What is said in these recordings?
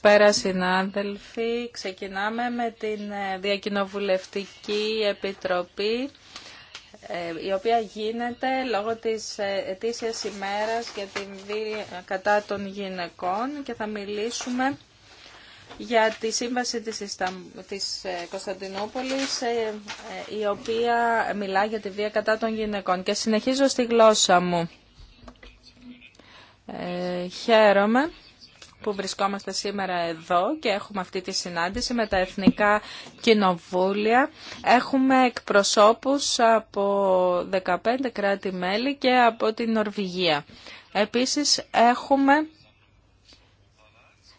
Καλησπέρα συνάδελφοι. Ξεκινάμε με την ε, Διακοινοβουλευτική Επιτροπή ε, η οποία γίνεται λόγω της ε, ετήσιας ημέρας για την βία κατά των γυναικών και θα μιλήσουμε για τη σύμβαση της, Κωνσταντινούπολη, της Κωνσταντινούπολης η οποία μιλά για τη βία κατά των γυναικών και συνεχίζω στη γλώσσα μου. Ε, χαίρομαι που βρισκόμαστε σήμερα εδώ και έχουμε αυτή τη συνάντηση με τα Εθνικά Κοινοβούλια. Έχουμε εκπροσώπους από 15 κράτη-μέλη και από την Νορβηγία. Επίσης έχουμε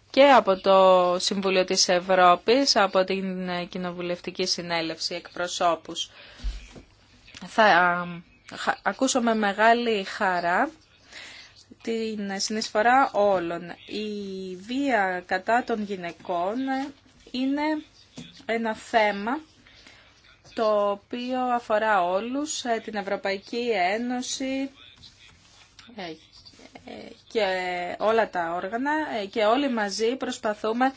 και από το Συμβουλίο της Ευρώπης, από την Κοινοβουλευτική Συνέλευση εκπροσώπους. Θα ακούσω με μεγάλη χαρά την συνεισφορά όλων. Η βία κατά των γυναικών είναι ένα θέμα το οποίο αφορά όλους, ε, την Ευρωπαϊκή Ένωση ε, και όλα τα όργανα ε, και όλοι μαζί προσπαθούμε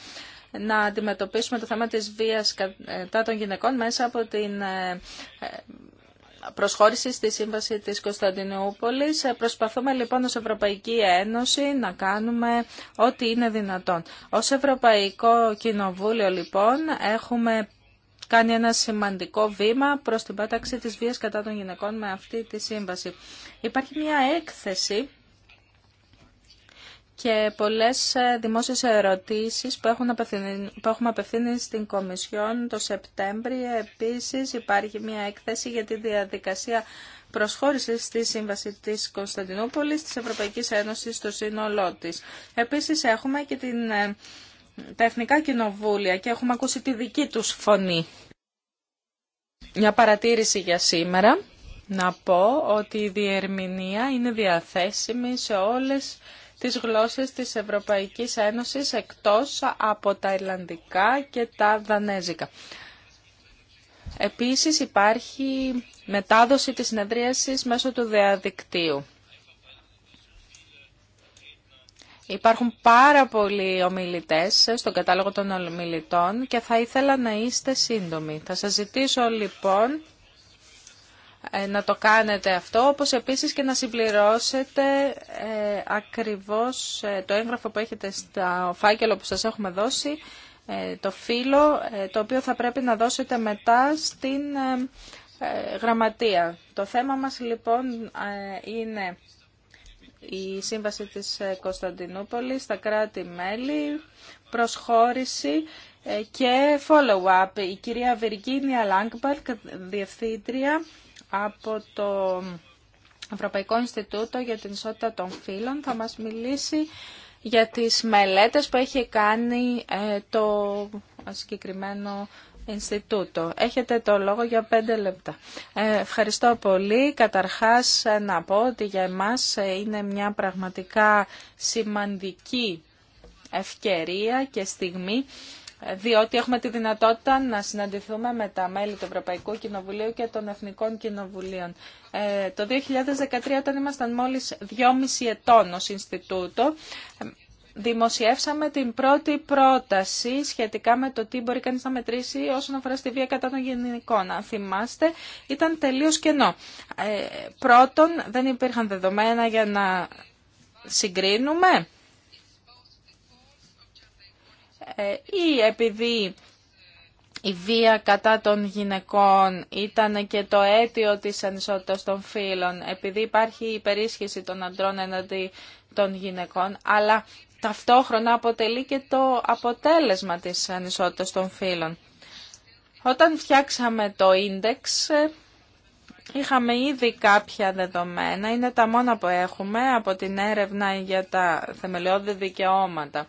να αντιμετωπίσουμε το θέμα της βίας κατά των γυναικών μέσα από την προσχώρηση στη Σύμβαση της Κωνσταντινούπολης. Προσπαθούμε λοιπόν ως Ευρωπαϊκή Ένωση να κάνουμε ό,τι είναι δυνατόν. Ως Ευρωπαϊκό Κοινοβούλιο λοιπόν έχουμε κάνει ένα σημαντικό βήμα προς την πάταξη της βίας κατά των γυναικών με αυτή τη σύμβαση. Υπάρχει μια έκθεση και πολλές ε, δημόσιες ερωτήσεις που, έχουμε απευθύνει στην Κομισιόν το Σεπτέμβριο. Επίσης υπάρχει μια έκθεση για τη διαδικασία προσχώρησης στη Σύμβαση της Κωνσταντινούπολη τη Ευρωπαϊκή Ένωση στο σύνολό τη. Επίση έχουμε και την, ε, τα Εθνικά Κοινοβούλια και έχουμε ακούσει τη δική τους φωνή. Μια παρατήρηση για σήμερα. Να πω ότι η διερμηνία είναι διαθέσιμη σε όλες τις γλώσσες της Ευρωπαϊκής Ένωσης εκτός από τα Ιρλανδικά και τα Δανέζικα. Επίσης υπάρχει μετάδοση της συνεδρίασης μέσω του διαδικτύου. Υπάρχουν πάρα πολλοί ομιλητές στον κατάλογο των ομιλητών και θα ήθελα να είστε σύντομοι. Θα σας ζητήσω λοιπόν ε, να το κάνετε αυτό, όπως επίσης και να συμπληρώσετε ε, ακριβώς ε, το έγγραφο που έχετε στο φάκελο που σας έχουμε δώσει, το φύλλο, το οποίο θα πρέπει να δώσετε μετά στην γραμματεία. Το θέμα μας λοιπόν είναι η σύμβαση της Κωνσταντινούπολης, τα κράτη-μέλη, προσχώρηση και follow-up. Η κυρία Βυργίνια Λάγκμπαρκ, διευθύντρια από το Ευρωπαϊκό Ινστιτούτο για την Ισότητα των Φύλων θα μας μιλήσει για τις μελέτες που έχει κάνει ε, το συγκεκριμένο Ινστιτούτο. Έχετε το λόγο για πέντε λεπτά. Ε, ευχαριστώ πολύ. Καταρχάς να πω ότι για εμάς ε, είναι μια πραγματικά σημαντική ευκαιρία και στιγμή διότι έχουμε τη δυνατότητα να συναντηθούμε με τα μέλη του Ευρωπαϊκού Κοινοβουλίου και των Εθνικών Κοινοβουλίων. Ε, το 2013, όταν ήμασταν μόλις 2,5 ετών ως Ινστιτούτο, δημοσιεύσαμε την πρώτη πρόταση σχετικά με το τι μπορεί κανείς να μετρήσει όσον αφορά στη βία κατά των γενικών. Αν θυμάστε, ήταν τελείως κενό. Ε, πρώτον, δεν υπήρχαν δεδομένα για να συγκρίνουμε ε, ή επειδή η βία κατά των γυναικών ήταν και το αίτιο της ανισότητας των φύλων, επειδή υπάρχει η υπερίσχυση των αντρών εναντί των γυναικών, αλλά ταυτόχρονα αποτελεί και το αποτέλεσμα της ανισότητας των φύλων. Όταν φτιάξαμε το ίντεξ, είχαμε ήδη κάποια δεδομένα, είναι τα μόνα που έχουμε από την έρευνα για τα θεμελιώδη δικαιώματα.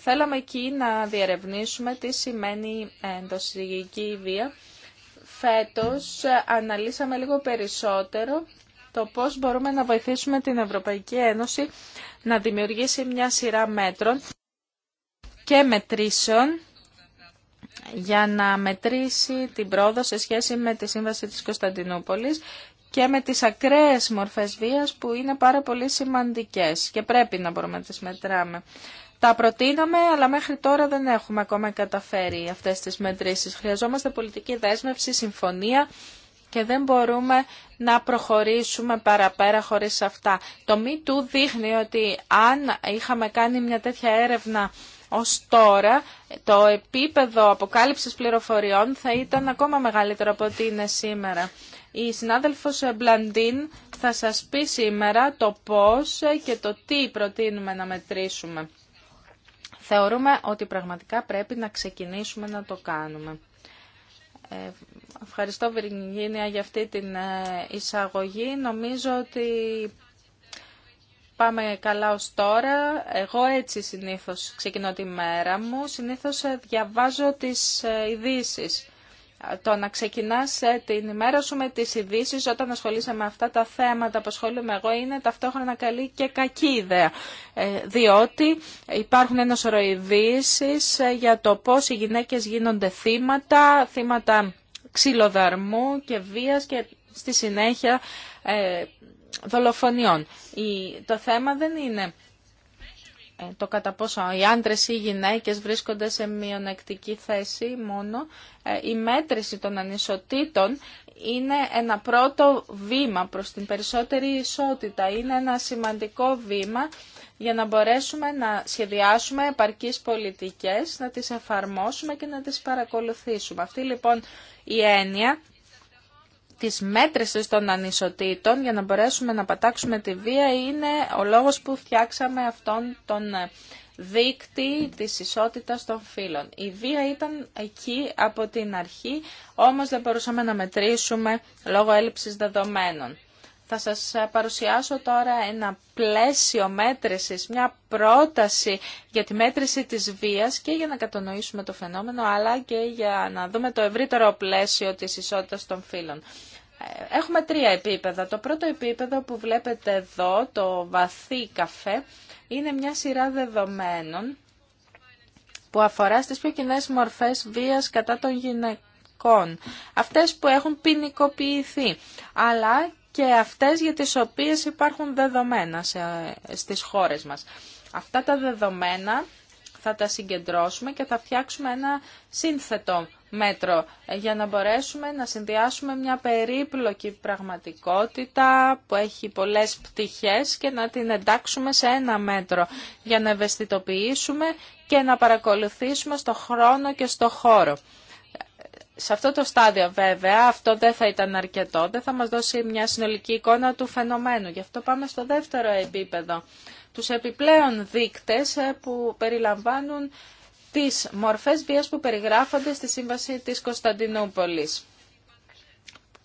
Θέλαμε εκεί να διερευνήσουμε τι σημαίνει ενδοσυγική βία. Φέτος αναλύσαμε λίγο περισσότερο το πώς μπορούμε να βοηθήσουμε την Ευρωπαϊκή Ένωση να δημιουργήσει μια σειρά μέτρων και μετρήσεων για να μετρήσει την πρόοδο σε σχέση με τη Σύμβαση της Κωνσταντινούπολης και με τις ακραίες μορφές βίας που είναι πάρα πολύ σημαντικές και πρέπει να μπορούμε να τις μετράμε. Τα προτείναμε, αλλά μέχρι τώρα δεν έχουμε ακόμα καταφέρει αυτές τις μετρήσεις. Χρειαζόμαστε πολιτική δέσμευση, συμφωνία και δεν μπορούμε να προχωρήσουμε παραπέρα χωρίς αυτά. Το του δείχνει ότι αν είχαμε κάνει μια τέτοια έρευνα ως τώρα, το επίπεδο αποκάλυψης πληροφοριών θα ήταν ακόμα μεγαλύτερο από ό,τι είναι σήμερα. Η συνάδελφος Μπλαντίν θα σας πει σήμερα το πώς και το τι προτείνουμε να μετρήσουμε θεωρούμε ότι πραγματικά πρέπει να ξεκινήσουμε να το κάνουμε. Ε, ευχαριστώ Βιργινία, για αυτή την ε, εισαγωγή. Νομίζω ότι πάμε καλά ως τώρα. Εγώ έτσι συνήθως ξεκινώ τη μέρα μου. Συνήθως ε, διαβάζω τις ειδήσει το να ξεκινάς ε, την ημέρα σου με τις ειδήσει όταν ασχολείσαι με αυτά τα θέματα που ασχολούμαι εγώ είναι ταυτόχρονα καλή και κακή ιδέα. Ε, διότι υπάρχουν ένα σωρό ε, για το πώς οι γυναίκες γίνονται θύματα, θύματα ξυλοδαρμού και βίας και στη συνέχεια δολοφονιών. το θέμα δεν είναι ε, το κατά πόσο οι άντρες ή οι γυναίκες βρίσκονται σε μειονεκτική θέση μόνο, ε, η μέτρηση των ανισοτήτων είναι ένα πρώτο βήμα προς την περισσότερη ισότητα. Είναι ένα σημαντικό βήμα για να μπορέσουμε να σχεδιάσουμε επαρκείς πολιτικές, να τις εφαρμόσουμε και να τις παρακολουθήσουμε. Αυτή λοιπόν η έννοια της μέτρησης των ανισοτήτων για να μπορέσουμε να πατάξουμε τη βία είναι ο λόγος που φτιάξαμε αυτόν τον ε, δείκτη της ισότητας των φύλων. Η βία ήταν εκεί από την αρχή, όμως δεν μπορούσαμε να μετρήσουμε λόγω έλλειψης δεδομένων. Θα σας παρουσιάσω τώρα ένα πλαίσιο μέτρησης, μια πρόταση για τη μέτρηση της βίας και για να κατανοήσουμε το φαινόμενο, αλλά και για να δούμε το ευρύτερο πλαίσιο της ισότητας των φύλων. Ε, έχουμε τρία επίπεδα. Το πρώτο επίπεδο που βλέπετε εδώ, το βαθύ καφέ, είναι μια σειρά δεδομένων που αφορά στις πιο κοινέ μορφές βίας κατά των γυναικών. Αυτές που έχουν ποινικοποιηθεί, αλλά και αυτές για τις οποίες υπάρχουν δεδομένα στις χώρες μας. Αυτά τα δεδομένα θα τα συγκεντρώσουμε και θα φτιάξουμε ένα σύνθετο μέτρο για να μπορέσουμε να συνδυάσουμε μια περίπλοκη πραγματικότητα που έχει πολλές πτυχές και να την εντάξουμε σε ένα μέτρο για να ευαισθητοποιήσουμε και να παρακολουθήσουμε στο χρόνο και στο χώρο. Σε αυτό το στάδιο βέβαια αυτό δεν θα ήταν αρκετό, δεν θα μας δώσει μια συνολική εικόνα του φαινομένου. Γι' αυτό πάμε στο δεύτερο επίπεδο, τους επιπλέον δείκτες ε, που περιλαμβάνουν τις μορφές βίας που περιγράφονται στη Σύμβαση της Κωνσταντινούπολης.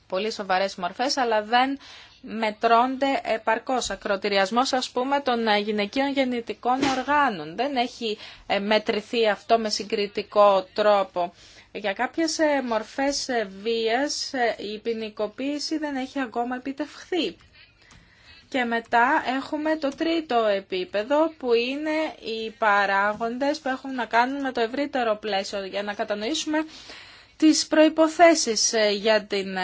Πολύ σοβαρές μορφές, αλλά δεν μετρώνται επαρκώς. Ακροτηριασμός, ας πούμε, των ε, γυναικείων γεννητικών οργάνων. Δεν έχει ε, μετρηθεί αυτό με συγκριτικό τρόπο. Για κάποιες ε, μορφές ε, βίας ε, η ποινικοποίηση δεν έχει ακόμα επιτευχθεί. Και μετά έχουμε το τρίτο επίπεδο που είναι οι παράγοντες που έχουν να κάνουν με το ευρύτερο πλαίσιο για να κατανοήσουμε τις προϋποθέσεις για την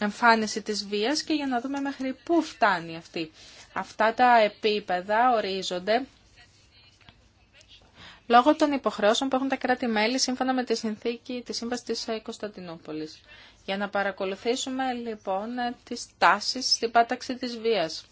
εμφάνιση της βίας και για να δούμε μέχρι πού φτάνει αυτή. Αυτά τα επίπεδα ορίζονται λόγω των υποχρεώσεων που έχουν τα κράτη-μέλη σύμφωνα με τη συνθήκη της Σύμβασης ε, τη Κωνσταντινούπολη. Για να παρακολουθήσουμε λοιπόν ε, τις τάσεις στην πάταξη της βίας.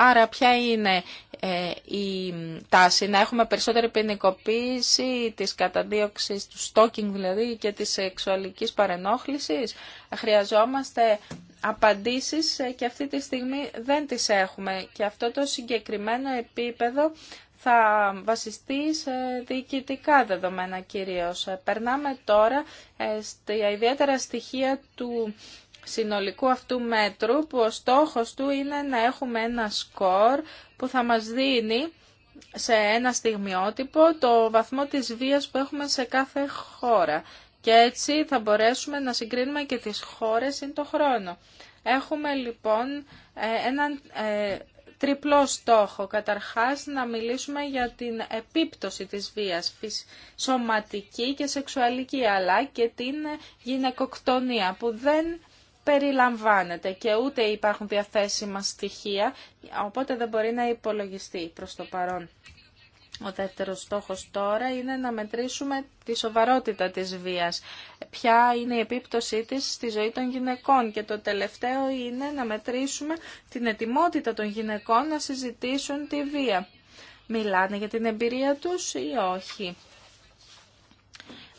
Άρα ποια είναι ε, η τάση, να έχουμε περισσότερη ποινικοποίηση της καταδίωξης του stalking δηλαδή και της σεξουαλικής παρενόχλησης. Χρειαζόμαστε απαντήσεις και αυτή τη στιγμή δεν τις έχουμε. Και αυτό το συγκεκριμένο επίπεδο θα βασιστεί σε διοικητικά δεδομένα κυρίως. Περνάμε τώρα ε, στα ιδιαίτερα στοιχεία του συνολικού αυτού μέτρου που ο στόχος του είναι να έχουμε ένα σκορ που θα μας δίνει σε ένα στιγμιότυπο το βαθμό της βίας που έχουμε σε κάθε χώρα. Και έτσι θα μπορέσουμε να συγκρίνουμε και τις χώρες σύν χρόνο. Έχουμε λοιπόν ε, έναν ε, τριπλό στόχο. Καταρχάς, να μιλήσουμε για την επίπτωση της βίας, σωματική και σεξουαλική, αλλά και την γυναικοκτονία, που δεν περιλαμβάνεται και ούτε υπάρχουν διαθέσιμα στοιχεία, οπότε δεν μπορεί να υπολογιστεί προς το παρόν. Ο δεύτερος στόχος τώρα είναι να μετρήσουμε τη σοβαρότητα της βίας. Ποια είναι η επίπτωσή της στη ζωή των γυναικών. Και το τελευταίο είναι να μετρήσουμε την ετοιμότητα των γυναικών να συζητήσουν τη βία. Μιλάνε για την εμπειρία τους ή όχι.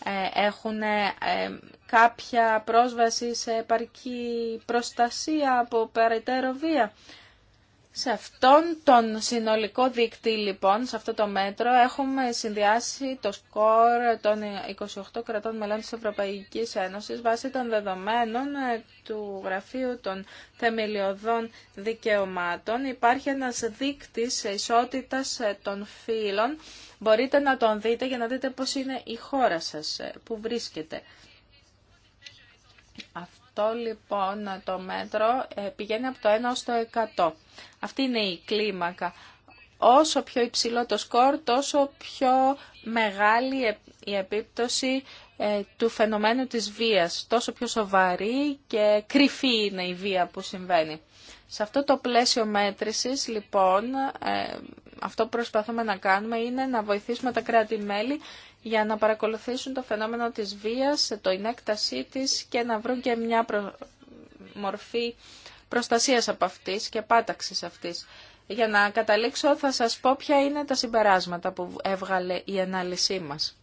Ε, έχουν ε, κάποια πρόσβαση σε επαρκή προστασία από περαιτέρω βία. Σε αυτόν τον συνολικό δίκτυ, λοιπόν, σε αυτό το μέτρο, έχουμε συνδυάσει το σκορ των 28 κρατών μελών της Ευρωπαϊκής Ένωσης βάσει των δεδομένων ε, του Γραφείου των Θεμελιωδών Δικαιωμάτων. Υπάρχει ένας δείκτης ισότητας ε, των φύλων. Μπορείτε να τον δείτε για να δείτε πώς είναι η χώρα σας, ε, που βρίσκεται. Αυτό λοιπόν το μέτρο ε, πηγαίνει από το 1 ως το 100. Αυτή είναι η κλίμακα. Όσο πιο υψηλό το σκορ, τόσο πιο μεγάλη ε, η επίπτωση ε, του φαινομένου της βίας. Τόσο πιο σοβαρή και κρυφή είναι η βία που συμβαίνει. Σε αυτό το πλαίσιο μέτρησης, λοιπόν, αυτό που προσπαθούμε να κάνουμε είναι να βοηθήσουμε τα κράτη-μέλη για να παρακολουθήσουν το φαινόμενο της βίας, το ενέκτασή της και να βρουν και μια μορφή προστασίας από αυτής και πάταξης αυτής. Για να καταλήξω θα σας πω ποια είναι τα συμπεράσματα που έβγαλε η ανάλυση μας.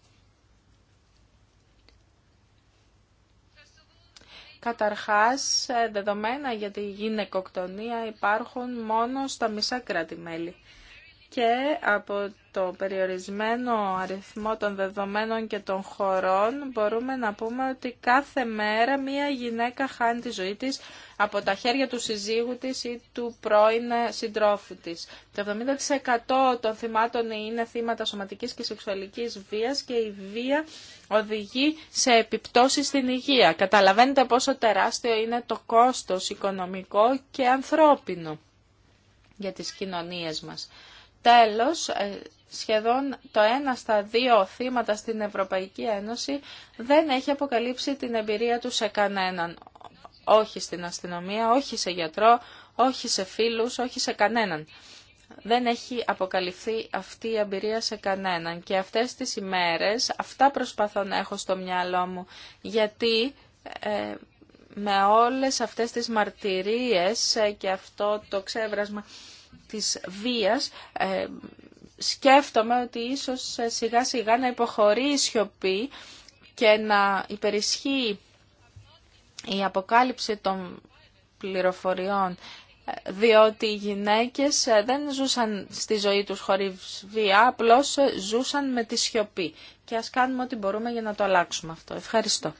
Καταρχάς, δεδομένα για τη γυναικοκτονία υπάρχουν μόνο στα μισά κράτη-μέλη και από το περιορισμένο αριθμό των δεδομένων και των χωρών μπορούμε να πούμε ότι κάθε μέρα μία γυναίκα χάνει τη ζωή της από τα χέρια του συζύγου της ή του πρώην συντρόφου της. Το 70% των θυμάτων είναι θύματα σωματικής και σεξουαλικής βίας και η βία οδηγεί σε επιπτώσεις στην υγεία. Καταλαβαίνετε πόσο τεράστιο είναι το κόστος οικονομικό και ανθρώπινο για τις κοινωνίες μας. Τέλος, ε, σχεδόν το ένα στα δύο θύματα στην Ευρωπαϊκή Ένωση δεν έχει αποκαλύψει την εμπειρία του σε κανέναν. Όχι στην αστυνομία, όχι σε γιατρό, όχι σε φίλους, όχι σε κανέναν. Δεν έχει αποκαλυφθεί αυτή η εμπειρία σε κανέναν και αυτές τις ημέρες αυτά προσπαθώ να έχω στο μυαλό μου γιατί ε, με όλες αυτές τις μαρτυρίες ε, και αυτό το ξέβρασμα της βίας ε, σκέφτομαι ότι ίσως ε, σιγά σιγά να υποχωρεί η σιωπή και να υπερισχύει η αποκάλυψη των πληροφοριών ε, διότι οι γυναίκες δεν ζούσαν στη ζωή τους χωρίς βία, απλώς ζούσαν με τη σιωπή. Και ας κάνουμε ό,τι μπορούμε για να το αλλάξουμε αυτό. Ευχαριστώ.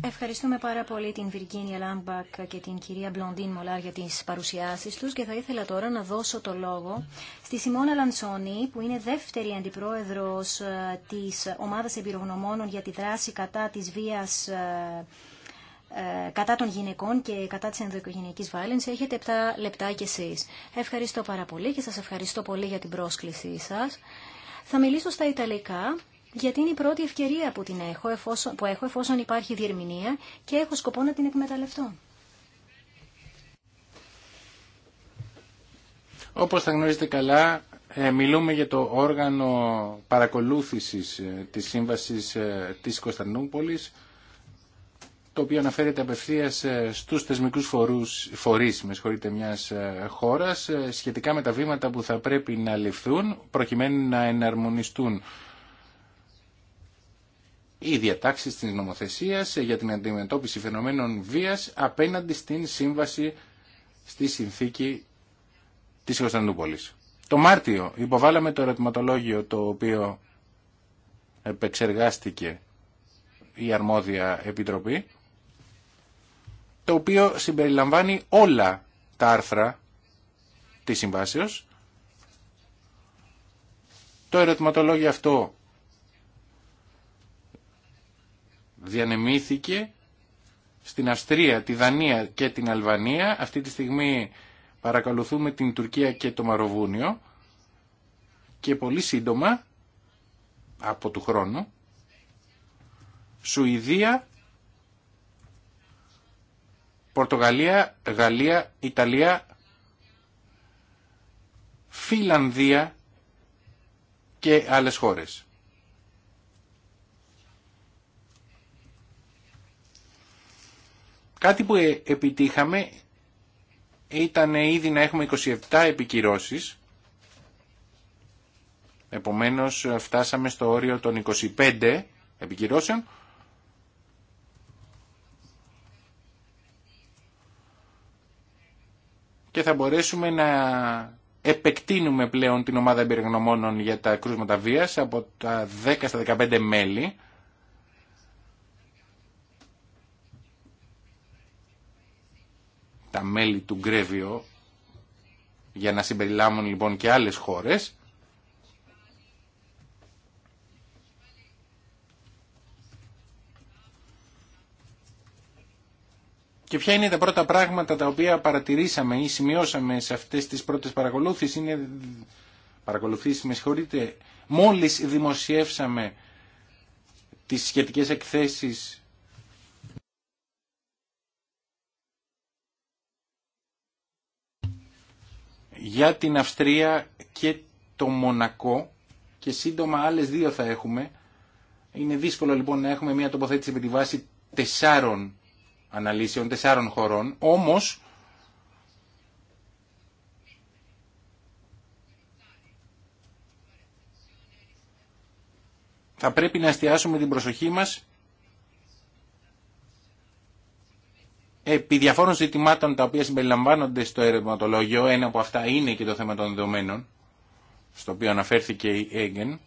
Ευχαριστούμε πάρα πολύ την Βιργίνια Λάμπακ και την κυρία Μπλοντίν Μολάρ για τις παρουσιάσεις τους και θα ήθελα τώρα να δώσω το λόγο στη Σιμώνα Λαντσόνη που είναι δεύτερη αντιπρόεδρος ε, της Ομάδας Εμπειρογνωμόνων για τη δράση κατά της βίας ε, ε, κατά των γυναικών και κατά της ενδοοικογενειακής violence. Έχετε 7 λεπτά κι εσείς. Ευχαριστώ πάρα πολύ και σας ευχαριστώ πολύ για την πρόσκλησή σας. Θα μιλήσω στα Ιταλικά γιατί είναι η πρώτη ευκαιρία που, την έχω, εφόσον, που έχω εφόσον υπάρχει διερμηνία και έχω σκοπό να την εκμεταλλευτώ. Όπως θα γνωρίζετε καλά, ε, μιλούμε για το όργανο παρακολούθησης ε, της Σύμβασης ε, της Κωνσταντινούπολης, το οποίο αναφέρεται απευθείας στους θεσμικούς φορούς, φορείς με μιας χώρας σχετικά με τα βήματα που θα πρέπει να ληφθούν προκειμένου να εναρμονιστούν οι διατάξεις της νομοθεσίας για την αντιμετώπιση φαινομένων βίας απέναντι στην σύμβαση στη συνθήκη της Κωνσταντινούπολης. Το Μάρτιο υποβάλαμε το ερωτηματολόγιο το οποίο επεξεργάστηκε η αρμόδια επιτροπή το οποίο συμπεριλαμβάνει όλα τα άρθρα της συμβάσεως. Το ερωτηματολόγιο αυτό διανεμήθηκε στην Αυστρία, τη Δανία και την Αλβανία. Αυτή τη στιγμή παρακολουθούμε την Τουρκία και το Μαροβούνιο και πολύ σύντομα από του χρόνου Σουηδία, Πορτογαλία, Γαλλία, Ιταλία, Φιλανδία και άλλες χώρες. Κάτι που ε, επιτύχαμε ήταν ήδη να έχουμε 27 επικυρώσεις. Επομένως ε, φτάσαμε στο όριο των 25 επικυρώσεων. Και θα μπορέσουμε να επεκτείνουμε πλέον την ομάδα εμπειρογνωμόνων για τα κρούσματα βίας από τα 10 στα 15 μέλη. τα μέλη του Γκρέβιο για να συμπεριλάμουν λοιπόν και άλλες χώρες Και ποια είναι τα πρώτα πράγματα τα οποία παρατηρήσαμε ή σημειώσαμε σε αυτές τις πρώτες παρακολούθησεις είναι παρακολουθήσεις, με συγχωρείτε, μόλις δημοσιεύσαμε τις σχετικές εκθέσεις για την Αυστρία και το Μονακό και σύντομα άλλες δύο θα έχουμε. Είναι δύσκολο λοιπόν να έχουμε μια τοποθέτηση με τη βάση τεσσάρων αναλύσεων, τεσσάρων χωρών. Όμως, θα πρέπει να εστιάσουμε την προσοχή μας επί διαφόρων ζητημάτων τα οποία συμπεριλαμβάνονται στο ερευματολόγιο, ένα από αυτά είναι και το θέμα των δεδομένων, στο οποίο αναφέρθηκε η Έγκεν,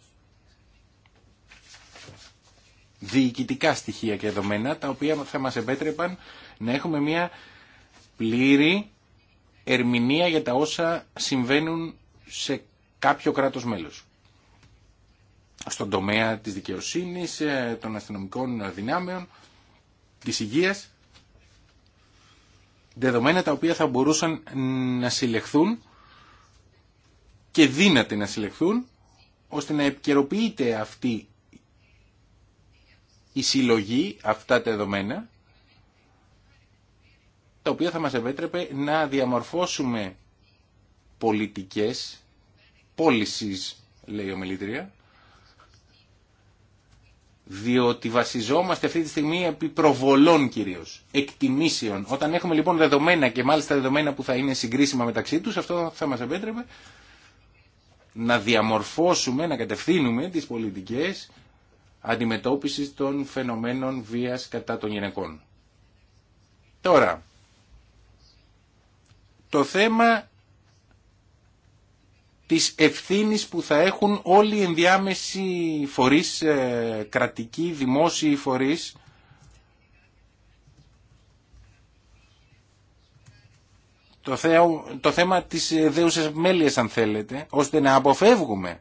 διοικητικά στοιχεία και δεδομένα, τα οποία θα μας επέτρεπαν να έχουμε μια πλήρη ερμηνεία για τα όσα συμβαίνουν σε κάποιο κράτος μέλος. Στον τομέα της δικαιοσύνης, ε, των αστυνομικών δυνάμεων, της υγείας, δεδομένα τα οποία θα μπορούσαν να συλλεχθούν και δύνατοι να συλλεχθούν ώστε να επικαιροποιείται αυτή η συλλογή, αυτά τα δεδομένα τα οποία θα μας επέτρεπε να διαμορφώσουμε πολιτικές, πώλησης λέει ο Μιλήτρια, διότι βασιζόμαστε αυτή τη στιγμή επί προβολών κυρίως, εκτιμήσεων. Όταν έχουμε λοιπόν δεδομένα και μάλιστα δεδομένα που θα είναι συγκρίσιμα μεταξύ τους, αυτό θα μας επέτρεπε να διαμορφώσουμε, να κατευθύνουμε τις πολιτικές αντιμετώπισης των φαινομένων βίας κατά των γυναικών. Τώρα, το θέμα της ευθύνης που θα έχουν όλοι οι ενδιάμεσοι φορείς, ε, κρατικοί, δημόσιοι φορείς, το, θέμα της ε, δέουσας μέλειας αν θέλετε, ώστε να αποφεύγουμε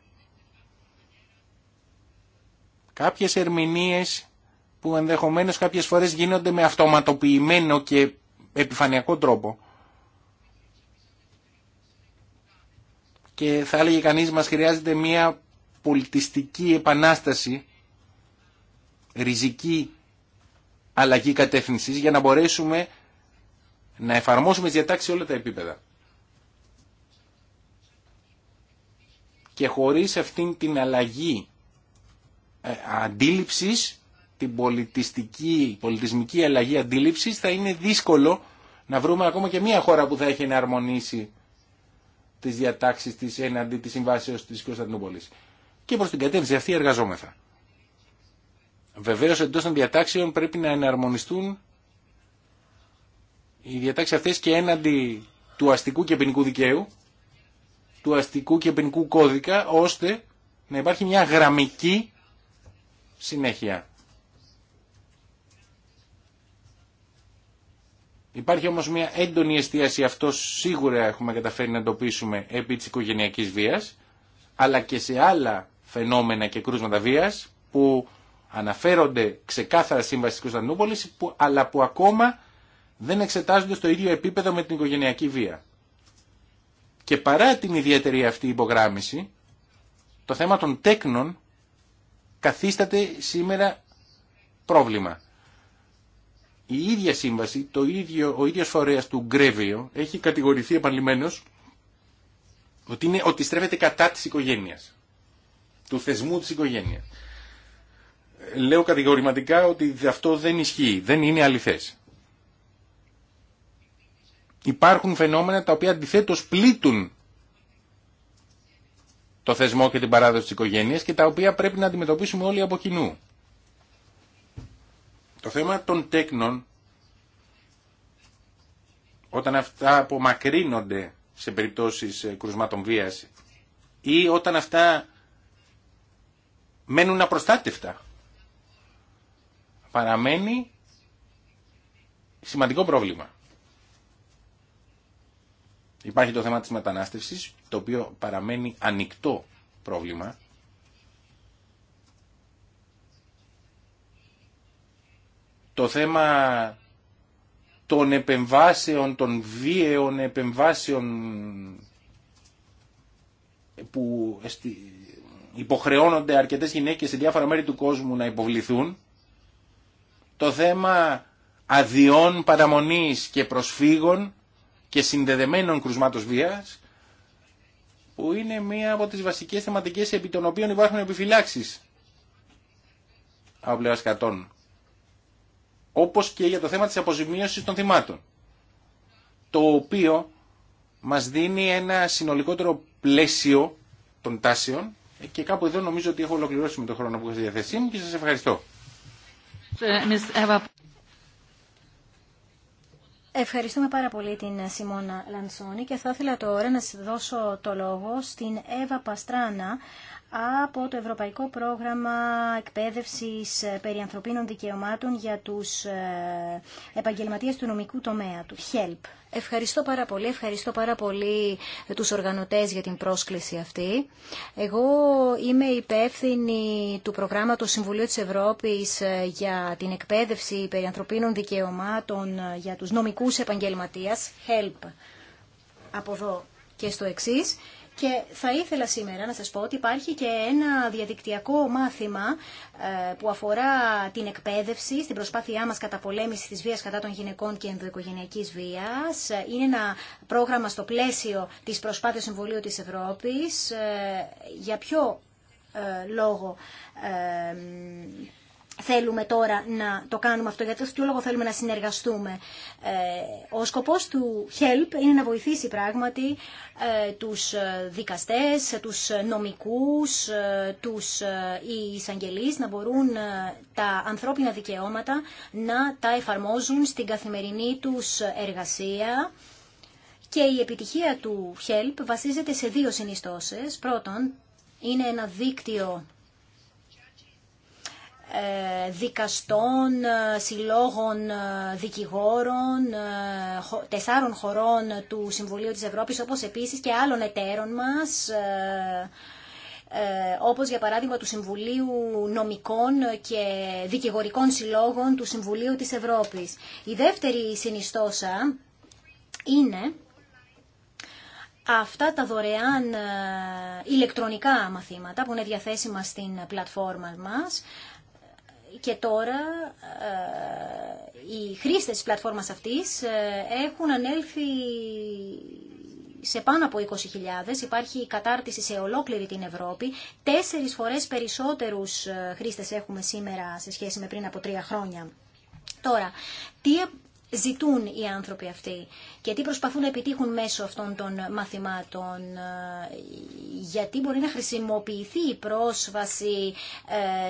κάποιες ερμηνείες που ενδεχομένως κάποιες φορές γίνονται με αυτοματοποιημένο και επιφανειακό τρόπο. και θα έλεγε κανείς μας χρειάζεται μια πολιτιστική επανάσταση, ριζική αλλαγή κατεύθυνση για να μπορέσουμε να εφαρμόσουμε διατάξει σε όλα τα επίπεδα. Και χωρίς αυτήν την αλλαγή ε, αντίληψης, την πολιτιστική, πολιτισμική αλλαγή αντίληψης, θα είναι δύσκολο να βρούμε ακόμα και μια χώρα που θα έχει εναρμονίσει τις διατάξεις της έναντι τη συμβάσεω τη Κωνσταντινούπολη. Και προ την κατεύθυνση αυτή εργαζόμεθα. Βεβαίω εντό των διατάξεων πρέπει να εναρμονιστούν οι διατάξει αυτέ και έναντι του αστικού και ποινικού δικαίου, του αστικού και ποινικού κώδικα, ώστε να υπάρχει μια γραμμική συνέχεια. Υπάρχει όμως μια έντονη εστίαση, αυτό σίγουρα έχουμε καταφέρει να εντοπίσουμε επί της οικογενειακής βίας, αλλά και σε άλλα φαινόμενα και κρούσματα βίας που αναφέρονται ξεκάθαρα σύμβαση της Κωνσταντινούπολης, αλλά που ακόμα δεν εξετάζονται στο ίδιο επίπεδο με την οικογενειακή βία. Και παρά την ιδιαίτερη αυτή υπογράμμιση, το θέμα των τέκνων καθίσταται σήμερα πρόβλημα η ίδια σύμβαση, το ίδιο, ο ίδιος φορέας του Γκρέβιο έχει κατηγορηθεί επανειλημμένος ότι, είναι, ότι στρέφεται κατά της οικογένειας, του θεσμού της οικογένειας. Λέω κατηγορηματικά ότι αυτό δεν ισχύει, δεν είναι αληθές. Υπάρχουν φαινόμενα τα οποία αντιθέτως πλήττουν το θεσμό και την παράδοση της οικογένειας και τα οποία πρέπει να αντιμετωπίσουμε όλοι από κοινού. Το θέμα των τέκνων, όταν αυτά απομακρύνονται σε περιπτώσεις ε, κρουσμάτων βίας ή όταν αυτά μένουν απροστάτευτα, παραμένει σημαντικό πρόβλημα. Υπάρχει το θέμα της μετανάστευσης, το οποίο παραμένει ανοιχτό πρόβλημα. το θέμα των επεμβάσεων, των βίαιων επεμβάσεων που υποχρεώνονται αρκετές γυναίκες σε διάφορα μέρη του κόσμου να υποβληθούν, το θέμα αδειών παραμονής και προσφύγων και συνδεδεμένων κρουσμάτων βίας, που είναι μία από τις βασικές θεματικές επί των οποίων υπάρχουν επιφυλάξεις από πλευρά κατών όπως και για το θέμα της αποζημίωσης των θυμάτων, το οποίο μας δίνει ένα συνολικότερο πλαίσιο των τάσεων ε, και κάπου εδώ νομίζω ότι έχω ολοκληρώσει με τον χρόνο που έχω στη διαθέσή μου και σας ευχαριστώ. Ευχαριστούμε πάρα πολύ την Σιμώνα Λανσόνη και θα ήθελα τώρα να σας δώσω το λόγο στην Εύα Παστράνα από το Ευρωπαϊκό Πρόγραμμα Εκπαίδευσης περί ανθρωπίνων δικαιωμάτων για τους ε, επαγγελματίες του νομικού τομέα του, HELP. Ευχαριστώ πάρα πολύ, ευχαριστώ πάρα πολύ τους οργανωτές για την πρόσκληση αυτή. Εγώ είμαι υπεύθυνη του προγράμματος Συμβουλίου της Ευρώπης ε, για την εκπαίδευση περί ανθρωπίνων δικαιωμάτων ε, για τους νομικούς επαγγελματίες, HELP, από εδώ και στο εξής. Και θα ήθελα σήμερα να σας πω ότι υπάρχει και ένα διαδικτυακό μάθημα ε, που αφορά την εκπαίδευση, στην προσπάθειά μας κατά πολέμηση της βίας κατά των γυναικών και ενδοοικογενειακής βίας. Ε, είναι ένα πρόγραμμα στο πλαίσιο της προσπάθειας Συμβουλίου της Ευρώπης. Ε, για ποιο λόγο θέλουμε τώρα να το κάνουμε αυτό, γιατί αυτό λόγο θέλουμε να συνεργαστούμε. Ε, ο σκοπός του HELP είναι να βοηθήσει πράγματι ε, τους ε, δικαστές, τους νομικούς, τους εισαγγελείς να μπορούν τα ανθρώπινα δικαιώματα να τα εφαρμόζουν στην καθημερινή τους εργασία. Και η επιτυχία του HELP βασίζεται σε δύο συνιστώσεις. Πρώτον, είναι ένα δίκτυο ε, δικαστών, ε, συλλόγων ε, δικηγόρων, τεσσάρων χωρών του Συμβουλίου της Ευρώπης, όπως επίσης και άλλων εταίρων μας, όπως για παράδειγμα του Συμβουλίου Νομικών και Δικηγορικών Συλλόγων του Συμβουλίου της Ευρώπης. Η δεύτερη συνιστόσα είναι αυτά τα δωρεάν ηλεκτρονικά μαθήματα που είναι διαθέσιμα στην πλατφόρμα μας και τώρα ε, οι χρήστες της πλατφόρμας αυτής ε, έχουν ανέλθει σε πάνω από 20.000. Υπάρχει κατάρτιση σε ολόκληρη την Ευρώπη. Τέσσερις φορές περισσότερους ε, χρήστες έχουμε σήμερα σε σχέση με πριν από τρία χρόνια. Τώρα, τι ζητούν οι άνθρωποι αυτοί και τι προσπαθούν να επιτύχουν μέσω αυτών των μαθημάτων. Ε, γιατί μπορεί να χρησιμοποιηθεί η πρόσβαση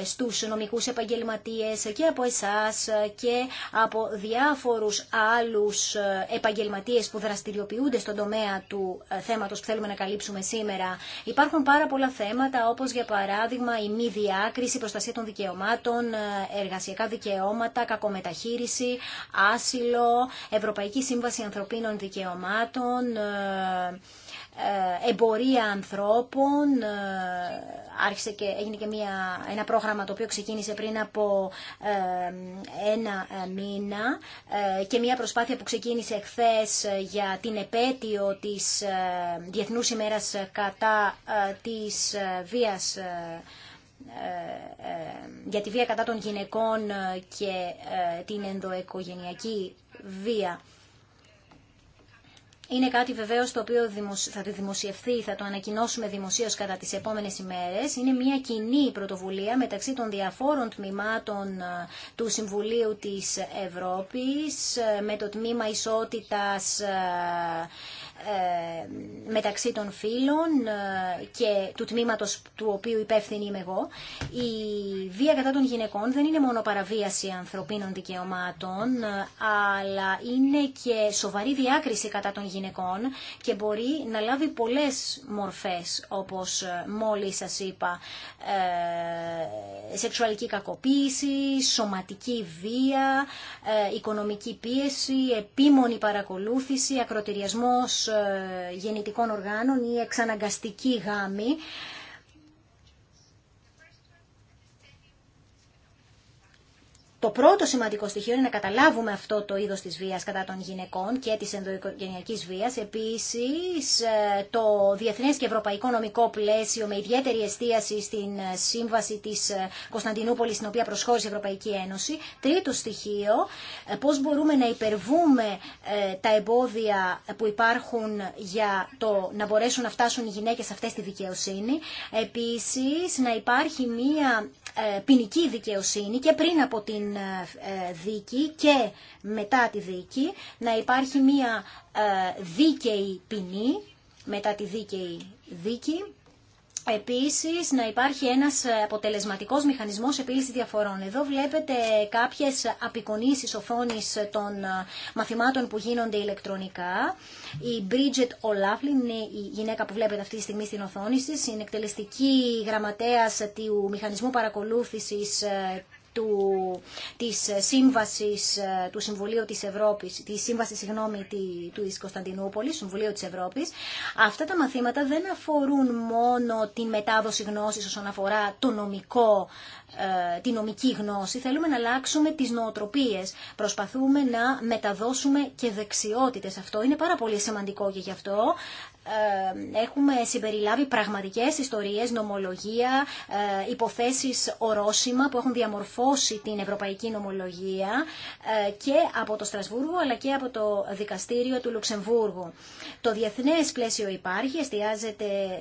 ε, στους νομικούς επαγγελματίες και από εσάς και από διάφορους άλλους ε, επαγγελματίες που δραστηριοποιούνται στον τομέα του θέματος που θέλουμε να καλύψουμε σήμερα. Υπάρχουν πάρα πολλά θέματα όπως για παράδειγμα η μη διάκριση, προστασία των δικαιωμάτων, εργασιακά δικαιώματα, κακομεταχείριση, άσυλο, Ευρωπαϊκή Σύμβαση Ανθρωπίνων Δικαιωμάτων, ε, ε, εμπορία ανθρώπων, ε, άρχισε και έγινε και μια, ένα πρόγραμμα το οποίο ξεκίνησε πριν από ένα μήνα και μια προσπάθεια που ξεκίνησε χθε για την επέτειο της Διεθνούς ημέρας κατά της βίας για τη βία κατά των γυναικών και την ενδοοικογενειακή βία. Είναι κάτι βεβαίως το οποίο θα το δημοσιευθεί, θα το ανακοινώσουμε δημοσίως κατά τις επόμενες ημέρες. Είναι μια κοινή πρωτοβουλία μεταξύ των διαφόρων τμήματων ε, του Συμβουλίου της Ευρώπης ε, με το τμήμα ισότητας ε, ε, μεταξύ των φίλων ε, και του τμήματος του οποίου υπεύθυνη είμαι εγώ. Η βία κατά των γυναικών δεν είναι μόνο παραβίαση ανθρωπίνων δικαιωμάτων, ε, αλλά είναι και σοβαρή διάκριση κατά των γυναικών και μπορεί να λάβει πολλές μορφές, όπως μόλις σας είπα, σεξουαλική κακοποίηση, σωματική βία, οικονομική πίεση, επίμονη παρακολούθηση, ακροτηριασμός ε, γεννητικών οργάνων ή εξαναγκαστική γάμη Το πρώτο σημαντικό στοιχείο είναι να καταλάβουμε αυτό το είδος της βίας κατά των γυναικών και της ενδοοικογενειακής βίας. Επίσης, ε, το διεθνές και ευρωπαϊκό νομικό πλαίσιο με ιδιαίτερη εστίαση στην ε, σύμβαση της ε, Κωνσταντινούπολης, στην οποία προσχώρησε η Ευρωπαϊκή Ένωση. Τρίτο στοιχείο, πώς μπορούμε να υπερβούμε τα εμπόδια που υπάρχουν για το να μπορέσουν να φτάσουν οι γυναίκες αυτές τη δικαιοσύνη. Επίσης, να υπάρχει μία ε, ποινική δικαιοσύνη και πριν από την ε, δίκη και μετά τη δίκη να υπάρχει μια ε, δίκαιη ποινή μετά τη δίκαιη δίκη Επίσης, να υπάρχει ένας αποτελεσματικός μηχανισμός επίλυσης διαφορών. Εδώ βλέπετε κάποιες απεικονίσεις οθόνης των ε, μαθημάτων που γίνονται ηλεκτρονικά. Η Bridget O'Laughlin είναι η γυναίκα που βλέπετε αυτή τη στιγμή στην οθόνη της. Είναι εκτελεστική γραμματέας του Μηχανισμού Παρακολούθησης ε, του, της σύμβασης ε, του Συμβουλίου της Ευρώπης, τη σύμβαση συγγνώμη του Κωνσταντινούπολης, Συμβουλίου της Ευρώπης, αυτά τα μαθήματα δεν αφορούν μόνο τη μετάδοση γνώσης όσον αφορά το νομικό, ε, τη νομική γνώση. Θέλουμε να αλλάξουμε τις νοοτροπίες. Προσπαθούμε να μεταδώσουμε και δεξιότητες. Αυτό είναι πάρα πολύ σημαντικό και γι' αυτό ε, έχουμε συμπεριλάβει πραγματικές ιστορίες, νομολογία, ε, υποθέσεις ορόσημα που έχουν διαμορφώσει την ευρωπαϊκή νομολογία ε, και από το Στρασβούργο αλλά και από το Δικαστήριο του Λουξεμβούργου. Το διεθνές πλαίσιο υπάρχει,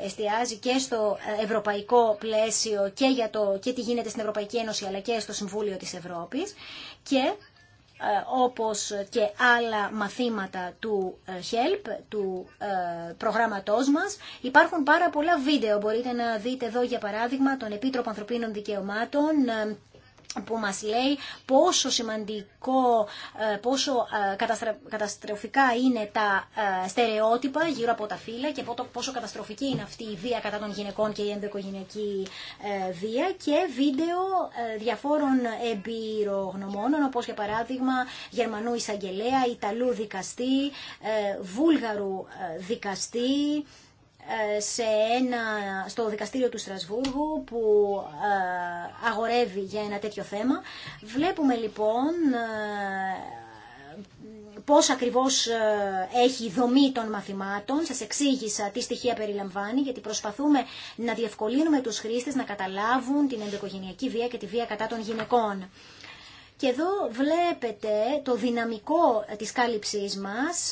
εστιάζει και στο ευρωπαϊκό πλαίσιο και, για το, και τι γίνεται στην Ευρωπαϊκή Ένωση αλλά και στο Συμβούλιο της Ευρώπης και ε, όπως και άλλα μαθήματα του ε, HELP, του ε, προγράμματός μας. Υπάρχουν πάρα πολλά βίντεο, μπορείτε να δείτε εδώ για παράδειγμα τον Επίτροπο Ανθρωπίνων Δικαιωμάτων που μας λέει πόσο σημαντικό, ε, πόσο ε, καταστροφικά είναι τα ε, στερεότυπα γύρω από τα φύλλα και πόσο καταστροφική είναι αυτή η βία κατά των γυναικών και η ενδοοικογενειακή βία και βίντεο διαφόρων εμπειρογνωμόνων όπως για παράδειγμα Γερμανού εισαγγελέα, Ιταλού δικαστή, Βούλγαρου δικαστή, ε, σε ένα, στο δικαστήριο του Στρασβούργου που ε, αγορεύει για ένα τέτοιο θέμα. Βλέπουμε λοιπόν ε, πώς ακριβώς έχει δομή των μαθημάτων. Σας εξήγησα τι στοιχεία περιλαμβάνει, γιατί προσπαθούμε να διευκολύνουμε τους χρήστες να καταλάβουν την ενδοικογενειακή βία και τη βία κατά των γυναικών. Και εδώ βλέπετε το δυναμικό της κάλυψής μας,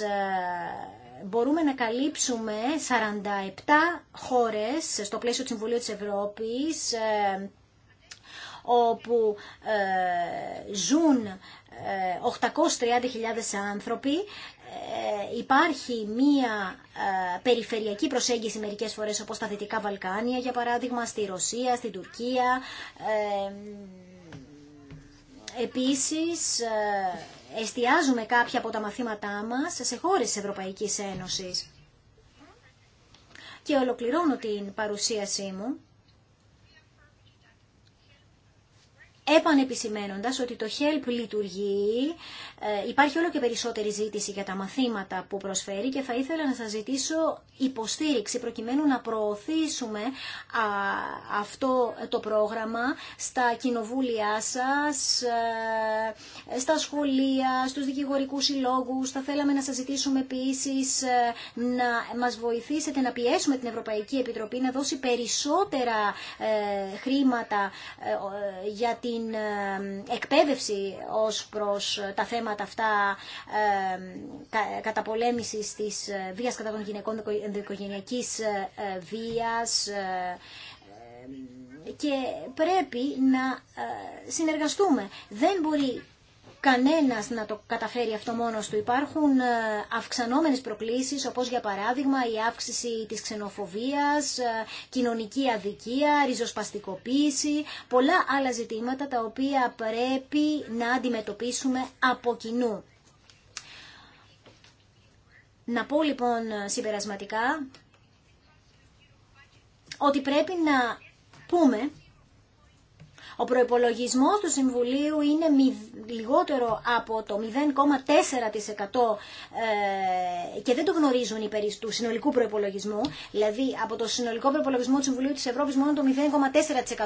μπορούμε να καλύψουμε 47 χώρες στο πλαίσιο του Συμβουλίου της Ευρώπης ε, όπου ε, ζουν 830.000 ε, άνθρωποι. Υπάρχει μία περιφερειακή προσέγγιση μερικές φορές όπως τα Δυτικά Βαλκάνια για παράδειγμα, στη Ρωσία, στην Τουρκία. Επίσης εστιάζουμε κάποια από τα μαθήματά μας σε χώρες της Ευρωπαϊκής Ένωσης. Και ολοκληρώνω την παρουσίασή μου επανεπισημένοντας ότι το HELP λειτουργεί, ε, υπάρχει όλο και περισσότερη ζήτηση για τα μαθήματα που προσφέρει και θα ήθελα να σας ζητήσω υποστήριξη προκειμένου να προωθήσουμε αυτό το πρόγραμμα στα κοινοβούλια σας, ε, στα σχολεία, στους δικηγορικούς συλλόγους. Θα θέλαμε να σας ζητήσουμε επίσης ε, να μας βοηθήσετε να πιέσουμε την Ευρωπαϊκή Επιτροπή να δώσει περισσότερα χρήματα για την την ε, εκπαίδευση ως προς τα θέματα αυτά ε, καταπολέμησης της ε, βίας κατά των γυναικών, ενδοοικογενειακής βίας, και πρέπει να συνεργαστούμε. Δεν μπορεί κανένας να το καταφέρει αυτό μόνος του. Υπάρχουν ε, αυξανόμενες προκλήσεις, όπως για παράδειγμα η αύξηση της ξενοφοβίας, ε, κοινωνική αδικία, ριζοσπαστικοποίηση, πολλά άλλα ζητήματα τα οποία πρέπει να αντιμετωπίσουμε από κοινού. Να πω λοιπόν συμπερασματικά ότι πρέπει να πούμε ο προϋπολογισμός του Συμβουλίου είναι λιγότερο από το 0,4% ε, και δεν το γνωρίζουν οι περί του συνολικού προϋπολογισμού. Δηλαδή από το συνολικό προϋπολογισμό του Συμβουλίου της Ευρώπης μόνο το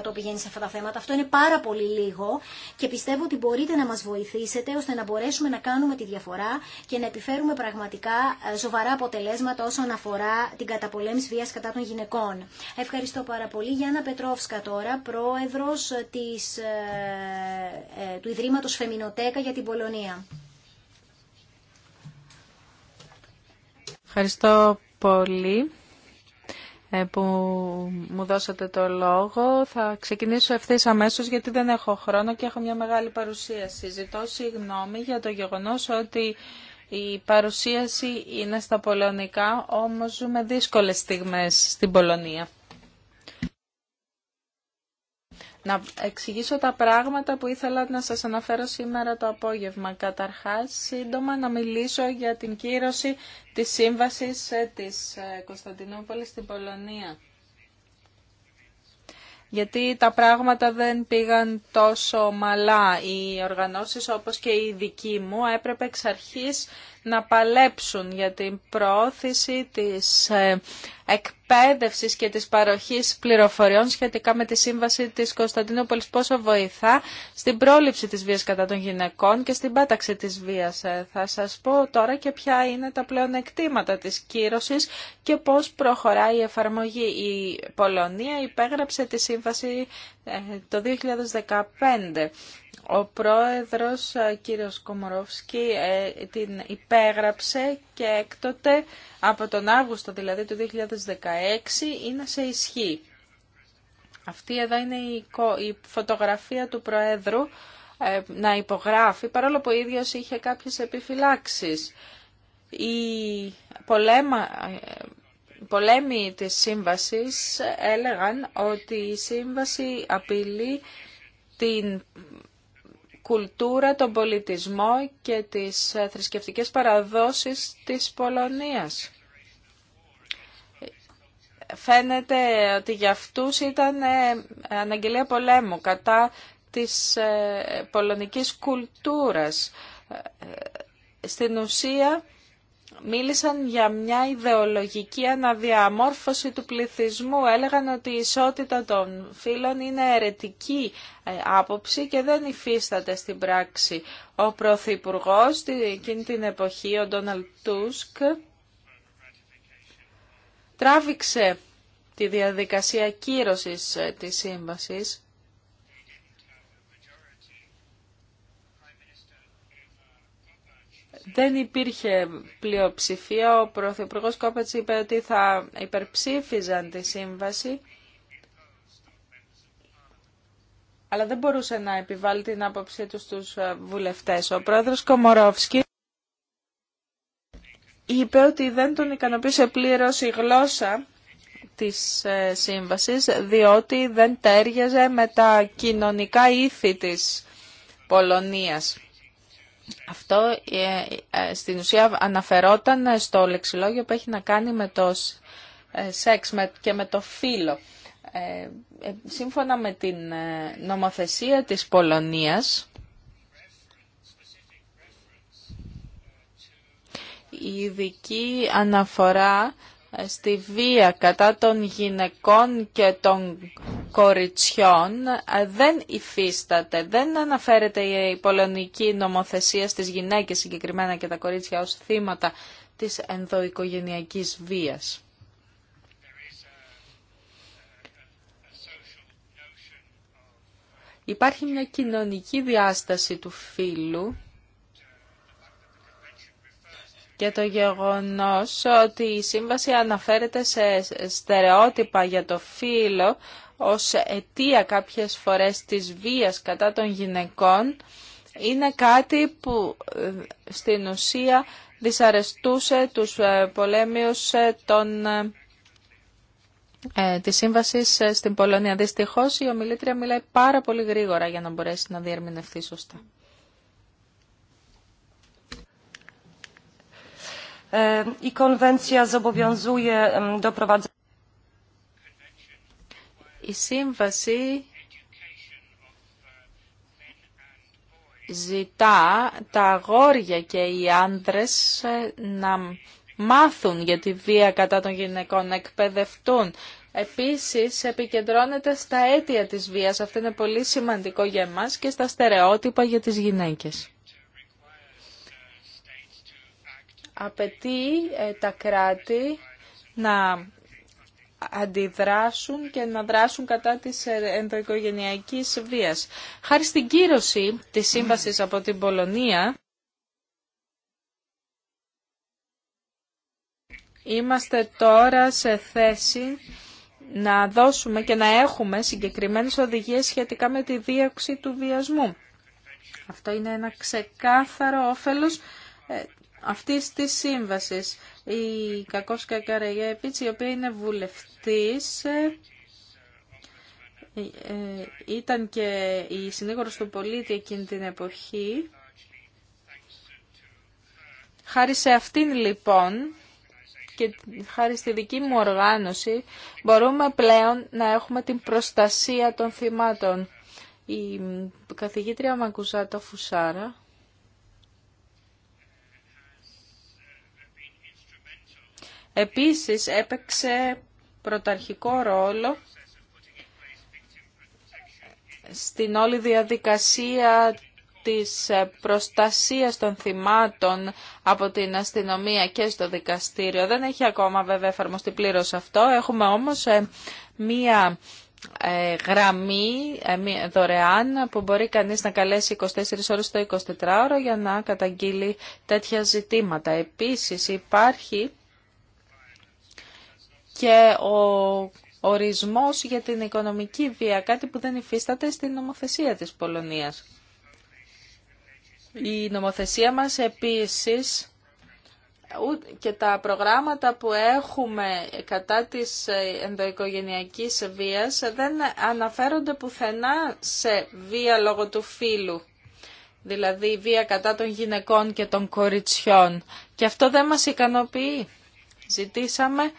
0,4% πηγαίνει σε αυτά τα θέματα. Αυτό είναι πάρα πολύ λίγο και πιστεύω ότι μπορείτε να μας βοηθήσετε ώστε να μπορέσουμε να κάνουμε τη διαφορά και να επιφέρουμε πραγματικά ε, σοβαρά αποτελέσματα όσον αφορά την καταπολέμηση βίας κατά των γυναικών. Ευχαριστώ πάρα πολύ. Γιάννα Πετρόφσκα τώρα, πρόεδρος ε, τη της, ε, ε, του Ιδρύματος Φεμινοτέκα για την Πολωνία. Ευχαριστώ πολύ ε, που μου δώσατε το λόγο. Θα ξεκινήσω ευθύ αμέσως γιατί δεν έχω χρόνο και έχω μια μεγάλη παρουσίαση. Ζητώ συγγνώμη για το γεγονός ότι η παρουσίαση είναι στα πολωνικά, όμως ζούμε δύσκολες στιγμές στην Πολωνία να εξηγήσω τα πράγματα που ήθελα να σας αναφέρω σήμερα το απόγευμα. Καταρχάς, σύντομα να μιλήσω για την κύρωση της σύμβασης ε, της ε, Κωνσταντινούπολης στην Πολωνία. Γιατί τα πράγματα δεν πήγαν τόσο μαλά. Οι οργανώσεις όπως και οι δικοί μου έπρεπε εξ αρχής να παλέψουν για την προώθηση της ε, εκπαίδευσης και της παροχής πληροφοριών σχετικά με τη σύμβαση της Κωνσταντινούπολης πόσο βοηθά στην πρόληψη της βίας κατά των γυναικών και στην πάταξη της βίας. Ε. Θα σας πω τώρα και ποια είναι τα πλεονεκτήματα της κύρωσης και πώς προχωράει η εφαρμογή. Η Πολωνία υπέγραψε τη σύμβαση ε, το 2015. Ο πρόεδρος ε, κύριος Κομορόφσκι ε, την υπέγραψε και έκτοτε από τον Αύγουστο δηλαδή του 2016 είναι σε ισχύ. Αυτή εδώ είναι η φωτογραφία του Προέδρου ε, να υπογράφει, παρόλο που ο ίδιος είχε κάποιες επιφυλάξεις. Η πολέμα, οι πολέμοι της σύμβασης έλεγαν ότι η σύμβαση απειλεί την κουλτούρα, τον πολιτισμό και τις ε, θρησκευτικές παραδόσεις της Πολωνίας. Φαίνεται ότι για αυτούς ήταν ε, αναγγελία πολέμου κατά της ε, πολωνικής κουλτούρας. Στην μίλησαν για μια ιδεολογική αναδιαμόρφωση του πληθυσμού. Έλεγαν ότι η ισότητα των φύλων είναι αιρετική ε, άποψη και δεν υφίσταται στην πράξη. Ο Πρωθυπουργό εκείνη την εποχή, ο Ντόναλτ Τούσκ, τράβηξε τη διαδικασία κύρωσης ε, της σύμβασης δεν υπήρχε πλειοψηφία. Ο Πρωθυπουργό Κόπετς είπε ότι θα υπερψήφιζαν τη σύμβαση, αλλά δεν μπορούσε να επιβάλλει την άποψή του στους ε, βουλευτές. Ο πρόεδρος Κομορόφσκι είπε ότι δεν τον ικανοποίησε πλήρως η γλώσσα της ε, σύμβασης, διότι δεν τέριαζε με τα κοινωνικά ήθη της Πολωνίας. Αυτό ε, ε, στην ουσία αναφερόταν στο λεξιλόγιο που έχει να κάνει με το ε, σεξ και με το φύλλο. Σύμφωνα με την νομοθεσία της Πολωνίας, η ειδική αναφορά στη βία κατά των γυναικών και των κοριτσιών ε, δεν υφίσταται, δεν αναφέρεται η πολωνική νομοθεσία στις γυναίκες συγκεκριμένα και τα κορίτσια ως θύματα της ενδοοικογενειακής βίας. Υπάρχει μια κοινωνική διάσταση του φίλου και το γεγονός ότι η σύμβαση αναφέρεται σε στερεότυπα για το φύλλο ως αιτία κάποιες φορές της βίας κατά των γυναικών είναι κάτι που ε, στην ουσία δυσαρεστούσε τους ε, πολέμιους ε, των τη σύμβαση στην Πολωνία. Δυστυχώ η ομιλήτρια μιλάει πάρα πολύ γρήγορα για να μπορέσει να διερμηνευτεί σωστά. E, i konwencja Η σύμβαση ζητά τα αγόρια και οι άντρες ε, να μάθουν για τη βία κατά των γυναικών, να εκπαιδευτούν. Επίσης, επικεντρώνεται στα αίτια της βίας. Αυτό είναι πολύ σημαντικό για εμάς και στα στερεότυπα για τις γυναίκες. απαιτεί ε, τα κράτη να αντιδράσουν και να δράσουν κατά της ε, ενδοοικογενειακής βίας. Χάρη στην κύρωση της σύμβασης από την Πολωνία, είμαστε τώρα σε θέση να δώσουμε και να έχουμε συγκεκριμένες οδηγίες σχετικά με τη δίωξη του βιασμού. Αυτό είναι ένα ξεκάθαρο όφελος ε, αυτής της σύμβασης. Η Κακός καραγιά η οποία είναι βουλευτής, ε, ε, ήταν και η συνήγορος του πολίτη εκείνη την εποχή. Χάρη σε αυτήν λοιπόν και χάρη στη δική μου οργάνωση μπορούμε πλέον να έχουμε την προστασία των θυμάτων. Η καθηγήτρια Μαγκουζάτα Φουσάρα Επίσης έπαιξε πρωταρχικό ρόλο στην όλη διαδικασία της προστασίας των θυμάτων από την αστυνομία και στο δικαστήριο. Δεν έχει ακόμα βέβαια εφαρμοστεί πλήρως αυτό. Έχουμε όμως ε, μία ε, γραμμή ε, δωρεάν που μπορεί κανείς να καλέσει 24 ώρες το 24ωρο για να καταγγείλει τέτοια ζητήματα. Επίσης υπάρχει και ο ορισμός για την οικονομική βία, κάτι που δεν υφίσταται στην νομοθεσία της Πολωνίας. Η νομοθεσία μας επίσης και τα προγράμματα που έχουμε κατά της ενδοοικογενειακής βίας δεν αναφέρονται πουθενά σε βία λόγω του φύλου. Δηλαδή βία κατά των γυναικών και των κοριτσιών. Και αυτό δεν μας ικανοποιεί. Ζητήσαμε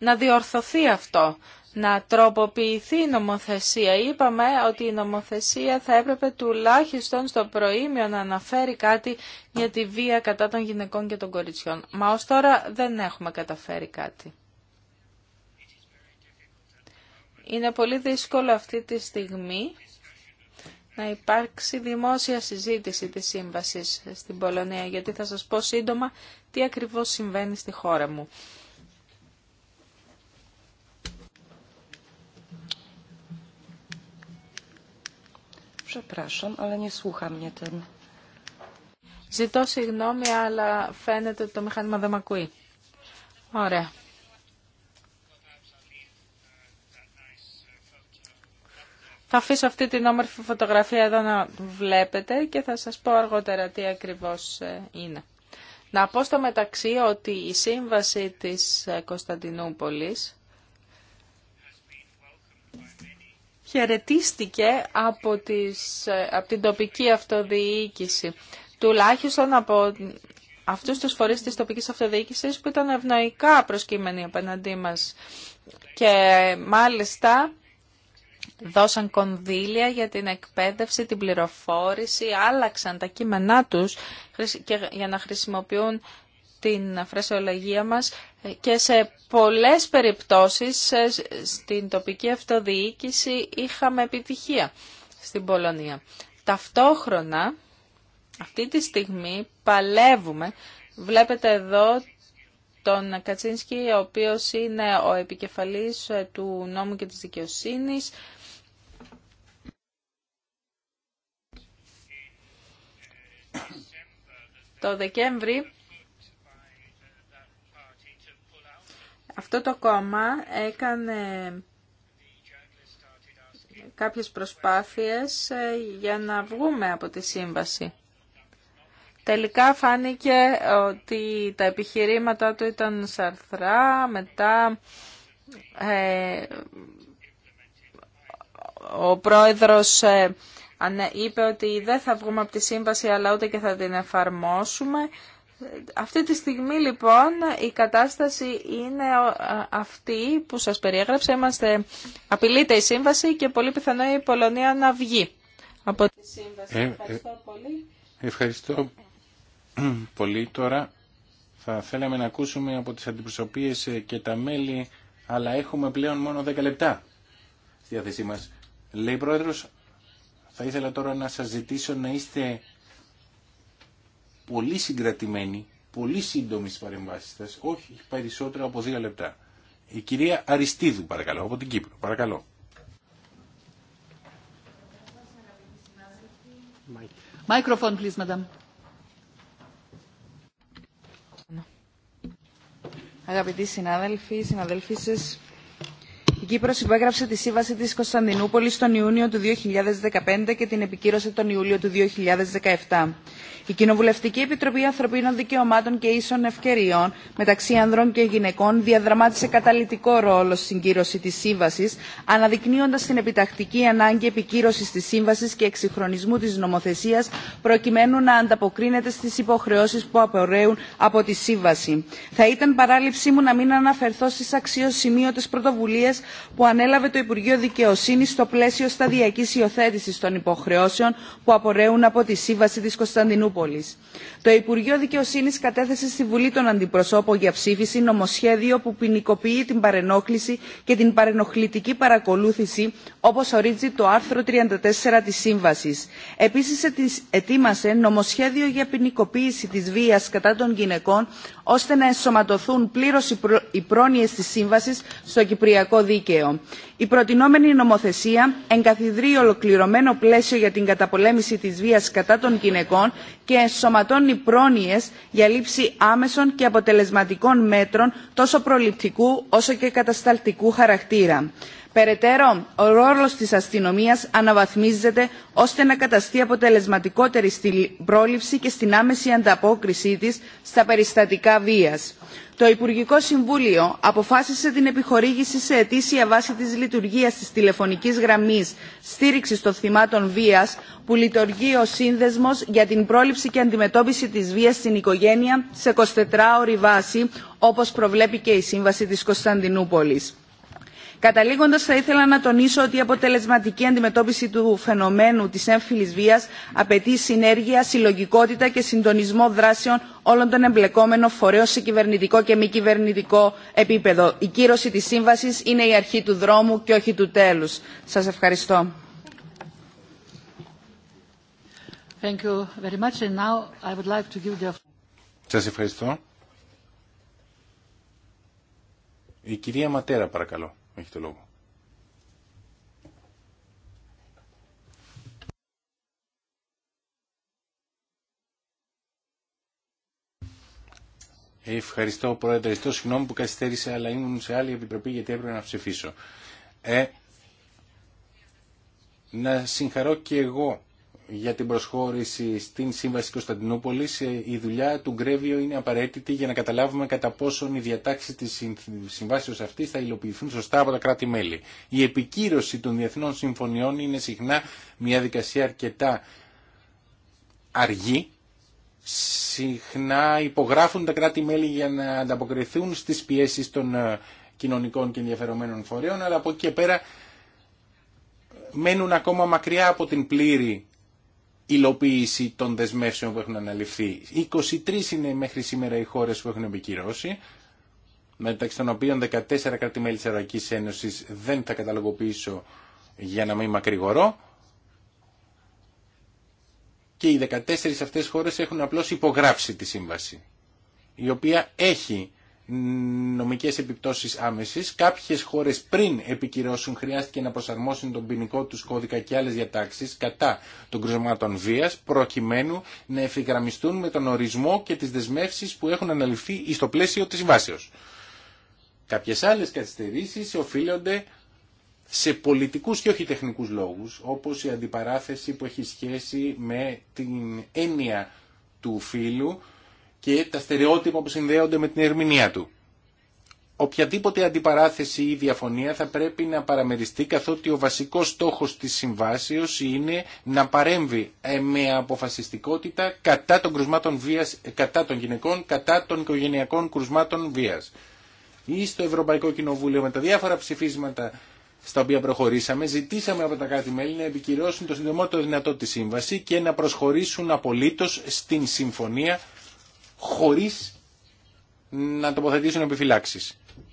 να διορθωθεί αυτό, να τροποποιηθεί η νομοθεσία. Είπαμε ότι η νομοθεσία θα έπρεπε τουλάχιστον στο προήμιο να αναφέρει κάτι για τη βία κατά των γυναικών και των κοριτσιών. Μα ως τώρα δεν έχουμε καταφέρει κάτι. Είναι πολύ δύσκολο αυτή τη στιγμή να υπάρξει δημόσια συζήτηση της σύμβασης στην Πολωνία, γιατί θα σας πω σύντομα τι ακριβώς συμβαίνει στη χώρα μου. Przepraszam, ale Ζητώ συγγνώμη, αλλά φαίνεται ότι το μηχάνημα δεν με ακούει. Ωραία. Θα αφήσω αυτή την όμορφη φωτογραφία εδώ να βλέπετε και θα σας πω αργότερα τι ακριβώς ε, είναι. Να πω στο μεταξύ ότι η σύμβαση της Κωνσταντινούπολης χαιρετίστηκε από, από την τοπική αυτοδιοίκηση. Τουλάχιστον από αυτούς τους φορείς της τοπικής αυτοδιοίκησης που ήταν ευνοϊκά προσκύμενοι απέναντί μας. Και μάλιστα δώσαν κονδύλια για την εκπαίδευση, την πληροφόρηση, άλλαξαν τα κείμενά τους για να χρησιμοποιούν την φρασιολογία μας και σε πολλές περιπτώσεις στην τοπική αυτοδιοίκηση είχαμε επιτυχία στην Πολωνία. Ταυτόχρονα, αυτή τη στιγμή παλεύουμε, βλέπετε εδώ τον Κατσίνσκι, ο οποίος είναι ο επικεφαλής ε, του νόμου και της δικαιοσύνης, Το Δεκέμβρη Αυτό το κόμμα έκανε κάποιες προσπάθειες ε, για να βγούμε από τη σύμβαση. Τελικά φάνηκε ότι τα επιχειρήματά του ήταν σαρθρά, μετά ε, ο πρόεδρος ε, είπε ότι δεν θα βγούμε από τη σύμβαση αλλά ούτε και θα την εφαρμόσουμε αυτή τη στιγμή λοιπόν η κατάσταση είναι αυτή που σας περιέγραψα. Είμαστε, απειλείται η σύμβαση και πολύ πιθανό η Πολωνία να βγει από τη σύμβαση. Ε, ε, ευχαριστώ πολύ. Ευχαριστώ πολύ τώρα. Θα θέλαμε να ακούσουμε από τις αντιπροσωπείες ε, και τα μέλη, αλλά έχουμε πλέον μόνο 10 λεπτά στη διάθεσή μας. Λέει Πρόεδρος, θα ήθελα τώρα να σας ζητήσω να είστε πολύ συγκρατημένη, πολύ σύντομη στι όχι περισσότερο από δύο λεπτά. Η κυρία Αριστίδου, παρακαλώ, από την Κύπρο. Παρακαλώ. please, Αγαπητοί συνάδελφοι, συναδελφοί σας, η Κύπρος υπέγραψε τη σύμβαση της Κωνσταντινούπολης τον Ιούνιο του 2015 και την επικύρωσε τον Ιούλιο του 2017. Η Κοινοβουλευτική Επιτροπή Ανθρωπίνων Δικαιωμάτων και Ίσων Ευκαιριών μεταξύ ανδρών και γυναικών διαδραμάτισε καταλητικό ρόλο στην κύρωση τη Σύμβαση, αναδεικνύοντα την επιτακτική ανάγκη επικύρωση τη Σύμβαση και εξυγχρονισμού τη νομοθεσία, προκειμένου να ανταποκρίνεται στι υποχρεώσει που απορρέουν από τη Σύμβαση. Θα ήταν παράληψή μου να μην αναφερθώ στι αξιοσημείωτε πρωτοβουλίε που ανέλαβε το Υπουργείο Δικαιοσύνη στο πλαίσιο σταδιακή υιοθέτηση των υποχρεώσεων που απορρέουν από τη Σύμβαση τη Κωνσταντινούπολη. Το Υπουργείο Δικαιοσύνη κατέθεσε στη Βουλή των Αντιπροσώπων για ψήφιση νομοσχέδιο που ποινικοποιεί την παρενόχληση και την παρενοχλητική παρακολούθηση, όπω ορίζει το άρθρο 34 τη σύμβαση. Επίση, ετοίμασε νομοσχέδιο για ποινικοποίηση τη βία κατά των γυναικών, ώστε να ενσωματωθούν πλήρω οι πρόνοιε τη σύμβαση στο Κυπριακό Δίκαιο. Η προτινόμενη νομοθεσία εγκαθιδρύει ολοκληρωμένο πλαίσιο για την καταπολέμηση τη βία κατά των γυναικών και ενσωματώνει πρόνοιες για λήψη άμεσων και αποτελεσματικών μέτρων τόσο προληπτικού όσο και κατασταλτικού χαρακτήρα. Περαιτέρω, ο ρόλος της αστυνομίας αναβαθμίζεται ώστε να καταστεί αποτελεσματικότερη στην πρόληψη και στην άμεση ανταπόκρισή της στα περιστατικά βίας. Το Υπουργικό Συμβούλιο αποφάσισε την επιχορήγηση σε αιτήσια βάση της λειτουργίας της τηλεφωνικής γραμμής στήριξης των θυμάτων βίας που λειτουργεί ο Σύνδεσμος για την πρόληψη και αντιμετώπιση της βίας στην οικογένεια σε 24 ώρη βάση όπως προβλέπει και η Σύμβαση της Κωνσταντινούπολης Καταλήγοντα, θα ήθελα να τονίσω ότι η αποτελεσματική αντιμετώπιση του φαινομένου τη έμφυλη βία απαιτεί συνέργεια, συλλογικότητα και συντονισμό δράσεων όλων των εμπλεκόμενων φορέων σε κυβερνητικό και μη κυβερνητικό επίπεδο. Η κύρωση τη σύμβαση είναι η αρχή του δρόμου και όχι του τέλου. Σα ευχαριστώ. Σας ευχαριστώ. Η κυρία Ματέρα παρακαλώ. Έχει το λόγο. Ευχαριστώ, Πρόεδρε. συγγνώμη που καθυστέρησα, αλλά ήμουν σε άλλη επιτροπή γιατί έπρεπε να ψηφίσω. Ε, να συγχαρώ και εγώ για την προσχώρηση στην Σύμβαση Κωνσταντινούπολη, ε, η δουλειά του Γκρέβιο είναι απαραίτητη για να καταλάβουμε κατά πόσον οι διατάξει τη συμβάσεω αυτή θα υλοποιηθούν σωστά από τα κράτη-μέλη. Η επικύρωση των διεθνών συμφωνιών είναι συχνά μια δικασία αρκετά αργή συχνά υπογράφουν τα κράτη-μέλη για να ανταποκριθούν στι πιέσει των ε, κοινωνικών και ενδιαφερομένων φορέων, αλλά από εκεί και πέρα ε, μένουν ακόμα μακριά από την πλήρη υλοποίηση των δεσμεύσεων που έχουν αναλυφθεί. 23 είναι μέχρι σήμερα οι χώρες που έχουν επικυρώσει, μεταξύ των οποίων 14 κράτη-μέλη της Ευρωπαϊκής Ένωσης δεν θα καταλογοποιήσω για να μην μακρηγορώ. Και οι 14 αυτές χώρες έχουν απλώς υπογράψει τη σύμβαση, η οποία έχει νομικές επιπτώσεις άμεσης. Κάποιες χώρες πριν επικυρώσουν χρειάστηκε να προσαρμόσουν τον ποινικό τους κώδικα και άλλες διατάξεις κατά των κρουσμάτων βίας προκειμένου να ευθυγραμμιστούν με τον ορισμό και τις δεσμεύσεις που έχουν αναλυφθεί στο πλαίσιο της βάσεως. Κάποιες άλλες καθυστερήσεις οφείλονται σε πολιτικούς και όχι τεχνικούς λόγους, όπως η αντιπαράθεση που έχει σχέση με την έννοια του φύλου, και τα στερεότυπα που συνδέονται με την ερμηνεία του. Οποιαδήποτε αντιπαράθεση ή διαφωνία θα πρέπει να παραμεριστεί καθότι ο βασικός στόχος της συμβάσεως είναι να παρέμβει ε, με αποφασιστικότητα κατά των, κρουσμάτων βίας, ε, κατά των γυναικών, κατά των οικογενειακών κρουσμάτων βίας. Ή στο Ευρωπαϊκό Κοινοβούλιο με τα διάφορα ψηφίσματα στα οποία προχωρήσαμε, ζητήσαμε από τα κάθε μελη να επικυρώσουν το συντομότερο δυνατό τη σύμβαση και να προσχωρήσουν απολύτω στην συμφωνία χωρίς να τοποθετήσουν επιφυλάξει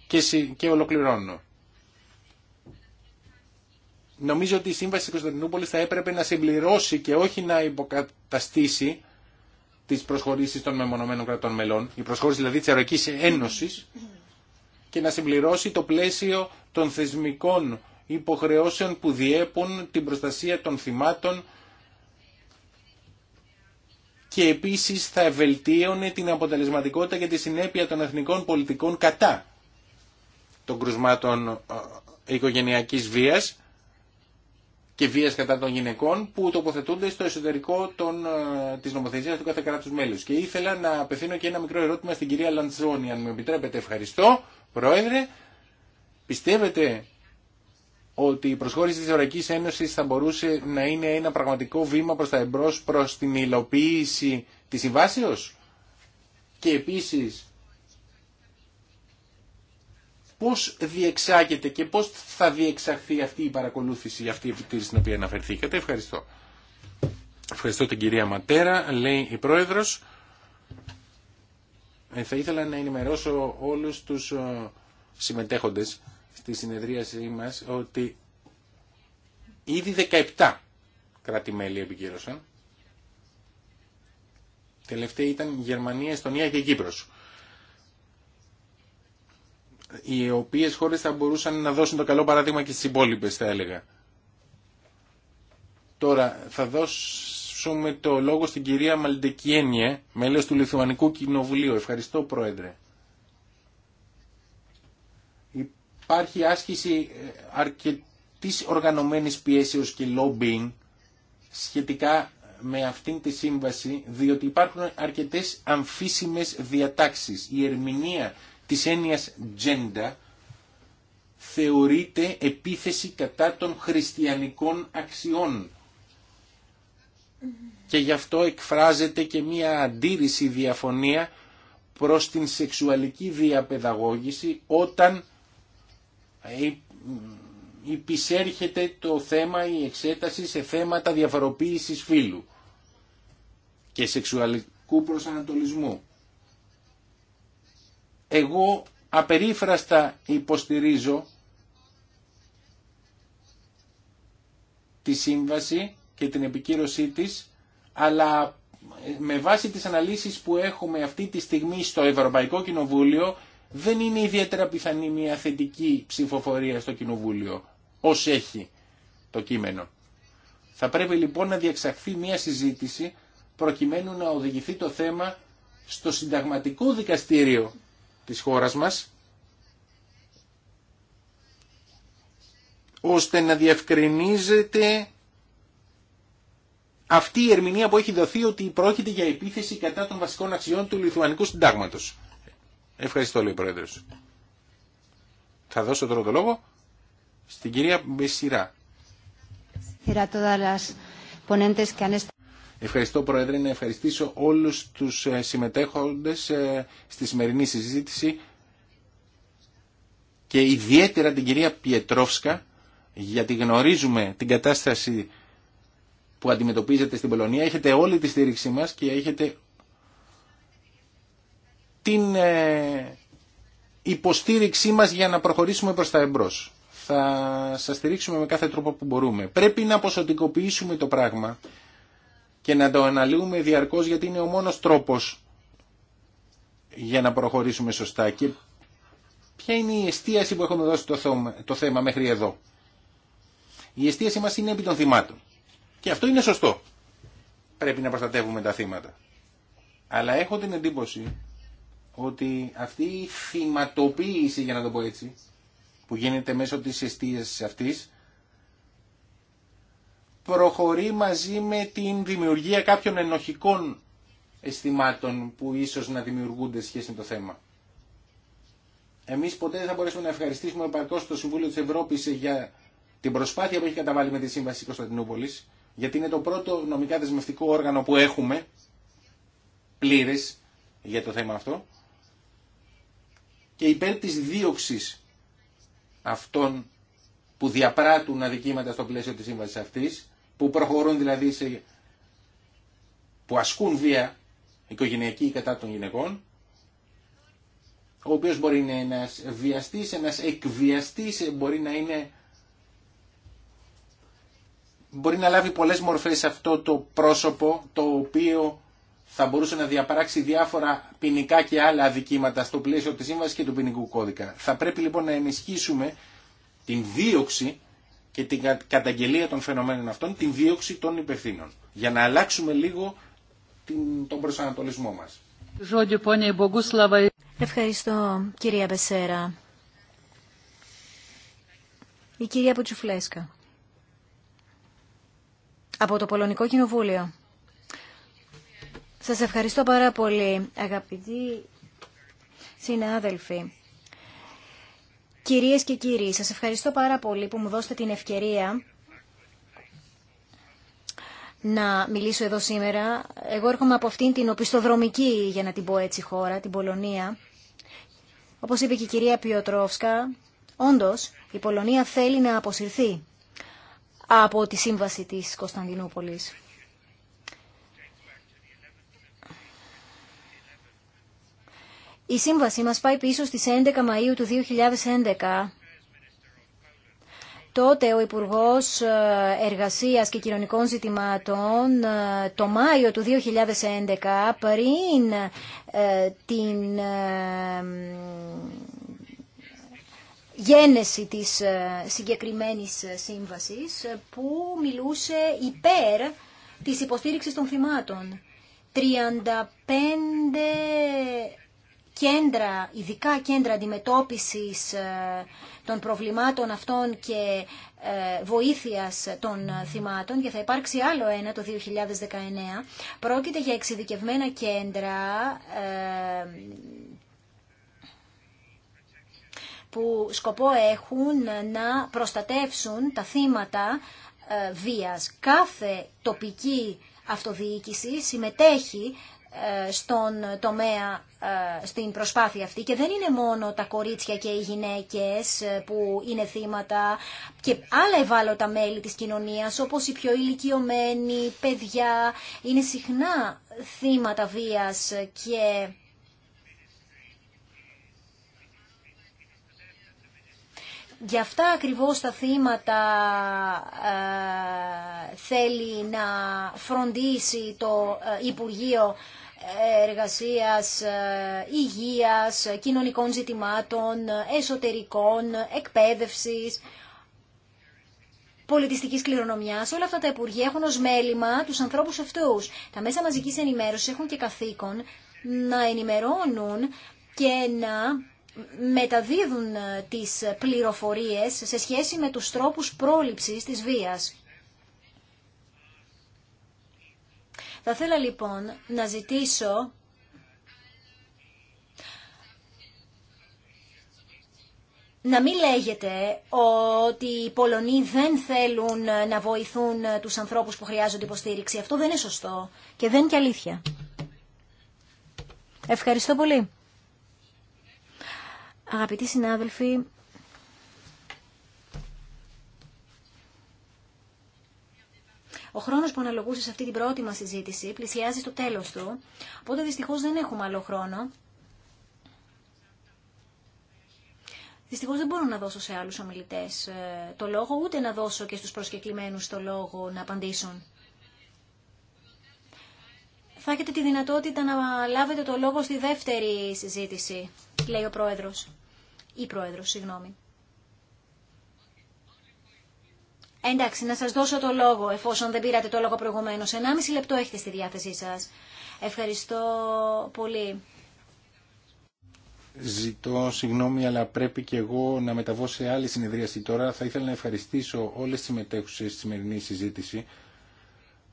Και, και ολοκληρώνω. Νομίζω ότι η Σύμβαση τη Κωνσταντινούπολη θα έπρεπε να συμπληρώσει και όχι να υποκαταστήσει τις προσχωρήσεις των μεμονωμένων κρατών μελών, η προσχώρηση δηλαδή τη Ευρωπαϊκή Ένωσης, και να συμπληρώσει το πλαίσιο των θεσμικών υποχρεώσεων που διέπουν την προστασία των θυμάτων και επίσης θα βελτίωνε την αποτελεσματικότητα και τη συνέπεια των εθνικών πολιτικών κατά των κρουσμάτων ε, οικογενειακής βίας και βίας κατά των γυναικών που τοποθετούνται στο εσωτερικό των, ε, της νομοθεσίας του κάθε κράτους μέλους. Και ήθελα να απευθύνω και ένα μικρό ερώτημα στην κυρία Λαντζόνη. αν με επιτρέπετε. Ευχαριστώ, Πρόεδρε. Πιστεύετε ότι η προσχώρηση της Ευρωπαϊκής Ένωσης θα μπορούσε να είναι ένα πραγματικό βήμα προς τα εμπρός προς την υλοποίηση της συμβάσεως και επίσης πώς διεξάγεται και πώς θα διεξαχθεί αυτή η παρακολούθηση, αυτή η επιτήρηση στην οποία αναφερθήκατε. Ευχαριστώ. Ευχαριστώ την κυρία Ματέρα, λέει η Πρόεδρος. Ε, θα ήθελα να ενημερώσω όλους τους ε, συμμετέχοντες στη συνεδρίασή μας ότι ήδη 17 κράτη-μέλη επικύρωσαν. Τελευταία ήταν Γερμανία, Εστονία και Κύπρος. Οι οποίες χώρες θα μπορούσαν να δώσουν το καλό παράδειγμα και στις υπόλοιπες θα έλεγα. Τώρα θα δώσουμε το λόγο στην κυρία Μαλντεκιένιε, μέλος του Λιθουανικού Κοινοβουλίου. Ευχαριστώ Πρόεδρε. υπάρχει άσκηση ε, αρκετής οργανωμένης πιέσεως και lobbying σχετικά με αυτήν τη σύμβαση, διότι υπάρχουν αρκετές αμφίσιμες διατάξεις. Η ερμηνεία της έννοιας gender θεωρείται επίθεση κατά των χριστιανικών αξιών. Και γι' αυτό εκφράζεται και μία αντίρρηση διαφωνία προς την σεξουαλική διαπαιδαγώγηση όταν ε, υπησέρχεται το θέμα η εξέταση σε θέματα διαφοροποίησης φύλου και σεξουαλικού προσανατολισμού. Εγώ απερίφραστα υποστηρίζω τη σύμβαση και την επικύρωσή της, αλλά ε, με βάση τις αναλύσεις που έχουμε αυτή τη στιγμή στο Ευρωπαϊκό Κοινοβούλιο δεν είναι ιδιαίτερα πιθανή μια θετική ψηφοφορία στο Κοινοβούλιο, ως έχει το κείμενο. Θα πρέπει λοιπόν να διεξαχθεί μια συζήτηση προκειμένου να οδηγηθεί το θέμα στο συνταγματικό δικαστήριο της χώρας μας, ώστε να διευκρινίζεται αυτή η ερμηνεία που έχει δοθεί ότι πρόκειται για επίθεση κατά των βασικών αξιών του Λιθουανικού Συντάγματος. Ευχαριστώ, λέει ο Πρόεδρος. Θα δώσω τώρα το λόγο στην κυρία Μπεσίρα. Ευχαριστώ, Πρόεδρε, να ευχαριστήσω όλου του ε, συμμετέχοντε ε, στη σημερινή συζήτηση και ιδιαίτερα την κυρία Πιετρόφσκα, γιατί γνωρίζουμε την κατάσταση που αντιμετωπίζετε στην Πολωνία. Έχετε όλη τη στήριξή μας και έχετε την ε, υποστήριξή μας για να προχωρήσουμε προς τα εμπρός. Θα σας στηρίξουμε με κάθε τρόπο που μπορούμε. Πρέπει να ποσοτικοποιήσουμε το πράγμα και να το αναλύουμε διαρκώς γιατί είναι ο μόνος τρόπος για να προχωρήσουμε σωστά. Και ποια είναι η εστίαση που έχουμε δώσει το θέμα μέχρι εδώ. Η εστίαση μας είναι επί των θυμάτων. Και αυτό είναι σωστό. Πρέπει να προστατεύουμε τα θύματα. Αλλά έχω την εντύπωση ότι αυτή η θυματοποίηση, για να το πω έτσι, που γίνεται μέσω της εστίασης αυτής, προχωρεί μαζί με την δημιουργία κάποιων ενοχικών αισθημάτων που ίσως να δημιουργούνται σχέση με το θέμα. Εμείς ποτέ δεν θα μπορέσουμε να ευχαριστήσουμε επαρκώς το Συμβούλιο της Ευρώπης για την προσπάθεια που έχει καταβάλει με τη Σύμβαση Κωνσταντινούπολης, γιατί είναι το πρώτο νομικά δεσμευτικό όργανο που έχουμε πλήρες για το θέμα αυτό και υπέρ της δίωξης αυτών που διαπράττουν αδικήματα στο πλαίσιο της σύμβασης αυτής, που προχωρούν δηλαδή σε... που ασκούν βία οικογενειακή κατά των γυναικών, ο οποίος μπορεί να είναι ένας βιαστής, ένας εκβιαστής, μπορεί να είναι μπορεί να λάβει πολλές μορφές αυτό το πρόσωπο το οποίο θα μπορούσε να διαπράξει διάφορα ποινικά και άλλα αδικήματα στο πλαίσιο της σύμβασης και του ποινικού κώδικα. Θα πρέπει λοιπόν να ενισχύσουμε την δίωξη και την καταγγελία των φαινομένων αυτών, την δίωξη των υπευθύνων, για να αλλάξουμε λίγο τον προσανατολισμό μας. Ευχαριστώ κυρία Μπεσέρα. Η κυρία Πουτσουφλέσκα. Από το Πολωνικό Κοινοβούλιο. Σας ευχαριστώ πάρα πολύ, αγαπητοί συνάδελφοι. Κυρίες και κύριοι, σας ευχαριστώ πάρα πολύ που μου δώσετε την ευκαιρία να μιλήσω εδώ σήμερα. Εγώ έρχομαι από αυτήν την οπισθοδρομική, για να την πω έτσι, χώρα, την Πολωνία. Όπως είπε και η κυρία Πιοτρόφσκα, όντως η Πολωνία θέλει να αποσυρθεί από τη σύμβαση της Κωνσταντινούπολης. Η σύμβαση μας πάει πίσω στις 11 Μαΐου του 2011. Τότε ο Υπουργός ε, Εργασίας και Κοινωνικών Ζητημάτων ε, το Μάιο του 2011 πριν ε, την γένεση της συγκεκριμένης σύμβασης που μιλούσε υπέρ της υποστήριξης των θυμάτων. 35 κέντρα, ειδικά κέντρα αντιμετώπισης ε, των προβλημάτων αυτών και ε, βοήθειας των θυμάτων και θα υπάρξει άλλο ένα το 2019. Πρόκειται για εξειδικευμένα κέντρα ε, που σκοπό έχουν να προστατεύσουν τα θύματα βίας. Κάθε τοπική αυτοδιοίκηση συμμετέχει ε, στον τομέα, ε, στην προσπάθεια αυτή. Και δεν είναι μόνο τα κορίτσια και οι γυναίκες ε, που είναι θύματα και άλλα ευάλωτα μέλη της κοινωνίας, όπως οι πιο ηλικιωμένοι, παιδιά, είναι συχνά θύματα βίας και Γι' αυτά ακριβώς τα θύματα ε, θέλει να φροντίσει το ε, Υπουργείο ε, Εργασίας, Υγείας, Κοινωνικών Ζητημάτων, Εσωτερικών, Εκπαίδευσης, Πολιτιστικής Κληρονομιάς. όλα αυτά τα υπουργεία έχουν ω μέλημα τους ανθρώπους αυτούς. Τα μέσα μαζικής ενημέρωσης έχουν και καθήκον να ενημερώνουν και να μεταδίδουν ε, τις πληροφορίες σε σχέση με τους τρόπους πρόληψης της βίας. Θα θέλα λοιπόν να ζητήσω να μην λέγεται ότι οι Πολωνοί δεν θέλουν ε, να βοηθούν ε, τους ανθρώπους που χρειάζονται υποστήριξη. Αυτό δεν είναι σωστό και δεν είναι και αλήθεια. Ευχαριστώ πολύ. Αγαπητοί συνάδελφοι, ο χρόνος που αναλογούσε σε αυτή την πρώτη μας συζήτηση πλησιάζει στο τέλος του, οπότε δυστυχώς δεν έχουμε άλλο χρόνο. Δυστυχώ δεν μπορώ να δώσω σε άλλους ομιλητές ε, το λόγο, ούτε να δώσω και στους προσκεκλημένους το λόγο να απαντήσουν θα έχετε τη δυνατότητα να λάβετε το λόγο στη δεύτερη συζήτηση, λέει ο πρόεδρος. Ή πρόεδρος, συγγνώμη. Εντάξει, να σας δώσω το λόγο, εφόσον δεν πήρατε το λόγο προηγουμένως. 1,5 λεπτό έχετε στη διάθεσή σας. Ευχαριστώ πολύ. Ζητώ συγγνώμη, αλλά πρέπει και εγώ να μεταβώ σε άλλη συνεδρίαση τώρα. Θα ήθελα να ευχαριστήσω όλες τις συμμετέχουσες στη σημερινή συζήτηση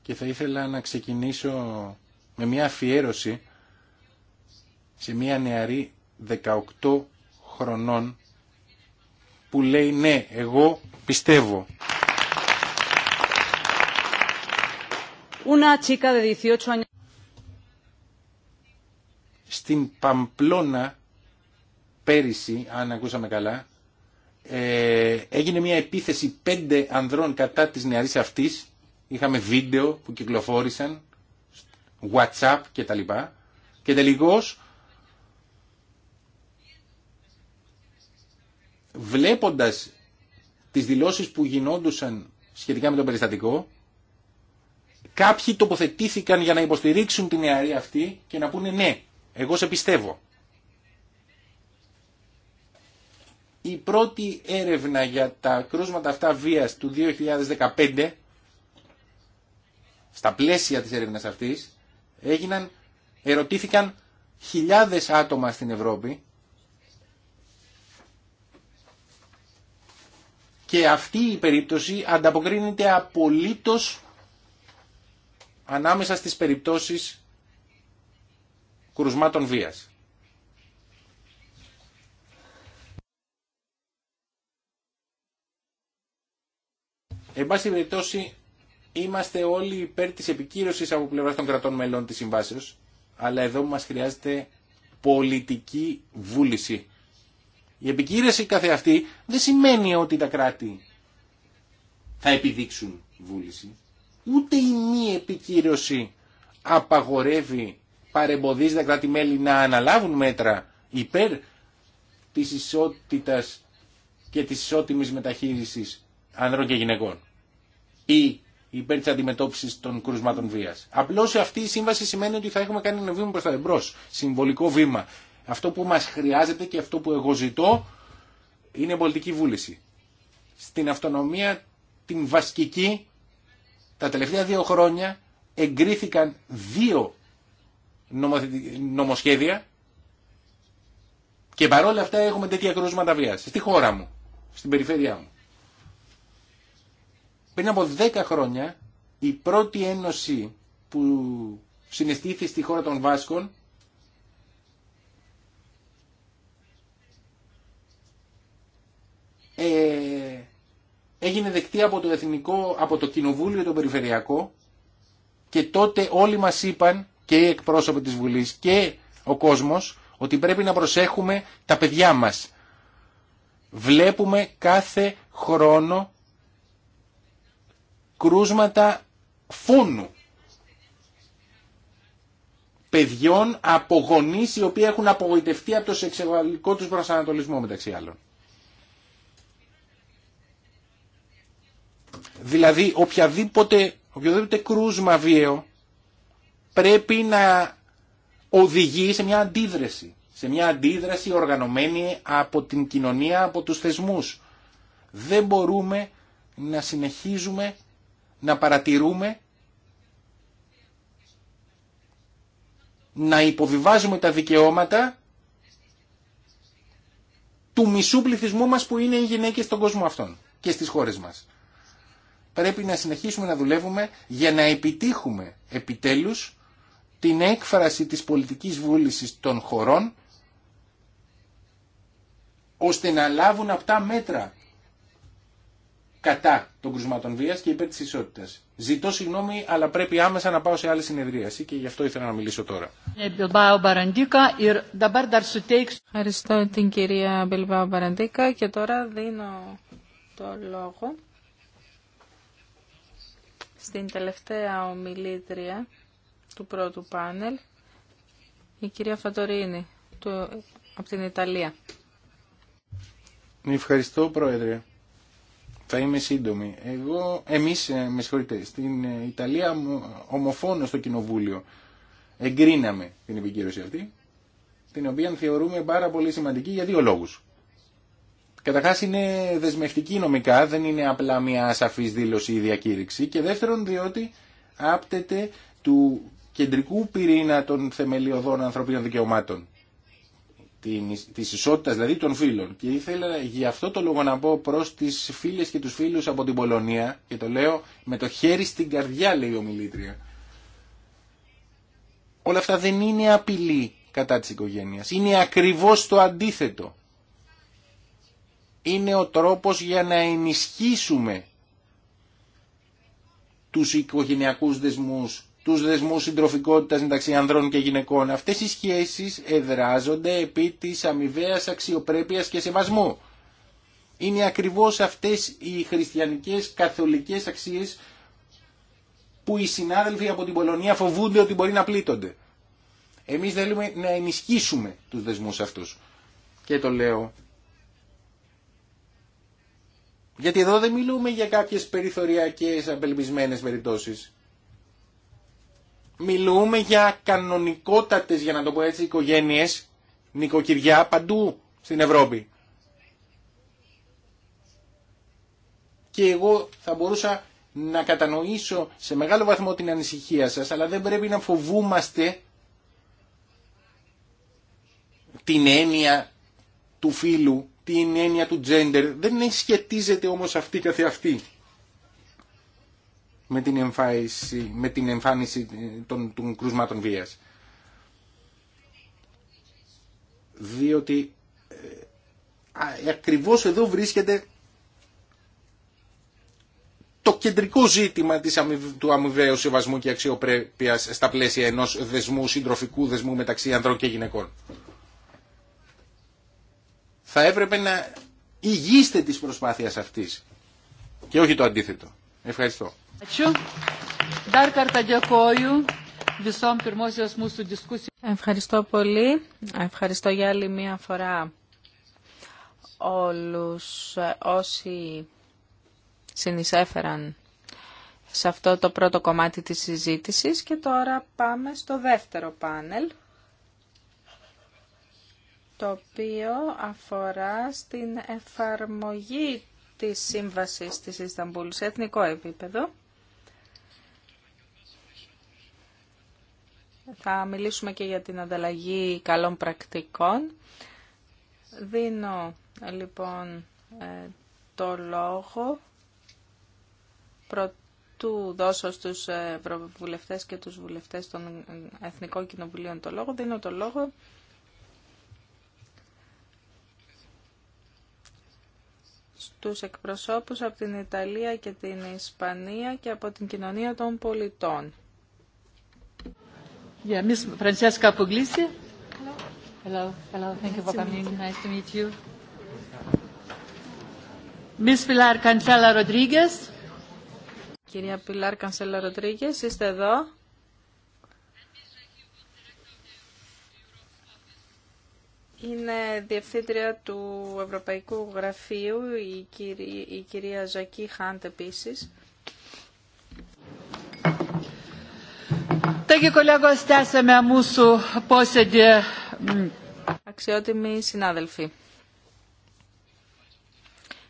και θα ήθελα να ξεκινήσω με μια αφιέρωση σε μια νεαρή 18 χρονών που λέει ναι, εγώ πιστεύω. Una chica de 18 años. Στην Παμπλώνα πέρυσι, αν ακούσαμε καλά, ε, έγινε μια επίθεση πέντε ανδρών κατά της νεαρής αυτής. Είχαμε βίντεο που κυκλοφόρησαν WhatsApp και λοιπά Και τελικώς βλέποντας τις δηλώσεις που γινόντουσαν σχετικά με τον περιστατικό, κάποιοι τοποθετήθηκαν για να υποστηρίξουν την νεαρή αυτή και να πούνε ναι, εγώ σε πιστεύω. Η πρώτη έρευνα για τα κρούσματα αυτά βίας του 2015, στα πλαίσια της έρευνας αυτής, έγιναν, ερωτήθηκαν χιλιάδες άτομα στην Ευρώπη και αυτή η περίπτωση ανταποκρίνεται απολύτως ανάμεσα στις περιπτώσεις κρουσμάτων βίας. Εν πάση περιπτώσει, είμαστε όλοι υπέρ της επικύρωσης από πλευρά των κρατών μελών της συμβάσεως, αλλά εδώ μας χρειάζεται πολιτική βούληση. Η επικύρωση κάθε αυτή δεν σημαίνει ότι τα κράτη θα επιδείξουν βούληση. Ούτε η μη επικύρωση απαγορεύει, παρεμποδίζει τα κράτη-μέλη να αναλάβουν μέτρα υπέρ της ισότητας και της ισότιμης μεταχείρισης ανδρών και γυναικών. Η υπέρ τη αντιμετώπιση των κρούσματων βία. Απλώ αυτή η σύμβαση σημαίνει ότι θα έχουμε κάνει ένα βήμα προ τα εμπρό. Συμβολικό βήμα. Αυτό που μα χρειάζεται και αυτό που εγώ ζητώ είναι πολιτική βούληση. Στην αυτονομία την βασική τα τελευταία δύο χρόνια εγκρίθηκαν δύο νομοσχέδια και παρόλα αυτά έχουμε τέτοια κρούσματα βίας στη χώρα μου, στην περιφέρειά μου. Πριν από 10 χρόνια η πρώτη ένωση που συναισθήθη στη χώρα των Βάσκων ε, έγινε δεκτή από το, Εθνικό, από το Κοινοβούλιο το Περιφερειακό και τότε όλοι μας είπαν και οι εκπρόσωποι της Βουλής και ο κόσμος ότι πρέπει να προσέχουμε τα παιδιά μας. Βλέπουμε κάθε χρόνο κρούσματα φούνου παιδιών από γονείς οι οποίοι έχουν απογοητευτεί από το σεξουαλικό τους προσανατολισμό μεταξύ άλλων. Δηλαδή οποιαδήποτε, οποιοδήποτε κρούσμα βίαιο πρέπει να οδηγεί σε μια αντίδραση. Σε μια αντίδραση οργανωμένη από την κοινωνία, από τους θεσμούς. Δεν μπορούμε να συνεχίζουμε να παρατηρούμε να υποβιβάζουμε τα δικαιώματα του μισού πληθυσμού μας που είναι οι γυναίκες στον κόσμο αυτών και στις χώρες μας. Πρέπει να συνεχίσουμε να δουλεύουμε για να επιτύχουμε επιτέλους την έκφραση της πολιτικής βούλησης των χωρών ώστε να λάβουν αυτά μέτρα κατά των κρουσμάτων βία και υπέρ τη ισότητα. Ζητώ συγγνώμη, αλλά πρέπει άμεσα να πάω σε άλλη συνεδρίαση και γι' αυτό ήθελα να μιλήσω τώρα. Ε, Ευχαριστώ την κυρία Μπιλμπάου Μπαραντίκα και τώρα δίνω το λόγο στην τελευταία ομιλήτρια του πρώτου πάνελ, η κυρία Φατορίνη από την Ιταλία. Ευχαριστώ, Πρόεδρε. Θα είμαι σύντομη. Εγώ, εμείς, ε, με συγχωρείτε, στην ε, Ιταλία ομοφόνο στο Κοινοβούλιο εγκρίναμε την επικύρωση αυτή, την οποία θεωρούμε πάρα πολύ σημαντική για δύο λόγους. Καταρχά είναι δεσμευτική νομικά, δεν είναι απλά μια ασαφής δήλωση ή διακήρυξη και δεύτερον διότι άπτεται του κεντρικού πυρήνα των θεμελιωδών ανθρωπίνων δικαιωμάτων της ισότητας δηλαδή των φίλων. Και ήθελα για αυτό το λόγο να πω προς τις φίλες και τους φίλους από την Πολωνία και το λέω με το χέρι στην καρδιά λέει ο Μιλήτρια. Όλα αυτά δεν είναι απειλή κατά της οικογένειας. Είναι ακριβώς το αντίθετο. Είναι ο τρόπος για να ενισχύσουμε τους οικογενειακούς δεσμούς τους δεσμούς συντροφικότητας μεταξύ ανδρών και γυναικών. Αυτές οι σχέσεις εδράζονται επί της αμοιβαίας αξιοπρέπειας και σεβασμού. Είναι ακριβώς αυτές οι χριστιανικές καθολικές αξίες που οι συνάδελφοι από την Πολωνία φοβούνται ότι μπορεί να πλήττονται. Εμείς θέλουμε να ενισχύσουμε τους δεσμούς αυτούς. Και το λέω. Γιατί εδώ δεν μιλούμε για κάποιες περιθωριακές απελπισμένες περιπτώσεις μιλούμε για κανονικότατες, για να το πω έτσι, οικογένειες, νοικοκυριά παντού στην Ευρώπη. Και εγώ θα μπορούσα να κατανοήσω σε μεγάλο βαθμό την ανησυχία σας, αλλά δεν πρέπει να φοβούμαστε την έννοια του φίλου, την έννοια του gender. Δεν σχετίζεται όμως αυτή καθε με την εμφάνιση, με την εμφάνιση των, των κρούσματων βίας. Διότι ε, ακριβώς εδώ βρίσκεται το κεντρικό ζήτημα της, του αμοιβαίου σεβασμού και αξιοπρέπειας στα πλαίσια ενός δεσμού, συντροφικού δεσμού μεταξύ ανδρών και γυναικών. Θα έπρεπε να υγείστε της προσπάθειας αυτής και όχι το αντίθετο. Ευχαριστώ. Ευχαριστώ πολύ. Ευχαριστώ για άλλη μία φορά όλους όσοι συνεισέφεραν σε αυτό το πρώτο κομμάτι της συζήτησης και τώρα πάμε στο δεύτερο πάνελ το οποίο αφορά στην εφαρμογή της Σύμβασης της Ισταμπούλ σε εθνικό επίπεδο. Θα μιλήσουμε και για την ανταλλαγή καλών πρακτικών. Δίνω λοιπόν ε, το λόγο του δώσω στους ευρωβουλευτές και τους βουλευτές των Εθνικών Κοινοβουλίων το λόγο. Δίνω το λόγο τους εκπροσώπους από την Ιταλία και την Ισπανία και από την κοινωνία των πολιτών. Yeah, Miss Francesca Puglisi. Hello. Hello. Hello. Thank you for coming. Nice to meet you. Miss Pilar Cancela Rodriguez. Κυρία Πιλάρ Cancela Rodriguez, είστε εδώ. Είναι διευθύντρια του Ευρωπαϊκού Γραφείου, η, κυρία, η Ζακή Χάντ επίσης. Αξιότιμοι συνάδελφοι.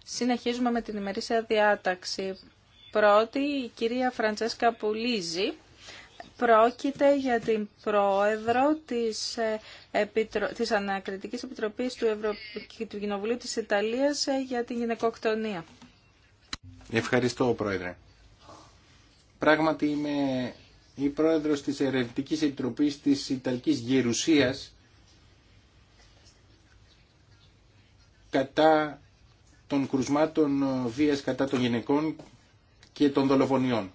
Συνεχίζουμε με την ημερήσια διάταξη. Πρώτη, η κυρία Φραντσέσκα Πουλίζη Πρόκειται για την πρόεδρο της, ε, Επιτρο... της Ανακριτικής Επιτροπής του, Ευρω... του Κοινοβουλίου της Ιταλίας ε, για την γυναικοκτονία. Ευχαριστώ, Πρόεδρε. Πράγματι είμαι η πρόεδρος της Ερευνητικής Επιτροπής της Ιταλικής Γερουσίας κατά των κρουσμάτων ε, βίας κατά των γυναικών και των δολοφονιών.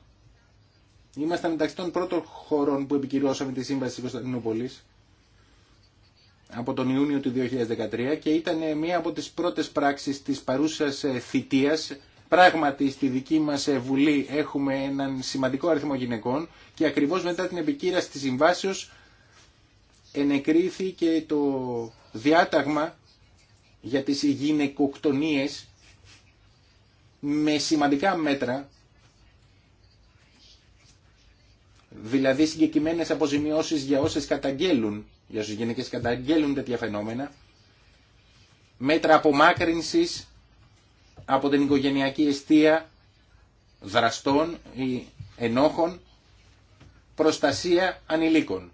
Ήμασταν μεταξύ των πρώτων χωρών που επικυρώσαμε τη σύμβαση της Κωνσταντινούπολης από τον Ιούνιο του 2013 και ήταν μία από τις πρώτες πράξεις της παρούσας ε, θητείας. Πράγματι στη δική μας ε, Βουλή έχουμε έναν σημαντικό αριθμό γυναικών και ακριβώς μετά την επικύραση της συμβάσεως ενεκρίθηκε το διάταγμα για τις γυναικοκτονίες με σημαντικά μέτρα δηλαδή συγκεκριμένε αποζημιώσεις για όσες καταγγέλουν, για όσε γυναίκε καταγγέλουν τέτοια φαινόμενα, μέτρα απομάκρυνση από την οικογενειακή αιστεία δραστών ή ενόχων, προστασία ανηλίκων.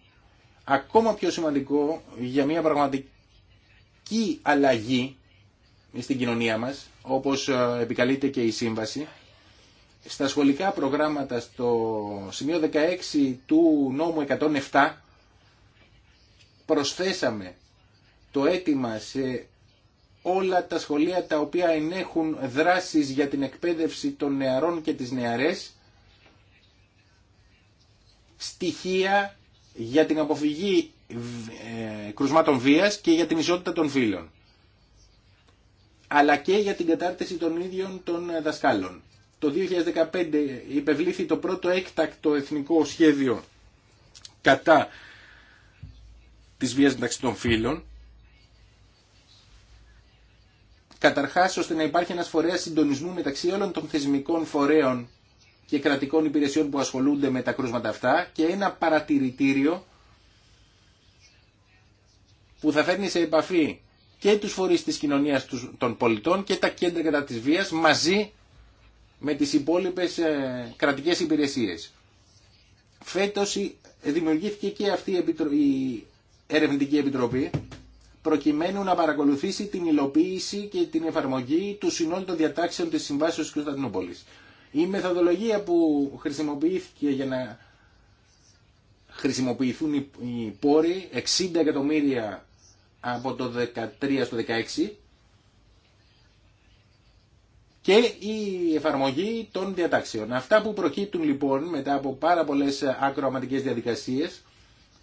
Ακόμα πιο σημαντικό για μια πραγματική αλλαγή στην κοινωνία μας, όπως ε, επικαλείται και η σύμβαση, στα σχολικά προγράμματα στο σημείο 16 του νόμου 107 προσθέσαμε το αίτημα σε όλα τα σχολεία τα οποία ενέχουν δράσεις για την εκπαίδευση των νεαρών και της νεαρές στοιχεία για την αποφυγή ε, κρουσμάτων βίας και για την ισότητα των φίλων αλλά και για την κατάρτιση των ίδιων των ε, δασκάλων το 2015 υπευλήθη το πρώτο έκτακτο εθνικό σχέδιο κατά της βίας μεταξύ των φύλων. Καταρχάς ώστε να υπάρχει ένας φορέας συντονισμού μεταξύ όλων των θεσμικών φορέων και κρατικών υπηρεσιών που ασχολούνται με τα κρούσματα αυτά και ένα παρατηρητήριο που θα φέρνει σε επαφή και τους φορείς της κοινωνίας των πολιτών και τα κέντρα κατά της βίας μαζί με τις υπόλοιπες ε, κρατικές υπηρεσίες. Φέτος δημιουργήθηκε και αυτή η ερευνητική επιτροπή προκειμένου να παρακολουθήσει την υλοποίηση και την εφαρμογή του συνόλου των διατάξεων της Συμβάσεως Κωνσταντινούπολης. Η μεθοδολογία που χρησιμοποιήθηκε για να χρησιμοποιηθούν οι πόροι 60 εκατομμύρια από το 2013 στο 2016 και η εφαρμογή των διατάξεων. Αυτά που προκύπτουν λοιπόν μετά από πάρα πολλές ακροαματικές διαδικασίες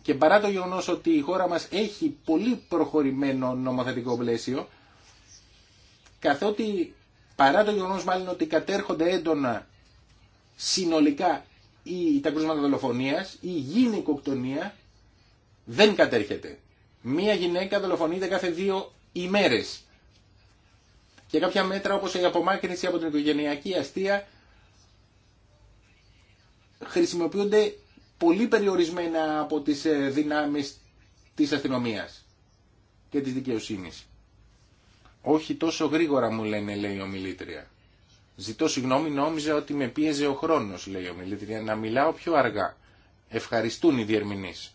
και παρά το γεγονός ότι η χώρα μας έχει πολύ προχωρημένο νομοθετικό πλαίσιο, καθότι παρά το γεγονός μάλλον ότι κατέρχονται έντονα συνολικά ή τα κρούσματα δολοφονίας ή γυναικοκτονία δεν κατέρχεται. Μία γυναίκα δολοφονείται κάθε δύο ημέρες και κάποια μέτρα όπως η απομάκρυνση από την οικογενειακή αστεία χρησιμοποιούνται πολύ περιορισμένα από τις ε, δυνάμεις της αστυνομίας και της δικαιοσύνης. Όχι τόσο γρήγορα μου λένε, λέει ο Μιλήτρια. Ζητώ συγγνώμη, νόμιζα ότι με πίεζε ο χρόνος, λέει ο Μιλήτρια, να μιλάω πιο αργά. Ευχαριστούν οι διερμηνείς.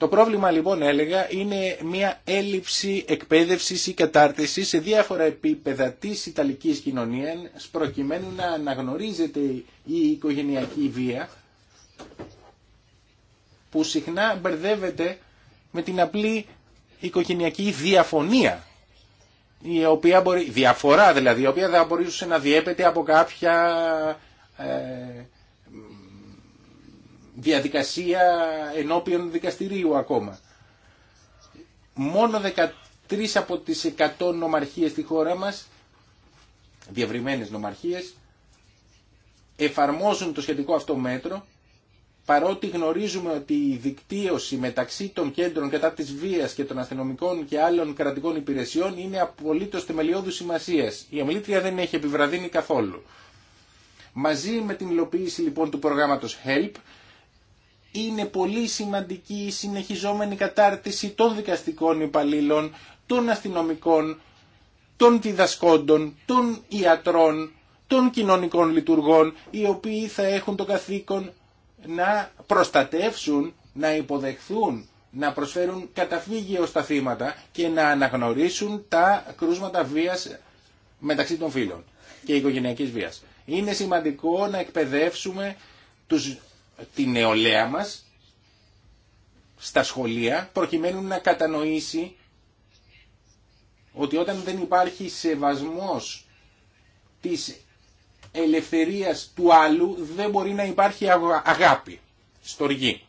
Το πρόβλημα λοιπόν έλεγα είναι μια έλλειψη εκπαίδευσης ή κατάρτισης σε διάφορα επίπεδα της Ιταλικής κοινωνίας προκειμένου να αναγνωρίζεται η οικογενειακή βία που συχνά μπερδεύεται με την απλή οικογενειακή διαφωνία η οποία διαφορά δηλαδή, η οποία θα μπορούσε να διέπεται από κάποια ε, διαδικασία ενώπιον δικαστηρίου ακόμα. Μόνο 13 από τις 100 νομαρχίες στη χώρα μας, διευρυμένες νομαρχίες, εφαρμόζουν το σχετικό αυτό μέτρο, παρότι γνωρίζουμε ότι η δικτύωση μεταξύ των κέντρων κατά της βίας και των αστυνομικών και άλλων κρατικών υπηρεσιών είναι απολύτως θεμελιώδου σημασίας. Η αμλήτρια δεν έχει επιβραδύνει καθόλου. Μαζί με την υλοποίηση λοιπόν του προγράμματος HELP είναι πολύ σημαντική η συνεχιζόμενη κατάρτιση των δικαστικών υπαλλήλων, των αστυνομικών, των διδασκόντων, των ιατρών, των κοινωνικών λειτουργών, οι οποίοι θα έχουν το καθήκον να προστατεύσουν, να υποδεχθούν, να προσφέρουν καταφύγιο στα θύματα και να αναγνωρίσουν τα κρούσματα βίας μεταξύ των φίλων και οικογενειακής βίας. Είναι σημαντικό να εκπαιδεύσουμε τους την νεολαία μας στα σχολεία προκειμένου να κατανοήσει ότι όταν δεν υπάρχει σεβασμός της ελευθερίας του άλλου δεν μπορεί να υπάρχει αγάπη, στοργή.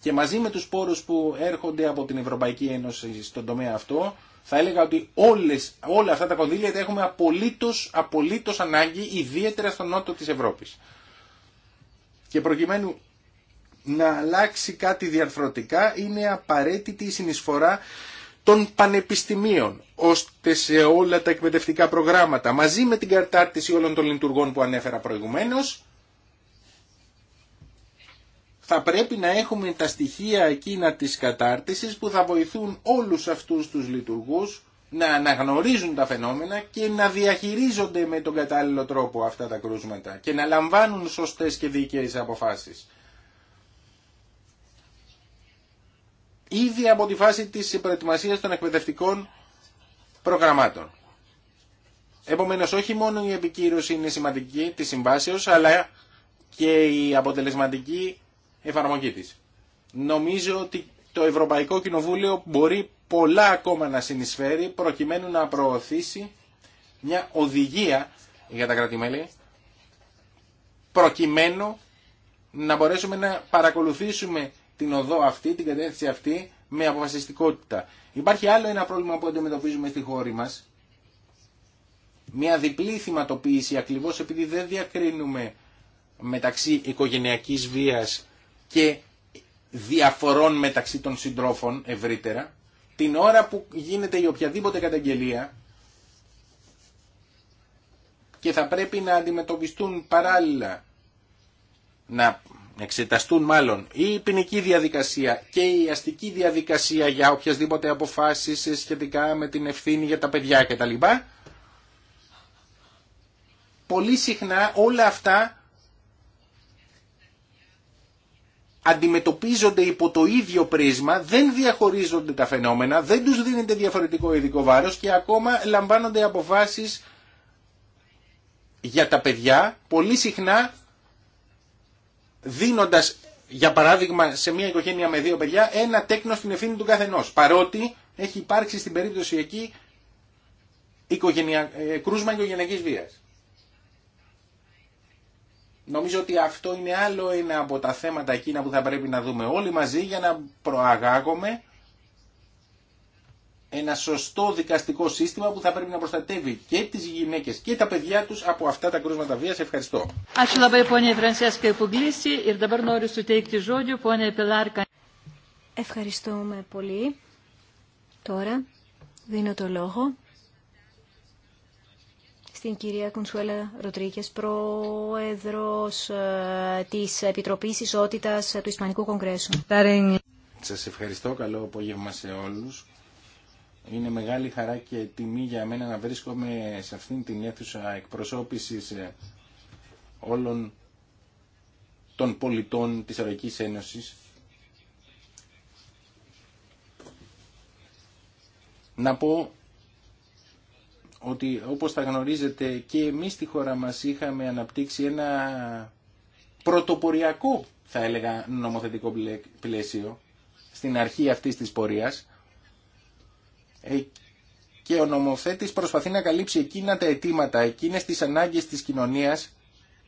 Και μαζί με τους πόρους που έρχονται από την Ευρωπαϊκή Ένωση στον τομέα αυτό, θα έλεγα ότι όλες, όλα αυτά τα κονδύλια τα έχουμε απολύτως, απολύτως ανάγκη, ιδιαίτερα στον νότο της Ευρώπης. Και προκειμένου να αλλάξει κάτι διαρθρωτικά είναι απαραίτητη η συνεισφορά των πανεπιστημίων, ώστε σε όλα τα εκπαιδευτικά προγράμματα, μαζί με την κατάρτιση όλων των λειτουργών που ανέφερα προηγουμένως, θα πρέπει να έχουμε τα στοιχεία εκείνα της κατάρτισης που θα βοηθούν όλους αυτούς τους λειτουργούς να αναγνωρίζουν τα φαινόμενα και να διαχειρίζονται με τον κατάλληλο τρόπο αυτά τα κρούσματα και να λαμβάνουν σωστές και δίκαιες αποφάσεις. Ήδη από τη φάση της προετοιμασίας των εκπαιδευτικών προγραμμάτων. Επομένως, όχι μόνο η επικύρωση είναι σημαντική της συμβάσεως, αλλά και η αποτελεσματική εφαρμογή της. Νομίζω ότι το Ευρωπαϊκό Κοινοβούλιο μπορεί πολλά ακόμα να συνεισφέρει προκειμένου να προωθήσει μια οδηγία για τα κρατημέλη προκειμένου να μπορέσουμε να παρακολουθήσουμε την οδό αυτή, την κατεύθυνση αυτή με αποφασιστικότητα. Υπάρχει άλλο ένα πρόβλημα που αντιμετωπίζουμε στη χώρα μας. Μια διπλή θυματοποίηση ακριβώς επειδή δεν διακρίνουμε μεταξύ οικογενειακής βίας και διαφορών μεταξύ των συντρόφων ευρύτερα, την ώρα που γίνεται η οποιαδήποτε καταγγελία και θα πρέπει να αντιμετωπιστούν παράλληλα, να εξεταστούν μάλλον η ποινική διαδικασία και η αστική διαδικασία για οποιασδήποτε αποφάσεις σχετικά με την ευθύνη για τα παιδιά κτλ. Πολύ συχνά όλα αυτά αντιμετωπίζονται υπό το ίδιο πρίσμα, δεν διαχωρίζονται τα φαινόμενα, δεν τους δίνεται διαφορετικό ειδικό βάρος και ακόμα λαμβάνονται αποφάσεις για τα παιδιά πολύ συχνά δίνοντας για παράδειγμα σε μια οικογένεια με δύο παιδιά ένα τέκνο στην ευθύνη του καθενός παρότι έχει υπάρξει στην περίπτωση εκεί οικογενεια... Ε, κρούσμα οικογενειακής βίας. Νομίζω ότι αυτό είναι άλλο ένα από τα θέματα εκείνα που θα πρέπει να δούμε όλοι μαζί για να προαγάγουμε ένα σωστό δικαστικό σύστημα που θα πρέπει να προστατεύει και τις γυναίκε και τα παιδιά τους από αυτά τα κρούσματα βίας. Ευχαριστώ. Ευχαριστούμε πολύ. Τώρα δίνω το λόγο στην κυρία Κουνσουέλα Ροτρίκε, προέδρο ε, της Επιτροπή Ισότητα του Ισπανικού Κογκρέσου. Σα ευχαριστώ. Καλό απόγευμα σε όλους. Είναι μεγάλη χαρά και τιμή για μένα να βρίσκομαι σε αυτήν την αίθουσα εκπροσώπηση ε, όλων των πολιτών της Ευρωπαϊκής Ένωσης. Να πω ότι όπως θα γνωρίζετε και εμείς στη χώρα μας είχαμε αναπτύξει ένα πρωτοποριακό θα έλεγα νομοθετικό πλαίσιο στην αρχή αυτής της πορείας ε, και ο νομοθέτης προσπαθεί να καλύψει εκείνα τα αιτήματα, εκείνες τις ανάγκες της κοινωνίας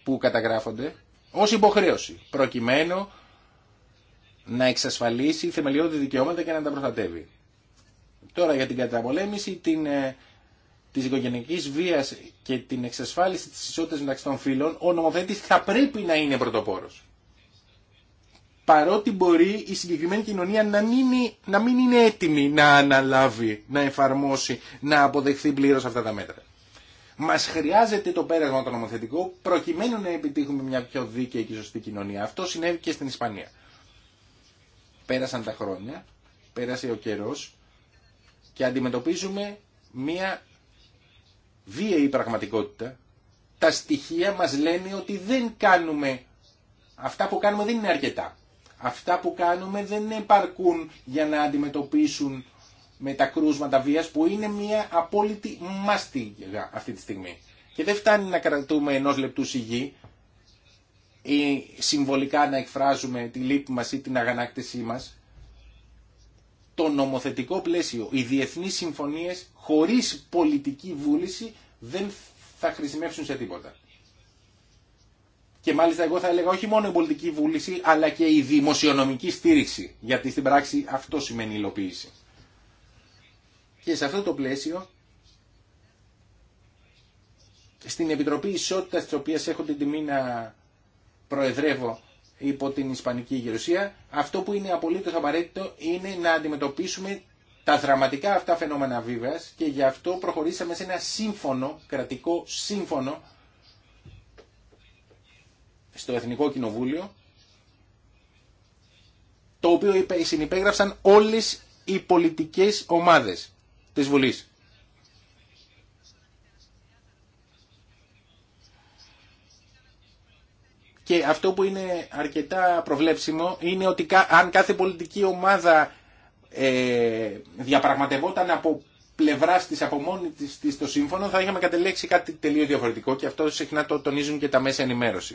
που καταγράφονται ως υποχρέωση προκειμένου να εξασφαλίσει θεμελιώδη δικαιώματα και να τα προστατεύει. Τώρα για την καταπολέμηση, την ε, Τη οικογενειακή βία και την εξασφάλιση τη ισότητα μεταξύ των φύλων, ο νομοθέτης θα πρέπει να είναι πρωτοπόρο. Παρότι μπορεί η συγκεκριμένη κοινωνία να μην, είναι, να μην είναι έτοιμη να αναλάβει, να εφαρμόσει, να αποδεχθεί πλήρω αυτά τα μέτρα. Μα χρειάζεται το πέρασμα το νομοθετικό προκειμένου να επιτύχουμε μια πιο δίκαιη και σωστή κοινωνία. Αυτό συνέβη και στην Ισπανία. Πέρασαν τα χρόνια, πέρασε ο καιρό και αντιμετωπίζουμε μια η πραγματικότητα, τα στοιχεία μας λένε ότι δεν κάνουμε, αυτά που κάνουμε δεν είναι αρκετά. Αυτά που κάνουμε δεν επαρκούν για να αντιμετωπίσουν με τα κρούσματα βίας που είναι μια απόλυτη μάστη αυτή τη στιγμή. Και δεν φτάνει να κρατούμε ενός λεπτού σιγή ή συμβολικά να εκφράζουμε τη λύπη μας ή την αγανάκτησή μας το νομοθετικό πλαίσιο, οι διεθνείς συμφωνίες χωρίς πολιτική βούληση δεν θα χρησιμεύσουν σε τίποτα. Και μάλιστα εγώ θα έλεγα όχι μόνο η πολιτική βούληση αλλά και η δημοσιονομική στήριξη γιατί στην πράξη αυτό σημαίνει υλοποίηση. Και σε αυτό το πλαίσιο στην Επιτροπή Ισότητας της οποίας έχω την τιμή να προεδρεύω υπό την Ισπανική γερουσία, αυτό που είναι απολύτως απαραίτητο είναι να αντιμετωπίσουμε τα δραματικά αυτά φαινόμενα βίβαιας και γι' αυτό προχωρήσαμε σε ένα σύμφωνο, κρατικό σύμφωνο στο Εθνικό Κοινοβούλιο το οποίο συνυπέγραψαν όλες οι πολιτικές ομάδες της Βουλής. και αυτό που είναι αρκετά προβλέψιμο είναι ότι αν κάθε πολιτική ομάδα ε, διαπραγματευόταν από πλευρά τη από μόνη τη το σύμφωνο, θα είχαμε κατελέξει κάτι τελείω διαφορετικό και αυτό συχνά το τονίζουν και τα μέσα ενημέρωση.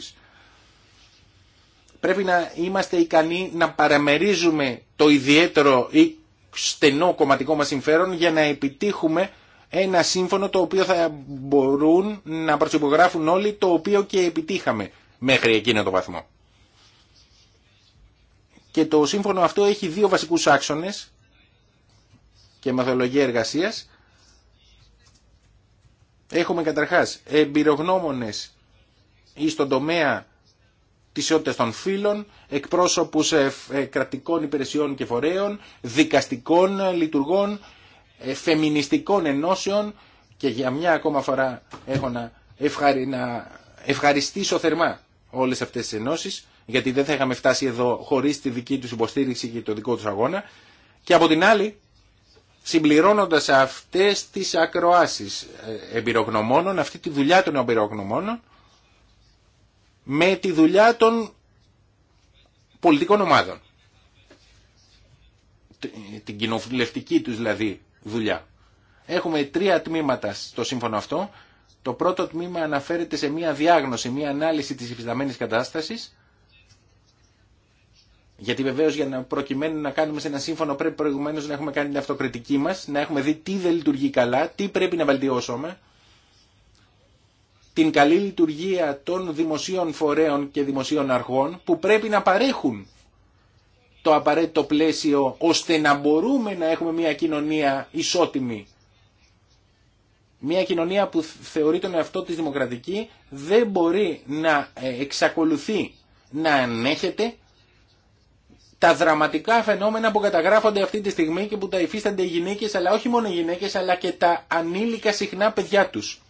Πρέπει να είμαστε ικανοί να παραμερίζουμε το ιδιαίτερο ή στενό κομματικό μας συμφέρον για να επιτύχουμε ένα σύμφωνο το οποίο θα μπορούν να προσυπογράφουν όλοι, το οποίο και επιτύχαμε μέχρι εκείνο το βαθμό. Και το σύμφωνο αυτό έχει δύο βασικούς άξονες και μεθολογία εργασίας. Έχουμε καταρχάς εμπειρογνώμονες στον τομέα της ισότητα των φύλων, εκπρόσωπους ε, ε, κρατικών υπηρεσιών και φορέων, δικαστικών ε, λειτουργών, φεμινιστικών ενώσεων και για μια ακόμα φορά έχω να ευχαριστήσω θερμά όλες αυτές τι ενώσει γιατί δεν θα είχαμε φτάσει εδώ χωρίς τη δική τους υποστήριξη και το δικό τους αγώνα. Και από την άλλη, συμπληρώνοντας αυτές τις ακροάσεις ε, εμπειρογνωμόνων, αυτή τη δουλειά των εμπειρογνωμόνων, με τη δουλειά των πολιτικών ομάδων. Την κοινοβουλευτική τους δηλαδή δουλειά. Έχουμε τρία τμήματα στο σύμφωνο αυτό το πρώτο τμήμα αναφέρεται σε μια διάγνωση, μια ανάλυση της υφισταμένης κατάστασης, γιατί βεβαίως για να προκειμένου να κάνουμε σε ένα σύμφωνο πρέπει προηγουμένω να έχουμε κάνει την αυτοκριτική μας να έχουμε δει τι δεν λειτουργεί καλά, τι πρέπει να βελτιώσουμε. Την καλή λειτουργία των δημοσίων φορέων και δημοσίων αρχών που πρέπει να παρέχουν το απαραίτητο πλαίσιο ώστε να μπορούμε να έχουμε μια κοινωνία ισότιμη μια κοινωνία που θεωρεί τον εαυτό της δημοκρατική δεν μπορεί να ε, εξακολουθεί να ανέχεται τα δραματικά φαινόμενα που καταγράφονται αυτή τη στιγμή και που τα υφίστανται οι γυναίκες, αλλά όχι μόνο οι γυναίκες, αλλά και τα ανήλικα συχνά παιδιά τους.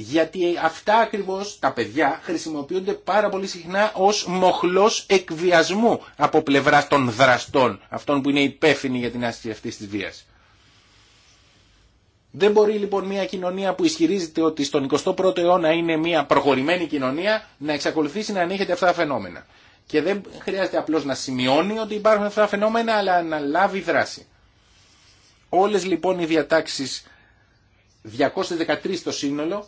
Γιατί αυτά ακριβώς τα παιδιά χρησιμοποιούνται πάρα πολύ συχνά ως μοχλός εκβιασμού από πλευρά των δραστών, αυτών που είναι υπεύθυνοι για την άσκηση αυτής της βίας. Δεν μπορεί λοιπόν μια κοινωνία που ισχυρίζεται ότι στον 21ο αιώνα είναι μια προχωρημένη κοινωνία να εξακολουθήσει να ανοίγεται αυτά τα φαινόμενα. Και δεν χρειάζεται απλώς να σημειώνει ότι υπάρχουν αυτά τα φαινόμενα αλλά να λάβει δράση. Όλες λοιπόν οι διατάξεις 213 στο σύνολο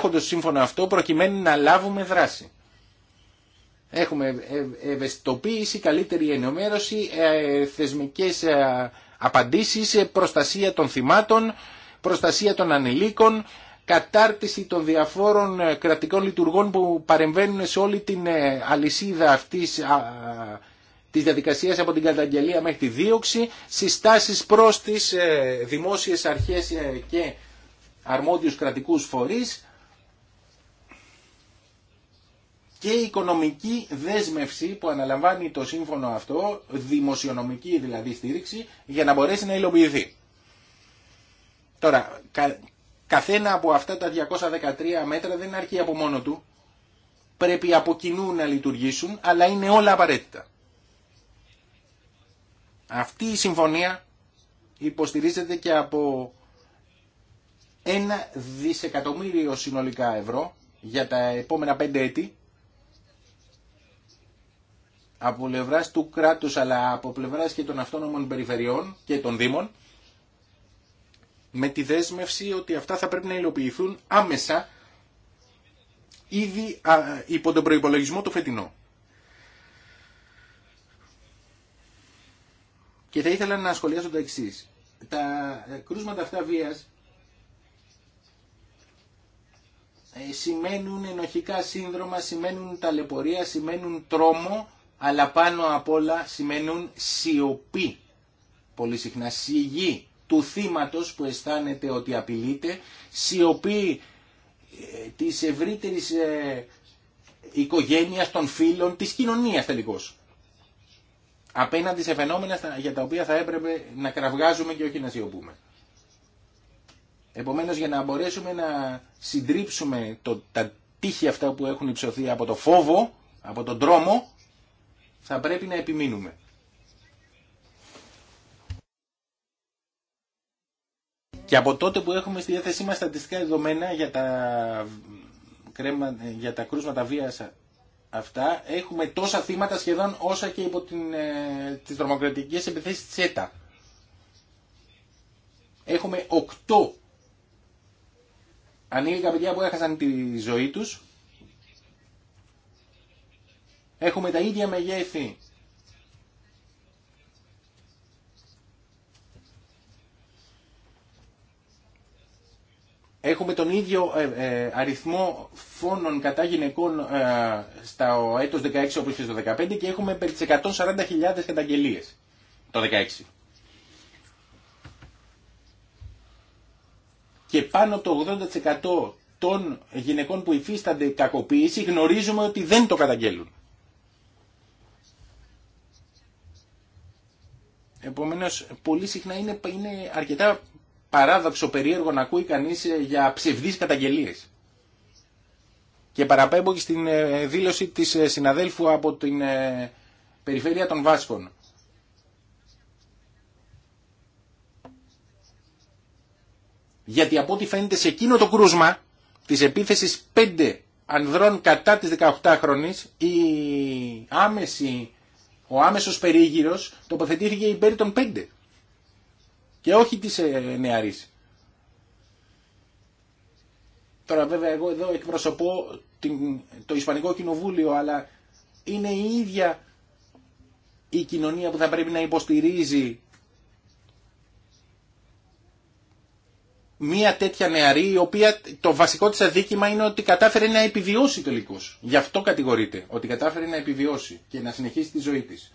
στο ε, σύμφωνα αυτό προκειμένου να λάβουμε δράση. Έχουμε ευαισθητοποίηση, καλύτερη ενημέρωση, ε, θεσμικές ε, απαντήσεις, προστασία των θυμάτων, προστασία των ανηλίκων, κατάρτιση των διαφόρων κρατικών λειτουργών που παρεμβαίνουν σε όλη την αλυσίδα αυτής της διαδικασίας από την καταγγελία μέχρι τη δίωξη, συστάσεις προς τις δημόσιες αρχές και αρμόδιους κρατικούς φορείς και η οικονομική δέσμευση που αναλαμβάνει το σύμφωνο αυτό, δημοσιονομική δηλαδή στήριξη, για να μπορέσει να υλοποιηθεί. Τώρα, καθένα από αυτά τα 213 μέτρα δεν αρκεί από μόνο του. Πρέπει από κοινού να λειτουργήσουν, αλλά είναι όλα απαραίτητα. Αυτή η συμφωνία υποστηρίζεται και από ένα δισεκατομμύριο συνολικά ευρώ για τα επόμενα πέντε έτη από πλευρά του κράτους αλλά από πλευρά και των αυτόνομων περιφερειών και των δήμων με τη δέσμευση ότι αυτά θα πρέπει να υλοποιηθούν άμεσα ήδη υπό τον προϋπολογισμό του φετινό. Και θα ήθελα να σχολιάσω το εξή. Τα κρούσματα αυτά βίας Ε, σημαίνουν ενοχικά σύνδρομα, σημαίνουν ταλαιπωρία, σημαίνουν τρόμο, αλλά πάνω απ' όλα σημαίνουν σιωπή. Πολύ συχνά σιγή του θύματος που αισθάνεται ότι απειλείται, σιωπή ε, της ευρύτερης ε, οικογένειας, των φίλων, της κοινωνίας τελικώς. Απέναντι σε φαινόμενα για τα οποία θα έπρεπε να κραυγάζουμε και όχι να σιωπούμε. Επομένως για να μπορέσουμε να συντρίψουμε το, τα τείχη αυτά που έχουν υψωθεί από το φόβο, από τον τρόμο, θα πρέπει να επιμείνουμε. Και από τότε που έχουμε στη διάθεσή μας στατιστικά δεδομένα για τα, κρέμα, για τα κρούσματα βίας αυτά, έχουμε τόσα θύματα σχεδόν όσα και υπό την, ε, τις τρομοκρατικές επιθέσεις ΕΤΑ. Έχουμε οκτώ ανήλικα παιδιά που έχασαν τη ζωή τους. Έχουμε τα ίδια μεγέθη Έχουμε τον ίδιο ε, ε, αριθμό φόνων κατά γυναικών ε, στα έτος 16 όπως και στο 15 και έχουμε περί 140.000 καταγγελίες το 16. και πάνω το 80% των γυναικών που υφίστανται κακοποίηση γνωρίζουμε ότι δεν το καταγγέλουν. Επομένως, πολύ συχνά είναι, είναι αρκετά παράδοξο περίεργο να ακούει κανείς ε, για ψευδείς καταγγελίες. Και παραπέμπω και στην ε, δήλωση της ε, συναδέλφου από την περιφέρεια των Βάσκων Γιατί από ό,τι φαίνεται σε εκείνο το κρούσμα της επίθεσης 5 ανδρών κατά της 18χρονης η άμεση, ο άμεσος περίγυρος τοποθετήθηκε υπέρ των 5 και όχι της ε, νεαρής. Τώρα βέβαια εγώ εδώ εκπροσωπώ την, το Ισπανικό Κοινοβούλιο αλλά είναι η ίδια η κοινωνία που θα πρέπει να υποστηρίζει μια τέτοια νεαρή η οποία το βασικό της αδίκημα είναι ότι κατάφερε να επιβιώσει τελικώς. Γι' αυτό κατηγορείται, ότι κατάφερε να επιβιώσει και να συνεχίσει τη ζωή της.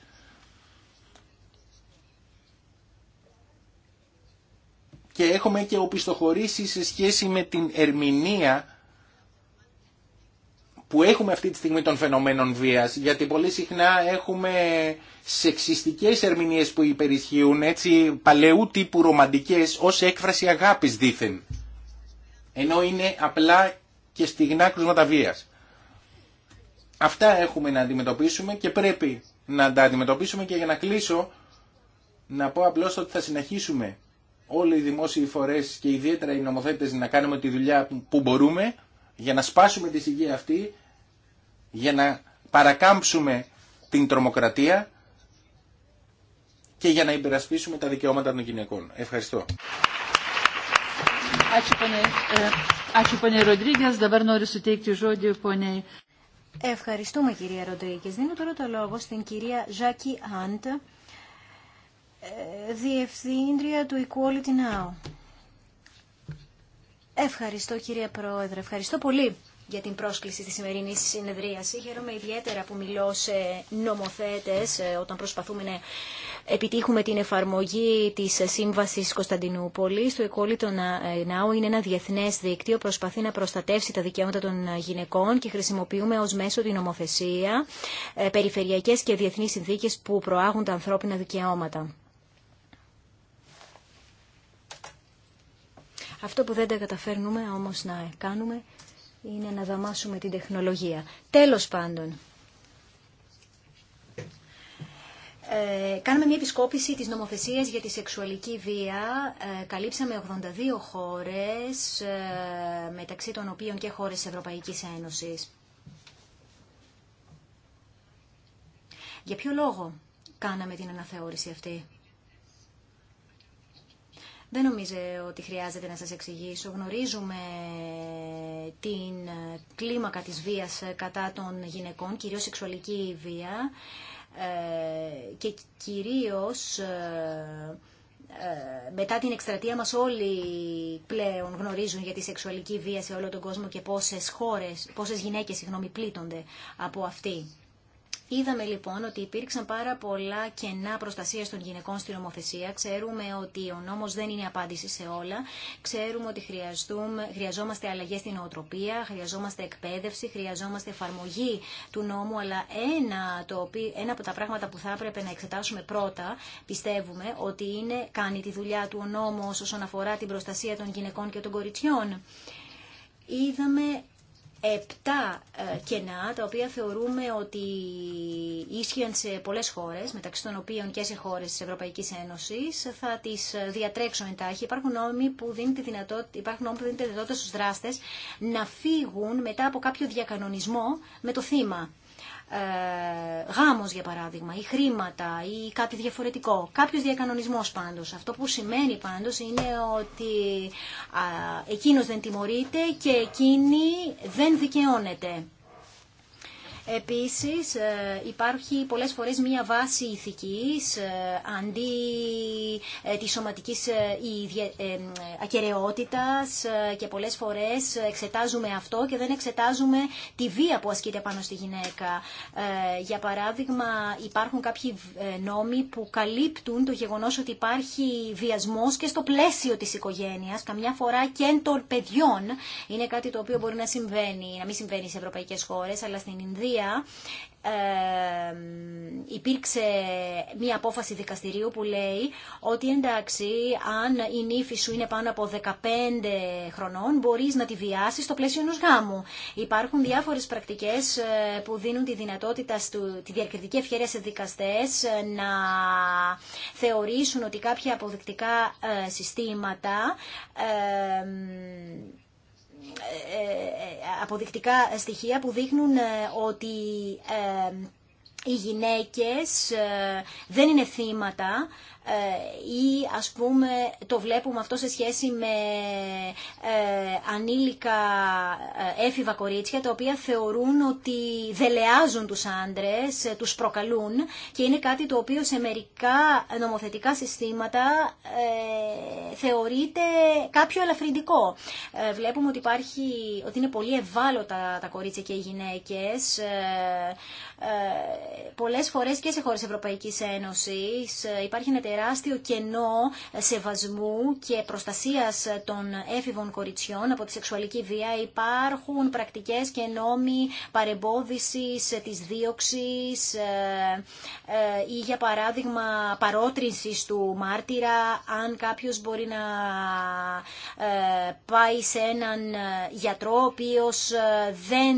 Και έχουμε και οπισθοχωρήσει σε σχέση με την ερμηνεία που έχουμε αυτή τη στιγμή των φαινομένων βίας, γιατί πολύ συχνά έχουμε σεξιστικές ερμηνείες που υπερισχύουν, έτσι παλαιού τύπου ρομαντικές, ως έκφραση αγάπης δήθεν. Ενώ είναι απλά και στιγνά κρούσματα βίας. Αυτά έχουμε να αντιμετωπίσουμε και πρέπει να τα αντιμετωπίσουμε και για να κλείσω να πω απλώς ότι θα συνεχίσουμε όλοι οι δημόσιοι φορές και ιδιαίτερα οι νομοθέτες να κάνουμε τη δουλειά που μπορούμε για να σπάσουμε τη συγκία αυτή, για να παρακάμψουμε την τρομοκρατία και για να υπερασπίσουμε τα δικαιώματα των γυναικών. Ευχαριστώ. Ε, Ευχαριστούμε κυρία Ροντρίγκες. Δίνω τώρα το λόγο στην κυρία Ζάκη Αντ, ε, διευθύντρια του Equality Now. Ευχαριστώ κύριε Πρόεδρε, ευχαριστώ πολύ για την πρόσκληση στη σημερινή συνεδρίαση. Χαίρομαι ιδιαίτερα που μιλώ σε νομοθέτες ε, όταν προσπαθούμε να επιτύχουμε την εφαρμογή της Σύμβασης Κωνσταντινούπολης. Το Εκόλυτο ΝΑΟ ε, είναι ένα διεθνές δίκτυο, προσπαθεί να προστατεύσει τα δικαιώματα των γυναικών και χρησιμοποιούμε ως μέσο την νομοθεσία ε, περιφερειακές και διεθνείς συνθήκες που προάγουν τα ανθρώπινα δικαιώματα. Αυτό που δεν τα καταφέρνουμε όμως να κάνουμε είναι να δαμάσουμε την τεχνολογία. Τέλος πάντων, ε, κάναμε μια επισκόπηση της νομοθεσίας για τη σεξουαλική βία. Ε, καλύψαμε 82 χώρες, ε, μεταξύ των οποίων και χώρες της Ευρωπαϊκής Ένωσης. Για ποιο λόγο κάναμε την αναθεώρηση αυτή. Δεν νομίζω ότι χρειάζεται να σας εξηγήσω. Γνωρίζουμε την κλίμακα της βίας κατά των γυναικών, κυρίως σεξουαλική βία ε, και κυρίως ε, ε, μετά την εκστρατεία μας όλοι πλέον γνωρίζουν για τη σεξουαλική βία σε όλο τον κόσμο και πόσες, χώρες, πόσες γυναίκες συγγνώμη, πλήττονται από αυτή. Είδαμε λοιπόν ότι υπήρξαν πάρα πολλά κενά προστασία των γυναικών στην νομοθεσία. Ξέρουμε ότι ο νόμο δεν είναι απάντηση σε όλα. Ξέρουμε ότι χρειαζόμαστε αλλαγέ στην νοοτροπία, χρειαζόμαστε εκπαίδευση, χρειαζόμαστε εφαρμογή του νόμου, αλλά ένα, το οποίο, ένα από τα πράγματα που θα έπρεπε να εξετάσουμε πρώτα, πιστεύουμε ότι είναι κάνει τη δουλειά του ο νόμο όσον αφορά την προστασία των γυναικών και των κοριτσιών. Είδαμε επτά ε, κενά τα οποία θεωρούμε ότι ίσχυαν σε πολλές χώρες, μεταξύ των οποίων και σε χώρες της Ευρωπαϊκής Ένωσης. Θα τις ε, διατρέξω εντάχει. Υπάρχουν νόμοι που δίνουν τη δυνατότητα, υπάρχουν νόμοι που δίνουν τη δυνατότητα στους δράστες να φύγουν μετά από κάποιο διακανονισμό με το θύμα ε, γάμος για παράδειγμα ή χρήματα ή κάτι διαφορετικό. Κάποιος διακανονισμός πάντως. Αυτό που σημαίνει πάντως είναι ότι α, εκείνος δεν τιμωρείται και εκείνη δεν δικαιώνεται. Επίσης ε, υπάρχει πολλές φορές μία βάση ηθικής ε, αντί ε, της σωματικής ακεραιότητας και πολλές φορές εξετάζουμε αυτό και δεν εξετάζουμε τη βία που ασκείται πάνω στη γυναίκα. Για παράδειγμα υπάρχουν κάποιοι νόμοι που καλύπτουν το γεγονός ότι υπάρχει βιασμός και στο πλαίσιο της οικογένειας, καμιά φορά και των παιδιών. Είναι κάτι το οποίο μπορεί να συμβαίνει, να μην συμβαίνει σε ευρωπαϊκές χώρες, αλλά στην Ινδία οποία υπήρξε μία απόφαση δικαστηρίου που λέει ότι εντάξει αν η νύφη σου είναι πάνω από 15 χρονών μπορείς να τη βιάσεις στο πλαίσιο ενός γάμου. Υπάρχουν διάφορες πρακτικές ε, που δίνουν τη δυνατότητα, στου, τη διακριτική ευκαιρία σε δικαστές ε, να θεωρήσουν ότι κάποια αποδεικτικά ε, συστήματα ε, ε, αποδεικτικά στοιχεία που δείχνουν ε, ότι οι γυναίκες δεν είναι θύματα ε, ή ας πούμε το βλέπουμε αυτό σε σχέση με ε, ανήλικα ε, έφηβα κορίτσια τα οποία θεωρούν ότι δελεάζουν τους άντρες, τους προκαλούν και είναι κάτι το οποίο σε μερικά νομοθετικά συστήματα θεωρείται κάποιο ελαφρυντικό. Βλέπουμε ότι, υπάρχει, ότι είναι πολύ ευάλωτα τα κορίτσια και οι γυναίκες πολλές φορές και σε χώρες Ευρωπαϊκής Ένωσης υπάρχει ένα τεράστιο κενό σεβασμού και προστασίας των έφηβων κοριτσιών από τη σεξουαλική βία. Υπάρχουν πρακτικές και νόμοι παρεμπόδισης της δίωξης ε, ε, ή για παράδειγμα παρότρινσης του μάρτυρα αν κάποιος μπορεί να ε, πάει σε έναν γιατρό ο δεν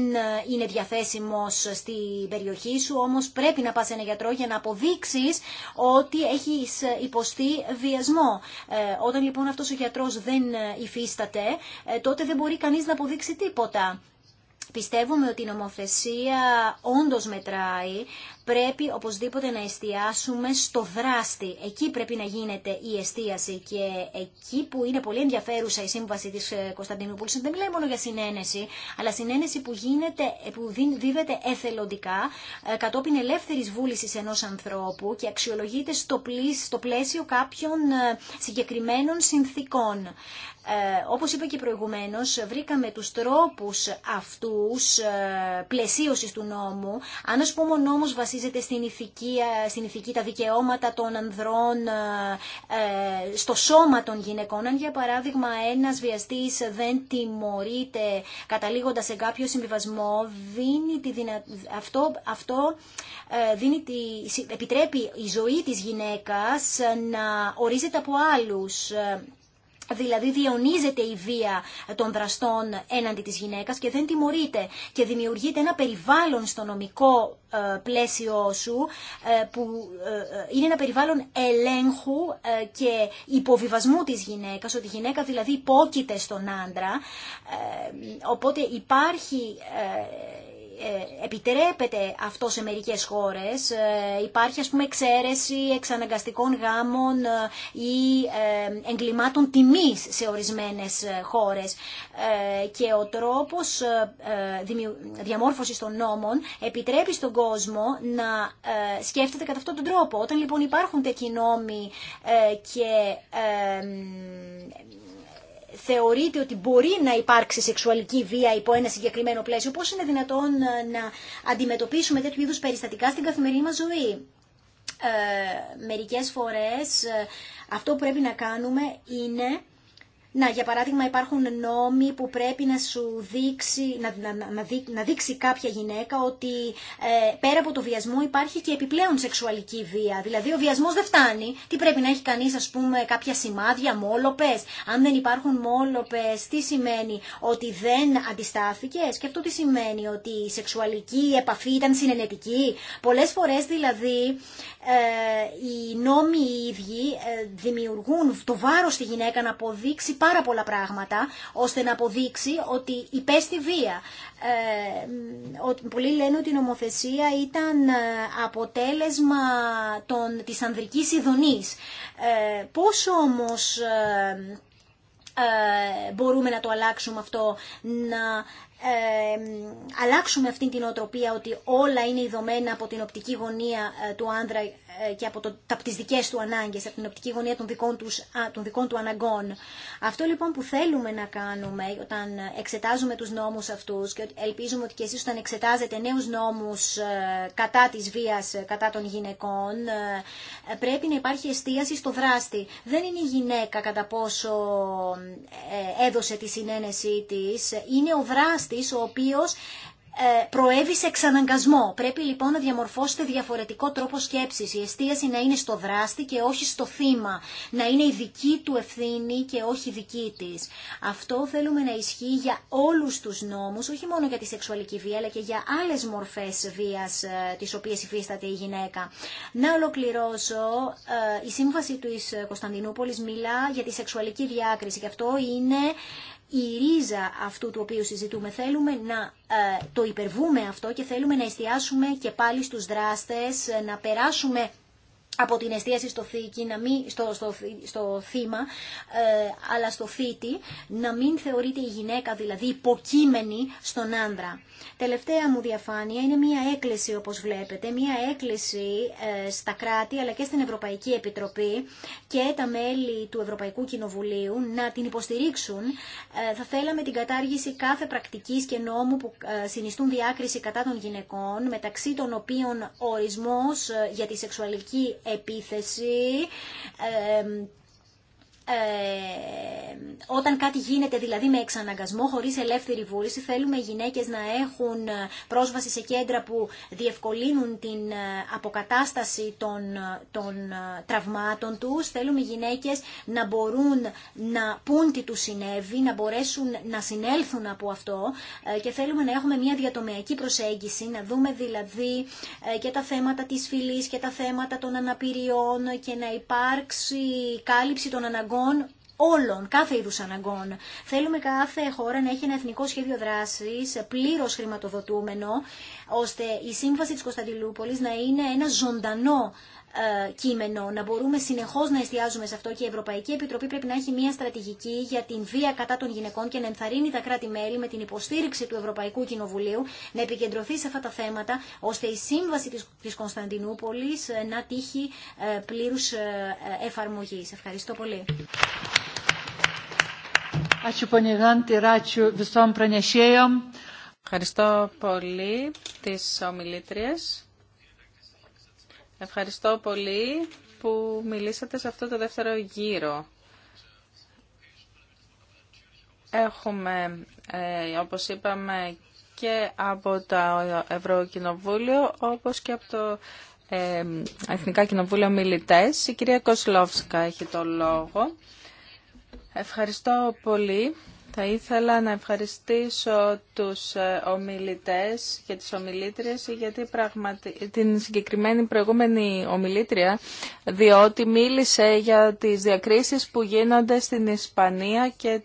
είναι διαθέσιμος στην περιοχή σου όμως πρέπει να πας σε έναν γιατρό για να αποδείξεις ότι έχεις ε, υποστεί βιασμό. Ε, όταν λοιπόν αυτός ο γιατρός δεν ε, υφίσταται, τότε δεν μπορεί κανείς να αποδείξει τίποτα πιστεύουμε ότι η νομοθεσία όντως μετράει, πρέπει οπωσδήποτε να εστιάσουμε στο δράστη. Εκεί πρέπει να γίνεται η εστίαση και εκεί που είναι πολύ ενδιαφέρουσα η σύμβαση της ε, Κωνσταντινούπολης, δεν μιλάει μόνο για συνένεση, αλλά συνένεση που, γίνεται, ε, που δίδεται εθελοντικά, ε, κατόπιν ελεύθερης βούλησης ενός ανθρώπου και αξιολογείται στο πλαίσιο κάποιων συγκεκριμένων συνθήκων. Ε, όπως είπα και προηγουμένως, βρήκαμε τους τρόπους αυτούς ε, πλαισίωσης του νόμου. Αν ας πούμε ο νόμος βασίζεται στην ηθική, ε, στην τα δικαιώματα των ανδρών, στο σώμα των γυναικών, αν για παράδειγμα ένας βιαστής δεν τιμωρείται καταλήγοντας σε κάποιο συμβιβασμό, δίνει τη αυτό, αυτό δίνει τη... επιτρέπει η ζωή της γυναίκας να ορίζεται από άλλους δηλαδή διαιωνίζεται η βία των δραστών έναντι της γυναίκας και δεν τιμωρείται και δημιουργείται ένα περιβάλλον στο νομικό ε, πλαίσιο σου ε, που ε, είναι ένα περιβάλλον ελέγχου και υποβιβασμού της γυναίκας, ότι η γυναίκα δηλαδή υπόκειται στον άντρα, οπότε υπάρχει ε, επιτρέπεται αυτό σε μερικές χώρες. Ε, υπάρχει ας πούμε εξαίρεση εξαναγκαστικών γάμων ε, ή εγκλημάτων τιμής σε ορισμένες χώρες. Και ο τρόπος διαμόρφωσης των νόμων επιτρέπει στον κόσμο να σκέφτεται κατά αυτόν τον τρόπο. Όταν λοιπόν υπάρχουν τέτοιοι νόμοι και Θεωρείτε ότι μπορεί να υπάρξει σεξουαλική βία υπό ένα συγκεκριμένο πλαίσιο. Πώς είναι δυνατόν ε, να αντιμετωπίσουμε τέτοιου είδους περιστατικά στην καθημερινή μας ζωή. Ε, μερικές φορές ε, αυτό που πρέπει να κάνουμε είναι να, για παράδειγμα υπάρχουν νόμοι που πρέπει να σου δείξει, να, να, να, δείξει κάποια γυναίκα ότι ε, πέρα από το βιασμό υπάρχει και επιπλέον σεξουαλική βία. Δηλαδή ο βιασμός δεν φτάνει. Τι πρέπει να έχει κανείς ας πούμε κάποια σημάδια, μόλοπες. Αν δεν υπάρχουν μόλοπες, τι σημαίνει ότι δεν αντισταθηκε Και αυτό τι σημαίνει ότι η σεξουαλική επαφή ήταν συνενετική. Πολλές φορές δηλαδή ε, οι νόμοι οι ίδιοι ε, δημιουργούν το βάρο στη γυναίκα να αποδείξει πάρα πολλά πράγματα ώστε να αποδείξει ότι υπέστη βία. Ε, πολλοί λένε ότι η νομοθεσία ήταν ε, αποτέλεσμα των, της ανδρικής ειδονής. Ε, πώς όμως ε, ε μπορούμε να το αλλάξουμε αυτό, να ε, αλλάξουμε αυτή την οτροπία ότι όλα είναι ειδωμένα από την οπτική γωνία ε, του άνδρα ε, και από, το, από τις δικές του ανάγκες, από την οπτική γωνία των δικών, τους, των δικών του αναγκών. Αυτό λοιπόν που θέλουμε να κάνουμε όταν εξετάζουμε τους νόμους αυτούς και ελπίζουμε ότι και εσείς όταν εξετάζετε νέους νόμους ε, κατά της βίας, ε, κατά των γυναικών, πρέπει να υπάρχει εστίαση στο δράστη. Δεν είναι η γυναίκα κατά πόσο έδωσε τη συνένεσή της, είναι ο δράστης ο οποίος ε, προέβη σε εξαναγκασμό. Πρέπει λοιπόν να διαμορφώσετε διαφορετικό τρόπο σκέψης. Η εστίαση να είναι στο δράστη και όχι στο θύμα. Να είναι η δική του ευθύνη και όχι η δική τη. Αυτό θέλουμε να ισχύει για όλους τους νόμους, όχι μόνο για τη σεξουαλική βία, αλλά και για άλλες μορφές βίας ε, τι οποίε υφίσταται η γυναίκα. Να ολοκληρώσω, ε, η σύμβαση του Κωνσταντινούπολη μιλά για τη σεξουαλική διάκριση και αυτό είναι η ρίζα αυτού του οποίου συζητούμε. Θέλουμε να ε, το υπερβούμε αυτό και θέλουμε να εστιάσουμε και πάλι στους δράστες, να περάσουμε από την εστίαση στο, θήκη, θύμα, ε, αλλά στο θήτη, να μην θεωρείται η γυναίκα δηλαδή υποκείμενη στον άνδρα. Τελευταία μου διαφάνεια είναι μια έκκληση όπως βλέπετε, μια έκκληση ε, στα κράτη αλλά και στην Ευρωπαϊκή Επιτροπή και τα μέλη του Ευρωπαϊκού Κοινοβουλίου να την υποστηρίξουν. Ε, θα θέλαμε την κατάργηση κάθε πρακτικής και νόμου που συνιστούν διάκριση κατά των γυναικών, μεταξύ των οποίων ο ορισμός για τη σεξουαλική επίθεση ε, ε, όταν κάτι γίνεται δηλαδή με εξαναγκασμό χωρίς ελεύθερη βούληση θέλουμε οι γυναίκες να έχουν ε, πρόσβαση σε κέντρα που διευκολύνουν την ε, αποκατάσταση των, των τραυμάτων τους θέλουμε οι γυναίκες να μπορούν να πούν τι του συνέβη να μπορέσουν να συνέλθουν από αυτό και θέλουμε να έχουμε μια διατομιακή προσέγγιση να δούμε δηλαδή και τα θέματα της φυλής και τα θέματα των αναπηριών και να υπάρξει κάλυψη των αναγκών αναγκών όλων, κάθε είδους αναγκών. Θέλουμε κάθε χώρα να έχει ένα εθνικό σχέδιο δράσης, πλήρως χρηματοδοτούμενο, ώστε η σύμβαση της Κωνσταντινούπολης να είναι ένα ζωντανό ε, κείμενο, να μπορούμε συνεχώς να εστιάζουμε σε αυτό και η Ευρωπαϊκή Επιτροπή πρέπει να έχει μια στρατηγική για την βία κατά των γυναικών και να ενθαρρύνει τα κράτη-μέλη με την υποστήριξη του Ευρωπαϊκού Κοινοβουλίου να επικεντρωθεί σε αυτά τα θέματα ώστε η σύμβαση της, Κωνσταντινούπολη Κωνσταντινούπολης ε, να τύχει ε, πλήρους εφαρμογής. Ευχαριστώ πολύ. Ευχαριστώ πολύ τις ομιλήτριες. Ευχαριστώ πολύ που μιλήσατε σε αυτό το δεύτερο γύρο. Έχουμε, ε, όπως είπαμε, και από το Ευρωκοινοβούλιο, όπως και από το ε, Εθνικά Κοινοβούλιο Μιλητές. Η κυρία Κοσλόφσκα έχει το λόγο. Ευχαριστώ πολύ. Θα ήθελα να ευχαριστήσω τους ε, ομιλητές και τις ομιλήτριες γιατί πραγματι... την συγκεκριμένη προηγούμενη ομιλήτρια διότι μίλησε για τις διακρίσεις που γίνονται στην Ισπανία και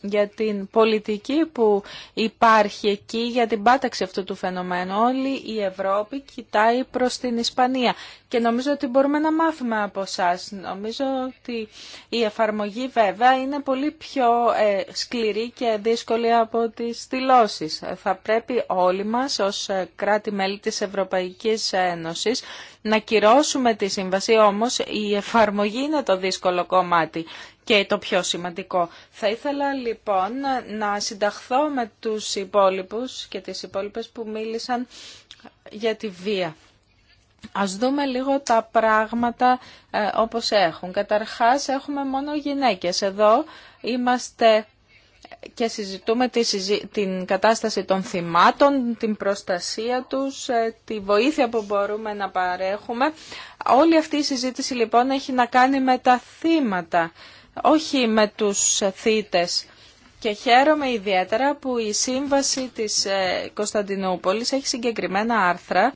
για την πολιτική που υπάρχει εκεί για την πάταξη αυτού του φαινομένου. Όλη η Ευρώπη κοιτάει προς την Ισπανία και νομίζω ότι μπορούμε να μάθουμε από εσά. Νομίζω ότι η εφαρμογή βέβαια είναι πολύ πιο ε, σκληρή και δύσκολη από τις δηλώσει. Θα πρέπει όλοι μας ως ε, κράτη-μέλη της Ευρωπαϊκής Ένωσης να κυρώσουμε τη σύμβαση, όμως η εφαρμογή είναι το δύσκολο κομμάτι και το πιο σημαντικό. Θα ήθελα λοιπόν να συνταχθώ με τους υπόλοιπους και τις υπόλοιπες που μίλησαν για τη βία. Ας δούμε λίγο τα πράγματα ε, όπως έχουν. Καταρχάς έχουμε μόνο γυναίκες. Εδώ είμαστε και συζητούμε την κατάσταση των θυμάτων, την προστασία τους, ε, τη βοήθεια που μπορούμε να παρέχουμε. Όλη αυτή η συζήτηση λοιπόν έχει να κάνει με τα θύματα, όχι με τους θύτες. Και χαίρομαι ιδιαίτερα που η σύμβαση της ε, Κωνσταντινούπολης έχει συγκεκριμένα άρθρα,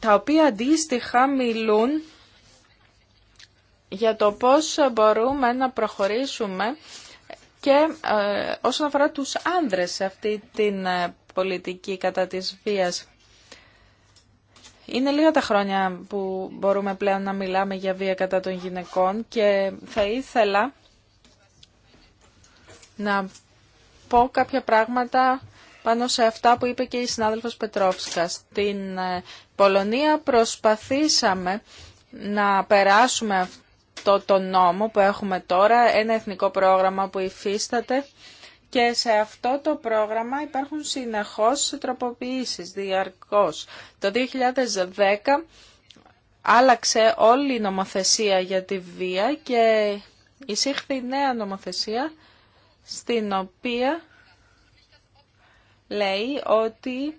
τα οποία αντίστοιχα μιλούν για το πώς μπορούμε να προχωρήσουμε και ε, όσον αφορά τους άνδρες σε αυτή την ε, πολιτική κατά της βίας, είναι λίγα τα χρόνια που μπορούμε πλέον να μιλάμε για βία κατά των γυναικών και θα ήθελα να πω κάποια πράγματα πάνω σε αυτά που είπε και η συνάδελφος Πετρόφσκα. Στην ε, Πολωνία προσπαθήσαμε να περάσουμε αυτό το νόμο που έχουμε τώρα, ένα εθνικό πρόγραμμα που υφίσταται και σε αυτό το πρόγραμμα υπάρχουν συνεχώς τροποποιήσεις διαρκώς. Το 2010 άλλαξε όλη η νομοθεσία για τη βία και εισήχθη νέα νομοθεσία στην οποία λέει ότι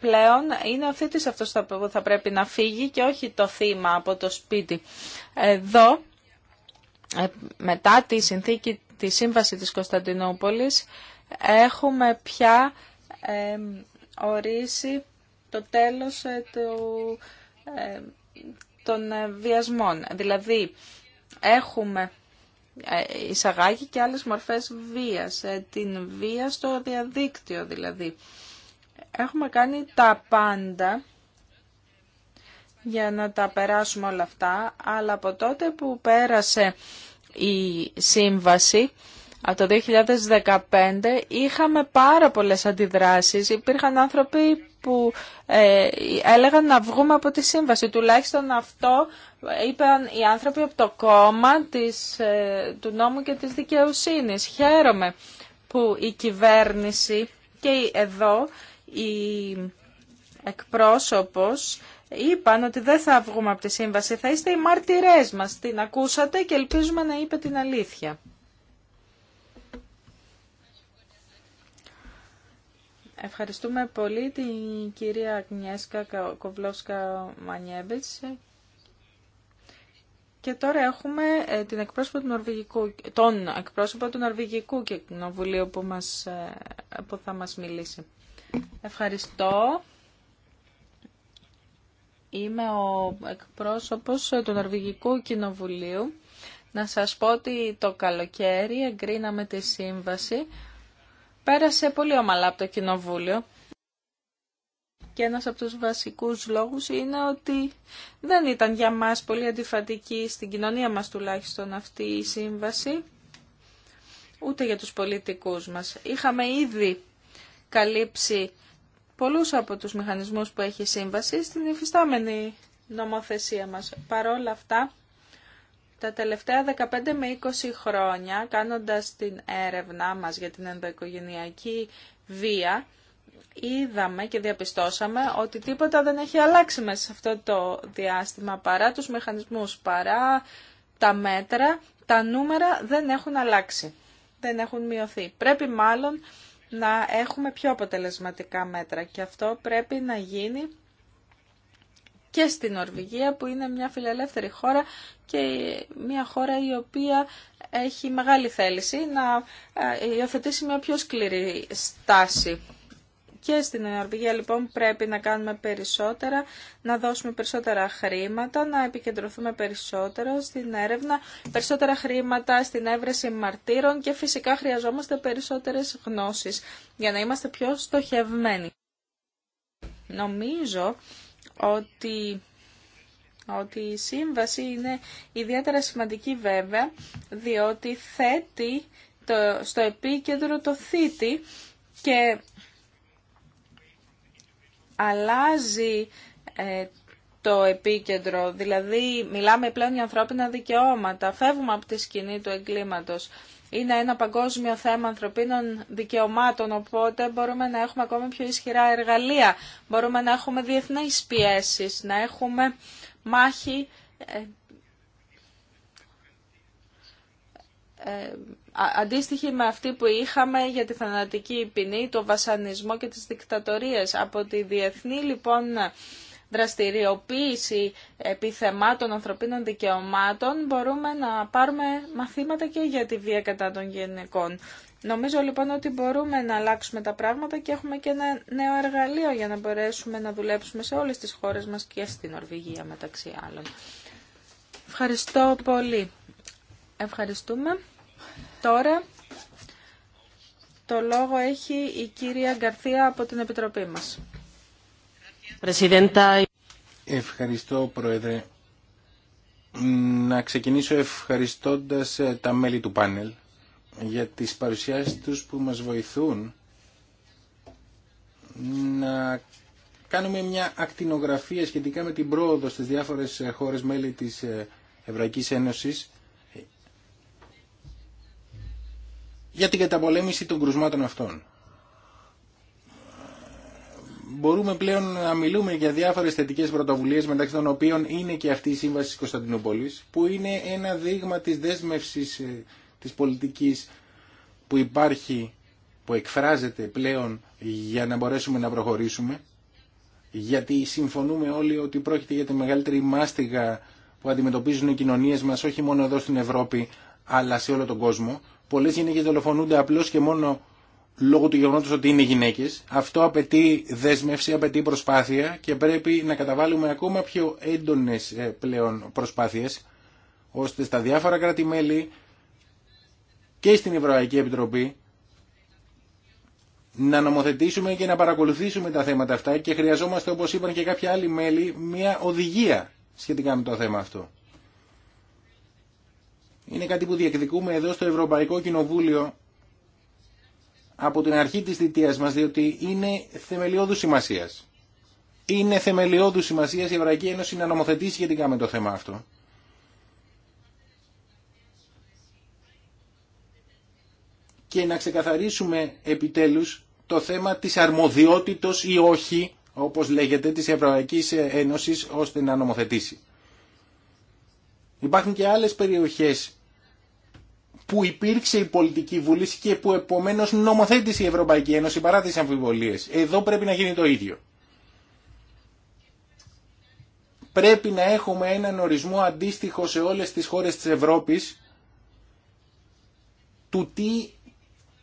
πλέον είναι ο θήτης αυτός που θα πρέπει να φύγει και όχι το θύμα από το σπίτι. Εδώ, ε, μετά τη συνθήκη, τη σύμβαση της Κωνσταντινούπολης, έχουμε πια ορίσει το τέλος ε, του, ε, των βιασμών. Δηλαδή, έχουμε εισαγάγει και άλλες μορφές βίας, την βία στο διαδίκτυο δηλαδή. Έχουμε κάνει τα πάντα για να τα περάσουμε όλα αυτά, αλλά από τότε που πέρασε η σύμβαση, από το 2015 είχαμε πάρα πολλές αντιδράσεις. Υπήρχαν άνθρωποι που ε, έλεγαν να βγούμε από τη σύμβαση. Τουλάχιστον αυτό είπαν οι άνθρωποι από το κόμμα της, ε, του νόμου και της δικαιοσύνης. Χαίρομαι που η κυβέρνηση και εδώ οι εκπρόσωπος είπαν ότι δεν θα βγούμε από τη σύμβαση, θα είστε οι μάρτυρές μας. Την ακούσατε και ελπίζουμε να είπε την αλήθεια. Ευχαριστούμε πολύ την κυρία Αγνιέσκα Κοβλόσκα Μανιέβιτς. Και τώρα έχουμε ε, την εκπρόσωπο του τον εκπρόσωπο του Νορβηγικού Κοινοβουλίου που, μας, ε, που θα μας μιλήσει. Ευχαριστώ. Είμαι ο εκπρόσωπος του Νορβηγικού Κοινοβουλίου. Να σας πω ότι το καλοκαίρι εγκρίναμε τη σύμβαση. Πέρασε πολύ ομαλά από το Κοινοβούλιο. Και ένας από τους βασικούς λόγους είναι ότι δεν ήταν για μας πολύ αντιφατική, στην κοινωνία μας τουλάχιστον, αυτή η σύμβαση, ούτε για τους πολιτικούς μας. Είχαμε ήδη καλύψει πολλούς από τους μηχανισμούς που έχει η σύμβαση στην υφιστάμενη νομοθεσία μας. Παρόλα αυτά, τα τελευταία 15 με 20 χρόνια, κάνοντας την έρευνά μας για την ενδοοικογενειακή βία, είδαμε και διαπιστώσαμε ότι τίποτα δεν έχει αλλάξει μέσα σε αυτό το διάστημα παρά τους μηχανισμούς, παρά τα μέτρα, τα νούμερα δεν έχουν αλλάξει, δεν έχουν μειωθεί. Πρέπει μάλλον να έχουμε πιο αποτελεσματικά μέτρα και αυτό πρέπει να γίνει και στην Νορβηγία που είναι μια φιλελεύθερη χώρα και μια χώρα η οποία έχει μεγάλη θέληση να ε, υιοθετήσει μια πιο σκληρή στάση. Και στην Νορβηγία λοιπόν πρέπει να κάνουμε περισσότερα, να δώσουμε περισσότερα χρήματα, να επικεντρωθούμε περισσότερο στην έρευνα, περισσότερα χρήματα στην έβρεση μαρτύρων και φυσικά χρειαζόμαστε περισσότερες γνώσεις για να είμαστε πιο στοχευμένοι. Νομίζω ότι ότι η σύμβαση είναι ιδιαίτερα σημαντική βέβαια, διότι θέτει το, στο επίκεντρο το θήτη και αλλάζει ε, το επίκεντρο. Δηλαδή, μιλάμε πλέον για ανθρώπινα δικαιώματα. Φεύγουμε από τη σκηνή του εγκλήματος. Είναι ένα παγκόσμιο θέμα ανθρωπίνων δικαιωμάτων, οπότε μπορούμε να έχουμε ακόμη πιο ισχυρά εργαλεία. Μπορούμε να έχουμε διεθνείς πιέσεις, να έχουμε μάχη ε, ε, αντίστοιχη με αυτή που είχαμε για τη θανατική ποινή, το βασανισμό και τις δικτατορίες. Από τη διεθνή λοιπόν δραστηριοποίηση επιθεμάτων ανθρωπίνων δικαιωμάτων μπορούμε να πάρουμε μαθήματα και για τη βία κατά των γενικών. Νομίζω λοιπόν ότι μπορούμε να αλλάξουμε τα πράγματα και έχουμε και ένα νέο εργαλείο για να μπορέσουμε να δουλέψουμε σε όλες τις χώρες μας και στην Νορβηγία μεταξύ άλλων. Ευχαριστώ πολύ. Ευχαριστούμε. Τώρα το λόγο έχει η κυρία Γκαρθία από την Επιτροπή μας. Ευχαριστώ Πρόεδρε. Να ξεκινήσω ευχαριστώντας ε, τα μέλη του πάνελ για τις παρουσιάσεις τους που μας βοηθούν να κάνουμε μια ακτινογραφία σχετικά με την πρόοδο στις διάφορες ε, χώρες μέλη της ε, Ευρωπαϊκής Ένωσης για την καταπολέμηση των κρουσμάτων αυτών. Μπορούμε πλέον να μιλούμε για διάφορε θετικέ πρωτοβουλίε μεταξύ των οποίων είναι και αυτή η Σύμβαση τη Κωνσταντινούπολη που είναι ένα δείγμα τη δέσμευση ε, τη πολιτική που υπάρχει, που εκφράζεται πλέον για να μπορέσουμε να προχωρήσουμε γιατί συμφωνούμε όλοι ότι πρόκειται για τη μεγαλύτερη μάστιγα που αντιμετωπίζουν οι κοινωνίες μας όχι μόνο εδώ στην Ευρώπη αλλά σε όλο τον κόσμο. Πολλέ γυναίκε δολοφονούνται απλώ και μόνο λόγω του γεγονότο ότι είναι γυναίκε. Αυτό απαιτεί δέσμευση, απαιτεί προσπάθεια και πρέπει να καταβάλουμε ακόμα πιο έντονε ε, πλέον προσπάθειε ώστε στα διάφορα κράτη-μέλη και στην Ευρωπαϊκή Επιτροπή να νομοθετήσουμε και να παρακολουθήσουμε τα θέματα αυτά και χρειαζόμαστε όπως είπαν και κάποια άλλη μέλη μια οδηγία σχετικά με το θέμα αυτό. Είναι κάτι που διεκδικούμε εδώ στο Ευρωπαϊκό Κοινοβούλιο από την αρχή της θητείας μας, διότι είναι θεμελιώδου σημασίας. Είναι θεμελιώδου σημασίας η Ευρωπαϊκή Ένωση να νομοθετήσει σχετικά με το θέμα αυτό. Και να ξεκαθαρίσουμε επιτέλους το θέμα της αρμοδιότητος ή όχι, όπως λέγεται, της Ευρωπαϊκής Ένωσης ώστε να νομοθετήσει. Υπάρχουν και άλλες περιοχές που υπήρξε η πολιτική βούληση και που επομένως νομοθέτησε η Ευρωπαϊκή Ένωση παρά τις αμφιβολίες. Εδώ πρέπει να γίνει το ίδιο. Πρέπει να έχουμε έναν ορισμό αντίστοιχο σε όλες τις χώρες της Ευρώπης του τι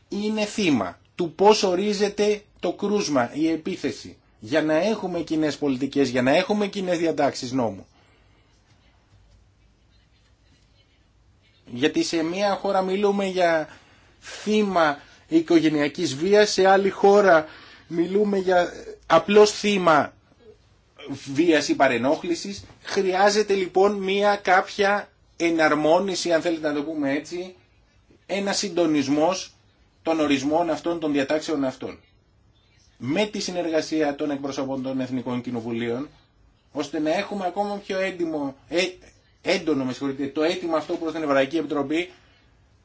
είναι θύμα, του πώς ορίζεται το κρούσμα, η επίθεση, για να έχουμε κοινέ πολιτικές, για να έχουμε κοινέ διατάξεις νόμου. Γιατί σε μια χώρα μιλούμε για θύμα οικογενειακής βίας, σε άλλη χώρα μιλούμε για απλώς θύμα βίας ή παρενόχλησης. Χρειάζεται λοιπόν μια κάποια εναρμόνιση, αν θέλετε να το πούμε έτσι, ένα συντονισμός των ορισμών αυτών, των διατάξεων αυτών. Με τη συνεργασία των εκπροσωπών των Εθνικών Κοινοβουλίων, ώστε να έχουμε ακόμα πιο έντιμο, ε, έντονο με συγχωρείτε, το αίτημα αυτό προ την Ευρωπαϊκή Επιτροπή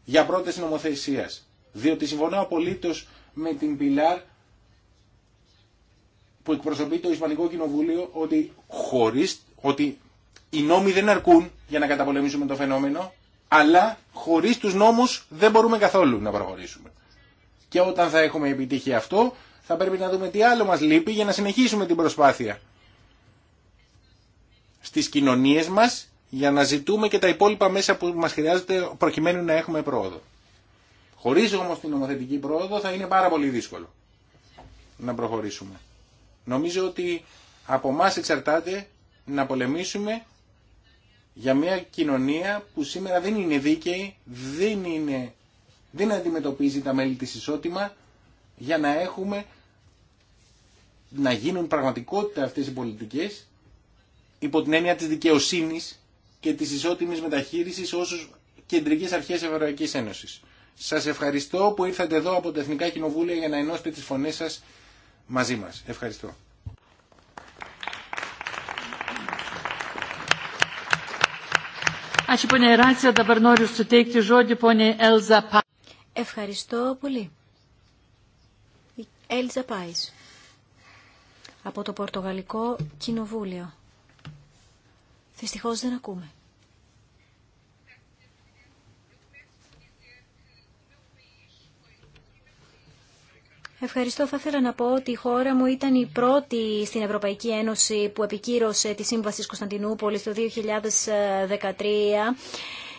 για πρόταση νομοθεσία. Διότι συμφωνώ απολύτω με την Πιλάρ που εκπροσωπεί το Ισπανικό Κοινοβούλιο ότι χωρίς, ότι οι νόμοι δεν αρκούν για να καταπολεμήσουμε το φαινόμενο, αλλά χωρί του νόμου δεν μπορούμε καθόλου να προχωρήσουμε. Και όταν θα έχουμε επιτύχει αυτό, θα πρέπει να δούμε τι άλλο μα λείπει για να συνεχίσουμε την προσπάθεια στις κοινωνίες μας για να ζητούμε και τα υπόλοιπα μέσα που μας χρειάζεται προκειμένου να έχουμε πρόοδο. Χωρίς όμως την νομοθετική πρόοδο θα είναι πάρα πολύ δύσκολο να προχωρήσουμε. Νομίζω ότι από εμά εξαρτάται να πολεμήσουμε για μια κοινωνία που σήμερα δεν είναι δίκαιη, δεν, είναι, δεν αντιμετωπίζει τα μέλη της ισότιμα για να έχουμε να γίνουν πραγματικότητα αυτές οι πολιτικές υπό την έννοια της δικαιοσύνης και τη ισότιμη μεταχείρισης όσου κεντρικέ αρχές Ευρωπαϊκή Ένωση. Σας ευχαριστώ που ήρθατε εδώ από τα Εθνικά Κοινοβούλια για να ενώσετε τις φωνές σας μαζί μας. Ευχαριστώ. Ευχαριστώ πολύ. Έλζα Πάης από το Πορτογαλικό Κοινοβούλιο. Δυστυχώς δεν ακούμε. Ευχαριστώ. Θα ήθελα να πω ότι η χώρα μου ήταν η πρώτη στην Ευρωπαϊκή Ένωση που επικύρωσε τη Σύμβαση της Κωνσταντινούπολης το 2013.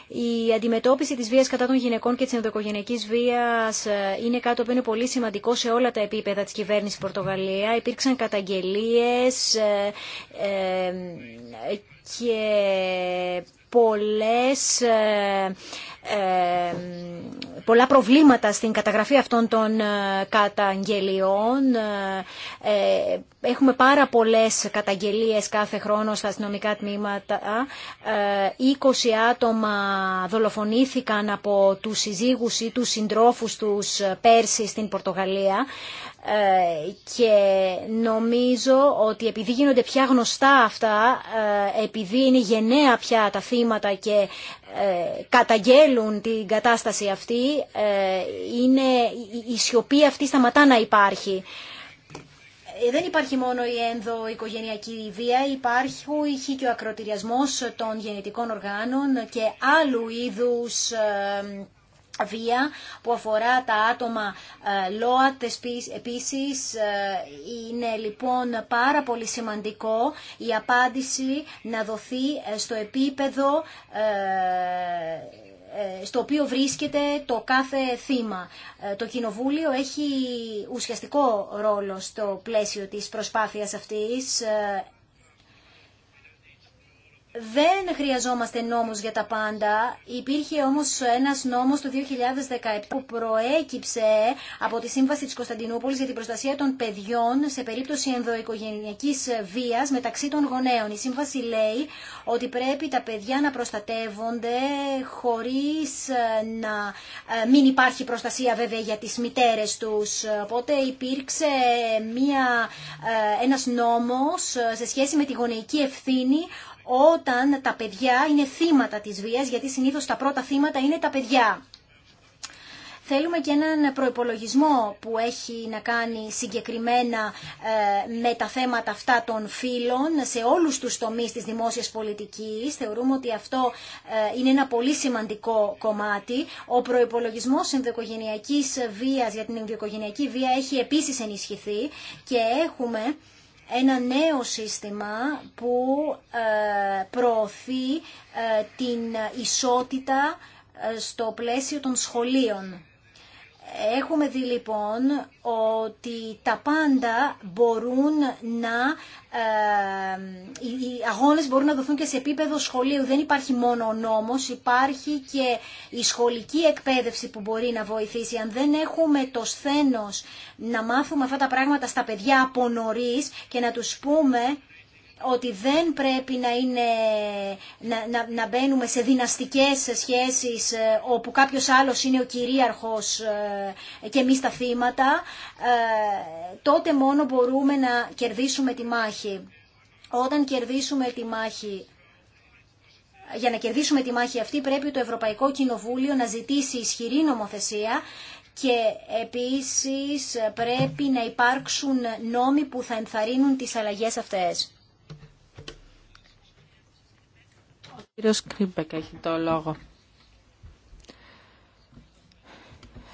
Η αντιμετώπιση της βίας κατά των γυναικών και της ενδοκογενειακής βίας ε, είναι κάτι που είναι πολύ σημαντικό σε όλα τα επίπεδα της κυβέρνησης Πορτογαλία. Υπήρξαν καταγγελίες ε, ε, και πολλές πολλά προβλήματα στην καταγραφή αυτών των ε, καταγγελιών. Ε, ε, έχουμε πάρα πολλές καταγγελίες κάθε χρόνο στα αστυνομικά τμήματα. 20 άτομα δολοφονήθηκαν από τους συζύγους ή τους συντρόφους τους πέρσι στην Πορτογαλία. Ε, και νομίζω ότι επειδή γίνονται πια γνωστά αυτά, ε, επειδή είναι γενναία πια τα θύματα και ε, καταγγέλουν την κατάσταση αυτή, είναι, η σιωπή αυτή σταματά να υπάρχει. Δεν υπάρχει μόνο η ενδοοικογενειακή βία, υπάρχει και ο ακροτηριασμός των γεννητικών οργάνων και άλλου είδους βία που αφορά τα άτομα ε, ΛΟΑΤ επίσης ε, είναι λοιπόν πάρα πολύ σημαντικό η απάντηση να δοθεί ε, στο επίπεδο στο οποίο βρίσκεται το κάθε θύμα. Το Κοινοβούλιο έχει ουσιαστικό ρόλο στο πλαίσιο της προσπάθειας αυτής δεν χρειαζόμαστε νόμους για τα πάντα. Υπήρχε όμως ένας νόμος το 2017 που προέκυψε από τη Σύμβαση της Κωνσταντινούπολης για την προστασία των παιδιών σε περίπτωση ενδοοικογενειακής βίας μεταξύ των γονέων. Η Σύμβαση λέει ότι πρέπει τα παιδιά να προστατεύονται χωρίς ε, να ε, μην υπάρχει προστασία βέβαια για τις μητέρες τους. Οπότε υπήρξε μια, ε, ένας νόμος σε σχέση με τη γονεϊκή ευθύνη όταν τα παιδιά είναι θύματα της βίας, γιατί συνήθως τα πρώτα θύματα είναι τα παιδιά. Θέλουμε και έναν προϋπολογισμό που έχει να κάνει συγκεκριμένα ε, με τα θέματα αυτά των φύλων σε όλους τους τομείς της δημόσιας πολιτικής. Θεωρούμε ότι αυτό ε, είναι ένα πολύ σημαντικό κομμάτι. Ο προϋπολογισμός ενδοικογενειακής βίας για την ενδοικογενειακή βία έχει επίσης ενισχυθεί και έχουμε ένα νέο σύστημα που ε, προωθεί ε, την ισότητα ε, στο πλαίσιο των σχολείων. Έχουμε δει λοιπόν ότι τα πάντα μπορούν να... Ε, οι αγώνες μπορούν να δοθούν και σε επίπεδο σχολείου. Δεν υπάρχει μόνο ο νόμος, υπάρχει και η σχολική εκπαίδευση που μπορεί να βοηθήσει. Αν δεν έχουμε το σθένος να μάθουμε αυτά τα πράγματα στα παιδιά από νωρίς και να τους πούμε ότι δεν πρέπει να, είναι, να, να, μπαίνουμε σε δυναστικές σχέσεις ε, όπου κάποιος άλλος είναι ο κυρίαρχος ε, και εμείς τα θύματα, ε, τότε μόνο μπορούμε να κερδίσουμε τη μάχη. Όταν κερδίσουμε τη μάχη για να κερδίσουμε τη μάχη αυτή πρέπει το Ευρωπαϊκό Κοινοβούλιο να ζητήσει ισχυρή νομοθεσία και επίσης πρέπει να υπάρξουν νόμοι που θα ενθαρρύνουν τις αλλαγές αυτές. Κύριος Κρίμπεκ έχει το λόγο.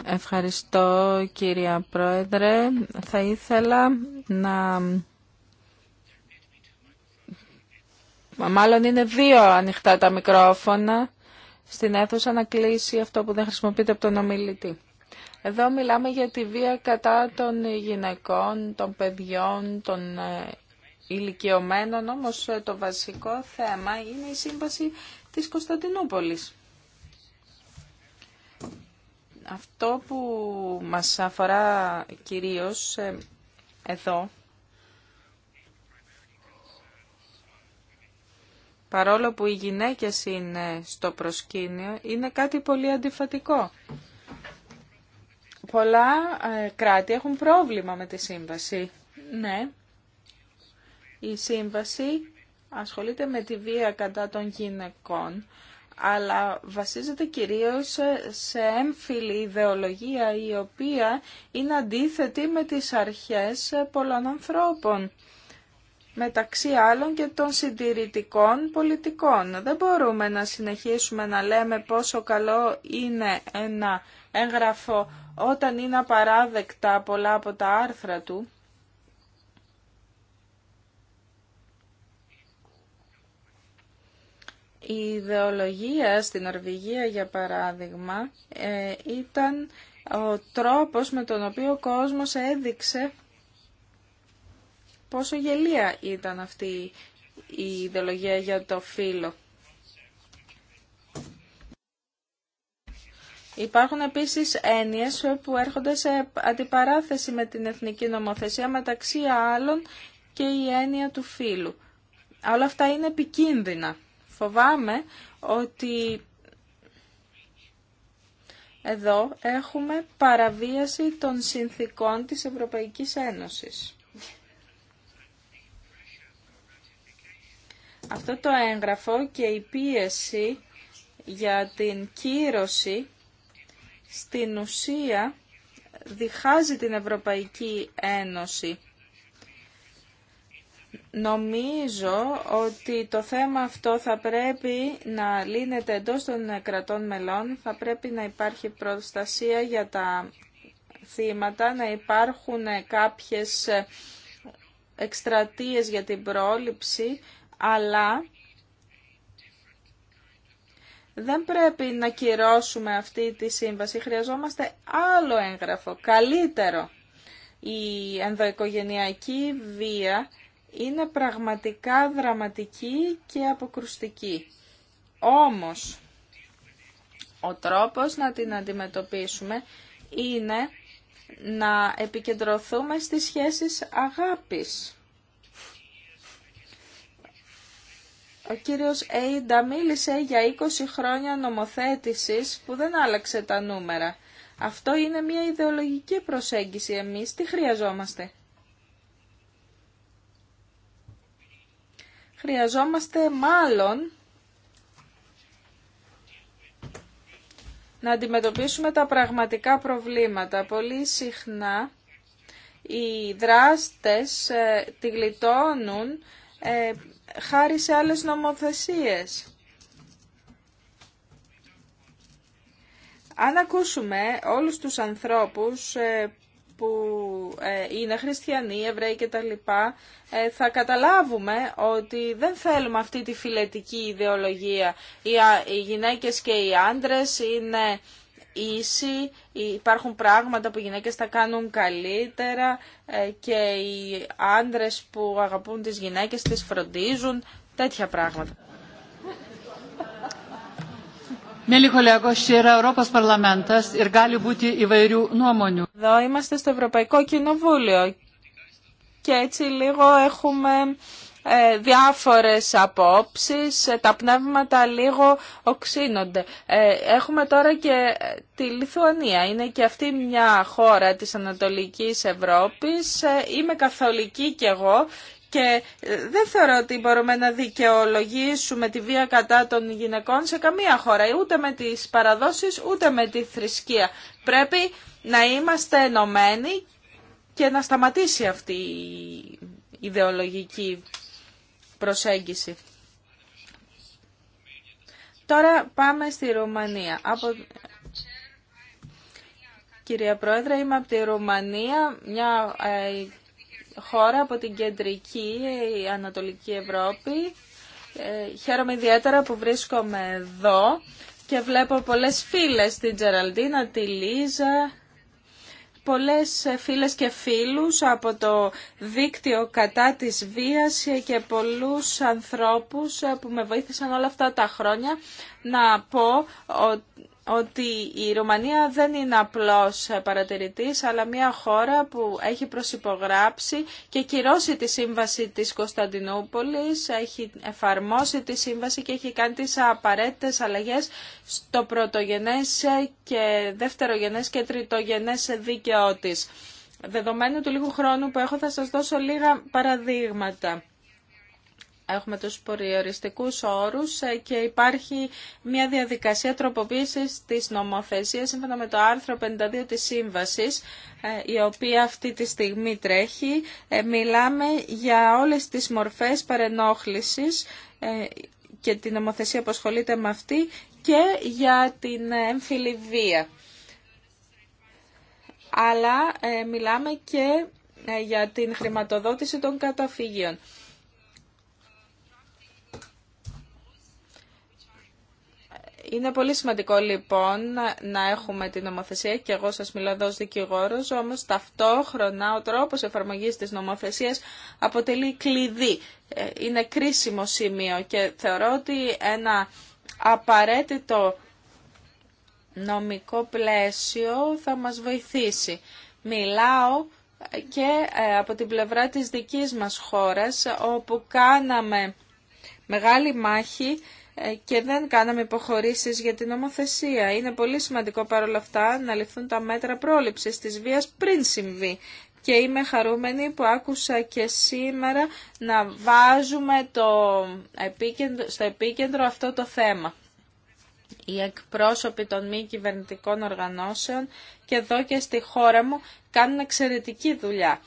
Ευχαριστώ κυρία Πρόεδρε. Θα ήθελα να... Μάλλον είναι δύο ανοιχτά τα μικρόφωνα στην αίθουσα να κλείσει αυτό που δεν χρησιμοποιείται από τον ομιλητή. Εδώ μιλάμε για τη βία κατά των γυναικών, των παιδιών, των ε, ηλικιωμένων, όμως ε, το βασικό θέμα είναι η σύμβαση της Κωνσταντινούπολης. Αυτό που μας αφορά κυρίως ε, εδώ, παρόλο που οι γυναίκες είναι στο προσκήνιο, είναι κάτι πολύ αντιφατικό. Πολλά ε, κράτη έχουν πρόβλημα με τη σύμβαση. Ναι, η σύμβαση ασχολείται με τη βία κατά των γυναικών, αλλά βασίζεται κυρίως σε έμφυλη ιδεολογία η οποία είναι αντίθετη με τις αρχές πολλών ανθρώπων μεταξύ άλλων και των συντηρητικών πολιτικών. Δεν μπορούμε να συνεχίσουμε να λέμε πόσο καλό είναι ένα έγγραφο όταν είναι απαράδεκτα πολλά από τα άρθρα του. Η ιδεολογία στην Νορβηγία, για παράδειγμα, ε, ήταν ο τρόπος με τον οποίο ο κόσμος έδειξε πόσο γελία ήταν αυτή η ιδεολογία για το φύλλο. Υπάρχουν επίσης έννοιες που έρχονται σε αντιπαράθεση με την εθνική νομοθεσία, μεταξύ άλλων και η έννοια του φίλου. Όλα αυτά είναι επικίνδυνα. Φοβάμαι ότι εδώ έχουμε παραβίαση των συνθήκων της Ευρωπαϊκής Ένωσης. Αυτό το έγγραφο και η πίεση για την κύρωση στην ουσία διχάζει την Ευρωπαϊκή Ένωση Νομίζω ότι το θέμα αυτό θα πρέπει να λύνεται εντός των κρατών μελών, θα πρέπει να υπάρχει προστασία για τα θύματα, να υπάρχουν κάποιες εκστρατείες για την πρόληψη, αλλά δεν πρέπει να κυρώσουμε αυτή τη σύμβαση. Χρειαζόμαστε άλλο έγγραφο, καλύτερο. Η ενδοοικογενειακή βία είναι πραγματικά δραματική και αποκρουστική. Όμως, ο τρόπος να την αντιμετωπίσουμε είναι να επικεντρωθούμε στις σχέσεις αγάπης. Ο κύριος Έιντα μίλησε για 20 χρόνια νομοθέτησης που δεν άλλαξε τα νούμερα. Αυτό είναι μια ιδεολογική προσέγγιση εμείς. Τι χρειαζόμαστε. χρειαζόμαστε μάλλον να αντιμετωπίσουμε τα πραγματικά προβλήματα. Πολύ συχνά οι δράστες ε, τη γλιτώνουν ε, χάρη σε άλλες νομοθεσίες. Αν ακούσουμε όλους τους ανθρώπους ε, που ε, είναι χριστιανοί, Εβραίοι κτλ. Ε, θα καταλάβουμε ότι δεν θέλουμε αυτή τη φιλετική ιδεολογία. Οι γυναίκες και οι άντρες είναι ίσοι, υπάρχουν πράγματα που οι γυναίκες τα κάνουν καλύτερα ε, και οι άντρες που αγαπούν τις γυναίκες τις φροντίζουν, τέτοια πράγματα. Μέλη Παρλαμέντας Εδώ είμαστε στο Ευρωπαϊκό Κοινοβούλιο και έτσι λίγο έχουμε ε, διάφορες απόψεις, ε, τα πνεύματα λίγο οξύνονται. Ε, έχουμε τώρα και τη Λιθουανία. Είναι και αυτή μια χώρα της Ανατολικής Ευρώπης. είμαι καθολική κι εγώ και ε, δεν θεωρώ ότι μπορούμε να δικαιολογήσουμε τη βία κατά των γυναικών σε καμία χώρα, ούτε με τις παραδόσεις, ούτε με τη θρησκεία. Πρέπει να είμαστε ενωμένοι και να σταματήσει αυτή η ιδεολογική προσέγγιση. Τώρα πάμε στη Ρουμανία. Από... Κυρία Πρόεδρε, είμαι από τη Ρουμανία, μια ε, χώρα από την κεντρική η Ανατολική Ευρώπη. Ε, χαίρομαι ιδιαίτερα που βρίσκομαι εδώ και βλέπω πολλές φίλες, στην Τζεραλντίνα, τη Λίζα, πολλές φίλες και φίλους από το δίκτυο κατά της βίας και πολλούς ανθρώπους που με βοήθησαν όλα αυτά τα χρόνια να πω ότι ότι η Ρουμανία δεν είναι απλώς παρατηρητής, αλλά μια χώρα που έχει προσυπογράψει και κυρώσει τη σύμβαση της Κωνσταντινούπολης, έχει εφαρμόσει τη σύμβαση και έχει κάνει τις απαραίτητες αλλαγές στο πρωτογενές και δευτερογενές και τριτογενές δίκαιό της. Δεδομένου του λίγου χρόνου που έχω θα σας δώσω λίγα παραδείγματα. Έχουμε τους περιοριστικούς όρους ε, και υπάρχει μια διαδικασία τροποποίησης της νομοθεσίας σύμφωνα με το άρθρο 52 της Σύμβασης, ε, η οποία αυτή τη στιγμή τρέχει. Ε, μιλάμε για όλες τις μορφές παρενόχλησης και την νομοθεσία που ασχολείται με αυτή και για την έμφυλη βία. Αλλά μιλάμε και για την χρηματοδότηση των καταφύγιων. Είναι πολύ σημαντικό λοιπόν να έχουμε την νομοθεσία και εγώ σας μιλώ εδώ ως δικηγόρος, όμως ταυτόχρονα ο τρόπος εφαρμογής της νομοθεσίας αποτελεί κλειδί. Ε, είναι κρίσιμο σημείο και θεωρώ ότι ένα απαραίτητο νομικό πλαίσιο θα μας βοηθήσει. Μιλάω και ε, από την πλευρά της δικής μας χώρας όπου κάναμε μεγάλη μάχη ε, και δεν κάναμε υποχωρήσεις για την νομοθεσία. Είναι πολύ σημαντικό παρόλα αυτά να ληφθούν τα μέτρα πρόληψης της βίας πριν συμβεί. Και είμαι χαρούμενη που άκουσα και σήμερα να βάζουμε το επίκεντρο, στο επίκεντρο αυτό το θέμα. Οι εκπρόσωποι των μη κυβερνητικών οργανώσεων και εδώ και στη χώρα μου κάνουν εξαιρετική δουλειά.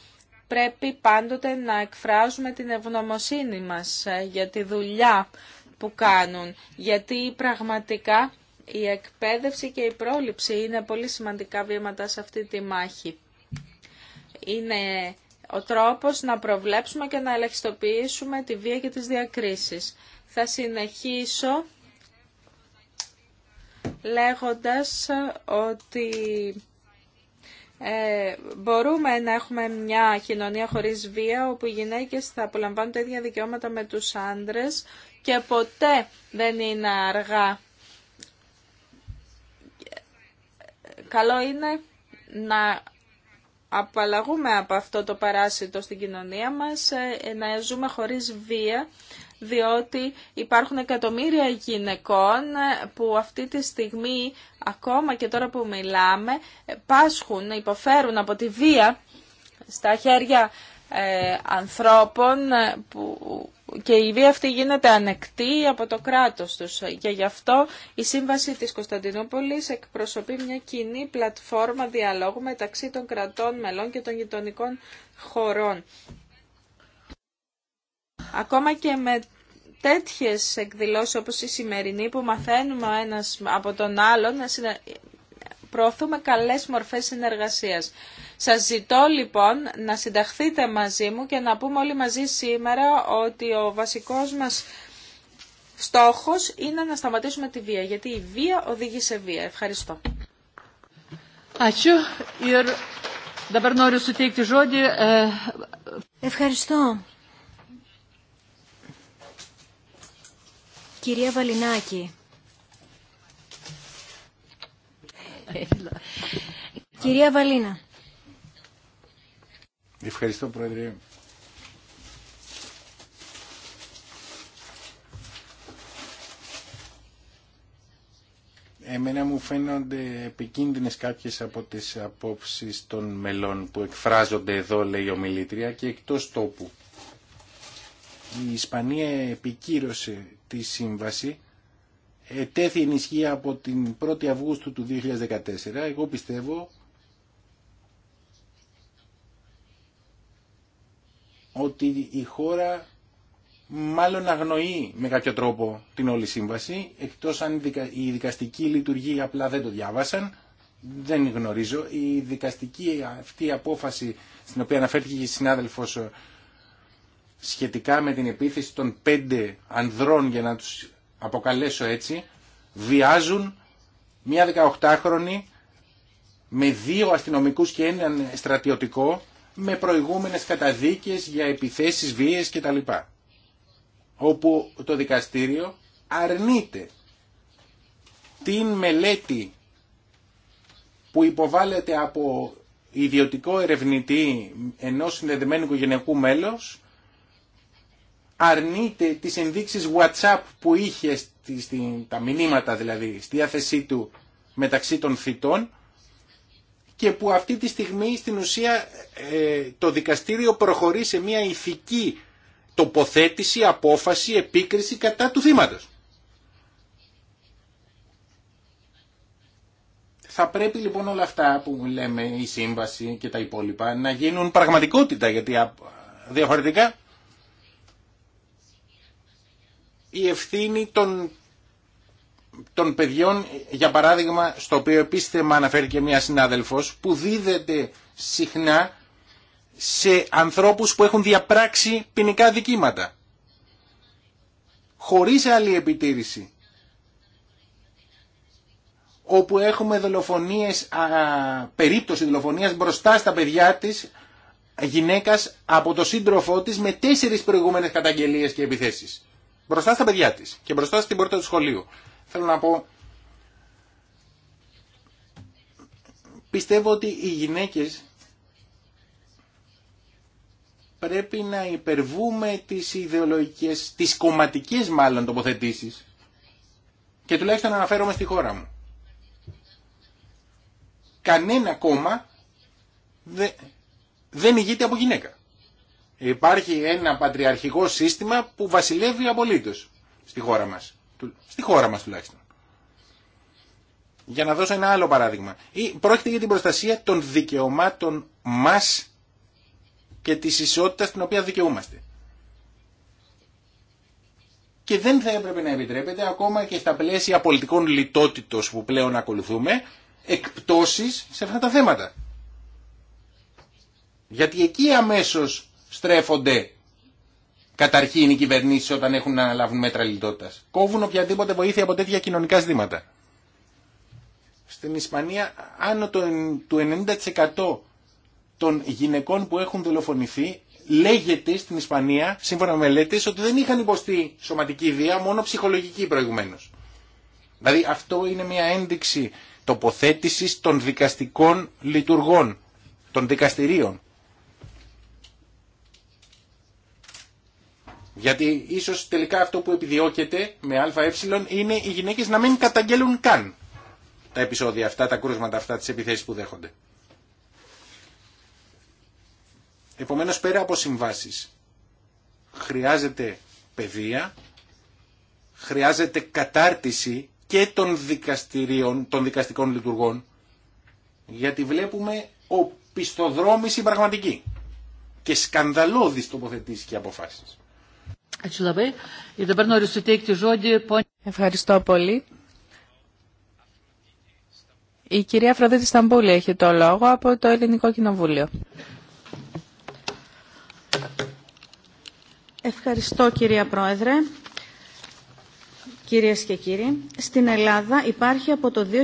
Πρέπει πάντοτε να εκφράζουμε την ευγνωμοσύνη μας ε, για τη δουλειά που κάνουν, γιατί πραγματικά η εκπαίδευση και η πρόληψη είναι πολύ σημαντικά βήματα σε αυτή τη μάχη. Είναι ο τρόπος να προβλέψουμε και να ελεγχιστοποιήσουμε τη βία και τις διακρίσεις. Θα συνεχίσω λέγοντας ότι ε, μπορούμε να έχουμε μια κοινωνία χωρίς βία όπου οι γυναίκες θα απολαμβάνουν τα ίδια δικαιώματα με τους άντρες και ποτέ δεν είναι αργά. Καλό είναι να απαλλαγούμε από αυτό το παράσιτο στην κοινωνία μας, ε, να ζούμε χωρίς βία, διότι υπάρχουν εκατομμύρια γυναικών ε, που αυτή τη στιγμή, ακόμα και τώρα που μιλάμε, ε, πάσχουν, υποφέρουν από τη βία στα χέρια ε, ανθρώπων ε, που και η βία αυτή γίνεται ανεκτή από το κράτος τους. Και γι' αυτό η Σύμβαση της Κωνσταντινούπολης εκπροσωπεί μια κοινή πλατφόρμα διαλόγου μεταξύ των κρατών μελών και των γειτονικών χωρών. Ακόμα και με τέτοιες εκδηλώσεις όπως η σημερινή που μαθαίνουμε ένας από τον άλλον, προωθούμε καλές μορφές συνεργασίας. Σας ζητώ λοιπόν να συνταχθείτε μαζί μου και να πούμε όλοι μαζί σήμερα ότι ο βασικός μας στόχος είναι να σταματήσουμε τη βία, γιατί η βία οδηγεί σε βία. Ευχαριστώ. E, Ευχαριστώ. Κυρία Βαλινάκη. Κυρία Βαλίνα. Ευχαριστώ Πρόεδρε. Εμένα μου φαίνονται επικίνδυνες κάποιες από τις απόψεις των μελών που εκφράζονται εδώ, λέει ο Μιλήτρια, και εκτός τόπου. Η Ισπανία επικύρωσε τη σύμβαση, ετέθη ενισχύ από την 1η Αυγούστου του 2014. Εγώ πιστεύω ότι η χώρα μάλλον αγνοεί με κάποιο τρόπο την όλη σύμβαση, εκτός αν η δικαστική λειτουργία απλά δεν το διάβασαν, δεν γνωρίζω. Η δικαστική αυτή απόφαση στην οποία αναφέρθηκε η συνάδελφος ε, σχετικά με την επίθεση των πέντε ανδρών, για να τους αποκαλέσω έτσι, βιάζουν μια 18χρονη με δύο αστυνομικούς και έναν στρατιωτικό με προηγούμενες καταδίκες για επιθέσεις βίες κτλ. Όπου το δικαστήριο αρνείται την μελέτη που υποβάλλεται από ιδιωτικό ερευνητή ενός συνδεδεμένου οικογενειακού μέλος αρνείται τις ενδείξεις WhatsApp που είχε, στη, τα μηνύματα δηλαδή, στη διάθεσή του μεταξύ των θητών και που αυτή τη στιγμή στην ουσία ε, το δικαστήριο προχωρεί σε μια ηθική τοποθέτηση, απόφαση, επίκριση κατά του θύματος. Θα πρέπει λοιπόν όλα αυτά που λέμε, η σύμβαση και τα υπόλοιπα, να γίνουν πραγματικότητα, γιατί διαφορετικά η ευθύνη των των παιδιών, για παράδειγμα, στο οποίο επίσημα αναφέρει και μια συνάδελφος, που δίδεται συχνά σε ανθρώπους που έχουν διαπράξει ποινικά δικήματα. Χωρίς άλλη επιτήρηση. Όπου έχουμε δολοφονίες, περίπτωση δολοφονίας μπροστά στα παιδιά της, γυναίκας από το σύντροφό της με τέσσερις προηγούμενες καταγγελίες και επιθέσεις. Μπροστά στα παιδιά της και μπροστά στην πόρτα του σχολείου. Θέλω να πω, πιστεύω ότι οι γυναίκες πρέπει να υπερβούμε τις ιδεολογικές, τις κομματικές μάλλον τοποθετήσεις και τουλάχιστον αναφέρομαι στη χώρα μου. Κανένα κόμμα δε, δεν ηγείται από γυναίκα. Υπάρχει ένα πατριαρχικό σύστημα που βασιλεύει απολύτως στη χώρα μας. Στη χώρα μας τουλάχιστον. Για να δώσω ένα άλλο παράδειγμα. Πρόκειται για την προστασία των δικαιωμάτων μας και της ισότητας την οποία δικαιούμαστε. Και δεν θα έπρεπε να επιτρέπεται ακόμα και στα πλαίσια πολιτικών λιτότητος που πλέον ακολουθούμε εκπτώσεις σε αυτά τα θέματα. Γιατί εκεί αμέσως στρέφονται καταρχήν οι κυβερνήσει όταν έχουν να λάβουν μέτρα λιτότητα. Κόβουν οποιαδήποτε βοήθεια από τέτοια κοινωνικά ζητήματα. Στην Ισπανία άνω του 90% των γυναικών που έχουν δολοφονηθεί λέγεται στην Ισπανία, σύμφωνα με μελέτες, ότι δεν είχαν υποστεί σωματική βία, μόνο ψυχολογική προηγουμένω. Δηλαδή αυτό είναι μια ένδειξη τοποθέτηση των δικαστικών λειτουργών, των δικαστηρίων. Γιατί ίσως τελικά αυτό που επιδιώκεται με αε είναι οι γυναίκε να μην καταγγέλουν καν τα επεισόδια αυτά, τα κρούσματα αυτά, τις επιθέσεις που δέχονται. Επομένως πέρα από συμβάσεις χρειάζεται παιδεία, χρειάζεται κατάρτιση και των δικαστηρίων, των δικαστικών λειτουργών, γιατί βλέπουμε οπισθοδρόμηση πραγματική και σκανδαλώδης τοποθετήσει και αποφάσεις. Ευχαριστώ πολύ. Η κυρία Φραδίτη Σταμπούλη έχει το λόγο από το Ελληνικό Κοινοβούλιο. Ευχαριστώ κυρία Πρόεδρε. Κυρίες και κύριοι, στην Ελλάδα υπάρχει από το 2006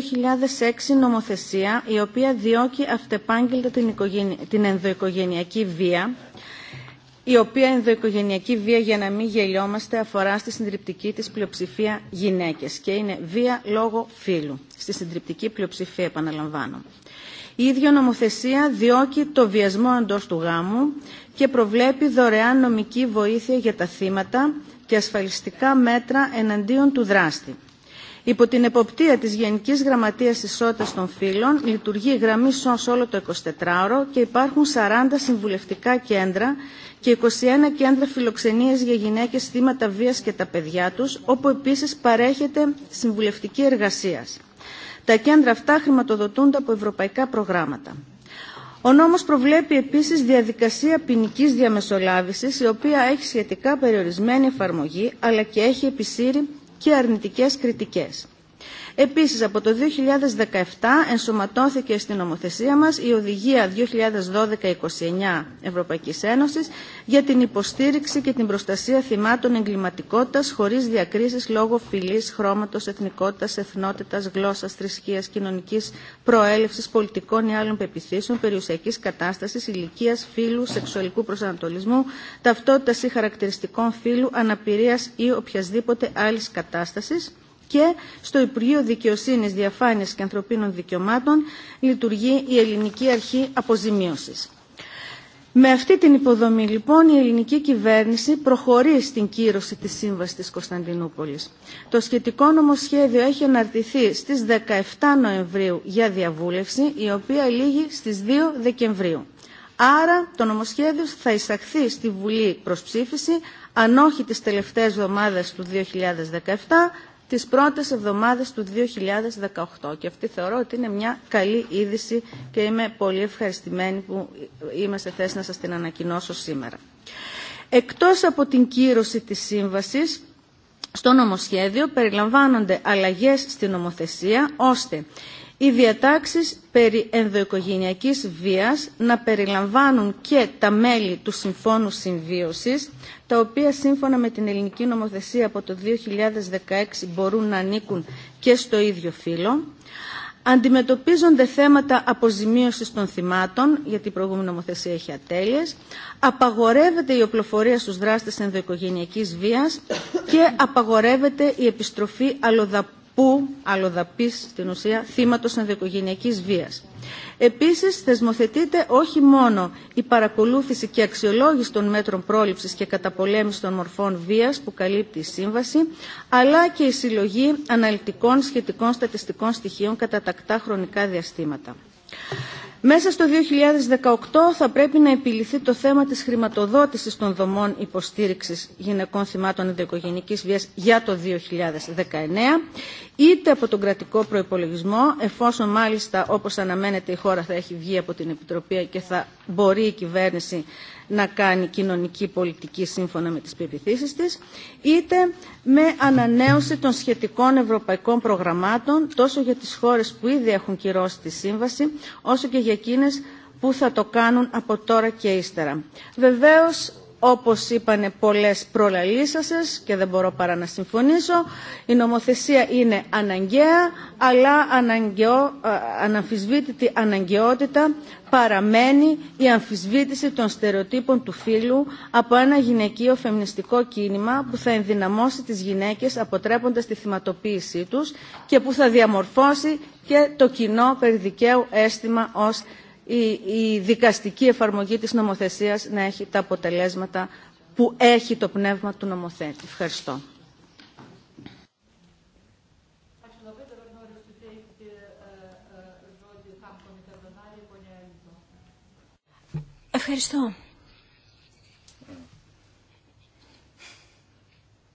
νομοθεσία η οποία διώκει αυτεπάγγελτα την ενδοοικογενειακή βία η οποία ενδοοικογενειακή βία, για να μην γελιόμαστε, αφορά στη συντριπτική της πλειοψηφία γυναίκες και είναι βία λόγω φύλου. Στη συντριπτική πλειοψηφία, επαναλαμβάνω. Η ίδια νομοθεσία διώκει το βιασμό αντός του γάμου και προβλέπει δωρεάν νομική βοήθεια για τα θύματα και ασφαλιστικά μέτρα εναντίον του δράστη. Υπό την εποπτεία της Γενικής Γραμματείας Ισότητας των Φύλων λειτουργεί η γραμμή ΣΟΝΣ όλο το 24ωρο και υπάρχουν 40 συμβουλευτικά κέντρα και 21 κέντρα φιλοξενίας για γυναίκες θύματα βίας και τα παιδιά τους, όπου επίσης παρέχεται συμβουλευτική εργασία. Τα κέντρα αυτά χρηματοδοτούνται από ευρωπαϊκά προγράμματα. Ο νόμος προβλέπει επίσης διαδικασία ποινική διαμεσολάβησης, η οποία έχει σχετικά περιορισμένη εφαρμογή, αλλά και έχει επισύρει και αρνητικές κριτικές. Επίσης, από το 2017 ενσωματώθηκε στην νομοθεσία μας η Οδηγία 2012-29 Ευρωπαϊκής Ένωσης για την υποστήριξη και την προστασία θυμάτων εγκληματικότητας χωρίς διακρίσεις λόγω φυλής, χρώματος, εθνικότητας, εθνότητας, γλώσσας, θρησκείας, κοινωνικής προέλευσης, πολιτικών ή άλλων πεπιθήσεων, περιουσιακής κατάστασης, ηλικία, φύλου, σεξουαλικού προσανατολισμού, ταυτότητας ή χαρακτηριστικών φύλου, αναπηρίας ή οποιασδήποτε άλλης κατάστασης και στο Υπουργείο Δικαιοσύνης, Διαφάνειας και Ανθρωπίνων Δικαιωμάτων λειτουργεί η Ελληνική Αρχή Αποζημίωσης. Με αυτή την υποδομή λοιπόν η ελληνική κυβέρνηση προχωρεί στην κύρωση της Σύμβασης της Κωνσταντινούπολης. Το σχετικό νομοσχέδιο έχει αναρτηθεί στις 17 Νοεμβρίου για διαβούλευση η οποία λήγει στις 2 Δεκεμβρίου. Άρα το νομοσχέδιο θα εισαχθεί στη Βουλή προς ψήφιση αν όχι τι τελευταίε εβδομάδε του 2017 τις πρώτες εβδομάδες του 2018. Και αυτή θεωρώ ότι είναι μια καλή είδηση και είμαι πολύ ευχαριστημένη που είμαι σε θέση να σας την ανακοινώσω σήμερα. Εκτός από την κύρωση της σύμβασης, στο νομοσχέδιο περιλαμβάνονται αλλαγές στην νομοθεσία ώστε οι διατάξεις περί ενδοοικογενειακής βίας να περιλαμβάνουν και τα μέλη του Συμφώνου Συμβίωσης, τα οποία σύμφωνα με την ελληνική νομοθεσία από το 2016 μπορούν να ανήκουν και στο ίδιο φύλλο. Αντιμετωπίζονται θέματα αποζημίωσης των θυμάτων, γιατί η προηγούμενη νομοθεσία έχει ατέλειες. Απαγορεύεται η οπλοφορία στους δράστες ενδοοικογενειακής βίας και απαγορεύεται η επιστροφή αλλοδαπού, αλλοδαπής στην ουσία, θύματος ενδοοικογενειακής βίας. Επίσης, θεσμοθετείται όχι μόνο η παρακολούθηση και αξιολόγηση των μέτρων πρόληψης και καταπολέμησης των μορφών βίας που καλύπτει η Σύμβαση, αλλά και η συλλογή αναλυτικών σχετικών στατιστικών στοιχείων κατά τακτά χρονικά διαστήματα. Μέσα στο 2018 θα πρέπει να επιληθεί το θέμα της χρηματοδότησης των δομών υποστήριξης γυναικών θυμάτων ενδοοικογενικής βίας για το 2019, είτε από τον κρατικό προϋπολογισμό, εφόσον μάλιστα όπως αναμένεται η χώρα θα έχει βγει από την Επιτροπή και θα μπορεί η κυβέρνηση να κάνει κοινωνική πολιτική σύμφωνα με τις πεπιθήσεις της, είτε με ανανέωση των σχετικών ευρωπαϊκών προγραμμάτων τόσο για τις χώρες που ήδη έχουν κυρώσει τη σύμβαση, όσο και για εκείνες που θα το κάνουν από τώρα και ύστερα. Βεβαίως όπως είπανε πολλές προλαλήσασες και δεν μπορώ παρά να συμφωνήσω, η νομοθεσία είναι αναγκαία, αλλά αναγκαιό, ε, αναμφισβήτητη αναγκαιότητα παραμένει η αμφισβήτηση των στερεοτύπων του φύλου από ένα γυναικείο φεμινιστικό κίνημα που θα ενδυναμώσει τις γυναίκες αποτρέποντας τη θυματοποίησή τους και που θα διαμορφώσει και το κοινό περιδικαίου αίσθημα ως η δικαστική εφαρμογή της νομοθεσίας να έχει τα αποτελέσματα που έχει το πνεύμα του νομοθέτη. Ευχαριστώ. Ευχαριστώ.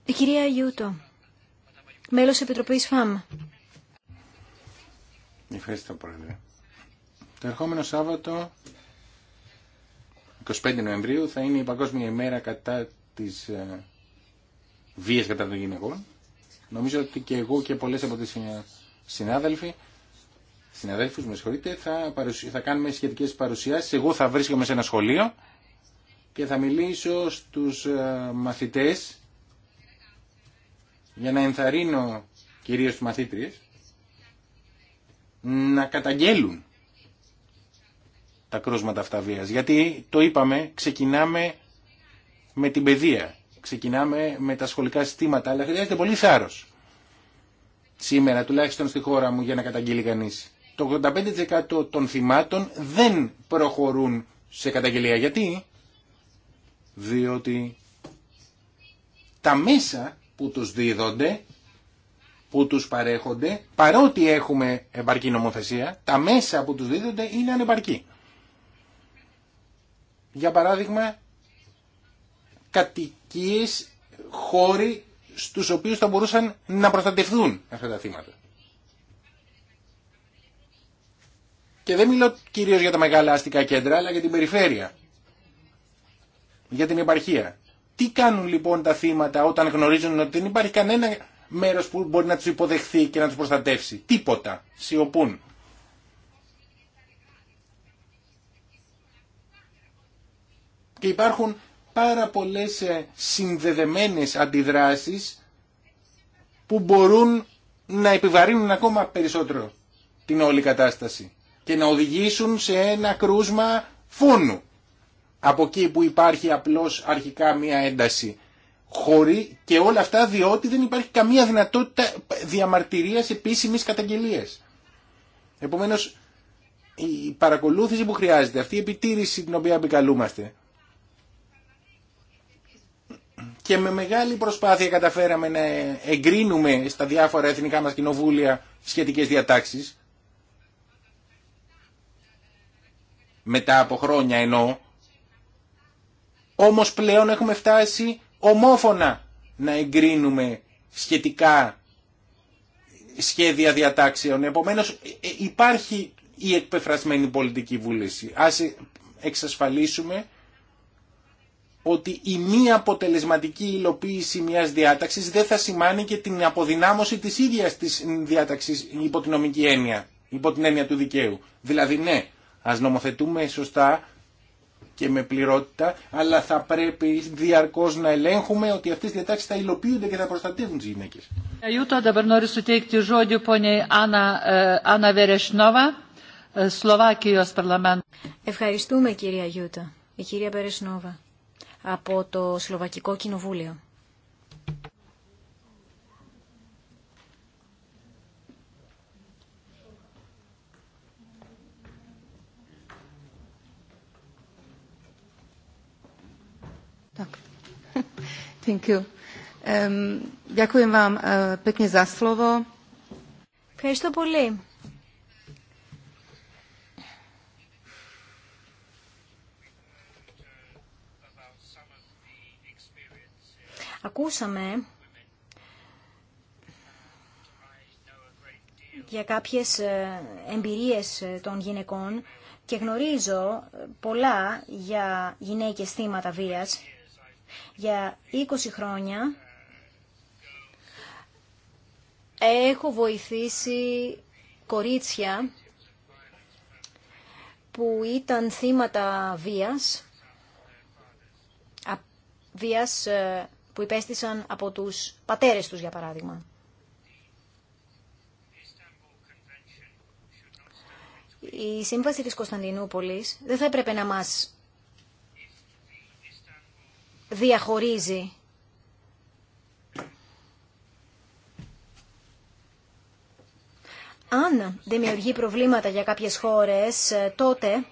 Η κυρία Αγιούτο, μέλος Επιτροπής ΦΑΜ. Ευχαριστώ, Πρόεδρε. Το ερχόμενο Σάββατο, 25 Νοεμβρίου, θα είναι η Παγκόσμια ημέρα κατά της ε, βίας κατά των γυναικών. Νομίζω ότι και εγώ και πολλές από τις συνάδελφοι, συναδέλφους με συγχωρείτε, θα, παρουσι... θα κάνουμε σχετικές παρουσιάσεις. Εγώ θα βρίσκομαι σε ένα σχολείο και θα μιλήσω στους ε, μαθητές για να ενθαρρύνω κυρίως τους μαθήτριες να καταγγέλουν τα κρούσματα αυτά βίας. Γιατί το είπαμε, ξεκινάμε με την παιδεία, ξεκινάμε με τα σχολικά συστήματα, αλλά χρειάζεται πολύ θάρρος. Σήμερα, τουλάχιστον στη χώρα μου, για να καταγγείλει κανείς. Το 85% των θυμάτων δεν προχωρούν σε καταγγελία. Γιατί? Διότι τα μέσα που τους δίδονται, που τους παρέχονται, παρότι έχουμε επαρκή νομοθεσία, τα μέσα που τους δίδονται είναι ανεπαρκή για παράδειγμα κατοικίες, χώροι στους οποίους θα μπορούσαν να προστατευτούν αυτά τα θύματα. Και δεν μιλώ κυρίως για τα μεγάλα αστικά κέντρα, αλλά για την περιφέρεια, για την επαρχία. Τι κάνουν λοιπόν τα θύματα όταν γνωρίζουν ότι δεν υπάρχει κανένα μέρος που μπορεί να τους υποδεχθεί και να τους προστατεύσει. Τίποτα. Σιωπούν. Και υπάρχουν πάρα πολλές ε, συνδεδεμένες αντιδράσεις που μπορούν να επιβαρύνουν ακόμα περισσότερο την όλη κατάσταση και να οδηγήσουν σε ένα κρούσμα φούνου από εκεί που υπάρχει απλώς αρχικά μία ένταση χωρί και όλα αυτά διότι δεν υπάρχει καμία δυνατότητα διαμαρτυρίας επίσημης καταγγελίας. Επομένως η παρακολούθηση που χρειάζεται, αυτή η επιτήρηση την οποία επικαλούμαστε και με μεγάλη προσπάθεια καταφέραμε να εγκρίνουμε στα διάφορα εθνικά μας κοινοβούλια σχετικές διατάξεις. Μετά από χρόνια εννοώ. Όμως πλέον έχουμε φτάσει ομόφωνα να εγκρίνουμε σχετικά σχέδια διατάξεων. Επομένως ε, ε, υπάρχει η εκπεφρασμένη πολιτική βούληση. Ας ε, εξασφαλίσουμε ότι η μη αποτελεσματική υλοποίηση μιας διαταξη δεν θα σημάνει και την αποδυνάμωση τη ίδια της διάταξη υπό την νομική έννοια, υπό την έννοια του δικαίου. Δηλαδή ναι, α νομοθετούμε σωστά και με πληρότητα, αλλά θα πρέπει διαρκώς να ελέγχουμε ότι αυτές οι διατάξεις θα υλοποιούνται και θα προστατεύουν τι γυναίκε. Ε, ε, ε, Ευχαριστούμε κυρία Γιούτα. Η κυρία Περεσνόβα από το Σλοβακικό Κοινοβούλιο. Eh, Ευχαριστώ πολύ. Ακούσαμε για κάποιες ε, εμπειρίες ε, των γυναικών και γνωρίζω ε, πολλά για γυναίκες θύματα βίας. Για 20 χρόνια έχω βοηθήσει κορίτσια που ήταν θύματα βίας, βίας που υπέστησαν από τους πατέρες τους, για παράδειγμα. Η σύμβαση της Κωνσταντινούπολης δεν θα έπρεπε να μας διαχωρίζει Αν δημιουργεί προβλήματα για κάποιες χώρες, τότε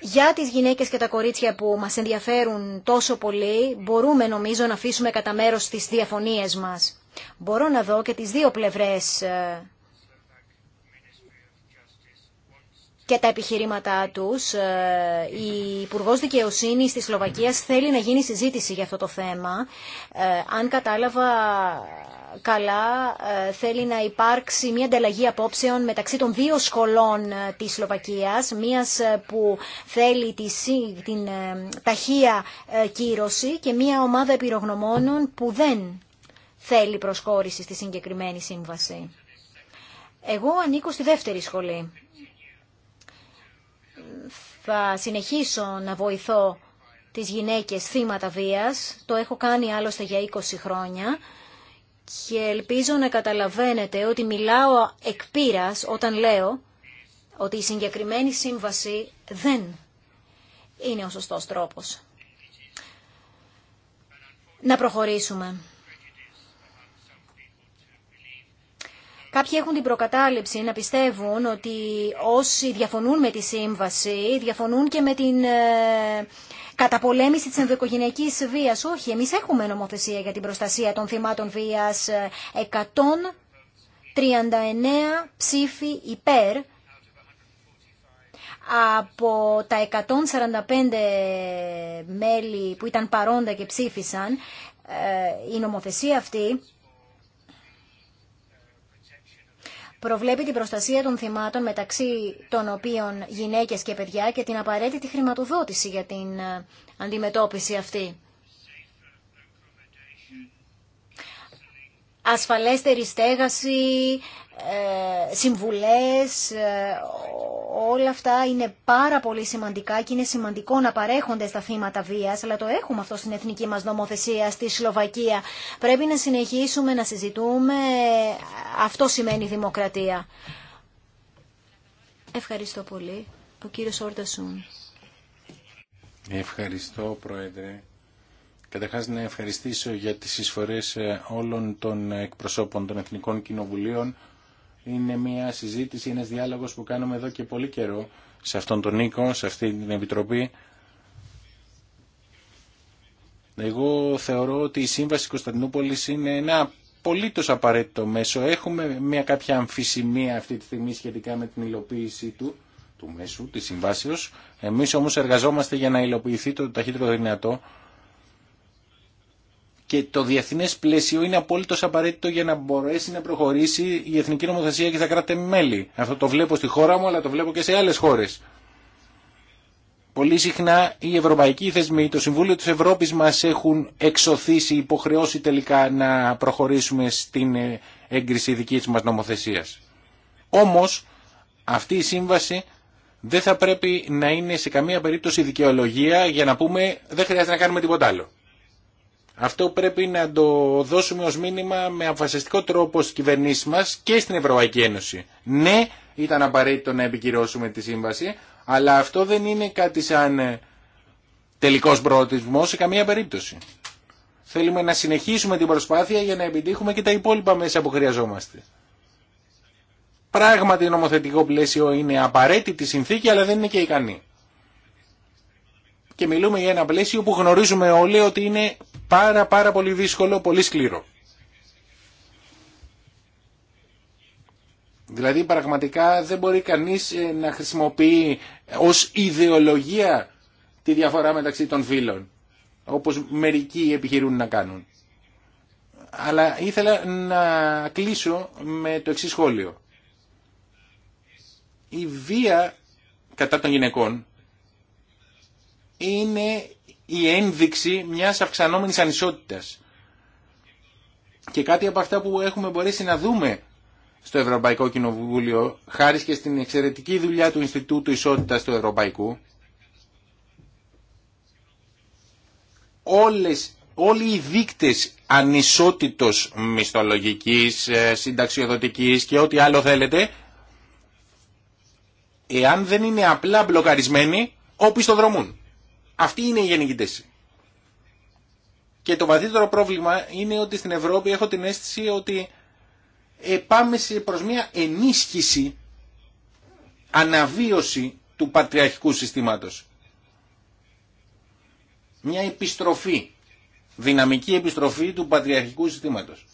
για τις γυναίκες και τα κορίτσια που μας ενδιαφέρουν τόσο πολύ μπορούμε νομίζω να αφήσουμε κατά μέρος τις διαφωνίες μας. Μπορώ να δω και τις δύο πλευρές ε, και τα επιχειρήματά τους. Ε, η Υπουργό Δικαιοσύνης της Σλοβακίας θέλει να γίνει συζήτηση για αυτό το θέμα. Ε, αν κατάλαβα καλά ε, θέλει να υπάρξει μια ανταλλαγή απόψεων μεταξύ των δύο σχολών ε, της Σλοβακίας, μίας ε, που θέλει την ταχεία κύρωση και μια ομάδα επιρογνωμόνων που δεν θέλει προσχώρηση στη συγκεκριμένη σύμβαση. Εγώ ανήκω στη δεύτερη σχολή. Θα συνεχίσω να βοηθώ τις γυναίκες θύματα βίας. Το έχω κάνει άλλωστε για 20 χρόνια και ελπίζω να καταλαβαίνετε ότι μιλάω εκ όταν λέω ότι η συγκεκριμένη σύμβαση δεν είναι ο σωστός τρόπος. Να προχωρήσουμε. Κάποιοι έχουν την προκατάληψη να πιστεύουν ότι όσοι διαφωνούν με τη σύμβαση, διαφωνούν και με την ε, καταπολέμηση της ενδοοικογενειακή βίας. Όχι, εμείς έχουμε νομοθεσία για την προστασία των θυμάτων βίας 139 ψήφοι υπέρ από τα 145 μέλη που ήταν παρόντα και ψήφισαν ε, η νομοθεσία αυτή προβλέπει την προστασία των θυμάτων μεταξύ των οποίων γυναίκες και παιδιά και την απαραίτητη χρηματοδότηση για την ε, αντιμετώπιση αυτή. Ασφαλέστερη στέγαση, ε, συμβουλές, ε, όλα αυτά είναι πάρα πολύ σημαντικά και είναι σημαντικό να παρέχονται στα θύματα βίας, αλλά το έχουμε αυτό στην εθνική μας νομοθεσία, στη Σλοβακία. Πρέπει να συνεχίσουμε να συζητούμε, αυτό σημαίνει δημοκρατία. Ευχαριστώ πολύ. Ο κύριος Όρτασούν. Ευχαριστώ, Πρόεδρε. Καταρχάς να ευχαριστήσω για τις εισφορές ε, όλων των εκπροσώπων των Εθνικών Κοινοβουλίων είναι μια συζήτηση, ένας διάλογος που κάνουμε εδώ και πολύ καιρό σε αυτόν τον Νίκο, σε αυτή την Επιτροπή. Εγώ θεωρώ ότι η Σύμβαση Κωνσταντινούπολης είναι ένα απολύτως απαραίτητο μέσο. Έχουμε μια κάποια αμφισημία αυτή τη στιγμή σχετικά με την υλοποίησή του, μέσου, της συμβάσεως. Εμείς όμως εργαζόμαστε για να υλοποιηθεί το ταχύτερο δυνατό και το διεθνέ πλαίσιο είναι απόλυτο απαραίτητο για να μπορέσει να προχωρήσει η εθνική νομοθεσία και θα κράτη μέλη. Αυτό το βλέπω στη χώρα μου αλλά το βλέπω και σε άλλε χώρε. Πολύ συχνά οι ευρωπαϊκοί θεσμοί, το Συμβούλιο τη Ευρώπη μα έχουν εξωθήσει, υποχρεώσει τελικά να προχωρήσουμε στην έγκριση δική μας νομοθεσίας. Όμω, αυτή η σύμβαση δεν θα πρέπει να είναι σε καμία περίπτωση δικαιολογία για να πούμε δεν χρειάζεται να κάνουμε τίποτα άλλο. Αυτό πρέπει να το δώσουμε ως μήνυμα με αφασιστικό τρόπο στις κυβερνήσεις μας και στην Ευρωπαϊκή Ένωση. Ναι, ήταν απαραίτητο να επικυρώσουμε τη σύμβαση, αλλά αυτό δεν είναι κάτι σαν ε, τελικός προορισμό σε καμία περίπτωση. Θέλουμε να συνεχίσουμε την προσπάθεια για να επιτύχουμε και τα υπόλοιπα μέσα που χρειαζόμαστε. Πράγματι νομοθετικό πλαίσιο είναι απαραίτητη συνθήκη, αλλά δεν είναι και ικανή. Και μιλούμε για ένα πλαίσιο που γνωρίζουμε όλοι ότι είναι πάρα πάρα πολύ δύσκολο, πολύ σκληρό. Δηλαδή πραγματικά δεν μπορεί κανείς ε, να χρησιμοποιεί ε, ως ιδεολογία τη διαφορά μεταξύ των φύλων, όπως μερικοί επιχειρούν να κάνουν. Αλλά ήθελα να κλείσω με το εξής σχόλιο. Η βία κατά των γυναικών είναι η ένδειξη μιας αυξανόμενης ανισότητας. Και κάτι από αυτά που έχουμε μπορέσει να δούμε στο Ευρωπαϊκό Κοινοβούλιο, χάρη και στην εξαιρετική δουλειά του Ινστιτούτου Ισότητας του Ευρωπαϊκού, όλες, όλοι οι δείκτες ανισότητος μισθολογικής, ε, συνταξιοδοτικής και ό,τι άλλο θέλετε, εάν δεν είναι απλά μπλοκαρισμένοι, δρομούν. Αυτή είναι η γενική τέση. Και το βαθύτερο πρόβλημα είναι ότι στην Ευρώπη έχω την αίσθηση ότι ε, πάμε προς μια ενίσχυση, αναβίωση του πατριαρχικού συστήματος. Μια επιστροφή, δυναμική επιστροφή του πατριαρχικού συστήματος.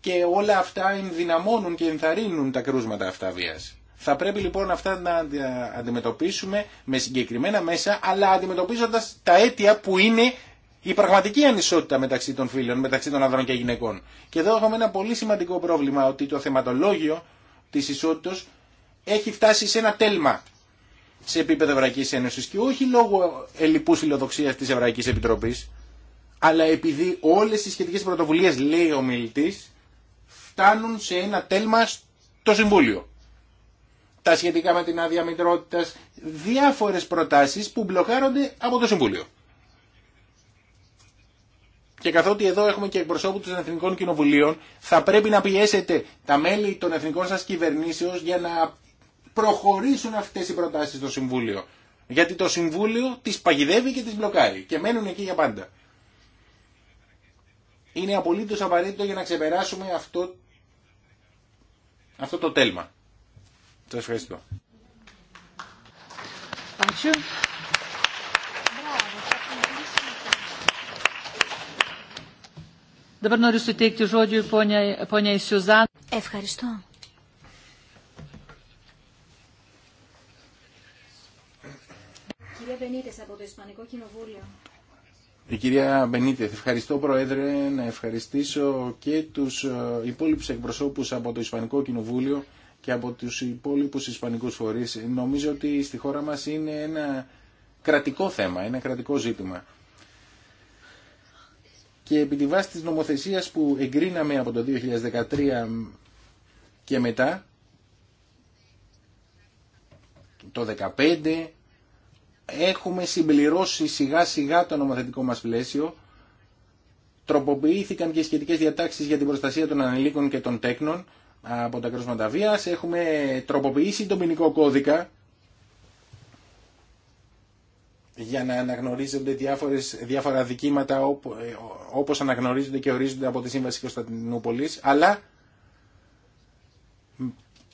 Και όλα αυτά ενδυναμώνουν και ενθαρρύνουν τα κρούσματα αυτά βίας. Θα πρέπει λοιπόν αυτά να αντιμετωπίσουμε με συγκεκριμένα μέσα, αλλά αντιμετωπίζοντας τα αίτια που είναι η πραγματική ανισότητα μεταξύ των φίλων, μεταξύ των ανδρών και γυναικών. Και εδώ έχουμε ένα πολύ σημαντικό πρόβλημα, ότι το θεματολόγιο της ισότητας έχει φτάσει σε ένα τέλμα σε επίπεδο Ευρωπαϊκή Ένωση και όχι λόγω ελληπού φιλοδοξία τη Ευρωπαϊκή Επιτροπή, αλλά επειδή όλε οι σχετικέ πρωτοβουλίε, λέει ο μιλητή, φτάνουν σε ένα τέλμα στο Συμβούλιο τα σχετικά με την άδεια μητρότητα, διάφορες προτάσεις που μπλοκάρονται από το Συμβούλιο. Και καθότι εδώ έχουμε και εκπροσώπου των Εθνικών Κοινοβουλίων, θα πρέπει να πιέσετε τα μέλη των εθνικών σας κυβερνήσεως για να προχωρήσουν αυτές οι προτάσεις στο Συμβούλιο. Γιατί το Συμβούλιο τις παγιδεύει και τις μπλοκάρει και μένουν εκεί για πάντα. Είναι απολύτω απαραίτητο για να ξεπεράσουμε αυτό, αυτό το τέλμα. Σα ευχαριστώ. Ευχαριστώ. από το Ισπανικό Κοινοβούλιο. Η κυρία Μπενίτες. ευχαριστώ Πρόεδρε, να ευχαριστήσω και τους ε, υπόλοιπους εκπροσώπους από το Ισπανικό Κοινοβούλιο και από τους υπόλοιπους ισπανικούς φορείς. Νομίζω ότι στη χώρα μας είναι ένα κρατικό θέμα, ένα κρατικό ζήτημα. Και επί τη βάση της νομοθεσίας που εγκρίναμε από το 2013 και μετά, το 2015, έχουμε συμπληρώσει σιγά σιγά το νομοθετικό μας πλαίσιο, τροποποιήθηκαν και οι σχετικές διατάξεις για την προστασία των ανηλίκων και των τέκνων, από τα κρούσματα βίας. Έχουμε τροποποιήσει τον ποινικό κώδικα για να αναγνωρίζονται διάφορες, διάφορα δικήματα ε, όπως αναγνωρίζονται και ορίζονται από τη Σύμβαση Κωνσταντινούπολης, αλλά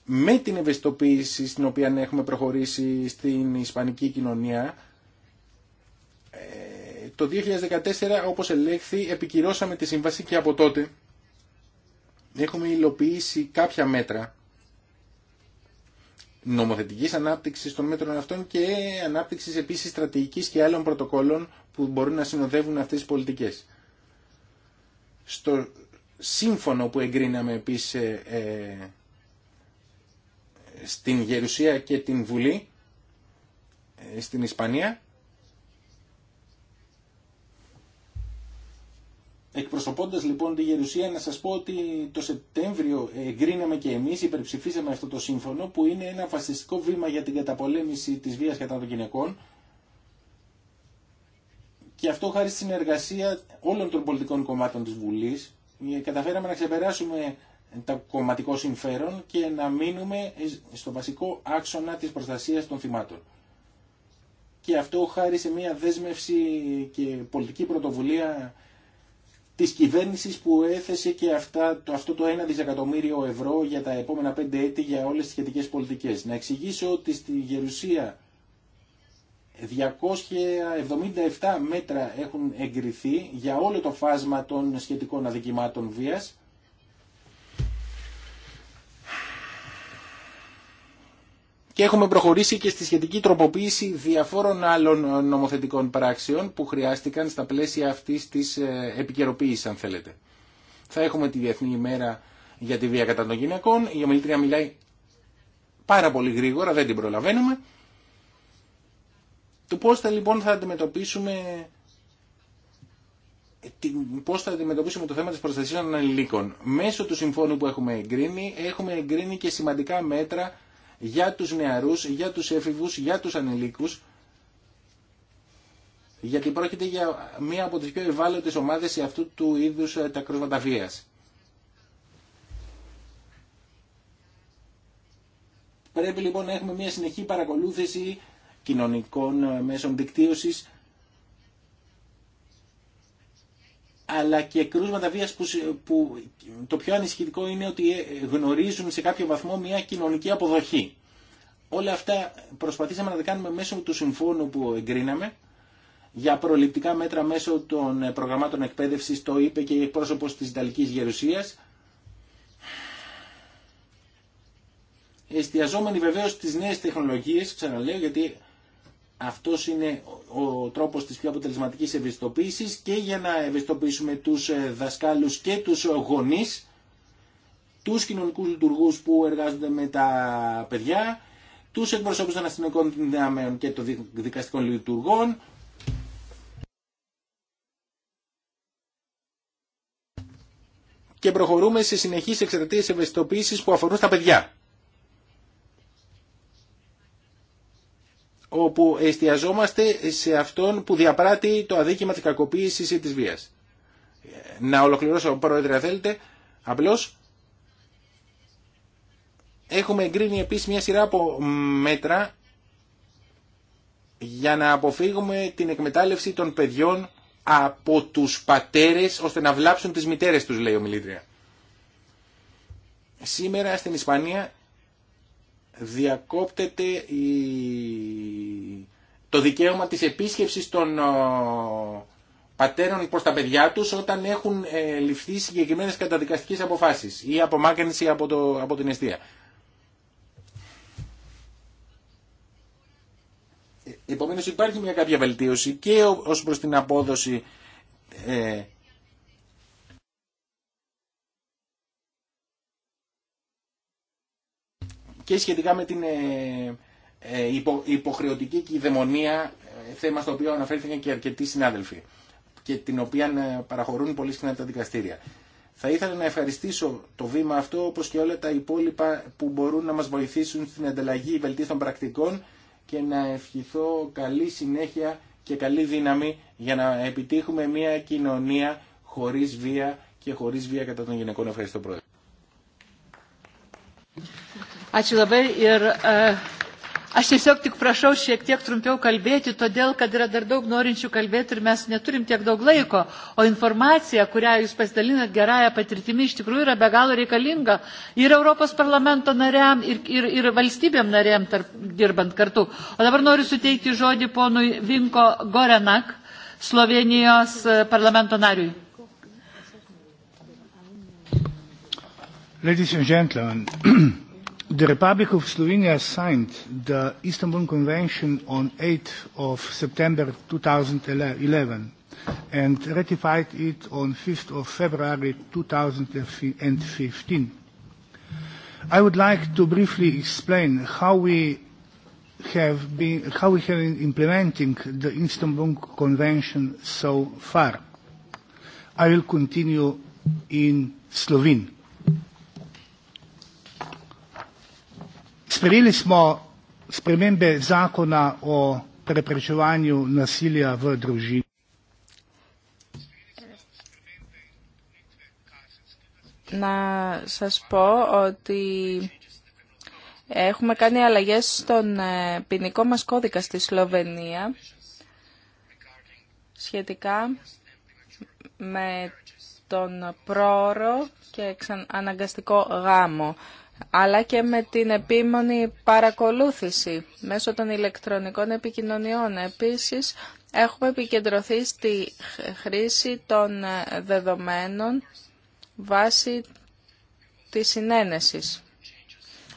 με την ευαισθητοποίηση στην οποία έχουμε προχωρήσει στην ισπανική κοινωνία, ε, το 2014 όπως ελέγχθη επικυρώσαμε τη σύμβαση και από τότε έχουμε υλοποιήσει κάποια μέτρα νομοθετικής ανάπτυξης των μέτρων αυτών και ανάπτυξης επίσης στρατηγικής και άλλων πρωτοκόλων που μπορούν να συνοδεύουν αυτές τις πολιτικές. Στο σύμφωνο που εγκρίναμε επίσης ε, ε στην Γερουσία και την Βουλή, ε, στην Ισπανία, Εκπροσωπώντας λοιπόν τη Γερουσία να σας πω ότι το Σεπτέμβριο εγκρίναμε και εμείς, υπερψηφίσαμε αυτό το σύμφωνο που είναι ένα φασιστικό βήμα για την καταπολέμηση της βίας κατά των γυναικών και αυτό χάρη στη συνεργασία όλων των πολιτικών κομμάτων της Βουλής ε, καταφέραμε να ξεπεράσουμε τα κομματικό συμφέρον και να μείνουμε στο βασικό άξονα της προστασίας των θυμάτων. Και αυτό χάρη σε μια δέσμευση και πολιτική πρωτοβουλία της κυβέρνησης που έθεσε και αυτά, το, αυτό το 1 δισεκατομμύριο ευρώ για τα επόμενα 5 έτη για όλες τις σχετικές πολιτικές. Να εξηγήσω ότι στη Γερουσία 277 μέτρα έχουν εγκριθεί για όλο το φάσμα των σχετικών αδικημάτων βίας και έχουμε προχωρήσει και στη σχετική τροποποίηση διαφόρων άλλων νομοθετικών πράξεων που χρειάστηκαν στα πλαίσια αυτής της ε, επικαιροποίηση αν θέλετε. Θα έχουμε τη Διεθνή ημέρα για τη βία κατά των γυναικών, η ομιλήτρια μιλάει πάρα πολύ γρήγορα, δεν την προλαβαίνουμε. Το πώς θα λοιπόν θα αντιμετωπίσουμε πώς θα αντιμετωπίσουμε το θέμα της προστασίας των ανηλίκων. Μέσω του συμφώνου που έχουμε εγκρίνει, έχουμε εγκρίνει και σημαντικά μέτρα για τους νεαρούς, για τους έφηβους, για τους ανηλίκους, γιατί πρόκειται για μία από τις πιο ευάλωτες ομάδες σε αυτού του είδους ε, τα κρούσματα Πρέπει λοιπόν να έχουμε μία συνεχή παρακολούθηση κοινωνικών ε, μέσων δικτύωσης αλλά και κρούσματα βίας που, που το πιο ανησυχητικό είναι ότι ε, γνωρίζουν σε κάποιο βαθμό μια κοινωνική αποδοχή. Όλα αυτά προσπαθήσαμε να τα κάνουμε μέσω του συμφώνου που εγκρίναμε για προληπτικά μέτρα μέσω των ε, προγραμμάτων εκπαίδευσης, το είπε και η πρόσωπος της Ιταλικής Γερουσίας. Εστιαζόμενοι βεβαίως στις νέες τεχνολογίες, ξαναλέω, γιατί αυτό είναι ο τρόπος της πιο αποτελεσματικής ευαισθητοποίησης και για να ευαισθητοποιήσουμε τους ε, δασκάλους και τους γονείς, τους κοινωνικούς λειτουργούς που εργάζονται με τα παιδιά, τους εκπροσώπους των αστυνομικών δυνάμεων και των δικαστικών λειτουργών, και προχωρούμε σε συνεχείς εξαιρετικές ευαισθητοποίησεις που αφορούν στα παιδιά. όπου εστιαζόμαστε σε αυτόν που διαπράττει το αδίκημα της κακοποίησης ή της βίας. Να ολοκληρώσω, Πρόεδρε, θέλετε. Απλώς έχουμε εγκρίνει επίσης μια σειρά από μέτρα για να αποφύγουμε την εκμετάλλευση των παιδιών από τους πατέρες ώστε να βλάψουν τις μητέρες τους, λέει ο Σήμερα στην Ισπανία διακόπτεται η... το δικαίωμα της επίσκεψης των πατέρων προς τα παιδιά τους όταν έχουν ε, ληφθεί συγκεκριμένες καταδικαστικές αποφάσεις ή απομάκρυνση από, το... από την αιστεία. Ε, επομένως υπάρχει μια κάποια βελτίωση και ως προς την απόδοση ε, και σχετικά με την ε, ε, υποχρεωτική και η δαιμονία, ε, θέμα στο οποίο αναφέρθηκαν και αρκετοί συνάδελφοι και την οποία παραχωρούν πολύ συχνά τα δικαστήρια. Θα ήθελα να ευχαριστήσω το βήμα αυτό, όπως και όλα τα υπόλοιπα που μπορούν να μας βοηθήσουν στην ανταλλαγή βελτίστων πρακτικών και να ευχηθώ καλή συνέχεια και καλή δύναμη για να επιτύχουμε μια κοινωνία χωρίς βία και χωρίς βία κατά των γυναικών. Ευχαριστώ, Πρόεδρε. Ačiū labai ir aš tiesiog tik prašau šiek tiek trumpiau kalbėti, todėl kad yra dar daug norinčių kalbėti ir mes neturim tiek daug laiko, o informacija, kurią jūs pasidalinat gerąją patirtimį, iš tikrųjų yra be galo reikalinga ir Europos parlamento nariam, ir, ir, ir valstybėm nariam tarp, dirbant kartu. O dabar noriu suteikti žodį ponui Vinko Gorenak, Slovenijos parlamento nariui. Ladies and gentlemen, The Republic of Slovenia signed the Istanbul Convention on 8 of September 2011 and ratified it on 5 of February 2015. I would like to briefly explain how we have been how we have been implementing the Istanbul Convention so far. I will continue in Slovene. Sprejeli smo spremembe zakona o preprečevanju nasilja v družini. Να σας πω ότι έχουμε κάνει αλλαγές στον ε, ποινικό μας κώδικα στη Σλοβενία σχετικά με τον πρόωρο και αναγκαστικό γάμο αλλά και με την επίμονη παρακολούθηση μέσω των ηλεκτρονικών επικοινωνιών. Επίσης, έχουμε επικεντρωθεί στη χρήση των δεδομένων βάσει της συνένεσης.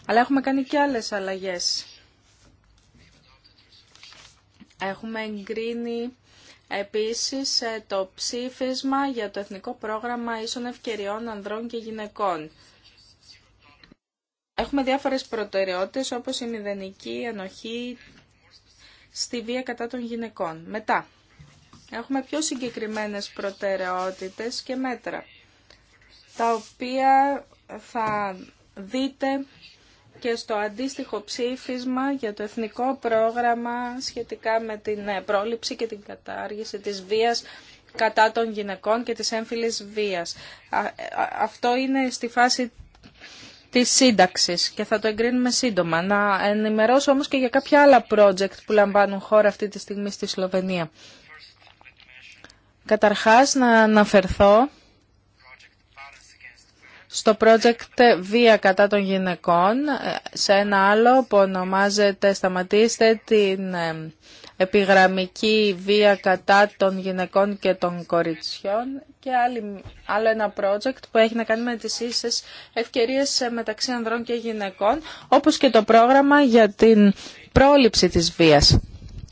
Αλλά έχουμε κάνει και άλλες αλλαγές. Έχουμε εγκρίνει επίσης ε, το ψήφισμα για το Εθνικό Πρόγραμμα Ίσων Ευκαιριών Ανδρών και Γυναικών. Έχουμε διάφορες προτεραιότητες όπως η μηδενική ενοχή στη βία κατά των γυναικών. Μετά, έχουμε πιο συγκεκριμένες προτεραιότητες και μέτρα, τα οποία θα δείτε και στο αντίστοιχο ψήφισμα για το Εθνικό Πρόγραμμα σχετικά με την ε, πρόληψη και την κατάργηση της βίας κατά των γυναικών και της έμφυλης βίας. Ε, αυτό είναι στη φάση τη σύνταξης και θα το εγκρίνουμε σύντομα. Να ενημερώσω όμως και για κάποια άλλα project που λαμβάνουν χώρα αυτή τη στιγμή στη Σλοβενία. Καταρχάς να αναφερθώ στο project Βία κατά των γυναικών, σε ένα άλλο που ονομάζεται «Σταματήστε την ε, επιγραμμική βία κατά των γυναικών και των κοριτσιών και άλλο ένα project που έχει να κάνει με τις ίσες ευκαιρίες ε, μεταξύ ανδρών και γυναικών, όπως και το πρόγραμμα για την πρόληψη της βίας.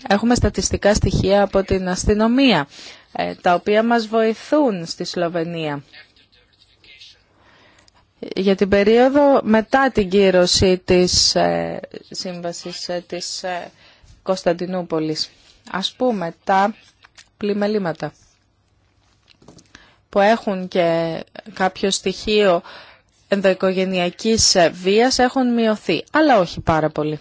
Έχουμε στατιστικά στοιχεία από την αστυνομία, ε, τα οποία μας βοηθούν στη Σλοβενία. Για την περίοδο μετά την κύρωση της ε, σύμβασης της Κωνσταντινούπολης. Ας πούμε τα πλημελήματα που έχουν και κάποιο στοιχείο ενδοοικογενειακής βίας έχουν μειωθεί, αλλά όχι πάρα πολύ.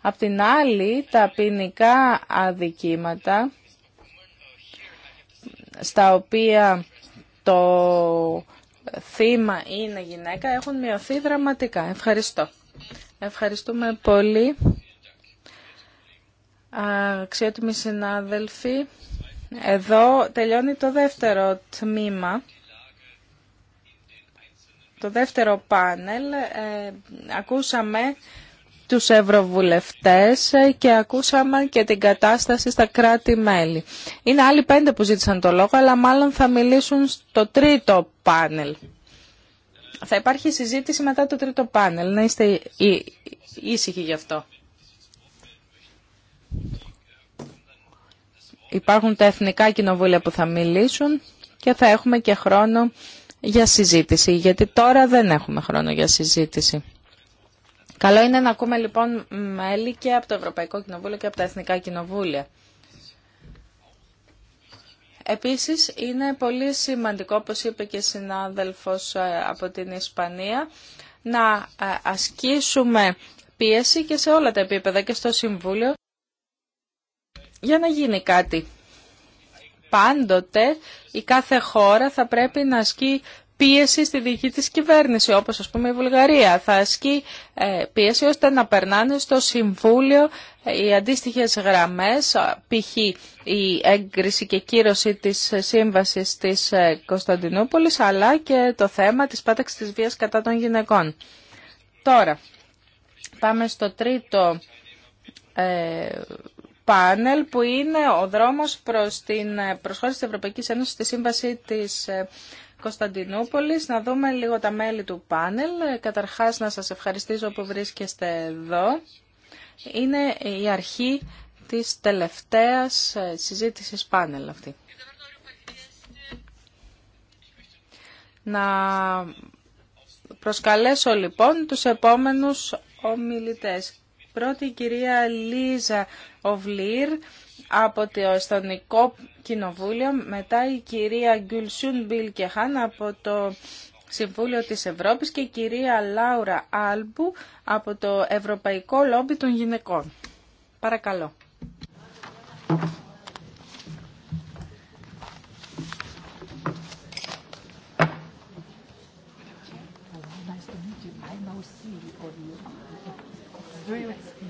Απ' την άλλη, τα ποινικά αδικήματα, στα οποία το θύμα είναι γυναίκα, έχουν μειωθεί δραματικά. Ευχαριστώ. Ευχαριστούμε πολύ. Αξιότιμοι συνάδελφοι, εδώ τελειώνει το δεύτερο τμήμα. Το δεύτερο πάνελ ε, ακούσαμε τους ευρωβουλευτές και ακούσαμε και την κατάσταση στα κράτη-μέλη. Είναι άλλοι πέντε που ζήτησαν το λόγο, αλλά μάλλον θα μιλήσουν στο τρίτο πάνελ. Θα υπάρχει συζήτηση μετά το τρίτο πάνελ. Να είστε ήσυχοι γι' αυτό. Υπάρχουν τα εθνικά κοινοβούλια που θα μιλήσουν και θα έχουμε και χρόνο για συζήτηση, γιατί τώρα δεν έχουμε χρόνο για συζήτηση. Καλό είναι να ακούμε λοιπόν μέλη και από το Ευρωπαϊκό Κοινοβούλιο και από τα Εθνικά Κοινοβούλια. Επίσης είναι πολύ σημαντικό, όπως είπε και συνάδελφος ε, από την Ισπανία, να ε, ασκήσουμε πίεση και σε όλα τα επίπεδα και στο Συμβούλιο για να γίνει κάτι. Πάντοτε η κάθε χώρα θα πρέπει να ασκεί πίεση στη δική της κυβέρνηση, όπως ας πούμε η Βουλγαρία. Θα ασκεί ε, πίεση ώστε να περνάνε στο Συμβούλιο ε, οι αντίστοιχες γραμμές, ε, π.χ. η έγκριση και κύρωση της σύμβασης της Κωνσταντινούπολης, αλλά και το θέμα της πάταξης της βίας κατά των γυναικών. Τώρα, πάμε στο τρίτο πάνελ που είναι ο δρόμος προς την προσχώρηση της Ευρωπαϊκής Ένωσης στη Σύμβαση της Κωνσταντινούπολης. Να δούμε λίγο τα μέλη του πάνελ. Καταρχάς να σας ευχαριστήσω που βρίσκεστε εδώ. Είναι η αρχή της τελευταίας ε, συζήτησης πάνελ αυτή. Να προσκαλέσω λοιπόν τους επόμενους ομιλητές. Πρώτη η κυρία Λίζα Οβλίρ από το Ιστονικό Κοινοβούλιο, μετά η κυρία Γκουλσούν και Κεχάν από το Συμβούλιο της Ευρώπης και η κυρία Λάουρα Άλμπου από το Ευρωπαϊκό Λόμπι των Γυναικών. Παρακαλώ.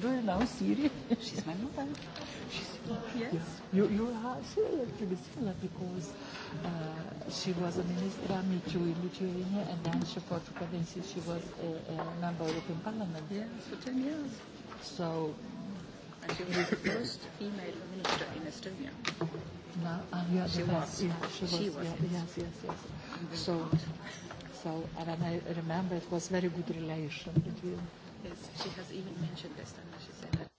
Do you know Siri? She's my mother. She's yes. You you are Syria little bit similar because she was a minister in Lithuania and then she fought for two she was a, a member of the European Parliament. Yes, for ten years. So. And she was the first female minister in Estonia. No, um, yeah, she, was. Yeah, she was. She was. yes, yes, yes. So, so, and I remember it was very good relation between is she has even mentioned this time she said that.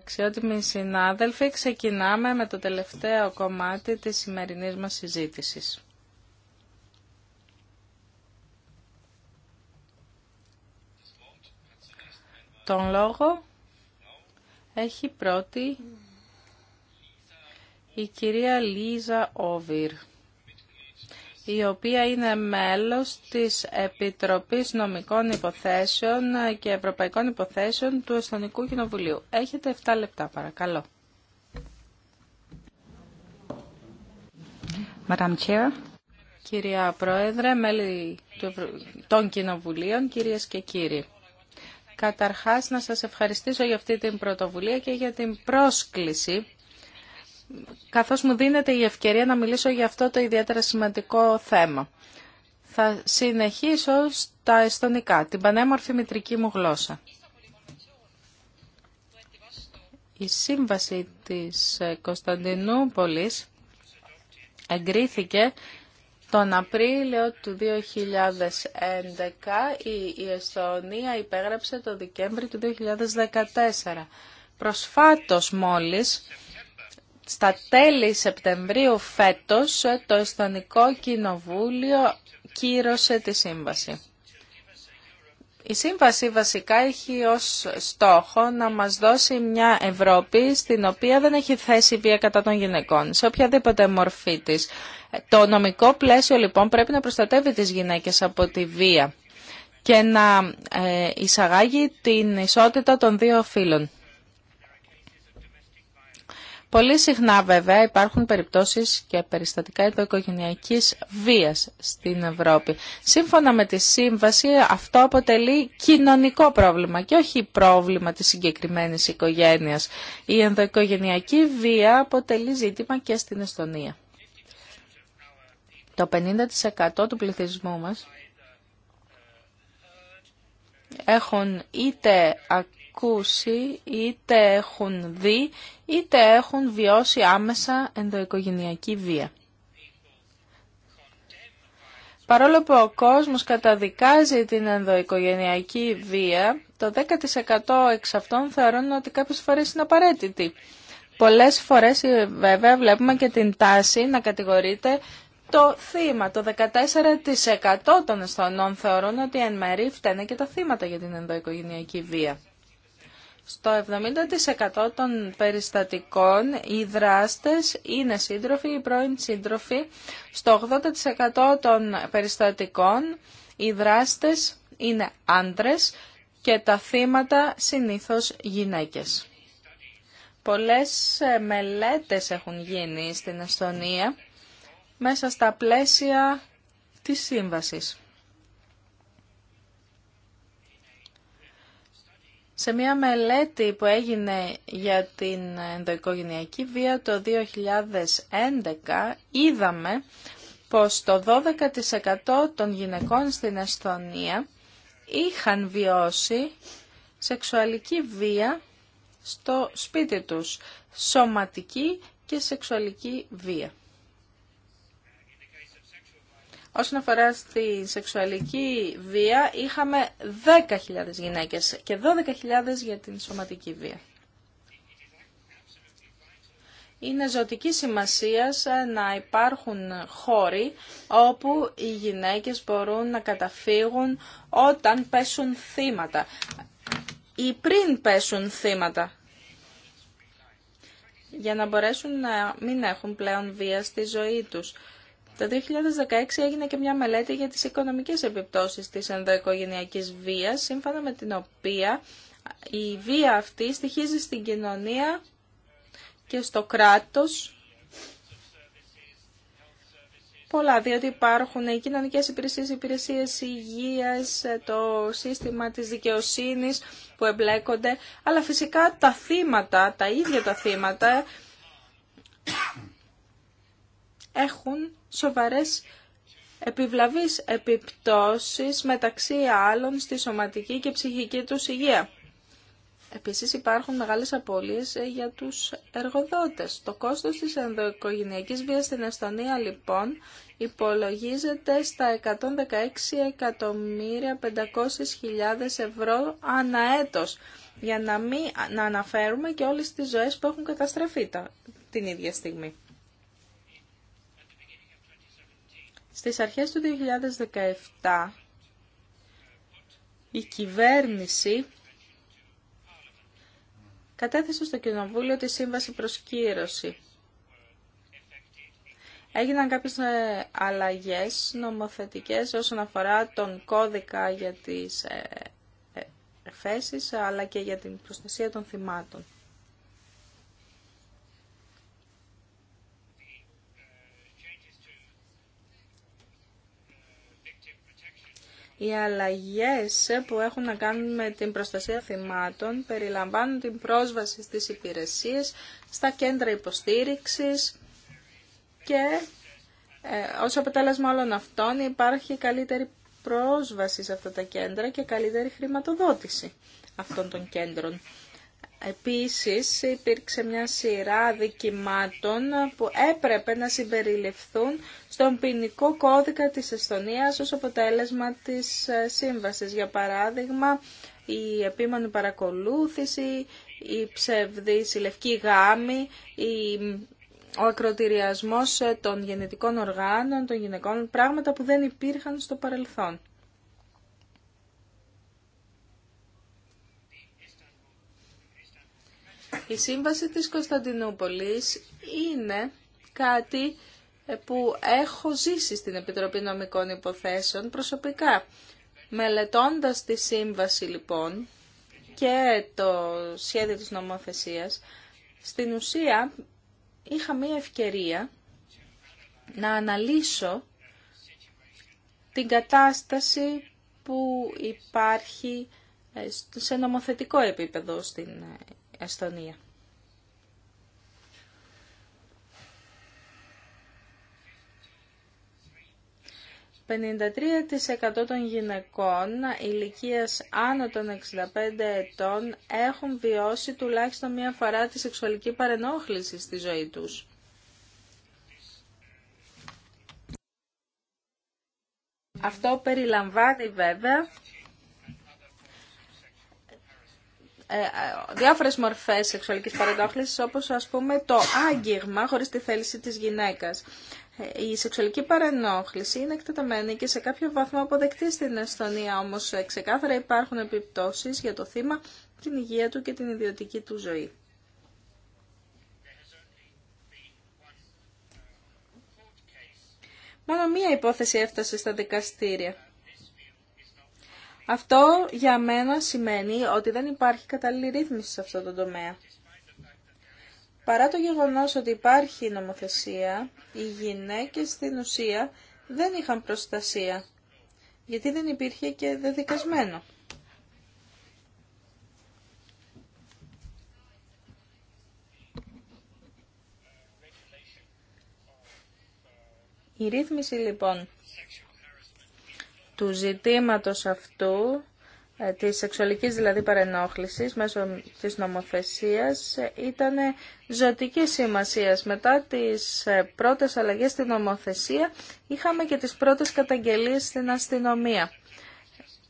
Αξιότιμοι συνάδελφοι, ξεκινάμε με το τελευταίο κομμάτι της σημερινής μας συζήτησης. Τον λόγο έχει πρώτη η κυρία Λίζα Όβιρ η οποία είναι μέλος της Επιτροπής Νομικών Υποθέσεων και Ευρωπαϊκών Υποθέσεων του Εστονικού Κοινοβουλίου. Έχετε 7 λεπτά, παρακαλώ. Chair. Κυρία Πρόεδρε, μέλη των Κοινοβουλίων, κυρίες και κύριοι. Καταρχάς να σας ευχαριστήσω για αυτή την πρωτοβουλία και για την πρόσκληση καθώς μου δίνεται η ευκαιρία να μιλήσω για αυτό το ιδιαίτερα σημαντικό θέμα. Θα συνεχίσω στα εστονικά, την πανέμορφη μητρική μου γλώσσα. Η σύμβαση της Κωνσταντινούπολης εγκρίθηκε τον Απρίλιο του 2011 η Εστονία υπέγραψε το Δεκέμβρη του 2014. Προσφάτως μόλις, στα τέλη Σεπτεμβρίου φέτος, το Εστονικό Κοινοβούλιο κύρωσε τη σύμβαση. Η σύμβαση βασικά έχει ως στόχο να μας δώσει μια Ευρώπη στην οποία δεν έχει θέση βία κατά των γυναικών, σε οποιαδήποτε μορφή της. Το νομικό πλαίσιο λοιπόν πρέπει να προστατεύει τις γυναίκες από τη βία και να ε, εισαγάγει την ισότητα των δύο φύλων. Πολύ συχνά βέβαια υπάρχουν περιπτώσεις και περιστατικά ενδοοικογενειακής βίας στην Ευρώπη. Σύμφωνα με τη σύμβαση αυτό αποτελεί κοινωνικό πρόβλημα και όχι πρόβλημα της συγκεκριμένης οικογένειας. Η ενδοοικογενειακή βία αποτελεί ζήτημα και στην Εστονία. Το 50% του πληθυσμού μας έχουν είτε ακούσει, είτε έχουν δει, είτε έχουν βιώσει άμεσα ενδοοικογενειακή βία. Παρόλο που ο κόσμος καταδικάζει την ενδοοικογενειακή βία, το 10% εξ αυτών θεωρούν ότι κάποιες φορές είναι απαραίτητη. Πολλές φορές ε, βέβαια βλέπουμε και την τάση να κατηγορείται το θύμα. Το 14% των αισθανών θεωρούν ότι εν μέρει φταίνε και τα θύματα για την ενδοοικογενειακή βία. Στο 70% των περιστατικών οι δράστες είναι σύντροφοι ή πρώην σύντροφοι. Στο 80% των περιστατικών οι δράστες είναι άντρες και τα θύματα συνήθως γυναίκες. Πολλές ε, μελέτες έχουν γίνει στην Εστονία μέσα στα πλαίσια της σύμβασης. Σε μια μελέτη που έγινε για την ενδοοικογενειακή βία το 2011 είδαμε πως το 12% των γυναικών στην Εσθονία είχαν βιώσει σεξουαλική βία στο σπίτι τους, σωματική και σεξουαλική βία. Όσον αφορά στη σεξουαλική βία, είχαμε 10.000 γυναίκες και 12.000 για την σωματική βία. Είναι ζωτική σημασία να υπάρχουν χώροι όπου οι γυναίκες μπορούν να καταφύγουν όταν πέσουν θύματα ή πριν πέσουν θύματα για να μπορέσουν να μην έχουν πλέον βία στη ζωή τους. Το 2016 έγινε και μια μελέτη για τις οικονομικές επιπτώσεις της ενδοοικογενειακής βίας, σύμφωνα με την οποία η βία αυτή στοιχίζει στην κοινωνία και στο κράτος πολλά, διότι υπάρχουν οι κοινωνικές υπηρεσίες, οι υπηρεσίες υγείας, το σύστημα της δικαιοσύνης που εμπλέκονται, αλλά φυσικά τα θύματα, τα ίδια τα θύματα, έχουν σοβαρές επιβλαβείς επιπτώσεις μεταξύ άλλων στη σωματική και ψυχική τους υγεία. Επίσης υπάρχουν μεγάλες απώλειες ε, για τους εργοδότες. Το κόστος της ενδοοικογενειακής βίας στην Εστονία λοιπόν υπολογίζεται στα 116 ευρώ ανά έτος, για να μην να αναφέρουμε και όλες τις ζωές που έχουν καταστραφεί την ίδια στιγμή. Στις αρχές του 2017 η κυβέρνηση κατέθεσε στο Κοινοβούλιο τη Σύμβαση Προσκύρωση. Έγιναν κάποιες ε, αλλαγές νομοθετικές όσον αφορά τον κώδικα για τις εφέσεις ε, αλλά και για την προστασία των θυμάτων. Οι αλλαγές που έχουν να κάνουν με την προστασία θυμάτων περιλαμβάνουν την πρόσβαση στις υπηρεσίες, στα κέντρα υποστήριξης και ε, ως αποτέλεσμα όλων αυτών υπάρχει καλύτερη πρόσβαση σε αυτά τα κέντρα και καλύτερη χρηματοδότηση αυτών των κέντρων. Επίσης υπήρξε μια σειρά δικημάτων που έπρεπε να συμπεριληφθούν στον ποινικό κώδικα της Εσθονίας ως αποτέλεσμα της ε, σύμβασης. Για παράδειγμα, η επίμονη παρακολούθηση, η ψευδής, συλλευκή λευκή γάμη, η, ο ακροτηριασμός ε, των γεννητικών οργάνων, των γυναικών, πράγματα που δεν υπήρχαν στο παρελθόν. Η σύμβαση της Κωνσταντινούπολης είναι κάτι ε, που έχω ζήσει στην Επιτροπή Νομικών Υποθέσεων προσωπικά. Μελετώντας τη σύμβαση λοιπόν και το σχέδιο της νομοθεσίας, στην ουσία είχα μία ευκαιρία να αναλύσω την κατάσταση που υπάρχει ε, σε νομοθετικό επίπεδο στην ε, Εστονία. «53% των γυναικών ηλικίας άνω των 65 ετών έχουν βιώσει τουλάχιστον μία φορά τη σεξουαλική παρενόχληση στη ζωή τους». Αυτό περιλαμβάνει βέβαια Ε, ε, διάφορες μορφές σεξουαλικής παρενόχλησης όπως ας πούμε το άγγιγμα χωρίς τη θέληση της γυναίκας. Ε, η σεξουαλική παρενόχληση είναι εκτεταμένη και σε κάποιο βαθμό αποδεκτή στην Εστονία, όμως ξεκάθαρα υπάρχουν επιπτώσεις για το θύμα, την υγεία του και την ιδιωτική του ζωή. Μόνο μία υπόθεση έφτασε στα δικαστήρια. Αυτό για μένα σημαίνει ότι δεν υπάρχει κατάλληλη ρύθμιση σε αυτό το τομέα. Παρά το γεγονός ότι υπάρχει νομοθεσία, οι γυναίκες στην ουσία δεν είχαν προστασία, γιατί δεν υπήρχε και δεδικασμένο. Η ρύθμιση λοιπόν του ζητήματος αυτού, ε, της σεξουαλικής δηλαδή παρενόχλησης μέσω της νομοθεσίας ε, ήταν ζωτική σημασία. Μετά τις ε, πρώτες αλλαγές στην νομοθεσία είχαμε και τις πρώτες καταγγελίες στην αστυνομία.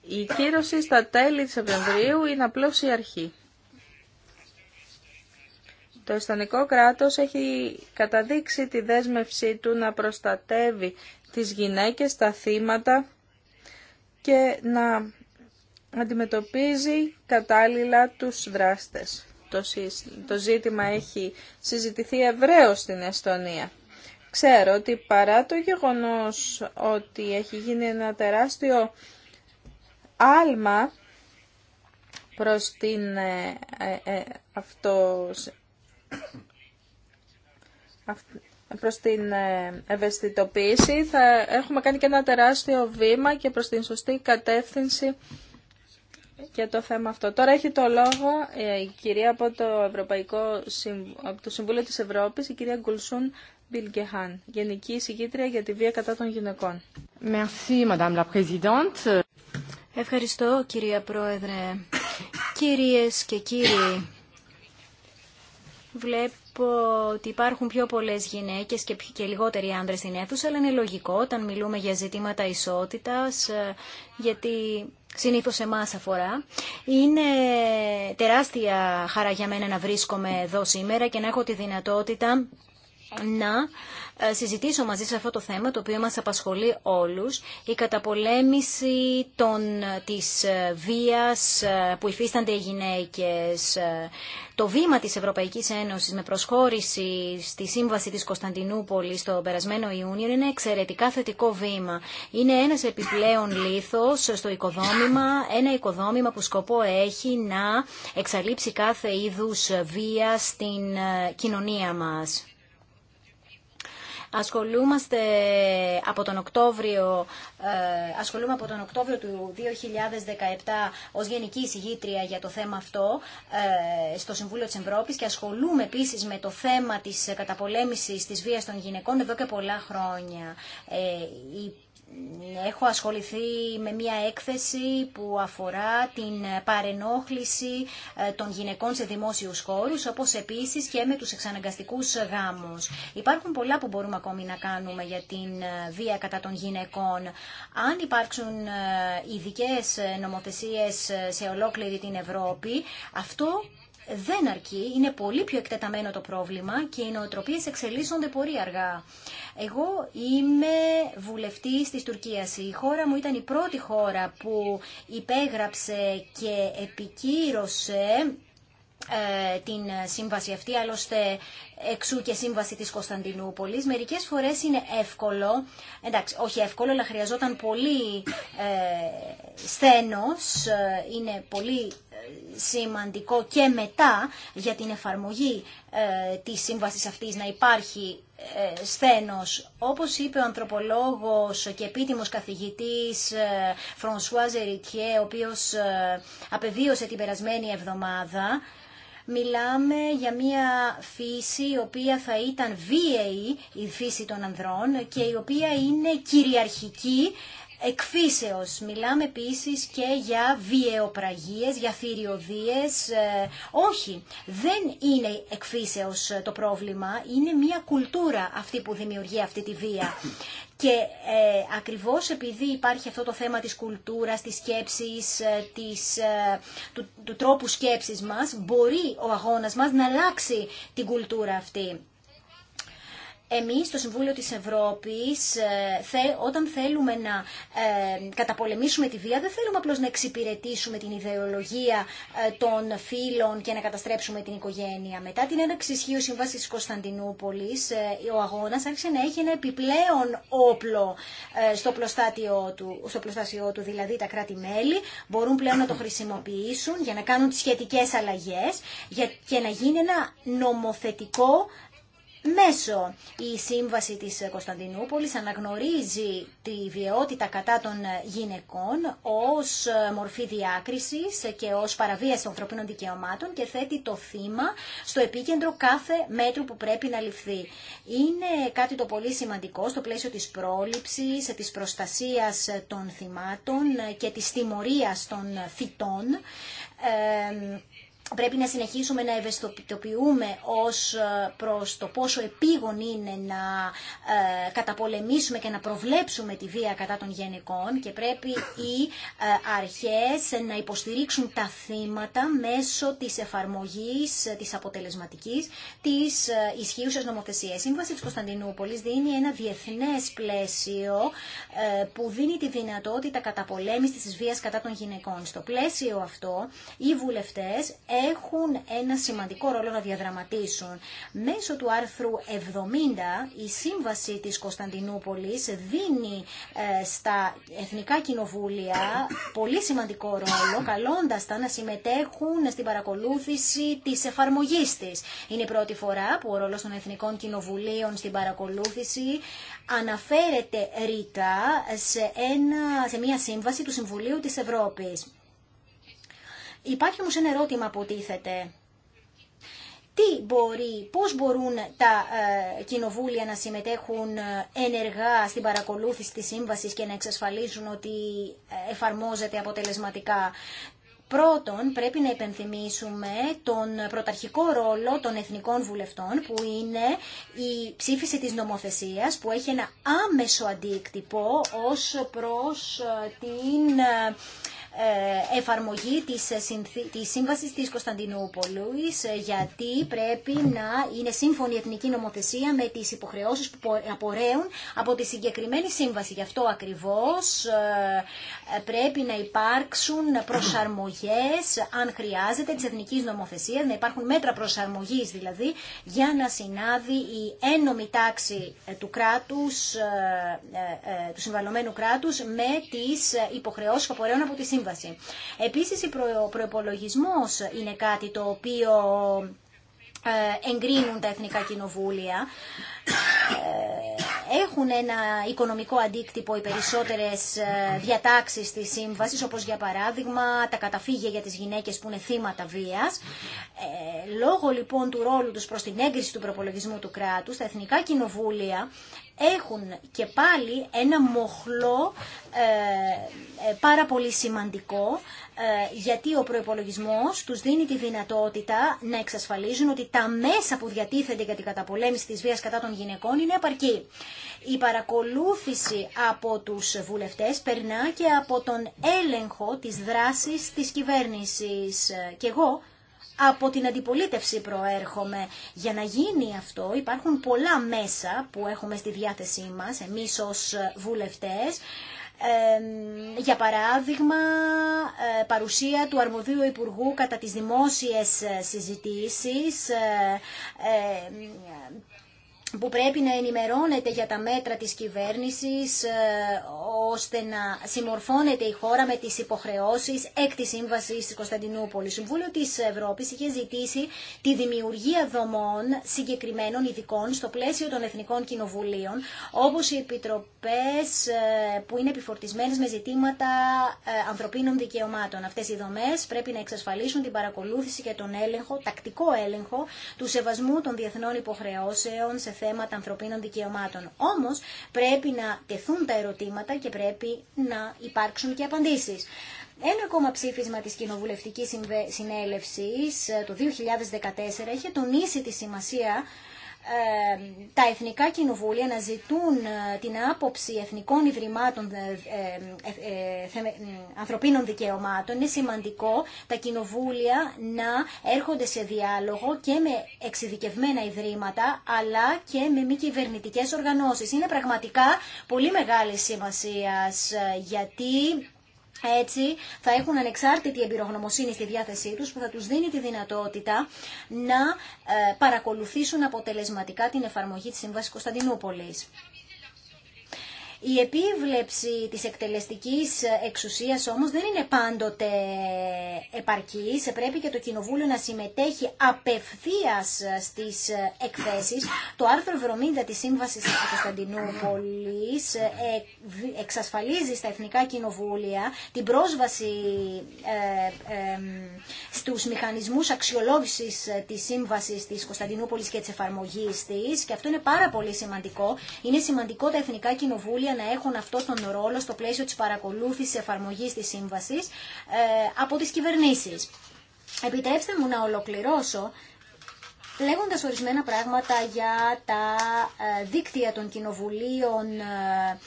Η κύρωση στα τέλη της Σεπτεμβρίου είναι απλώς η αρχή. Το Ιστονικό κράτος έχει καταδείξει τη δέσμευσή του να προστατεύει τις γυναίκες, τα θύματα και να αντιμετωπίζει κατάλληλα τους δράστες. Το ζήτημα έχει συζητηθεί ευρέως στην Εστονία. Ξέρω ότι παρά το γεγονός ότι έχει γίνει ένα τεράστιο άλμα προς την ε, ε, ε προς την ε, ευαισθητοποίηση θα έχουμε κάνει και ένα τεράστιο βήμα και προς την σωστή κατεύθυνση για το θέμα αυτό. Τώρα έχει το λόγο ε, η κυρία από το, Ευρωπαϊκό, από το Συμβούλιο της Ευρώπης, η κυρία Γκουλσούν Μπιλγκεχάν, Γενική Εισηγήτρια για τη Βία κατά των Γυναικών. Merci, Ευχαριστώ, κυρία Πρόεδρε. Κυρίες και κύριοι, βλέπω ότι υπάρχουν πιο πολλές γυναίκες και, και λιγότεροι άνδρες στην αίθουσα, αλλά είναι λογικό όταν μιλούμε για ζητήματα ισότητας, ε, γιατί συνήθως σε εμάς αφορά. Είναι τεράστια χαρά για μένα να βρίσκομαι εδώ σήμερα και να έχω τη δυνατότητα να ε, συζητήσω μαζί σε αυτό το θέμα το οποίο μας απασχολεί όλους η καταπολέμηση των, ε, της ε, βίας που υφίστανται οι γυναίκες το βήμα της Ευρωπαϊκής Ένωσης με προσχώρηση στη Σύμβαση της Κωνσταντινούπολης το περασμένο Ιούνιο είναι ένα εξαιρετικά θετικό βήμα είναι ένας επιπλέον λίθος στο οικοδόμημα ένα οικοδόμημα που σκοπό έχει να εξαλείψει κάθε είδους βία στην κοινωνία μας Ασχολούμαστε από τον Οκτώβριο, ε, ασχολούμαι από τον Οκτώβριο του 2017 ως Γενική Εισηγήτρια για το θέμα αυτό ε, στο Συμβούλιο της Ευρώπης και ασχολούμαι επίσης με το θέμα της καταπολέμησης της βίας των γυναικών εδώ και πολλά χρόνια. Ε, έχω ασχοληθεί με μια έκθεση που αφορά την παρενόχληση ε, των γυναικών σε δημόσιους χώρους, όπως επίσης και με τους εξαναγκαστικούς γάμους. Υπάρχουν πολλά που μπορούμε ακόμη να κάνουμε για την ε, βία κατά των γυναικών. Αν υπάρξουν ε, ειδικέ νομοθεσίες σε ολόκληρη την Ευρώπη, αυτό δεν αρκεί, είναι πολύ πιο εκτεταμένο το πρόβλημα και οι νοοτροπίες εξελίσσονται πολύ αργά. Εγώ είμαι βουλευτής της Τουρκίας. Η χώρα μου ήταν η πρώτη χώρα που υπέγραψε και επικύρωσε ε, την σύμβαση αυτή, άλλωστε εξού και σύμβαση της Κωνσταντινούπολης. Μερικές φορές είναι εύκολο, εντάξει, όχι εύκολο, αλλά χρειαζόταν πολύ ε, ε είναι πολύ σημαντικό και μετά για την εφαρμογή ε, της σύμβασης αυτής να υπάρχει ε, σθένος. Όπως είπε ο ανθρωπολόγος και επίτιμος καθηγητής ε, Φρονσουά ο οποίος ε, απεβίωσε την περασμένη εβδομάδα, Μιλάμε για μια φύση η οποία θα ήταν βίαιη η φύση των ανδρών και η οποία είναι κυριαρχική εκφύσεως. Μιλάμε επίσης και για βιαιοπραγίες, για θηριωδίες. Ε, όχι, δεν είναι εκφύσεως το πρόβλημα, είναι μια κουλτούρα αυτή που δημιουργεί αυτή τη βία. Και ε, ακριβώς επειδή υπάρχει αυτό το θέμα της κουλτούρας, της σκέψης, ε, της, ε, του, τρόπου σκέψης μας, μπορεί ο αγώνας μας να αλλάξει την κουλτούρα αυτή εμείς στο Συμβούλιο της Ευρώπης ε, όταν θέλουμε να ε, καταπολεμήσουμε τη βία δεν θέλουμε απλώς να εξυπηρετήσουμε την ιδεολογία ε, των φίλων και να καταστρέψουμε την οικογένεια. Μετά την έναρξη ισχύω σύμβαση της Κωνσταντινούπολης ο αγώνας άρχισε να έχει ένα επιπλέον όπλο στο πλωστάτιό του, στο πλωστάσιό του δηλαδή τα κράτη-μέλη μπορούν πλέον να το χρησιμοποιήσουν για να κάνουν τις σχετικές αλλαγές και να γίνει ένα νομοθετικό μέσο. Η σύμβαση της Κωνσταντινούπολης αναγνωρίζει τη βιαιότητα κατά των γυναικών ως μορφή διάκρισης και ως παραβίαση των ανθρωπίνων δικαιωμάτων και θέτει το θύμα στο επίκεντρο κάθε μέτρου που πρέπει να ληφθεί. Είναι κάτι το πολύ σημαντικό στο πλαίσιο της πρόληψης, της προστασίας των θυμάτων και της τιμωρίας των θητών ε, πρέπει να συνεχίσουμε να ευαισθητοποιούμε ως ε, προς το πόσο επίγον είναι να ε, καταπολεμήσουμε και να προβλέψουμε τη βία κατά των γενικών και πρέπει οι ε, αρχές να υποστηρίξουν τα θύματα μέσω της εφαρμογής της αποτελεσματικής της ισχύουσας νομοθεσίας. Η Σύμβαση της Κωνσταντινούπολης δίνει ένα διεθνές πλαίσιο που δίνει τη δυνατότητα καταπολέμησης της βίας κατά των γυναικών. Στο πλαίσιο αυτό οι βουλευτές έχουν ένα σημαντικό ρόλο να διαδραματίσουν. Μέσω του άρθρου 70 η Σύμβαση της Κωνσταντινούπολης δίνει ε, στα Εθνικά Κοινοβούλια πολύ σημαντικό ρόλο, καλώντας τα να συμμετέχουν στην παρακολούθηση της εφαρμογής της. Είναι η πρώτη φορά που ο ρόλος των Εθνικών Κοινοβουλίων στην παρακολούθηση αναφέρεται ρητά σε, σε μια σύμβαση του Συμβουλίου της Ευρώπης. Υπάρχει όμως ένα ερώτημα που τίθεται. Τι μπορεί, πώς μπορούν τα ε, κοινοβούλια να συμμετέχουν ε, ενεργά στην παρακολούθηση της σύμβασης και να εξασφαλίζουν ότι ε, εφαρμόζεται αποτελεσματικά. Πρώτον, πρέπει να υπενθυμίσουμε τον πρωταρχικό ρόλο των εθνικών βουλευτών, που είναι η ψήφιση της νομοθεσίας, που έχει ένα άμεσο αντίκτυπο ως προς την ε, εφαρμογή της, ε, της Σύμβασης της Κωνσταντινούπολης ε, γιατί πρέπει να είναι σύμφωνη η εθνική νομοθεσία με τις υποχρεώσεις που απορρέουν από τη συγκεκριμένη σύμβαση. Γι' αυτό ακριβώς πρέπει να υπάρξουν προσαρμογές αν χρειάζεται της εθνικής νομοθεσίας, να υπάρχουν μέτρα προσαρμογής δηλαδή για να συνάδει η ένομη τάξη του κράτους, του συμβαλωμένου κράτους με τις υποχρεώσεις που απορρέουν από τη σύμβαση σύμβαση. Επίσης, ο προϋπολογισμός είναι κάτι το οποίο ε, εγκρίνουν τα εθνικά κοινοβούλια έχουν ένα οικονομικό αντίκτυπο οι περισσότερες ε, διατάξεις της σύμβασης, όπως για παράδειγμα τα καταφύγια για τις γυναίκες που είναι θύματα βίας. Ε, λόγω λοιπόν του ρόλου τους προς την έγκριση του προπολογισμού του κράτους, τα εθνικά κοινοβούλια έχουν και πάλι ένα μοχλό ε, πάρα πολύ σημαντικό γιατί ο προϋπολογισμός τους δίνει τη δυνατότητα να εξασφαλίζουν ότι τα μέσα που διατίθενται για την καταπολέμηση της βίας κατά των γυναικών είναι επαρκή. Η παρακολούθηση από τους βουλευτές περνά και από τον έλεγχο της δράσης της κυβέρνησης. Και εγώ από την αντιπολίτευση προέρχομαι. Για να γίνει αυτό υπάρχουν πολλά μέσα που έχουμε στη διάθεσή μας, εμείς ως βουλευτές, για παράδειγμα ε, παρουσία του αρμοδίου υπουργού κατά τις δημόσιες συζητήσεις, ε, ε, που πρέπει να ενημερώνεται για τα μέτρα της κυβέρνησης ε, ώστε να συμμορφώνεται η χώρα με τις υποχρεώσεις εκ της Σύμβασης της Κωνσταντινούπολης. Συμβούλιο της Ευρώπης είχε ζητήσει τη δημιουργία δομών συγκεκριμένων ειδικών στο πλαίσιο των Εθνικών Κοινοβουλίων, όπως οι επιτροπές ε, που είναι επιφορτισμένες με ζητήματα ε, ανθρωπίνων δικαιωμάτων. Αυτές οι δομές πρέπει να εξασφαλίσουν την παρακολούθηση και τον έλεγχο, τακτικό έλεγχο, του σεβασμού των διεθνών υποχρεώσεων σε θέματα ανθρωπίνων δικαιωμάτων. Όμω, πρέπει να τεθούν τα ερωτήματα και πρέπει να υπάρξουν και απαντήσεις. Ένα ακόμα ψήφισμα της Κοινοβουλευτικής Συνέλευσης ε, το 2014 είχε τονίσει τη σημασία τα εθνικά κοινοβούλια να ζητούν ε, την άποψη εθνικών ιδρυμάτων ε, ε, ανθρωπίνων δικαιωμάτων. Είναι σημαντικό τα κοινοβούλια να έρχονται σε διάλογο και με εξειδικευμένα ιδρύματα αλλά και με μη κυβερνητικέ οργανώσεις. Είναι πραγματικά πολύ μεγάλη σημασία γιατί έτσι θα έχουν ανεξάρτητη εμπειρογνωμοσύνη στη διάθεσή τους που θα τους δίνει τη δυνατότητα να ε, παρακολουθήσουν αποτελεσματικά την εφαρμογή της Σύμβασης Κωνσταντινούπολης. Η επίβλεψη της εκτελεστικής εξουσίας όμως δεν είναι πάντοτε επαρκής. Πρέπει και το Κοινοβούλιο να συμμετέχει απευθείας στις εκθέσεις. Το άρθρο 70 της Σύμβασης της Κωνσταντινούπολης εξασφαλίζει στα Εθνικά Κοινοβούλια την πρόσβαση ε, στους μηχανισμούς αξιολόγησης της Σύμβασης της Κωνσταντινούπολης και της εφαρμογής της και αυτό είναι πάρα πολύ σημαντικό. Είναι σημαντικό τα Εθνικά Κοινοβούλια να έχουν αυτό τον ρόλο στο πλαίσιο της παρακολούθησης εφαρμογής της σύμβασης ε, από τις κυβερνήσεις. Επιτρέψτε μου να ολοκληρώσω Λέγοντα ορισμένα πράγματα για τα ε, δίκτυα των κοινοβουλίων ε,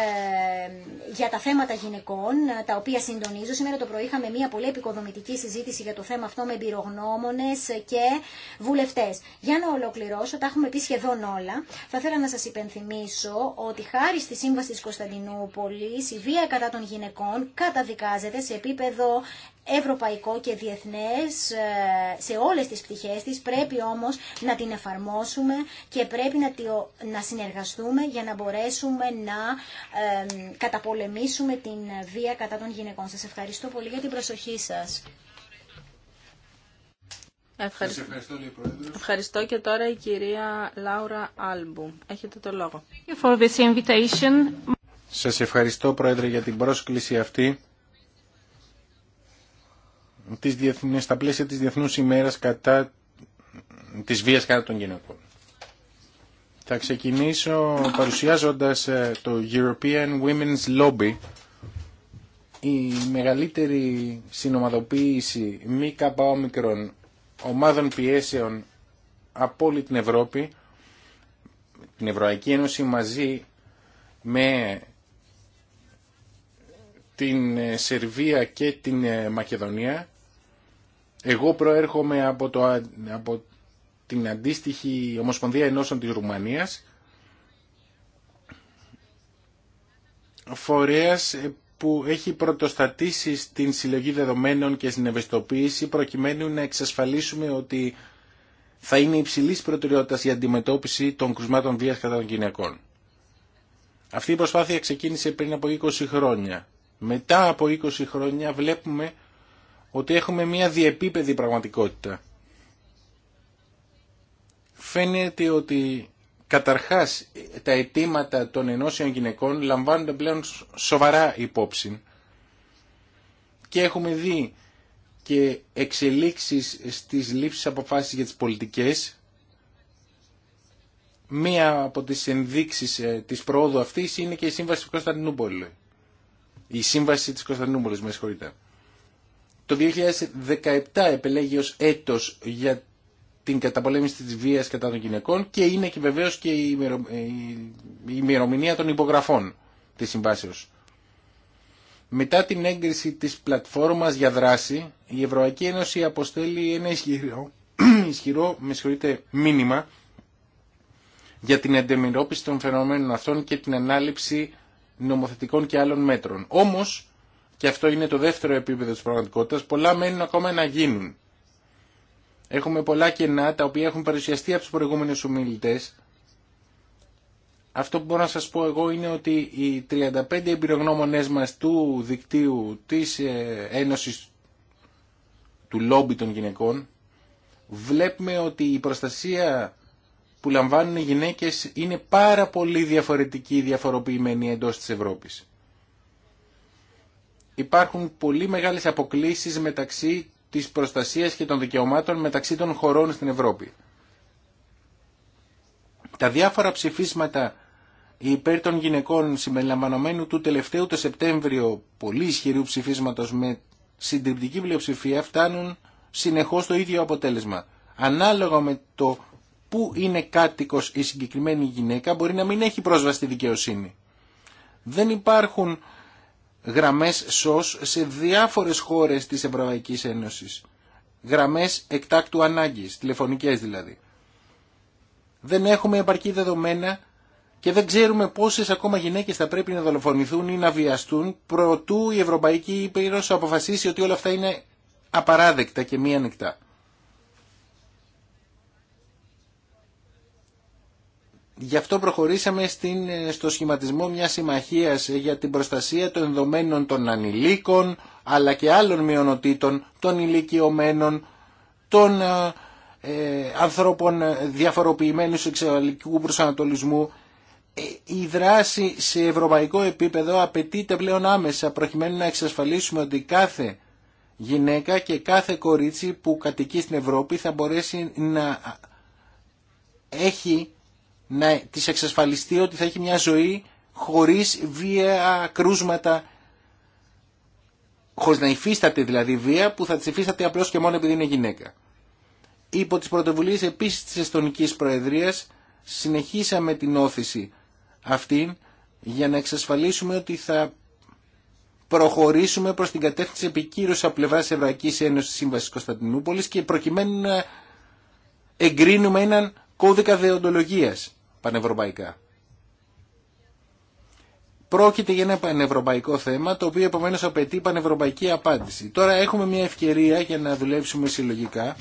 ε, για τα θέματα γυναικών, τα οποία συντονίζω. Σήμερα το πρωί είχαμε μια πολύ επικοδομητική συζήτηση για το θέμα αυτό με εμπειρογνώμονε και βουλευτές. Για να ολοκληρώσω, τα έχουμε πει σχεδόν όλα. Θα ήθελα να σας υπενθυμίσω ότι χάρη στη Σύμβαση τη Κωνσταντινούπολη, η βία κατά των γυναικών καταδικάζεται σε επίπεδο ευρωπαϊκό και διεθνές ε, σε όλες τις πτυχές της. Πρέπει όμως να την εφαρμόσουμε και πρέπει να συνεργαστούμε για να μπορέσουμε να καταπολεμήσουμε την βία κατά των γυναικών. Σας ευχαριστώ πολύ για την προσοχή σας. Ευχαριστώ. Ευχαριστώ, και τώρα η κυρία Λάουρα Άλμπου. Έχετε το λόγο. For Σας ευχαριστώ Πρόεδρε για την πρόσκληση αυτή της στα πλαίσια της Διεθνούς ημέρας κατά της βίας κατά των γυναικών. Θα ξεκινήσω παρουσιάζοντας ε, το European Women's Lobby, η μεγαλύτερη συνομαδοποίηση μη όμικρον ομάδων πιέσεων από όλη την Ευρώπη, την Ευρωπαϊκή Ένωση μαζί με την ε, Σερβία και την ε, Μακεδονία εγώ προέρχομαι από, το, από την αντίστοιχη Ομοσπονδία Ενώσεων της Ρουμανίας, φορέας ε, που έχει πρωτοστατήσει στην συλλογή δεδομένων και στην ευαισθητοποίηση προκειμένου να εξασφαλίσουμε ότι θα είναι υψηλή προτεραιότητα η αντιμετώπιση των κρουσμάτων βίας κατά των γυναικών. Αυτή η προσπάθεια ξεκίνησε πριν από 20 χρόνια. Μετά από 20 χρόνια βλέπουμε ότι έχουμε μια διεπίπεδη πραγματικότητα. Φαίνεται ότι καταρχάς τα αιτήματα των ενώσεων γυναικών λαμβάνονται πλέον σοβαρά υπόψη και έχουμε δει και εξελίξεις στις λήψεις αποφάσεις για τις πολιτικές μία από τις ενδείξεις ε, της πρόοδου αυτής είναι και η σύμβαση της Κωνσταντινούπολη η σύμβαση της Κωνσταντινούπολης με συγχωρείτε το 2017 επελέγει ως έτος για την καταπολέμηση της βίας κατά των γυναικών και είναι και βεβαίως και η, ημερομηνία των υπογραφών της συμβάσεως. Μετά την έγκριση της πλατφόρμας για δράση, η Ευρωπαϊκή Ένωση αποστέλει ένα ισχυρό, ισχυρό με μήνυμα για την αντιμετώπιση των φαινομένων αυτών και την ανάληψη νομοθετικών και άλλων μέτρων. Όμως, και αυτό είναι το δεύτερο επίπεδο της πραγματικότητας, πολλά μένουν ακόμα να γίνουν. Έχουμε πολλά κενά τα οποία έχουν παρουσιαστεί από τους προηγούμενους ομιλητές. Αυτό που μπορώ να σας πω εγώ είναι ότι οι 35 εμπειρογνώμονές μας του δικτύου της ε, Ένωσης του Λόμπι των Γυναικών βλέπουμε ότι η προστασία που λαμβάνουν οι γυναίκες είναι πάρα πολύ διαφορετική διαφοροποιημένη εντός της Ευρώπης υπάρχουν πολύ μεγάλες αποκλίσεις μεταξύ της προστασίας και των δικαιωμάτων μεταξύ των χωρών στην Ευρώπη. Τα διάφορα ψηφίσματα υπέρ των γυναικών συμπεριλαμβανομένου του τελευταίου το Σεπτέμβριο πολύ ισχυρού ψηφίσματος με συντριπτική πλειοψηφία φτάνουν συνεχώς το ίδιο αποτέλεσμα. Ανάλογα με το πού είναι κάτοικος η συγκεκριμένη γυναίκα μπορεί να μην έχει πρόσβαση στη δικαιοσύνη. Δεν υπάρχουν γραμμές ΣΟΣ σε διάφορες χώρες της Ευρωπαϊκής Ένωσης. Γραμμές εκτάκτου ανάγκης, τηλεφωνικές δηλαδή. Δεν έχουμε επαρκή δεδομένα και δεν ξέρουμε πόσες ακόμα γυναίκες θα πρέπει να δολοφονηθούν ή να βιαστούν προτού η Ευρωπαϊκή Ήπειρος αποφασίσει ότι όλα αυτά είναι απαράδεκτα και μη ανοιχτά. Γι' αυτό προχωρήσαμε στην, στο σχηματισμό μιας συμμαχίας για την προστασία των ενδομένων των ανηλίκων αλλά και άλλων μειονοτήτων, των ηλικιωμένων, των ε, ε ανθρώπων διαφοροποιημένου σεξουαλικού προσανατολισμού. Ε, η δράση σε ευρωπαϊκό επίπεδο απαιτείται πλέον άμεσα προκειμένου να εξασφαλίσουμε ότι κάθε γυναίκα και κάθε κορίτσι που κατοικεί στην Ευρώπη θα μπορέσει να έχει να της εξασφαλιστεί ότι θα έχει μια ζωή χωρίς βία κρούσματα, χωρίς να υφίσταται δηλαδή βία που θα της υφίσταται απλώς και μόνο επειδή είναι γυναίκα. Υπό τις πρωτοβουλίες επίσης της Εστονικής Προεδρίας συνεχίσαμε την όθηση αυτήν για να εξασφαλίσουμε ότι θα προχωρήσουμε προς την κατεύθυνση επικύρωση από πλευράς Ευρωπαϊκής Ένωσης Σύμβασης Κωνσταντινούπολης και προκειμένου να εγκρίνουμε έναν κώδικα δεοντολογίας πανευρωπαϊκά. Πρόκειται για ένα πανευρωπαϊκό θέμα το οποίο επομένω απαιτεί πανευρωπαϊκή απάντηση. Τώρα έχουμε μια ευκαιρία για να δουλέψουμε συλλογικά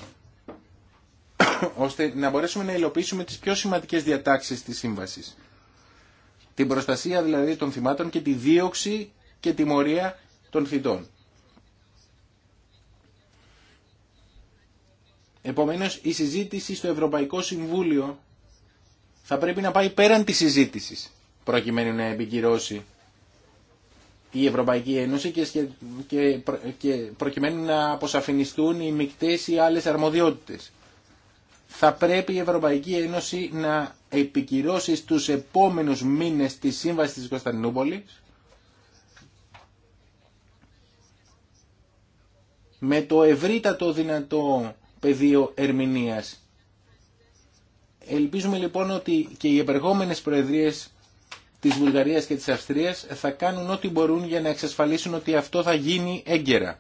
ώστε να μπορέσουμε να υλοποιήσουμε τις πιο σημαντικές διατάξεις της σύμβασης. Την προστασία δηλαδή των θυμάτων και τη δίωξη και τιμωρία των θητών. Επομένως η συζήτηση στο Ευρωπαϊκό Συμβούλιο θα πρέπει να πάει πέραν της συζήτησης προκειμένου να επικυρώσει η Ευρωπαϊκή Ένωση και, και, και προκειμένου να αποσαφινιστούν οι μικτές ή άλλες αρμοδιότητες. Θα πρέπει η Ευρωπαϊκή Ένωση να επικυρώσει στους επόμενους μήνες τη Σύμβαση της Κωνσταντινούπολης με το ευρύτατο δυνατό πεδίο ερμηνείας Ελπίζουμε λοιπόν ότι και οι επεργόμενες προεδρίες της Βουλγαρίας και της Αυστρίας θα κάνουν ό,τι μπορούν για να εξασφαλίσουν ότι αυτό θα γίνει έγκαιρα.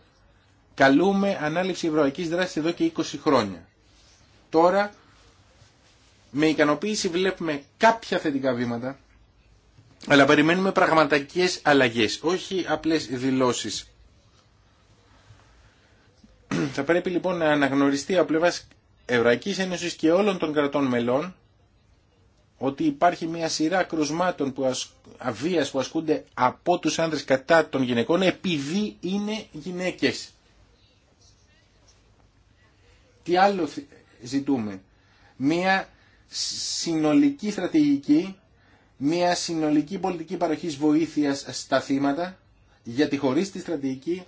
Καλούμε ανάληψη ευρωπαϊκής δράσης εδώ και 20 χρόνια. Τώρα με ικανοποίηση βλέπουμε κάποια θετικά βήματα αλλά περιμένουμε πραγματικές αλλαγές, όχι απλές δηλώσεις. Θα πρέπει λοιπόν να αναγνωριστεί από Ευρωπαϊκής Ένωσης και όλων των κρατών μελών ότι υπάρχει μια σειρά κρουσμάτων που ασ... αβίας που ασκούνται από τους άνδρες κατά των γυναικών επειδή είναι γυναίκες. Τι άλλο ζητούμε. Μια συνολική στρατηγική, μια συνολική πολιτική παροχής βοήθειας στα θύματα, γιατί χωρίς τη στρατηγική,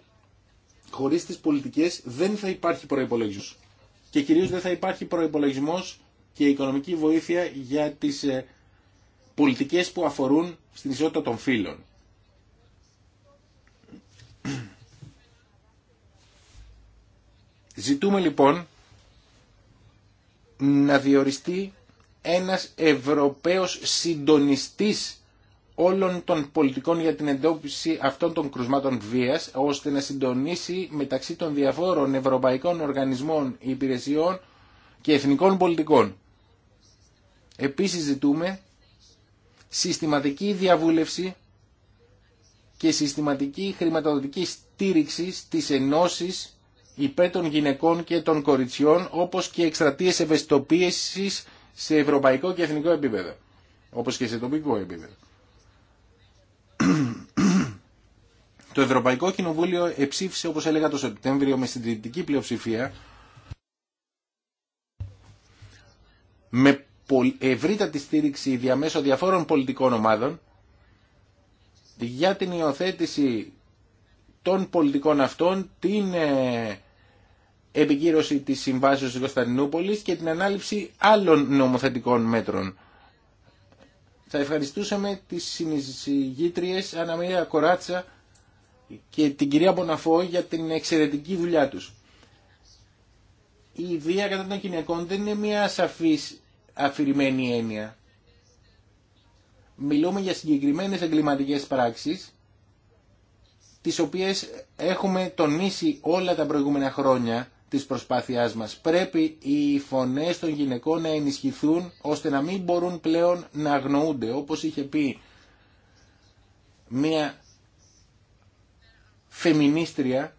χωρίς τις πολιτικές δεν θα υπάρχει προϋπολογισμός και κυρίως δεν θα υπάρχει προϋπολογισμός και οικονομική βοήθεια για τις ε, πολιτικές που αφορούν στην ισότητα των φύλων. Ζητούμε λοιπόν να διοριστεί ένας Ευρωπαίος συντονιστής όλων των πολιτικών για την εντόπιση αυτών των κρουσμάτων βίας, ώστε να συντονίσει μεταξύ των διαφόρων ευρωπαϊκών οργανισμών, υπηρεσιών και εθνικών πολιτικών. Επίσης ζητούμε συστηματική διαβούλευση και συστηματική χρηματοδοτική στήριξη της ενώσεις υπέρ των γυναικών και των κοριτσιών, όπως και εκστρατείες ευαισθητοποίησης σε ευρωπαϊκό και εθνικό επίπεδο, όπως και σε τοπικό επίπεδο. Το Ευρωπαϊκό Κοινοβούλιο εψήφισε, όπως έλεγα το Σεπτέμβριο, με συντηρητική πλειοψηφία, με ευρύτατη στήριξη διαμέσω διαφόρων πολιτικών ομάδων, για την υιοθέτηση των πολιτικών αυτών, την ε, επικύρωση της συμβάσεως της Κωνσταντινούπολης και την ανάληψη άλλων νομοθετικών μέτρων. Θα ευχαριστούσαμε τις συνεισηγήτριες Μαρία Κοράτσα και την κυρία Μποναφό για την εξαιρετική δουλειά τους. Η βία κατά των γυναικών δεν είναι μια σαφής αφηρημένη έννοια. Μιλούμε για συγκεκριμένες εγκληματικές πράξεις, τις οποίες έχουμε τονίσει όλα τα προηγούμενα χρόνια Τη προσπάθειάς μας. Πρέπει οι φωνές των γυναικών να ενισχυθούν ώστε να μην μπορούν πλέον να αγνοούνται. Όπως είχε πει μία φεμινίστρια,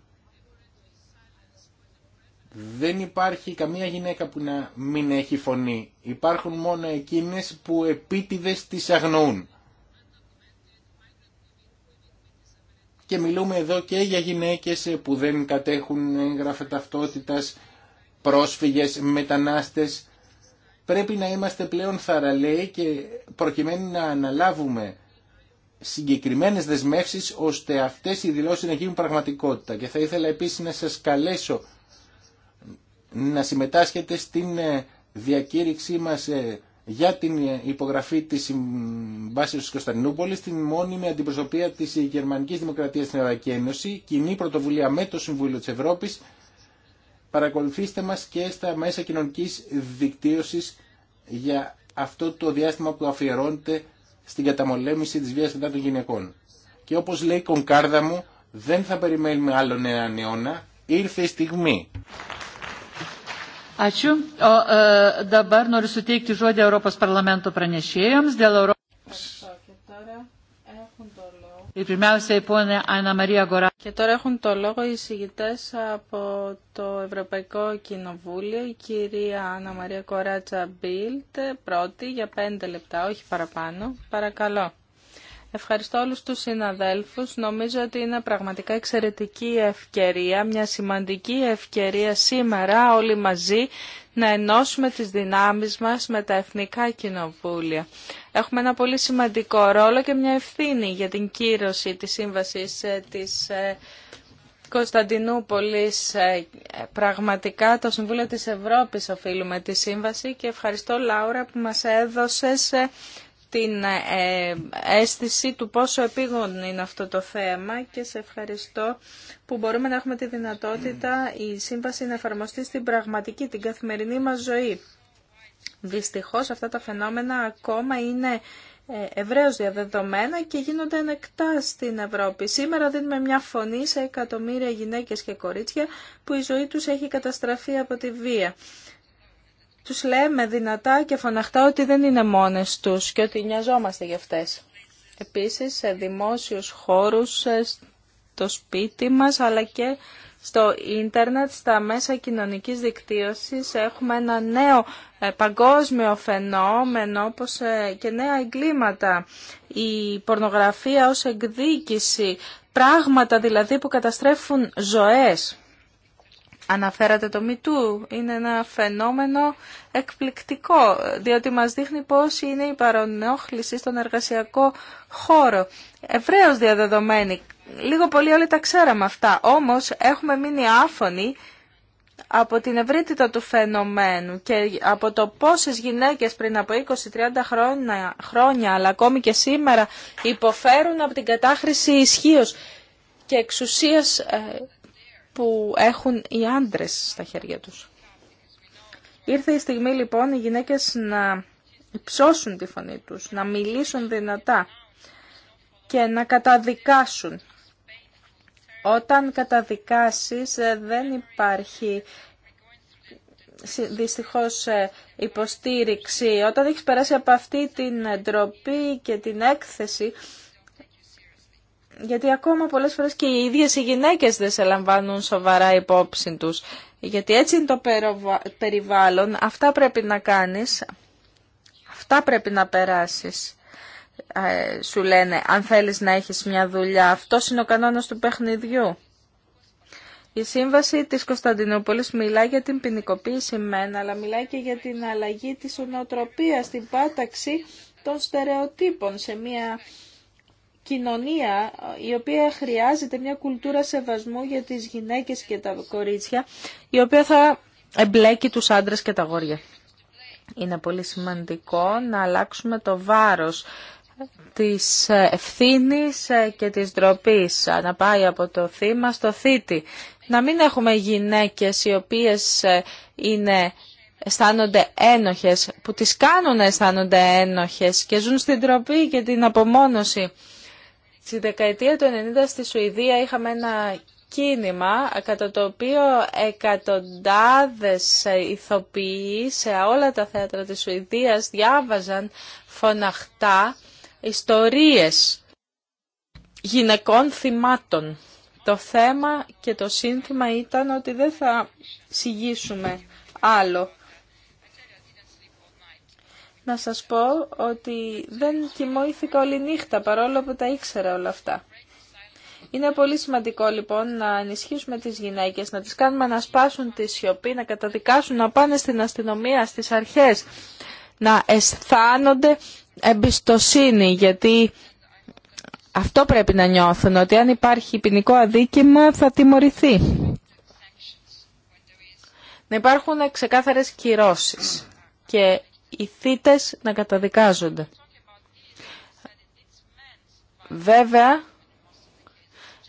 δεν υπάρχει καμία γυναίκα που να μην έχει φωνή. Υπάρχουν μόνο εκείνες που επίτηδε τις αγνοούν. και μιλούμε εδώ και για γυναίκες που δεν κατέχουν έγγραφα ταυτότητας, πρόσφυγες, μετανάστες. Πρέπει να είμαστε πλέον θαραλέοι και προκειμένου να αναλάβουμε συγκεκριμένες δεσμεύσεις ώστε αυτές οι δηλώσεις να γίνουν πραγματικότητα. Και θα ήθελα επίσης να σας καλέσω να συμμετάσχετε στην ε, διακήρυξή μας ε, για την υπογραφή της συμβάση τη Κωνσταντινούπολη, στην μόνιμη αντιπροσωπεία της Γερμανικής Δημοκρατίας στην Ευρωπαϊκή Ένωση, κοινή πρωτοβουλία με το Συμβούλιο τη Ευρώπη, Παρακολουθήστε μας και στα μέσα κοινωνικής δικτύωση για αυτό το διάστημα που αφιερώνεται στην καταμολέμηση της βία κατά των γυναικών. Και όπω λέει η κονκάρδα μου, δεν θα περιμένουμε άλλον έναν αιώνα, ήρθε η στιγμή. Και τώρα e, έχουν το λόγο οι συγητές από το Ευρωπαϊκό Κοινοβούλιο, η κυρία Άννα Μαρία Κοράτσα Μπίλτ, πρώτη για πέντε λεπτά, όχι παραπάνω. Παρακαλώ. Ευχαριστώ όλους τους συναδέλφους. Νομίζω ότι είναι πραγματικά εξαιρετική ευκαιρία, μια σημαντική ευκαιρία σήμερα όλοι μαζί να ενώσουμε τις δυνάμεις μας με τα εθνικά κοινοβούλια. Έχουμε ένα πολύ σημαντικό ρόλο και μια ευθύνη για την κύρωση της σύμβασης ε, της ε, Κωνσταντινούπολης. Ε, πραγματικά το Συμβούλιο της Ευρώπης οφείλουμε τη σύμβαση και ευχαριστώ Λάουρα που μας έδωσες την ε, αίσθηση του πόσο επίγον είναι αυτό το θέμα και σε ευχαριστώ που μπορούμε να έχουμε τη δυνατότητα η σύμβαση να εφαρμοστεί στην πραγματική, την καθημερινή μας ζωή. Δυστυχώς αυτά τα φαινόμενα ακόμα είναι ε, ευρέως διαδεδομένα και γίνονται ανεκτά στην Ευρώπη. Σήμερα δίνουμε μια φωνή σε εκατομμύρια γυναίκες και κορίτσια που η ζωή τους έχει καταστραφεί από τη βία τους λέμε δυνατά και φωναχτά ότι δεν είναι μόνες τους και ότι νοιαζόμαστε για αυτές. Επίσης σε δημόσιους χώρους, ε, στο σπίτι μας αλλά και στο ίντερνετ, στα μέσα κοινωνικής δικτύωσης έχουμε ένα νέο ε, παγκόσμιο φαινόμενο όπως ε, και νέα εγκλήματα. Η πορνογραφία ως εκδίκηση, πράγματα δηλαδή που καταστρέφουν ζωές. Αναφέρατε το μητού. Είναι ένα φαινόμενο εκπληκτικό, διότι μας δείχνει πώς είναι η παρονόχληση στον εργασιακό χώρο. Ευρέως διαδεδομένη. Λίγο πολύ όλοι τα ξέραμε αυτά. Όμως έχουμε μείνει άφωνοι από την ευρύτητα του φαινομένου και από το πόσες γυναίκες πριν από 20-30 χρόνια, αλλά ακόμη και σήμερα, υποφέρουν από την κατάχρηση ισχύω και εξουσίας ε, που έχουν οι άντρες στα χέρια τους. Ήρθε η στιγμή λοιπόν οι γυναίκες να υψώσουν τη φωνή τους, να μιλήσουν δυνατά και να καταδικάσουν. Όταν καταδικάσεις ε, δεν υπάρχει δυστυχώς ε, υποστήριξη. Όταν έχεις περάσει από αυτή την ντροπή και την έκθεση γιατί ακόμα πολλές φορές και οι ίδιες οι γυναίκες δεν σε λαμβάνουν σοβαρά υπόψη τους. Γιατί έτσι είναι το περιβάλλον, αυτά πρέπει να κάνεις, αυτά πρέπει να περάσεις. Ε, σου λένε, αν θέλεις να έχεις μια δουλειά, αυτό είναι ο κανόνας του παιχνιδιού. Η σύμβαση της Κωνσταντινούπολης μιλάει για την ποινικοποίηση μεν, αλλά μιλάει και για την αλλαγή της ονοτροπίας, την πάταξη των στερεοτύπων σε μια κοινωνία η οποία χρειάζεται μια κουλτούρα σεβασμού για τις γυναίκες και τα κορίτσια, η οποία θα εμπλέκει τους άντρες και τα γόρια. Είναι πολύ σημαντικό να αλλάξουμε το βάρος της ευθύνης και της ντροπή να πάει από το θύμα στο θήτη. Να μην έχουμε γυναίκες οι οποίες είναι, αισθάνονται ένοχες, που τις κάνουν να αισθάνονται ένοχες και ζουν στην ντροπή και την απομόνωση. Στη δεκαετία του 90 στη Σουηδία είχαμε ένα κίνημα κατά το οποίο εκατοντάδες ηθοποιοί σε όλα τα θέατρα της Σουηδίας διάβαζαν φωναχτά ιστορίες γυναικών θυμάτων. Το θέμα και το σύνθημα ήταν ότι δεν θα συγγίσουμε άλλο να σας πω ότι δεν κοιμόηθηκα όλη νύχτα παρόλο που τα ήξερα όλα αυτά. Είναι πολύ σημαντικό λοιπόν να ενισχύσουμε τις γυναίκες, να τις κάνουμε να σπάσουν τη σιωπή, να καταδικάσουν, να πάνε στην αστυνομία, στις αρχές, να αισθάνονται εμπιστοσύνη, γιατί αυτό πρέπει να νιώθουν, ότι αν υπάρχει ποινικό αδίκημα θα τιμωρηθεί. Να υπάρχουν ξεκάθαρες κυρώσεις και οι θύτες να καταδικάζονται. Βέβαια,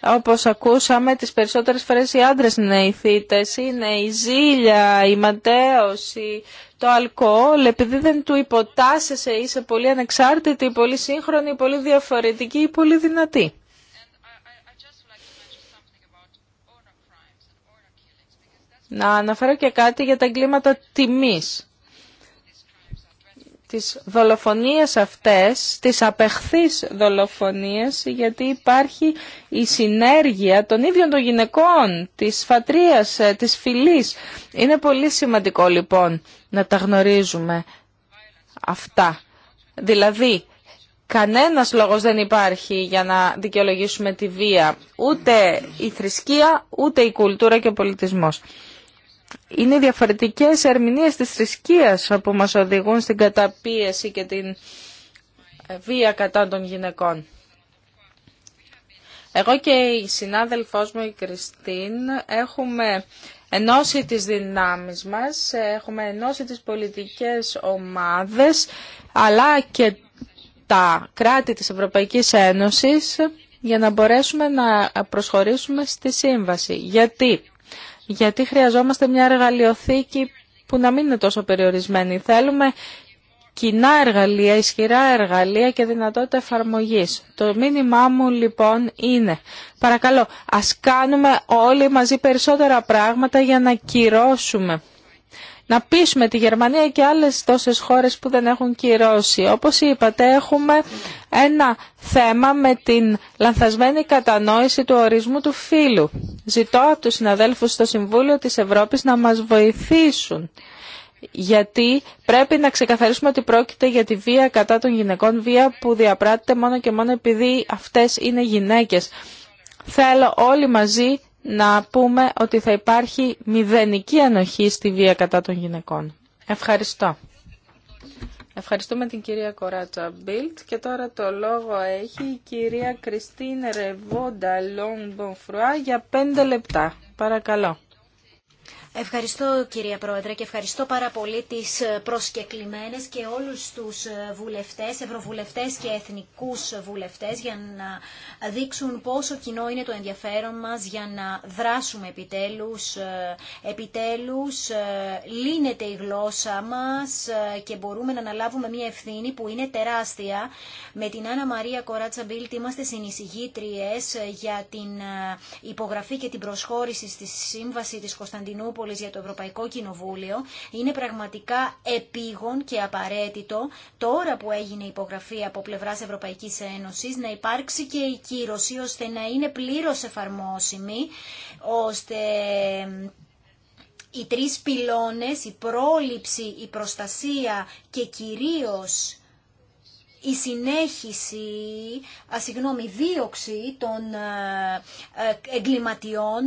όπως ακούσαμε, τις περισσότερες φορές οι άντρες είναι οι είναι η ζήλια, η ματέωση, το αλκοόλ, επειδή δεν του υποτάσσεσαι, είσαι πολύ ανεξάρτητη, πολύ σύγχρονη, πολύ διαφορετική, πολύ δυνατή. Να αναφέρω και κάτι για τα εγκλήματα τιμής τις δολοφονίες αυτές, τις απεχθείς δολοφονίες, γιατί υπάρχει η συνέργεια των ίδιων των γυναικών, της φατρίας, ε, της φιλής. Είναι πολύ σημαντικό λοιπόν να τα γνωρίζουμε αυτά. Δηλαδή, κανένας λόγος δεν υπάρχει για να δικαιολογήσουμε τη βία, ούτε η θρησκεία, ούτε η κουλτούρα και ο πολιτισμός είναι διαφορετικές ερμηνείες της θρησκείας που μας οδηγούν στην καταπίεση και την βία κατά των γυναικών. Εγώ και η συνάδελφός μου η Κριστίν έχουμε ενώσει τις δυνάμεις μας, έχουμε ενώσει τις πολιτικές ομάδες, αλλά και τα κράτη της Ευρωπαϊκής Ένωσης για να μπορέσουμε να προσχωρήσουμε στη σύμβαση. Γιατί γιατί χρειαζόμαστε μια εργαλειοθήκη που να μην είναι τόσο περιορισμένη. Θέλουμε κοινά εργαλεία, ισχυρά εργαλεία και δυνατότητα εφαρμογής. Το μήνυμά μου λοιπόν είναι, παρακαλώ, ας κάνουμε όλοι μαζί περισσότερα πράγματα για να κυρώσουμε να πείσουμε τη Γερμανία και άλλες τόσες χώρες που δεν έχουν κυρώσει. Όπως είπατε, έχουμε ένα θέμα με την λανθασμένη κατανόηση του ορισμού του φίλου. Ζητώ από τους συναδέλφους στο Συμβούλιο της Ευρώπης να μας βοηθήσουν γιατί πρέπει να ξεκαθαρίσουμε ότι πρόκειται για τη βία κατά των γυναικών, βία που διαπράττεται μόνο και μόνο επειδή αυτές είναι γυναίκες. Θέλω όλοι μαζί να πούμε ότι θα υπάρχει μηδενική ανοχή στη βία κατά των γυναικών. Ευχαριστώ. Ευχαριστούμε την κυρία Κοράτσα Μπίλτ και τώρα το λόγο έχει η κυρία Κριστίν Ρεβόντα Λόγμπον για πέντε λεπτά. Παρακαλώ. Ευχαριστώ κυρία Πρόεδρε και ευχαριστώ πάρα πολύ τις προσκεκλημένες και όλους τους βουλευτές, ευρωβουλευτές και εθνικούς βουλευτές για να δείξουν πόσο κοινό είναι το ενδιαφέρον μας για να δράσουμε επιτέλους. Επιτέλους λύνεται η γλώσσα μας και μπορούμε να αναλάβουμε μια ευθύνη που είναι τεράστια. Με την Άννα Μαρία Κοράτσα Μπίλτ είμαστε συνεισηγήτριες για την υπογραφή και την προσχώρηση στη Σύμβαση της Κωνσταντινούπολης για το Ευρωπαϊκό Κοινοβούλιο είναι πραγματικά επίγον και απαραίτητο τώρα που έγινε υπογραφή από πλευράς Ευρωπαϊκής Ένωσης να υπάρξει και η κύρωση ώστε να είναι πλήρως εφαρμόσιμη, ώστε οι τρεις πυλώνε, η πρόληψη, η προστασία και κυρίως η συνέχιση, α, συγγνώμη, δίωξη των ε, ε, εγκληματιών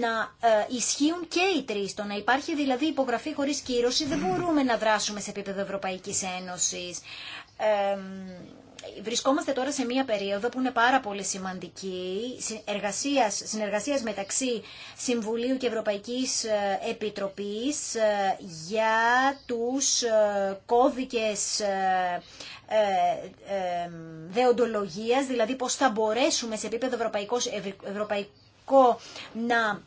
να ε, ισχύουν και οι τρει, Το να υπάρχει δηλαδή υπογραφή χωρίς κύρωση δεν μπορούμε να δράσουμε σε επίπεδο Ευρωπαϊκή Ένωσης βρισκόμαστε τώρα σε μία περίοδο που είναι πάρα πολύ σημαντική εργασίας, συνεργασίας μεταξύ Συμβουλίου και Ευρωπαϊκής ε, Επιτροπής ε, για τους ε, κώδικες δεοντολογίας, δηλαδή πώς θα μπορέσουμε σε επίπεδο ευρωπαϊκό να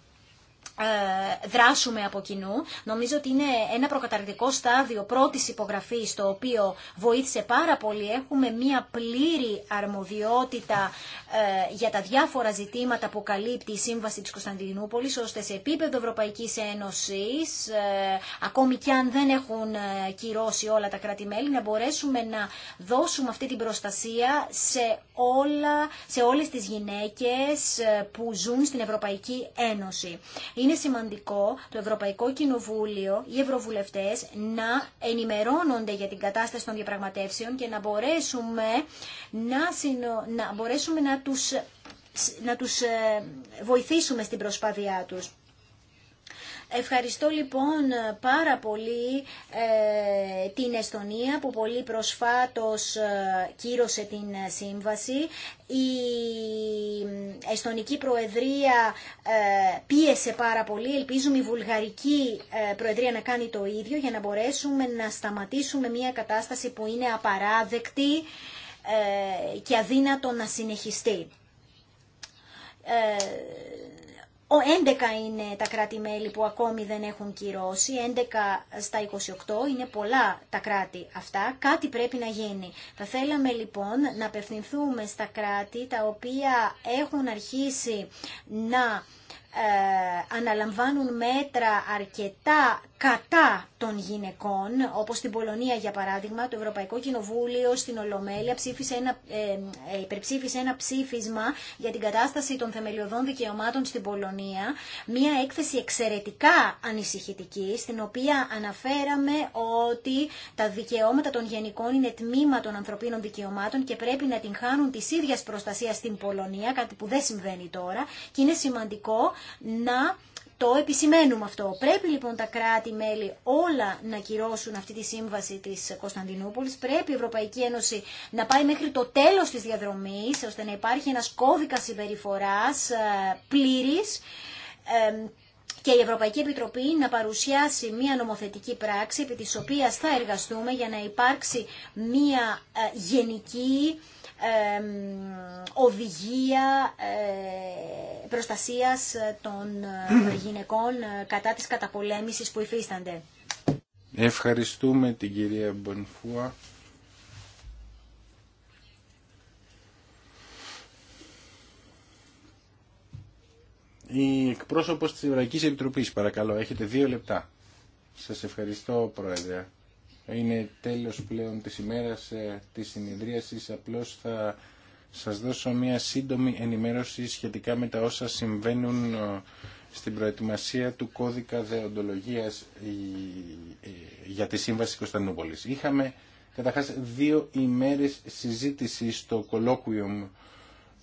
ε, δράσουμε από κοινού. Νομίζω ότι είναι ένα προκαταρκτικό στάδιο πρώτης υπογραφή, το οποίο βοήθησε πάρα πολύ. Έχουμε μία πλήρη αρμοδιότητα ε, για τα διάφορα ζητήματα που καλύπτει η Σύμβαση της Κωνσταντινούπολης ώστε σε επίπεδο Ευρωπαϊκής Ένωσης ε, ακόμη και αν δεν έχουν κυρώσει όλα τα κράτη-μέλη να μπορέσουμε να δώσουμε αυτή την προστασία σε, όλα, σε όλες τις γυναίκες που ζουν στην Ευρωπαϊκή Ένωση είναι σημαντικό το Ευρωπαϊκό Κοινοβούλιο, οι Ευρωβουλευτές να ενημερώνονται για την κατάσταση των διαπραγματεύσεων και να μπορέσουμε να, συνο... να, μπορέσουμε να τους, να τους ε, βοηθήσουμε στην προσπάθειά τους. Ευχαριστώ λοιπόν πάρα πολύ ε, την Εστονία που πολύ προσφάτως ε, κύρωσε την σύμβαση. Η Εστονική Προεδρία ε, πίεσε πάρα πολύ. Ελπίζουμε η Βουλγαρική ε, Προεδρία να κάνει το ίδιο για να μπορέσουμε να σταματήσουμε μια κατάσταση που είναι απαράδεκτη και αδύνατο να συνεχιστεί. Ο 11 είναι τα κράτη-μέλη που ακόμη δεν έχουν κυρώσει, 11 στα 28 είναι πολλά τα κράτη αυτά, κάτι πρέπει να γίνει. Θα θέλαμε λοιπόν να απευθυνθούμε στα κράτη τα οποία έχουν αρχίσει να ε, αναλαμβάνουν μέτρα αρκετά κατά των γυναικών, όπως στην Πολωνία για παράδειγμα, το Ευρωπαϊκό Κοινοβούλιο στην Ολομέλεια ψήφισε ένα, ε, ε, υπερψήφισε ένα ψήφισμα για την κατάσταση των θεμελιωδών δικαιωμάτων στην Πολωνία, μια έκθεση εξαιρετικά ανησυχητική, στην οποία αναφέραμε ότι τα δικαιώματα των γενικών είναι τμήμα των ανθρωπίνων δικαιωμάτων και πρέπει να την χάνουν τη ίδια προστασία στην Πολωνία, κάτι που δεν συμβαίνει τώρα, και είναι σημαντικό να το επισημαίνουμε αυτό. Πρέπει λοιπόν τα κράτη-μέλη όλα να κυρώσουν αυτή τη σύμβαση της Κωνσταντινούπολης. Πρέπει η Ευρωπαϊκή Ένωση να πάει μέχρι το τέλος της διαδρομής, ώστε να υπάρχει ένας κώδικα συμπεριφοράς ε, πλήρης, και η Ευρωπαϊκή Επιτροπή να παρουσιάσει μία νομοθετική πράξη επί της οποίας θα εργαστούμε για να υπάρξει μία ε, γενική οδηγία ε, προστασίας των ε, γυναικών ε, κατά της καταπολέμησης που υφίστανται. Ευχαριστούμε την κυρία Μπονφούα. Η εκπρόσωπος της Ευρωπαϊκής Επιτροπής, παρακαλώ, έχετε δύο λεπτά. Σας ευχαριστώ, Πρόεδρε. Είναι τέλος πλέον της ημέρας ε, της συνειδρίασης, Απλώς θα σας δώσω μια σύντομη ενημέρωση σχετικά με τα όσα συμβαίνουν ε, στην προετοιμασία του κώδικα δεοντολογίας ε, για τη Σύμβαση Κωνσταντινούπολης. Είχαμε καταρχάς δύο ημέρες συζήτηση στο κολόκουιουμ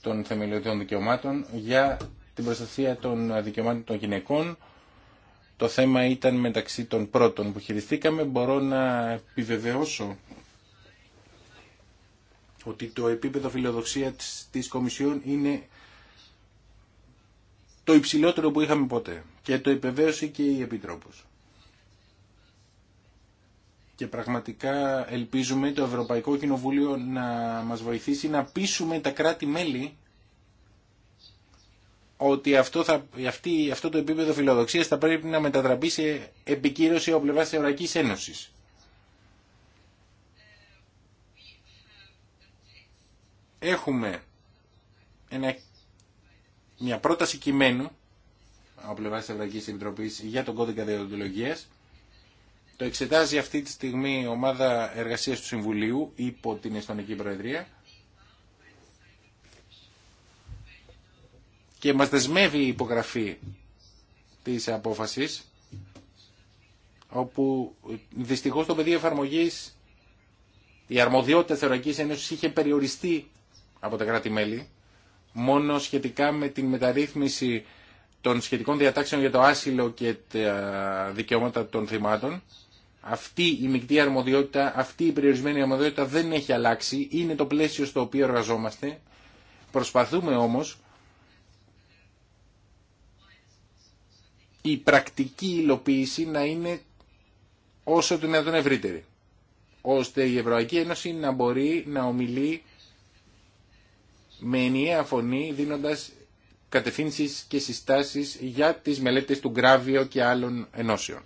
των θεμελιωδών δικαιωμάτων για την προστασία των δικαιωμάτων των γυναικών το θέμα ήταν μεταξύ των πρώτων που χειριστήκαμε. Μπορώ να επιβεβαιώσω ότι το επίπεδο φιλοδοξία της Κομισιόν είναι το υψηλότερο που είχαμε ποτέ. Και το επιβεβαίωσε και η Επιτρόπος. Και πραγματικά ελπίζουμε το Ευρωπαϊκό Κοινοβούλιο να μας βοηθήσει να πείσουμε τα κράτη-μέλη ότι αυτό, αυτή, αυτό το επίπεδο φιλοδοξίας θα πρέπει να μετατραπεί σε επικύρωση από πλευρά της Ευρωπαϊκής Ένωσης. Έχουμε ένα, μια πρόταση κειμένου από πλευρά της Ευρωπαϊκής Επιτροπής για τον κώδικα διοντολογίας. Το εξετάζει αυτή τη στιγμή η ομάδα εργασίας του Συμβουλίου υπό την Εστονική Προεδρία. και μας δεσμεύει η υπογραφή της απόφασης όπου δυστυχώς το πεδίο εφαρμογής η αρμοδιότητα της Ευρωπαϊκής Ένωσης είχε περιοριστεί από τα κράτη-μέλη μόνο σχετικά με την μεταρρύθμιση των σχετικών διατάξεων για το άσυλο και τα δικαιώματα των θυμάτων. Αυτή η μεικτή αρμοδιότητα, αυτή η περιορισμένη αρμοδιότητα δεν έχει αλλάξει, είναι το πλαίσιο στο οποίο εργαζόμαστε. Προσπαθούμε όμως η πρακτική υλοποίηση να είναι όσο το τον ευρύτερη, ώστε η Ευρωπαϊκή Ένωση να μπορεί να ομιλεί με ενιαία φωνή δίνοντας κατευθύνσεις και συστάσεις για τις μελέτες του Γκράβιο και άλλων ενώσεων.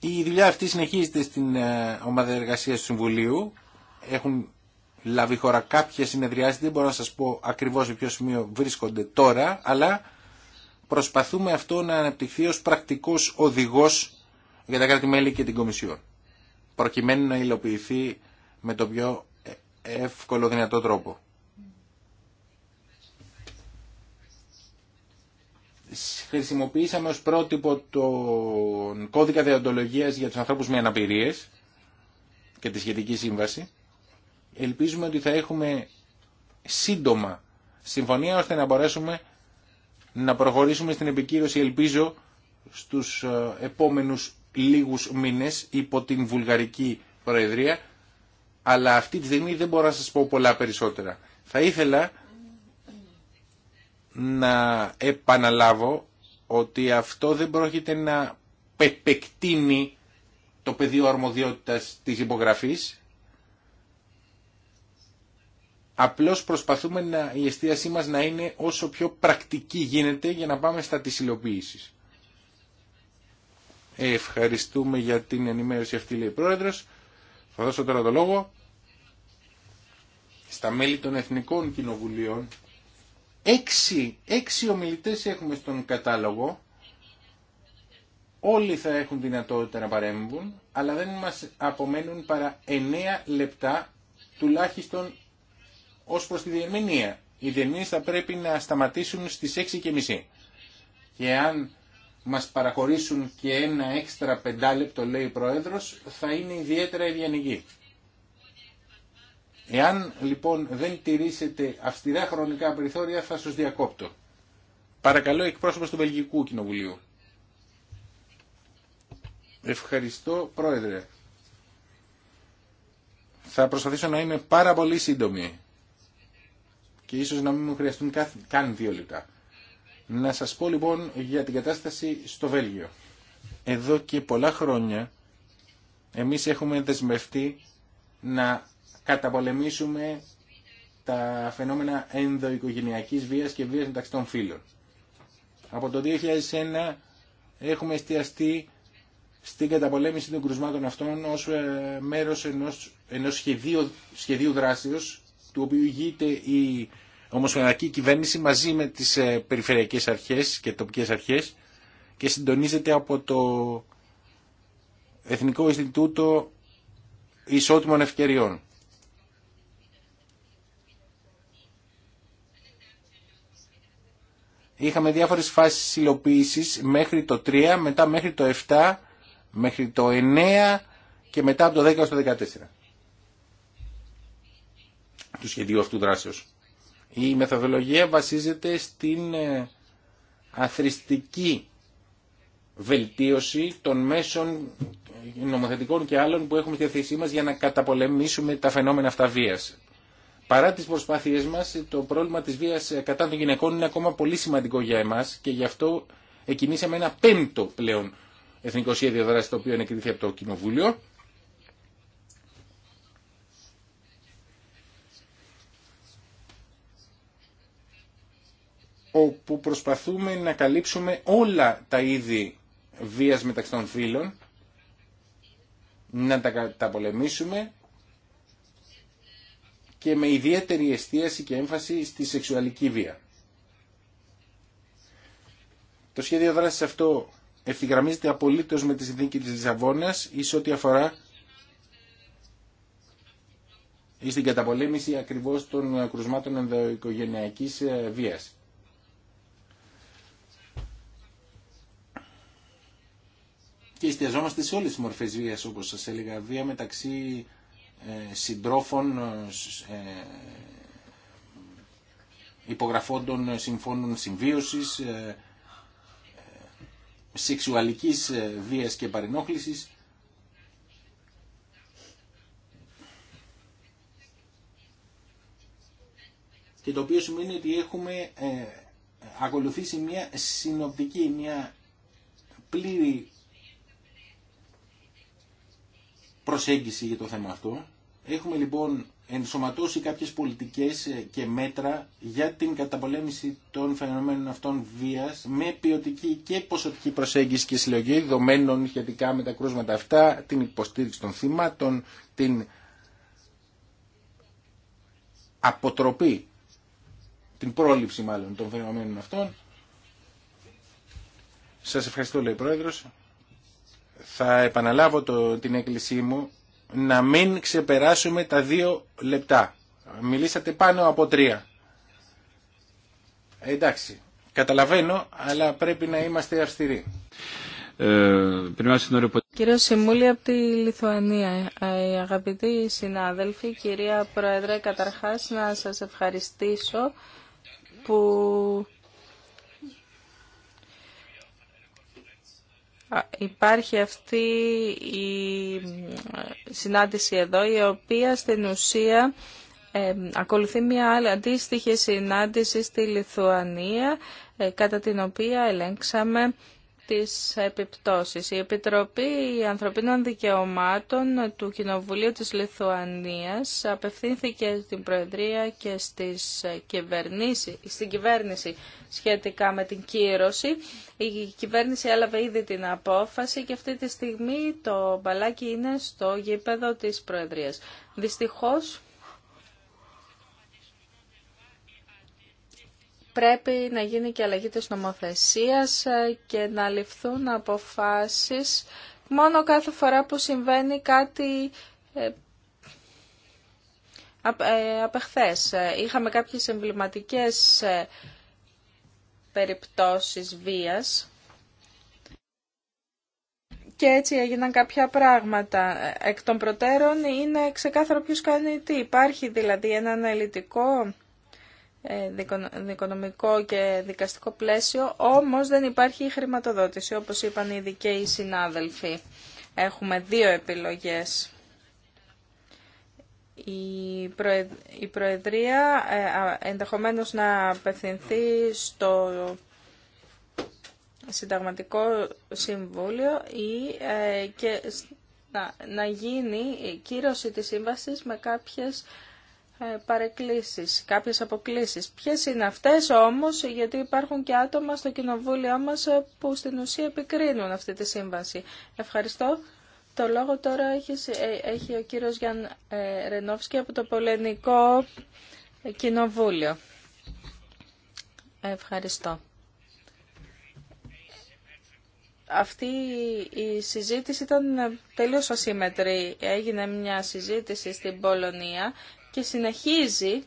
Η δουλειά αυτή συνεχίζεται στην ε, ομάδα εργασίας του Συμβουλίου. Έχουν λάβει χώρα κάποια δεν μπορώ να σας πω ακριβώς σε ποιο σημείο βρίσκονται τώρα, αλλά προσπαθούμε αυτό να αναπτυχθεί ως πρακτικός οδηγός για τα κράτη-μέλη και την Κομισιόν, προκειμένου να υλοποιηθεί με το πιο εύκολο δυνατό τρόπο. Χρησιμοποιήσαμε ως πρότυπο τον κώδικα διοντολογίας για τους ανθρώπους με αναπηρίες και τη σχετική σύμβαση ελπίζουμε ότι θα έχουμε σύντομα συμφωνία ώστε να μπορέσουμε να προχωρήσουμε στην επικύρωση ελπίζω στους ε, επόμενους λίγους μήνες υπό την Βουλγαρική Προεδρία αλλά αυτή τη στιγμή δεν μπορώ να σας πω πολλά περισσότερα. Θα ήθελα να επαναλάβω ότι αυτό δεν πρόκειται να πεπεκτείνει το πεδίο αρμοδιότητας της υπογραφής Απλώς προσπαθούμε η εστίασή μας να είναι όσο πιο πρακτική γίνεται για να πάμε στα της υλοποίησης. Ευχαριστούμε για την ενημέρωση αυτή, λέει η Πρόεδρος. Θα δώσω τώρα το λόγο στα μέλη των Εθνικών Κοινοβουλίων. Έξι, έξι ομιλητές έχουμε στον κατάλογο. Όλοι θα έχουν δυνατότητα να παρέμβουν, αλλά δεν μας απομένουν παρά εννέα λεπτά τουλάχιστον Ω προ τη διερμηνία. Οι διερμηνείς θα πρέπει να σταματήσουν στις 6.30. Και αν μας παραχωρήσουν και ένα έξτρα πεντάλεπτο, λέει ο Πρόεδρος, θα είναι ιδιαίτερα ευγενική. Εάν λοιπόν δεν τηρήσετε αυστηρά χρονικά περιθώρια θα σας διακόπτω. Παρακαλώ εκπρόσωπος του Βελγικού Κοινοβουλίου. Ευχαριστώ Πρόεδρε. Θα προσπαθήσω να είμαι πάρα πολύ σύντομη και ίσως να μην μου χρειαστούν καν δύο λεπτά. Να σας πω λοιπόν για την κατάσταση στο Βέλγιο. Εδώ και πολλά χρόνια εμείς έχουμε δεσμευτεί να καταπολεμήσουμε τα φαινόμενα ενδοοικογενειακής βίας και βίας μεταξύ των φίλων. Από το 2001 έχουμε εστιαστεί στην καταπολέμηση των κρουσμάτων αυτών ως ε, μέρος ενός, ενός σχεδίου, σχεδίου δράσεως του οποίου ηγείται η ομοσπονδιακή κυβέρνηση μαζί με τις ε, περιφερειακές αρχές και τοπικές αρχές και συντονίζεται από το Εθνικό Ινστιτούτο Ισότιμων Ευκαιριών. Είχαμε διάφορες φάσεις υλοποίησης μέχρι το 3, μετά μέχρι το 7, μέχρι το 9 και μετά από το 10 στο 14 του σχεδίου αυτού δράσεως. Η μεθοδολογία βασίζεται στην ε, αθρηστική βελτίωση των μέσων ε, νομοθετικών και άλλων που έχουμε στη θέση μας για να καταπολεμήσουμε τα φαινόμενα αυτά βίας. Παρά τις προσπάθειές μας, το πρόβλημα της βίας ε, κατά των γυναικών είναι ακόμα πολύ σημαντικό για εμάς και γι' αυτό εκινήσαμε ένα πέμπτο πλέον εθνικό σχέδιο δράση το οποίο από το Κοινοβούλιο όπου προσπαθούμε να καλύψουμε όλα τα είδη βίας μεταξύ των φίλων να τα καταπολεμήσουμε και με ιδιαίτερη εστίαση και έμφαση στη σεξουαλική βία. Το σχέδιο δράσης αυτό ευθυγραμμίζεται απολύτως με τη συνθήκη της Λισαβόνας εις ό,τι αφορά στην καταπολέμηση ακριβώς των κρουσμάτων ενδοοικογενειακής ε, βίας. και εστιαζόμαστε σε όλες τις μορφές βίας όπως σας έλεγα, βία μεταξύ ε, συντρόφων, ε, υπογραφόντων συμφώνων συμβίωσης, ε, σεξουαλικής βίας και παρενόχλησης. Και το οποίο σημαίνει ότι έχουμε ακολουθήσει μια συνοπτική, μια πλήρη προσέγγιση για το θέμα αυτό. Έχουμε λοιπόν ενσωματώσει κάποιες πολιτικές ε, και μέτρα για την καταπολέμηση των φαινομένων αυτών βίας με ποιοτική και ποσοτική προσέγγιση και συλλογή δομένων, σχετικά με τα κρούσματα αυτά, την υποστήριξη των θυμάτων, την αποτροπή, την πρόληψη μάλλον των φαινομένων αυτών. Σας ευχαριστώ λέει Πρόεδρος θα επαναλάβω το, την έκκλησή μου να μην ξεπεράσουμε τα δύο λεπτά. Μιλήσατε πάνω από τρία. Εντάξει, καταλαβαίνω, αλλά πρέπει να είμαστε αυστηροί. Ε, Κύριο Σιμούλη από τη Λιθουανία, ε, αγαπητοί συνάδελφοι, κυρία Πρόεδρε, καταρχάς να σας ευχαριστήσω που υπάρχει αυτή η ε, συνάντηση εδώ η οποία στην ουσία ε, ακολουθεί μια άλλη αντίστοιχη συνάντηση στη Λιθουανία ε, κατά την οποία ελέγξαμε τις επιπτώσεις. Η Επιτροπή Ανθρωπίνων Δικαιωμάτων του Κοινοβουλίου της Λιθουανίας απευθύνθηκε στην Προεδρία και στις στην κυβέρνηση σχετικά με την κύρωση. Η κυβέρνηση έλαβε ήδη την απόφαση και αυτή τη στιγμή το μπαλάκι είναι στο γήπεδο της Προεδρίας. Δυστυχώς πρέπει να γίνει και αλλαγή της νομοθεσίας ε, και να ληφθούν αποφάσεις μόνο κάθε φορά που συμβαίνει κάτι ε, ε, απεχθές. Είχαμε κάποιες εμβληματικές περιπτώσεις βίας και έτσι έγιναν κάποια πράγματα. Εκ των προτέρων είναι ξεκάθαρο ποιος κάνει τι. Υπάρχει δηλαδή ένα αναλυτικό ε, δικονομικό και δικαστικό πλαίσιο, όμως δεν υπάρχει χρηματοδότηση, όπως είπαν οι και οι συνάδελφοι. Έχουμε δύο επιλογές. Η Προεδρία ε, ενδεχομένως να απευθυνθεί στο Συνταγματικό Συμβούλιο ή ε, και να γίνει κύρωση της σύμβασης με κάποιες ε, παρεκκλήσεις, κάποιες αποκλήσεις. Ποιες είναι αυτές όμως, γιατί υπάρχουν και άτομα στο κοινοβούλιο μας ε, που στην ουσία επικρίνουν αυτή τη σύμβαση. Ευχαριστώ. Το λόγο τώρα έχει, ε, έχει ο κύριος Γιάν Ρενόφσκι από το Πολενικό Κοινοβούλιο. Ευχαριστώ. Αυτή η συζήτηση ήταν τελείως ασύμμετρη. Έγινε μια συζήτηση στην Πολωνία και συνεχίζει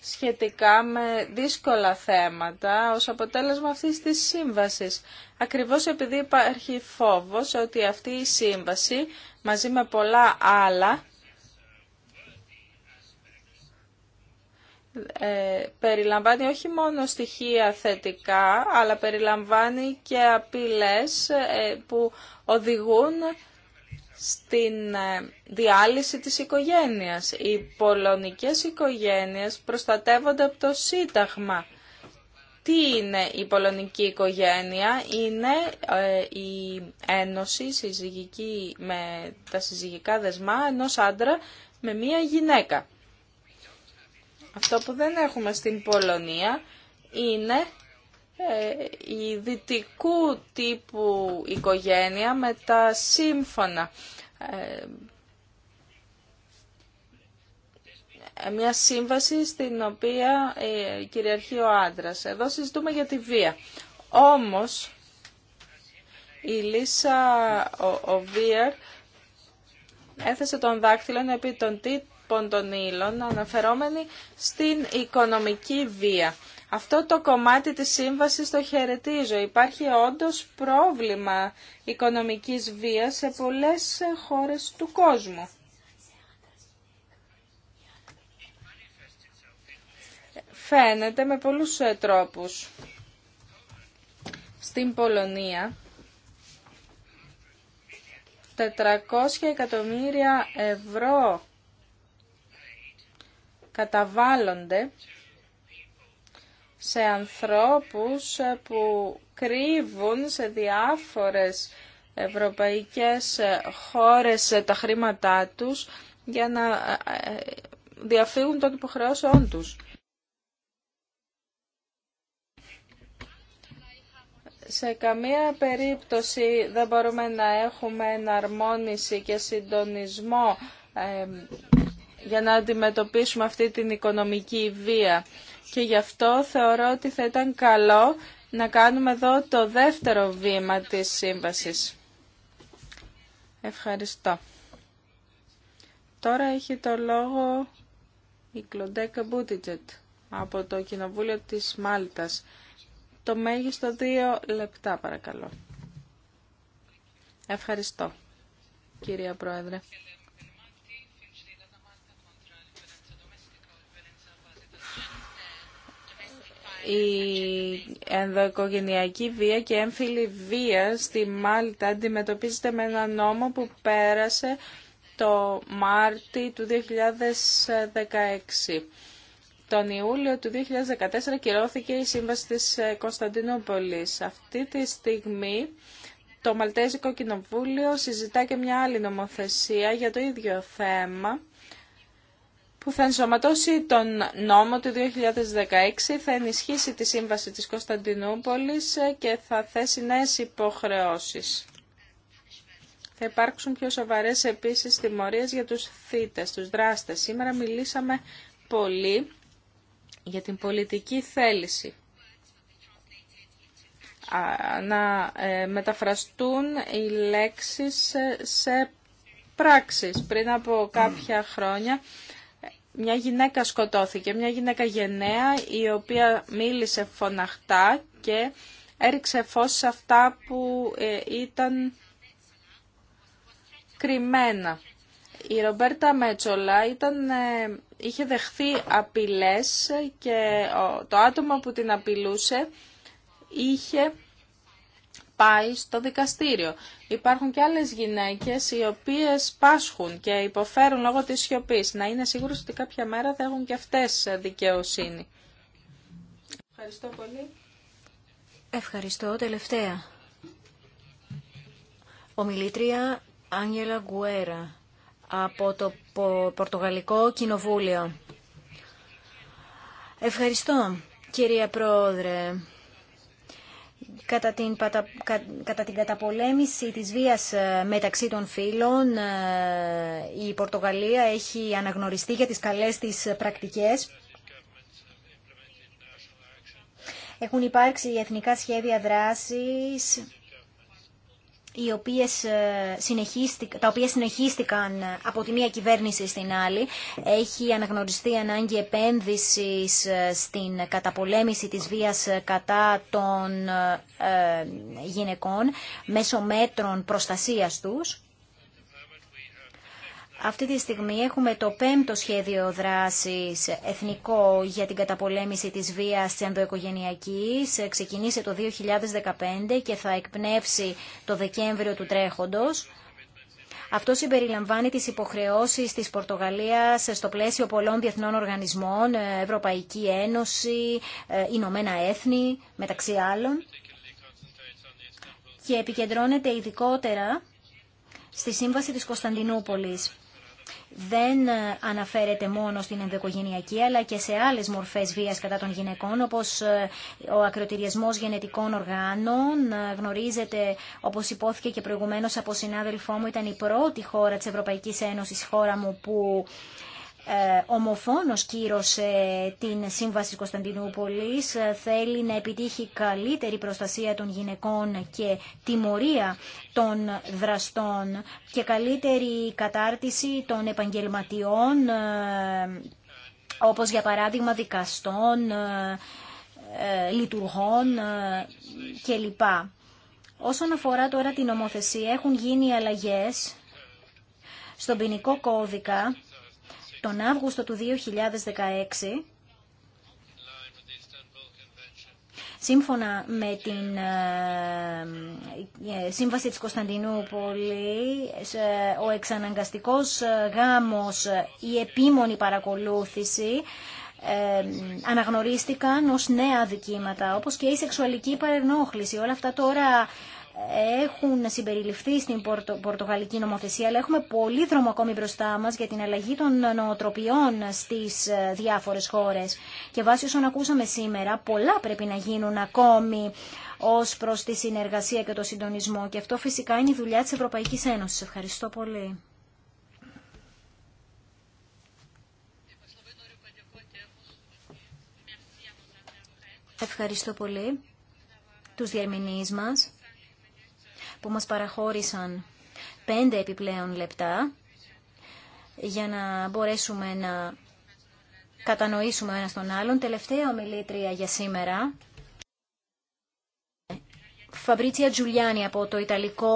σχετικά με δύσκολα θέματα ως αποτέλεσμα αυτής της σύμβασης. Ακριβώς επειδή υπάρχει φόβος ότι αυτή η σύμβαση μαζί με πολλά άλλα ε, περιλαμβάνει όχι μόνο στοιχεία θετικά αλλά περιλαμβάνει και απειλές ε, που οδηγούν στην ε, διάλυση της οικογένειας. Οι πολωνικές οικογένειες προστατεύονται από το Σύνταγμα. Τι είναι η πολωνική οικογένεια, είναι ε, η ένωση συζυγική με τα συζυγικά δεσμά ενός άντρα με μία γυναίκα. Αυτό που δεν έχουμε στην Πολωνία είναι ε, η δυτικού τύπου οικογένεια με τα σύμφωνα. Ε, μια σύμβαση στην οποία ε, κυριαρχεί ο άντρας. Εδώ συζητούμε για τη βία. Όμως, η Λίσσα Βίερ έθεσε τον δάκτυλο επί των τύπων των ύλων αναφερόμενη στην οικονομική βία. Αυτό το κομμάτι της σύμβασης το χαιρετίζω. Υπάρχει όντως πρόβλημα οικονομικής βίας σε πολλές χώρες του κόσμου. Φαίνεται με πολλούς ε, τρόπους. Στην Πολωνία 400 εκατομμύρια ευρώ καταβάλλονται σε ανθρώπους ε, που κρύβουν σε διάφορες ευρωπαϊκές ε, χώρες ε, τα χρήματά τους για να διαφύγουν των υποχρεώσεών τους. Σε καμία περίπτωση δεν μπορούμε να έχουμε εναρμόνιση και συντονισμό για να αντιμετωπίσουμε αυτή την οικονομική βία και γι' αυτό θεωρώ ότι θα ήταν καλό να κάνουμε εδώ το δεύτερο βήμα της σύμβασης. Ευχαριστώ. Τώρα έχει το λόγο η Κλοντέκα Μπούτιτζετ από το Κοινοβούλιο της Μάλτας. Το μέγιστο δύο λεπτά παρακαλώ. Ευχαριστώ, κυρία Πρόεδρε. η ενδοοικογενειακή βία και έμφυλη βία στη Μάλτα αντιμετωπίζεται με ένα νόμο που πέρασε το Μάρτι του 2016. Τον Ιούλιο του 2014 κυρώθηκε η Σύμβαση της ε, Κωνσταντινούπολης. Αυτή τη στιγμή το Μαλτέζικο Κοινοβούλιο συζητά και μια άλλη νομοθεσία για το ίδιο θέμα που θα ενσωματώσει τον νόμο του 2016, θα ενισχύσει τη σύμβαση της Κωνσταντινούπολης ε, και θα θέσει νέες υποχρεώσεις. Θα υπάρξουν πιο σοβαρές επίσης τιμωρίες για τους θύτες, τους δράστες. Σήμερα μιλήσαμε πολύ για την πολιτική θέληση να ε, μεταφραστούν οι λέξεις ε, σε πράξεις. Πριν από κάποια χρόνια μια γυναίκα σκοτώθηκε, μια γυναίκα γενναία η οποία μίλησε φωναχτά και έριξε φως σε αυτά που ε, ήταν κρυμμένα. Η Ρομπέρτα Μέτσολα ήταν, ε, είχε δεχθεί απειλές και το άτομο που την απειλούσε είχε πάει στο δικαστήριο. Υπάρχουν και άλλες γυναίκες οι οποίες πάσχουν και υποφέρουν λόγω της σιωπής. Να είναι σίγουρος ότι κάποια μέρα θα έχουν και αυτές δικαιοσύνη. Ευχαριστώ πολύ. Ευχαριστώ. Τελευταία. Ομιλήτρια Άγγελα Γκουέρα από το Πορτογαλικό Κοινοβούλιο. Ευχαριστώ, κυρία Πρόεδρε κατά την, κατά την καταπολέμηση της βίας ε, μεταξύ των φίλων ε, η Πορτογαλία έχει αναγνωριστεί για τις καλές της πρακτικές. Έχουν υπάρξει εθνικά σχέδια δράσης οποίες ε, τα οποία συνεχίστηκαν ε, από τη μία κυβέρνηση στην άλλη. Έχει αναγνωριστεί ανάγκη επένδυσης ε, στην καταπολέμηση της βίας κατά των γυναικών μέσω μέτρων προστασίας τους. Αυτή τη στιγμή έχουμε το πέμπτο σχέδιο δράσης εθνικό για την καταπολέμηση της βίας της ενδοοικογενειακής. Ξεκινήσε το 2015 και θα εκπνεύσει το Δεκέμβριο του τρέχοντος. Αυτό συμπεριλαμβάνει τις υποχρεώσεις της Πορτογαλίας στο πλαίσιο πολλών διεθνών οργανισμών, Ευρωπαϊκή Ένωση, ε, Ηνωμένα Έθνη, μεταξύ άλλων. Και επικεντρώνεται ειδικότερα στη Σύμβαση της Κωνσταντινούπολης δεν ε, αναφέρεται μόνο στην ενδοικογενειακή αλλά και σε άλλες μορφές βίας κατά των γυναικών όπως ε, ο ακροτηριασμός γενετικών οργάνων ε, γνωρίζετε όπως υπόθηκε και προηγουμένως από συνάδελφό μου ήταν η πρώτη χώρα της Ευρωπαϊκής Ένωσης χώρα μου που ε, ομοφόνος κύρωσε την Σύμβαση Κωνσταντινούπολης, ε, θέλει να επιτύχει καλύτερη προστασία των γυναικών και τιμωρία των δραστών και καλύτερη κατάρτιση των επαγγελματιών, ε, όπως για παράδειγμα δικαστών, λειτουργών κλπ. Όσον αφορά τώρα την νομοθεσία, έχουν γίνει αλλαγές στον ποινικό κώδικα τον Αύγουστο του 2016 Σύμφωνα με την ε, ε, Σύμβαση της Κωνσταντινούπολης, ε, ο εξαναγκαστικός γάμος, η επίμονη παρακολούθηση αναγνωρίστηκαν ως νέα δικήματα, όπως και η σεξουαλική παρενόχληση. Όλα αυτά τώρα έχουν συμπεριληφθεί στην πορτογαλική νομοθεσία, αλλά έχουμε πολύ δρόμο ακόμη μπροστά μας για την αλλαγή των νοοτροπιών στις ε, διάφορες χώρες. Και βάσει όσων ακούσαμε σήμερα, πολλά πρέπει να γίνουν ακόμη ως προς τη συνεργασία και το συντονισμό. Και αυτό φυσικά είναι η δουλειά της Ευρωπαϊκής Ένωσης. Ευχαριστώ πολύ. Ευχαριστώ πολύ τους διερμηνείς μας που μας παραχώρησαν πέντε επιπλέον λεπτά για να μπορέσουμε να κατανοήσουμε ο τον άλλον. Τελευταία ομιλήτρια για σήμερα. Φαμπρίτσια Τζουλιάνη από το Ιταλικό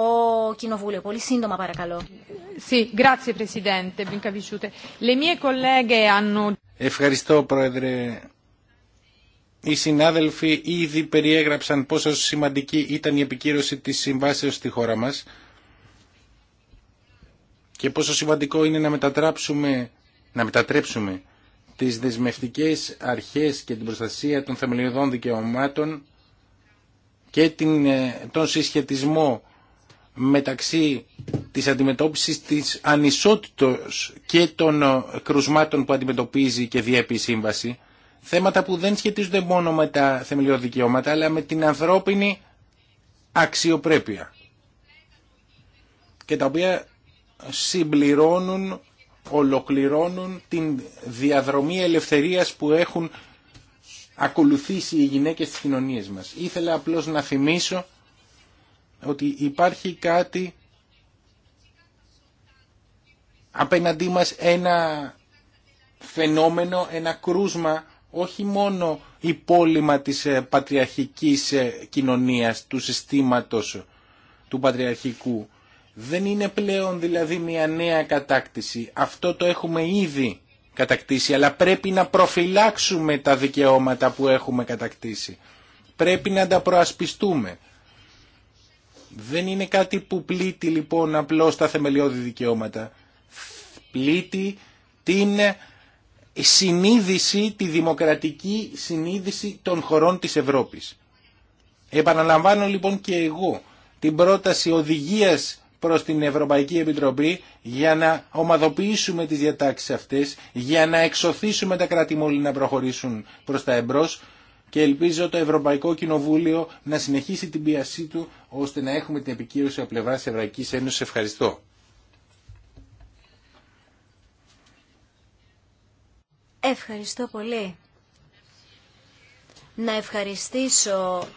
Κοινοβούλιο. Πολύ σύντομα παρακαλώ. Ευχαριστώ Πρόεδρε. Οι συνάδελφοι ήδη περιέγραψαν πόσο σημαντική ήταν η επικύρωση της συμβάσεως στη χώρα μας και πόσο σημαντικό είναι να μετατράψουμε, να μετατρέψουμε τις δεσμευτικές αρχές και την προστασία των θεμελιωδών δικαιωμάτων και την, ε, τον συσχετισμό μεταξύ της αντιμετώπισης της ανισότητος και των ε, κρουσμάτων που αντιμετωπίζει και διέπει η Σύμβαση θέματα που δεν σχετίζονται μόνο με τα θεμελιώδη δικαιώματα, αλλά με την ανθρώπινη αξιοπρέπεια και τα οποία συμπληρώνουν, ολοκληρώνουν την διαδρομή ελευθερίας που έχουν ακολουθήσει οι γυναίκες στις κοινωνίες μας. Ήθελα απλώς να θυμίσω ότι υπάρχει κάτι απέναντί μας ένα φαινόμενο, ένα κρούσμα όχι μόνο υπόλοιμα της ε, πατριαρχικής ε, κοινωνίας, του συστήματος του πατριαρχικού. Δεν είναι πλέον δηλαδή μια νέα κατάκτηση. Αυτό το έχουμε ήδη κατακτήσει, αλλά πρέπει να προφυλάξουμε τα δικαιώματα που έχουμε κατακτήσει. Πρέπει να τα προασπιστούμε. Δεν είναι κάτι που πλήττει λοιπόν απλώς τα θεμελιώδη δικαιώματα. Πλήττει την συνείδηση, τη δημοκρατική συνείδηση των χωρών της Ευρώπης. Επαναλαμβάνω λοιπόν και εγώ την πρόταση οδηγίας προς την Ευρωπαϊκή Επιτροπή για να ομαδοποιήσουμε τις διατάξεις αυτές, για να εξωθήσουμε τα κράτη-μόλι να προχωρήσουν προς τα εμπρός και ελπίζω το Ευρωπαϊκό Κοινοβούλιο να συνεχίσει την πίασή του ώστε να έχουμε την επικύρωση από πλευρά τη Ευρωπαϊκή Ένωση. Ευχαριστώ. Ευχαριστώ πολύ. Να ευχαριστήσω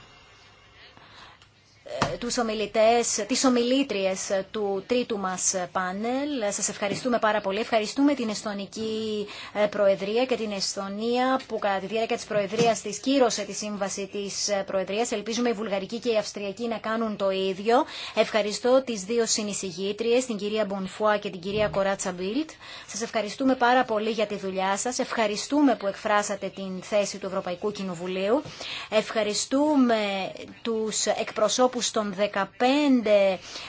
ε, τους ομιλητές, τις ομιλήτριες του τρίτου μας πάνελ. Σας ευχαριστούμε πάρα πολύ. Ευχαριστούμε την Εστονική ε, Προεδρία και την Εστονία που κατά τη διάρκεια της Προεδρίας της κύρωσε τη σύμβαση της ε, Προεδρίας. Ελπίζουμε οι Βουλγαρική και η Αυστριακή να κάνουν το ίδιο. Ευχαριστώ τις δύο συνεισηγήτριες, την κυρία Μπονφουά και την κυρία Κοράτσα Μπίλτ. Σας ευχαριστούμε πάρα πολύ για τη δουλειά σας. Ευχαριστούμε που εκφράσατε την θέση του Ευρωπαϊκού Κοινοβουλίου. Ευχαριστούμε τους εκπροσώπους που των 15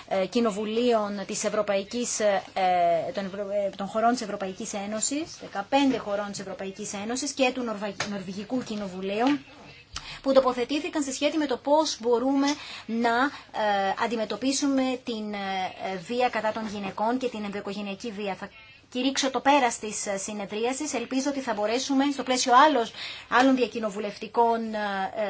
ε, κοινοβουλίων της Ευρωπαϊκής, ε, ε, των, χωρών της Ευρωπαϊκής Ένωσης, 15 χωρών της Ευρωπαϊκής Ένωσης και του Νορβηγικού Κοινοβουλίου που τοποθετήθηκαν σε σχέση με το πώς μπορούμε να αντιμετωπίσουμε την βία κατά των γυναικών και την ενδοοικογενειακή βία κηρύξω το πέρα τη ε, συνεδρίαση. Ελπίζω ότι θα μπορέσουμε στο πλαίσιο άλλων, άλλων διακοινοβουλευτικών ε,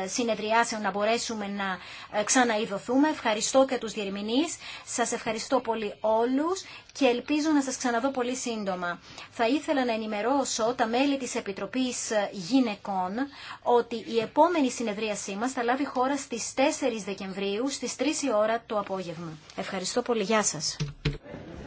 ε, συνεδριάσεων να μπορέσουμε να ξαναειδωθούμε. Ευχαριστώ και του διερμηνεί. Σα ευχαριστώ πολύ όλου και ελπίζω να σα ξαναδώ πολύ σύντομα. Θα ήθελα να ενημερώσω τα μέλη τη Επιτροπή Γυναικών ότι η επόμενη συνεδρίασή μα θα λάβει χώρα στι 4 Δεκεμβρίου στι 3 η ώρα το απόγευμα. Ευχαριστώ πολύ. Γεια σα.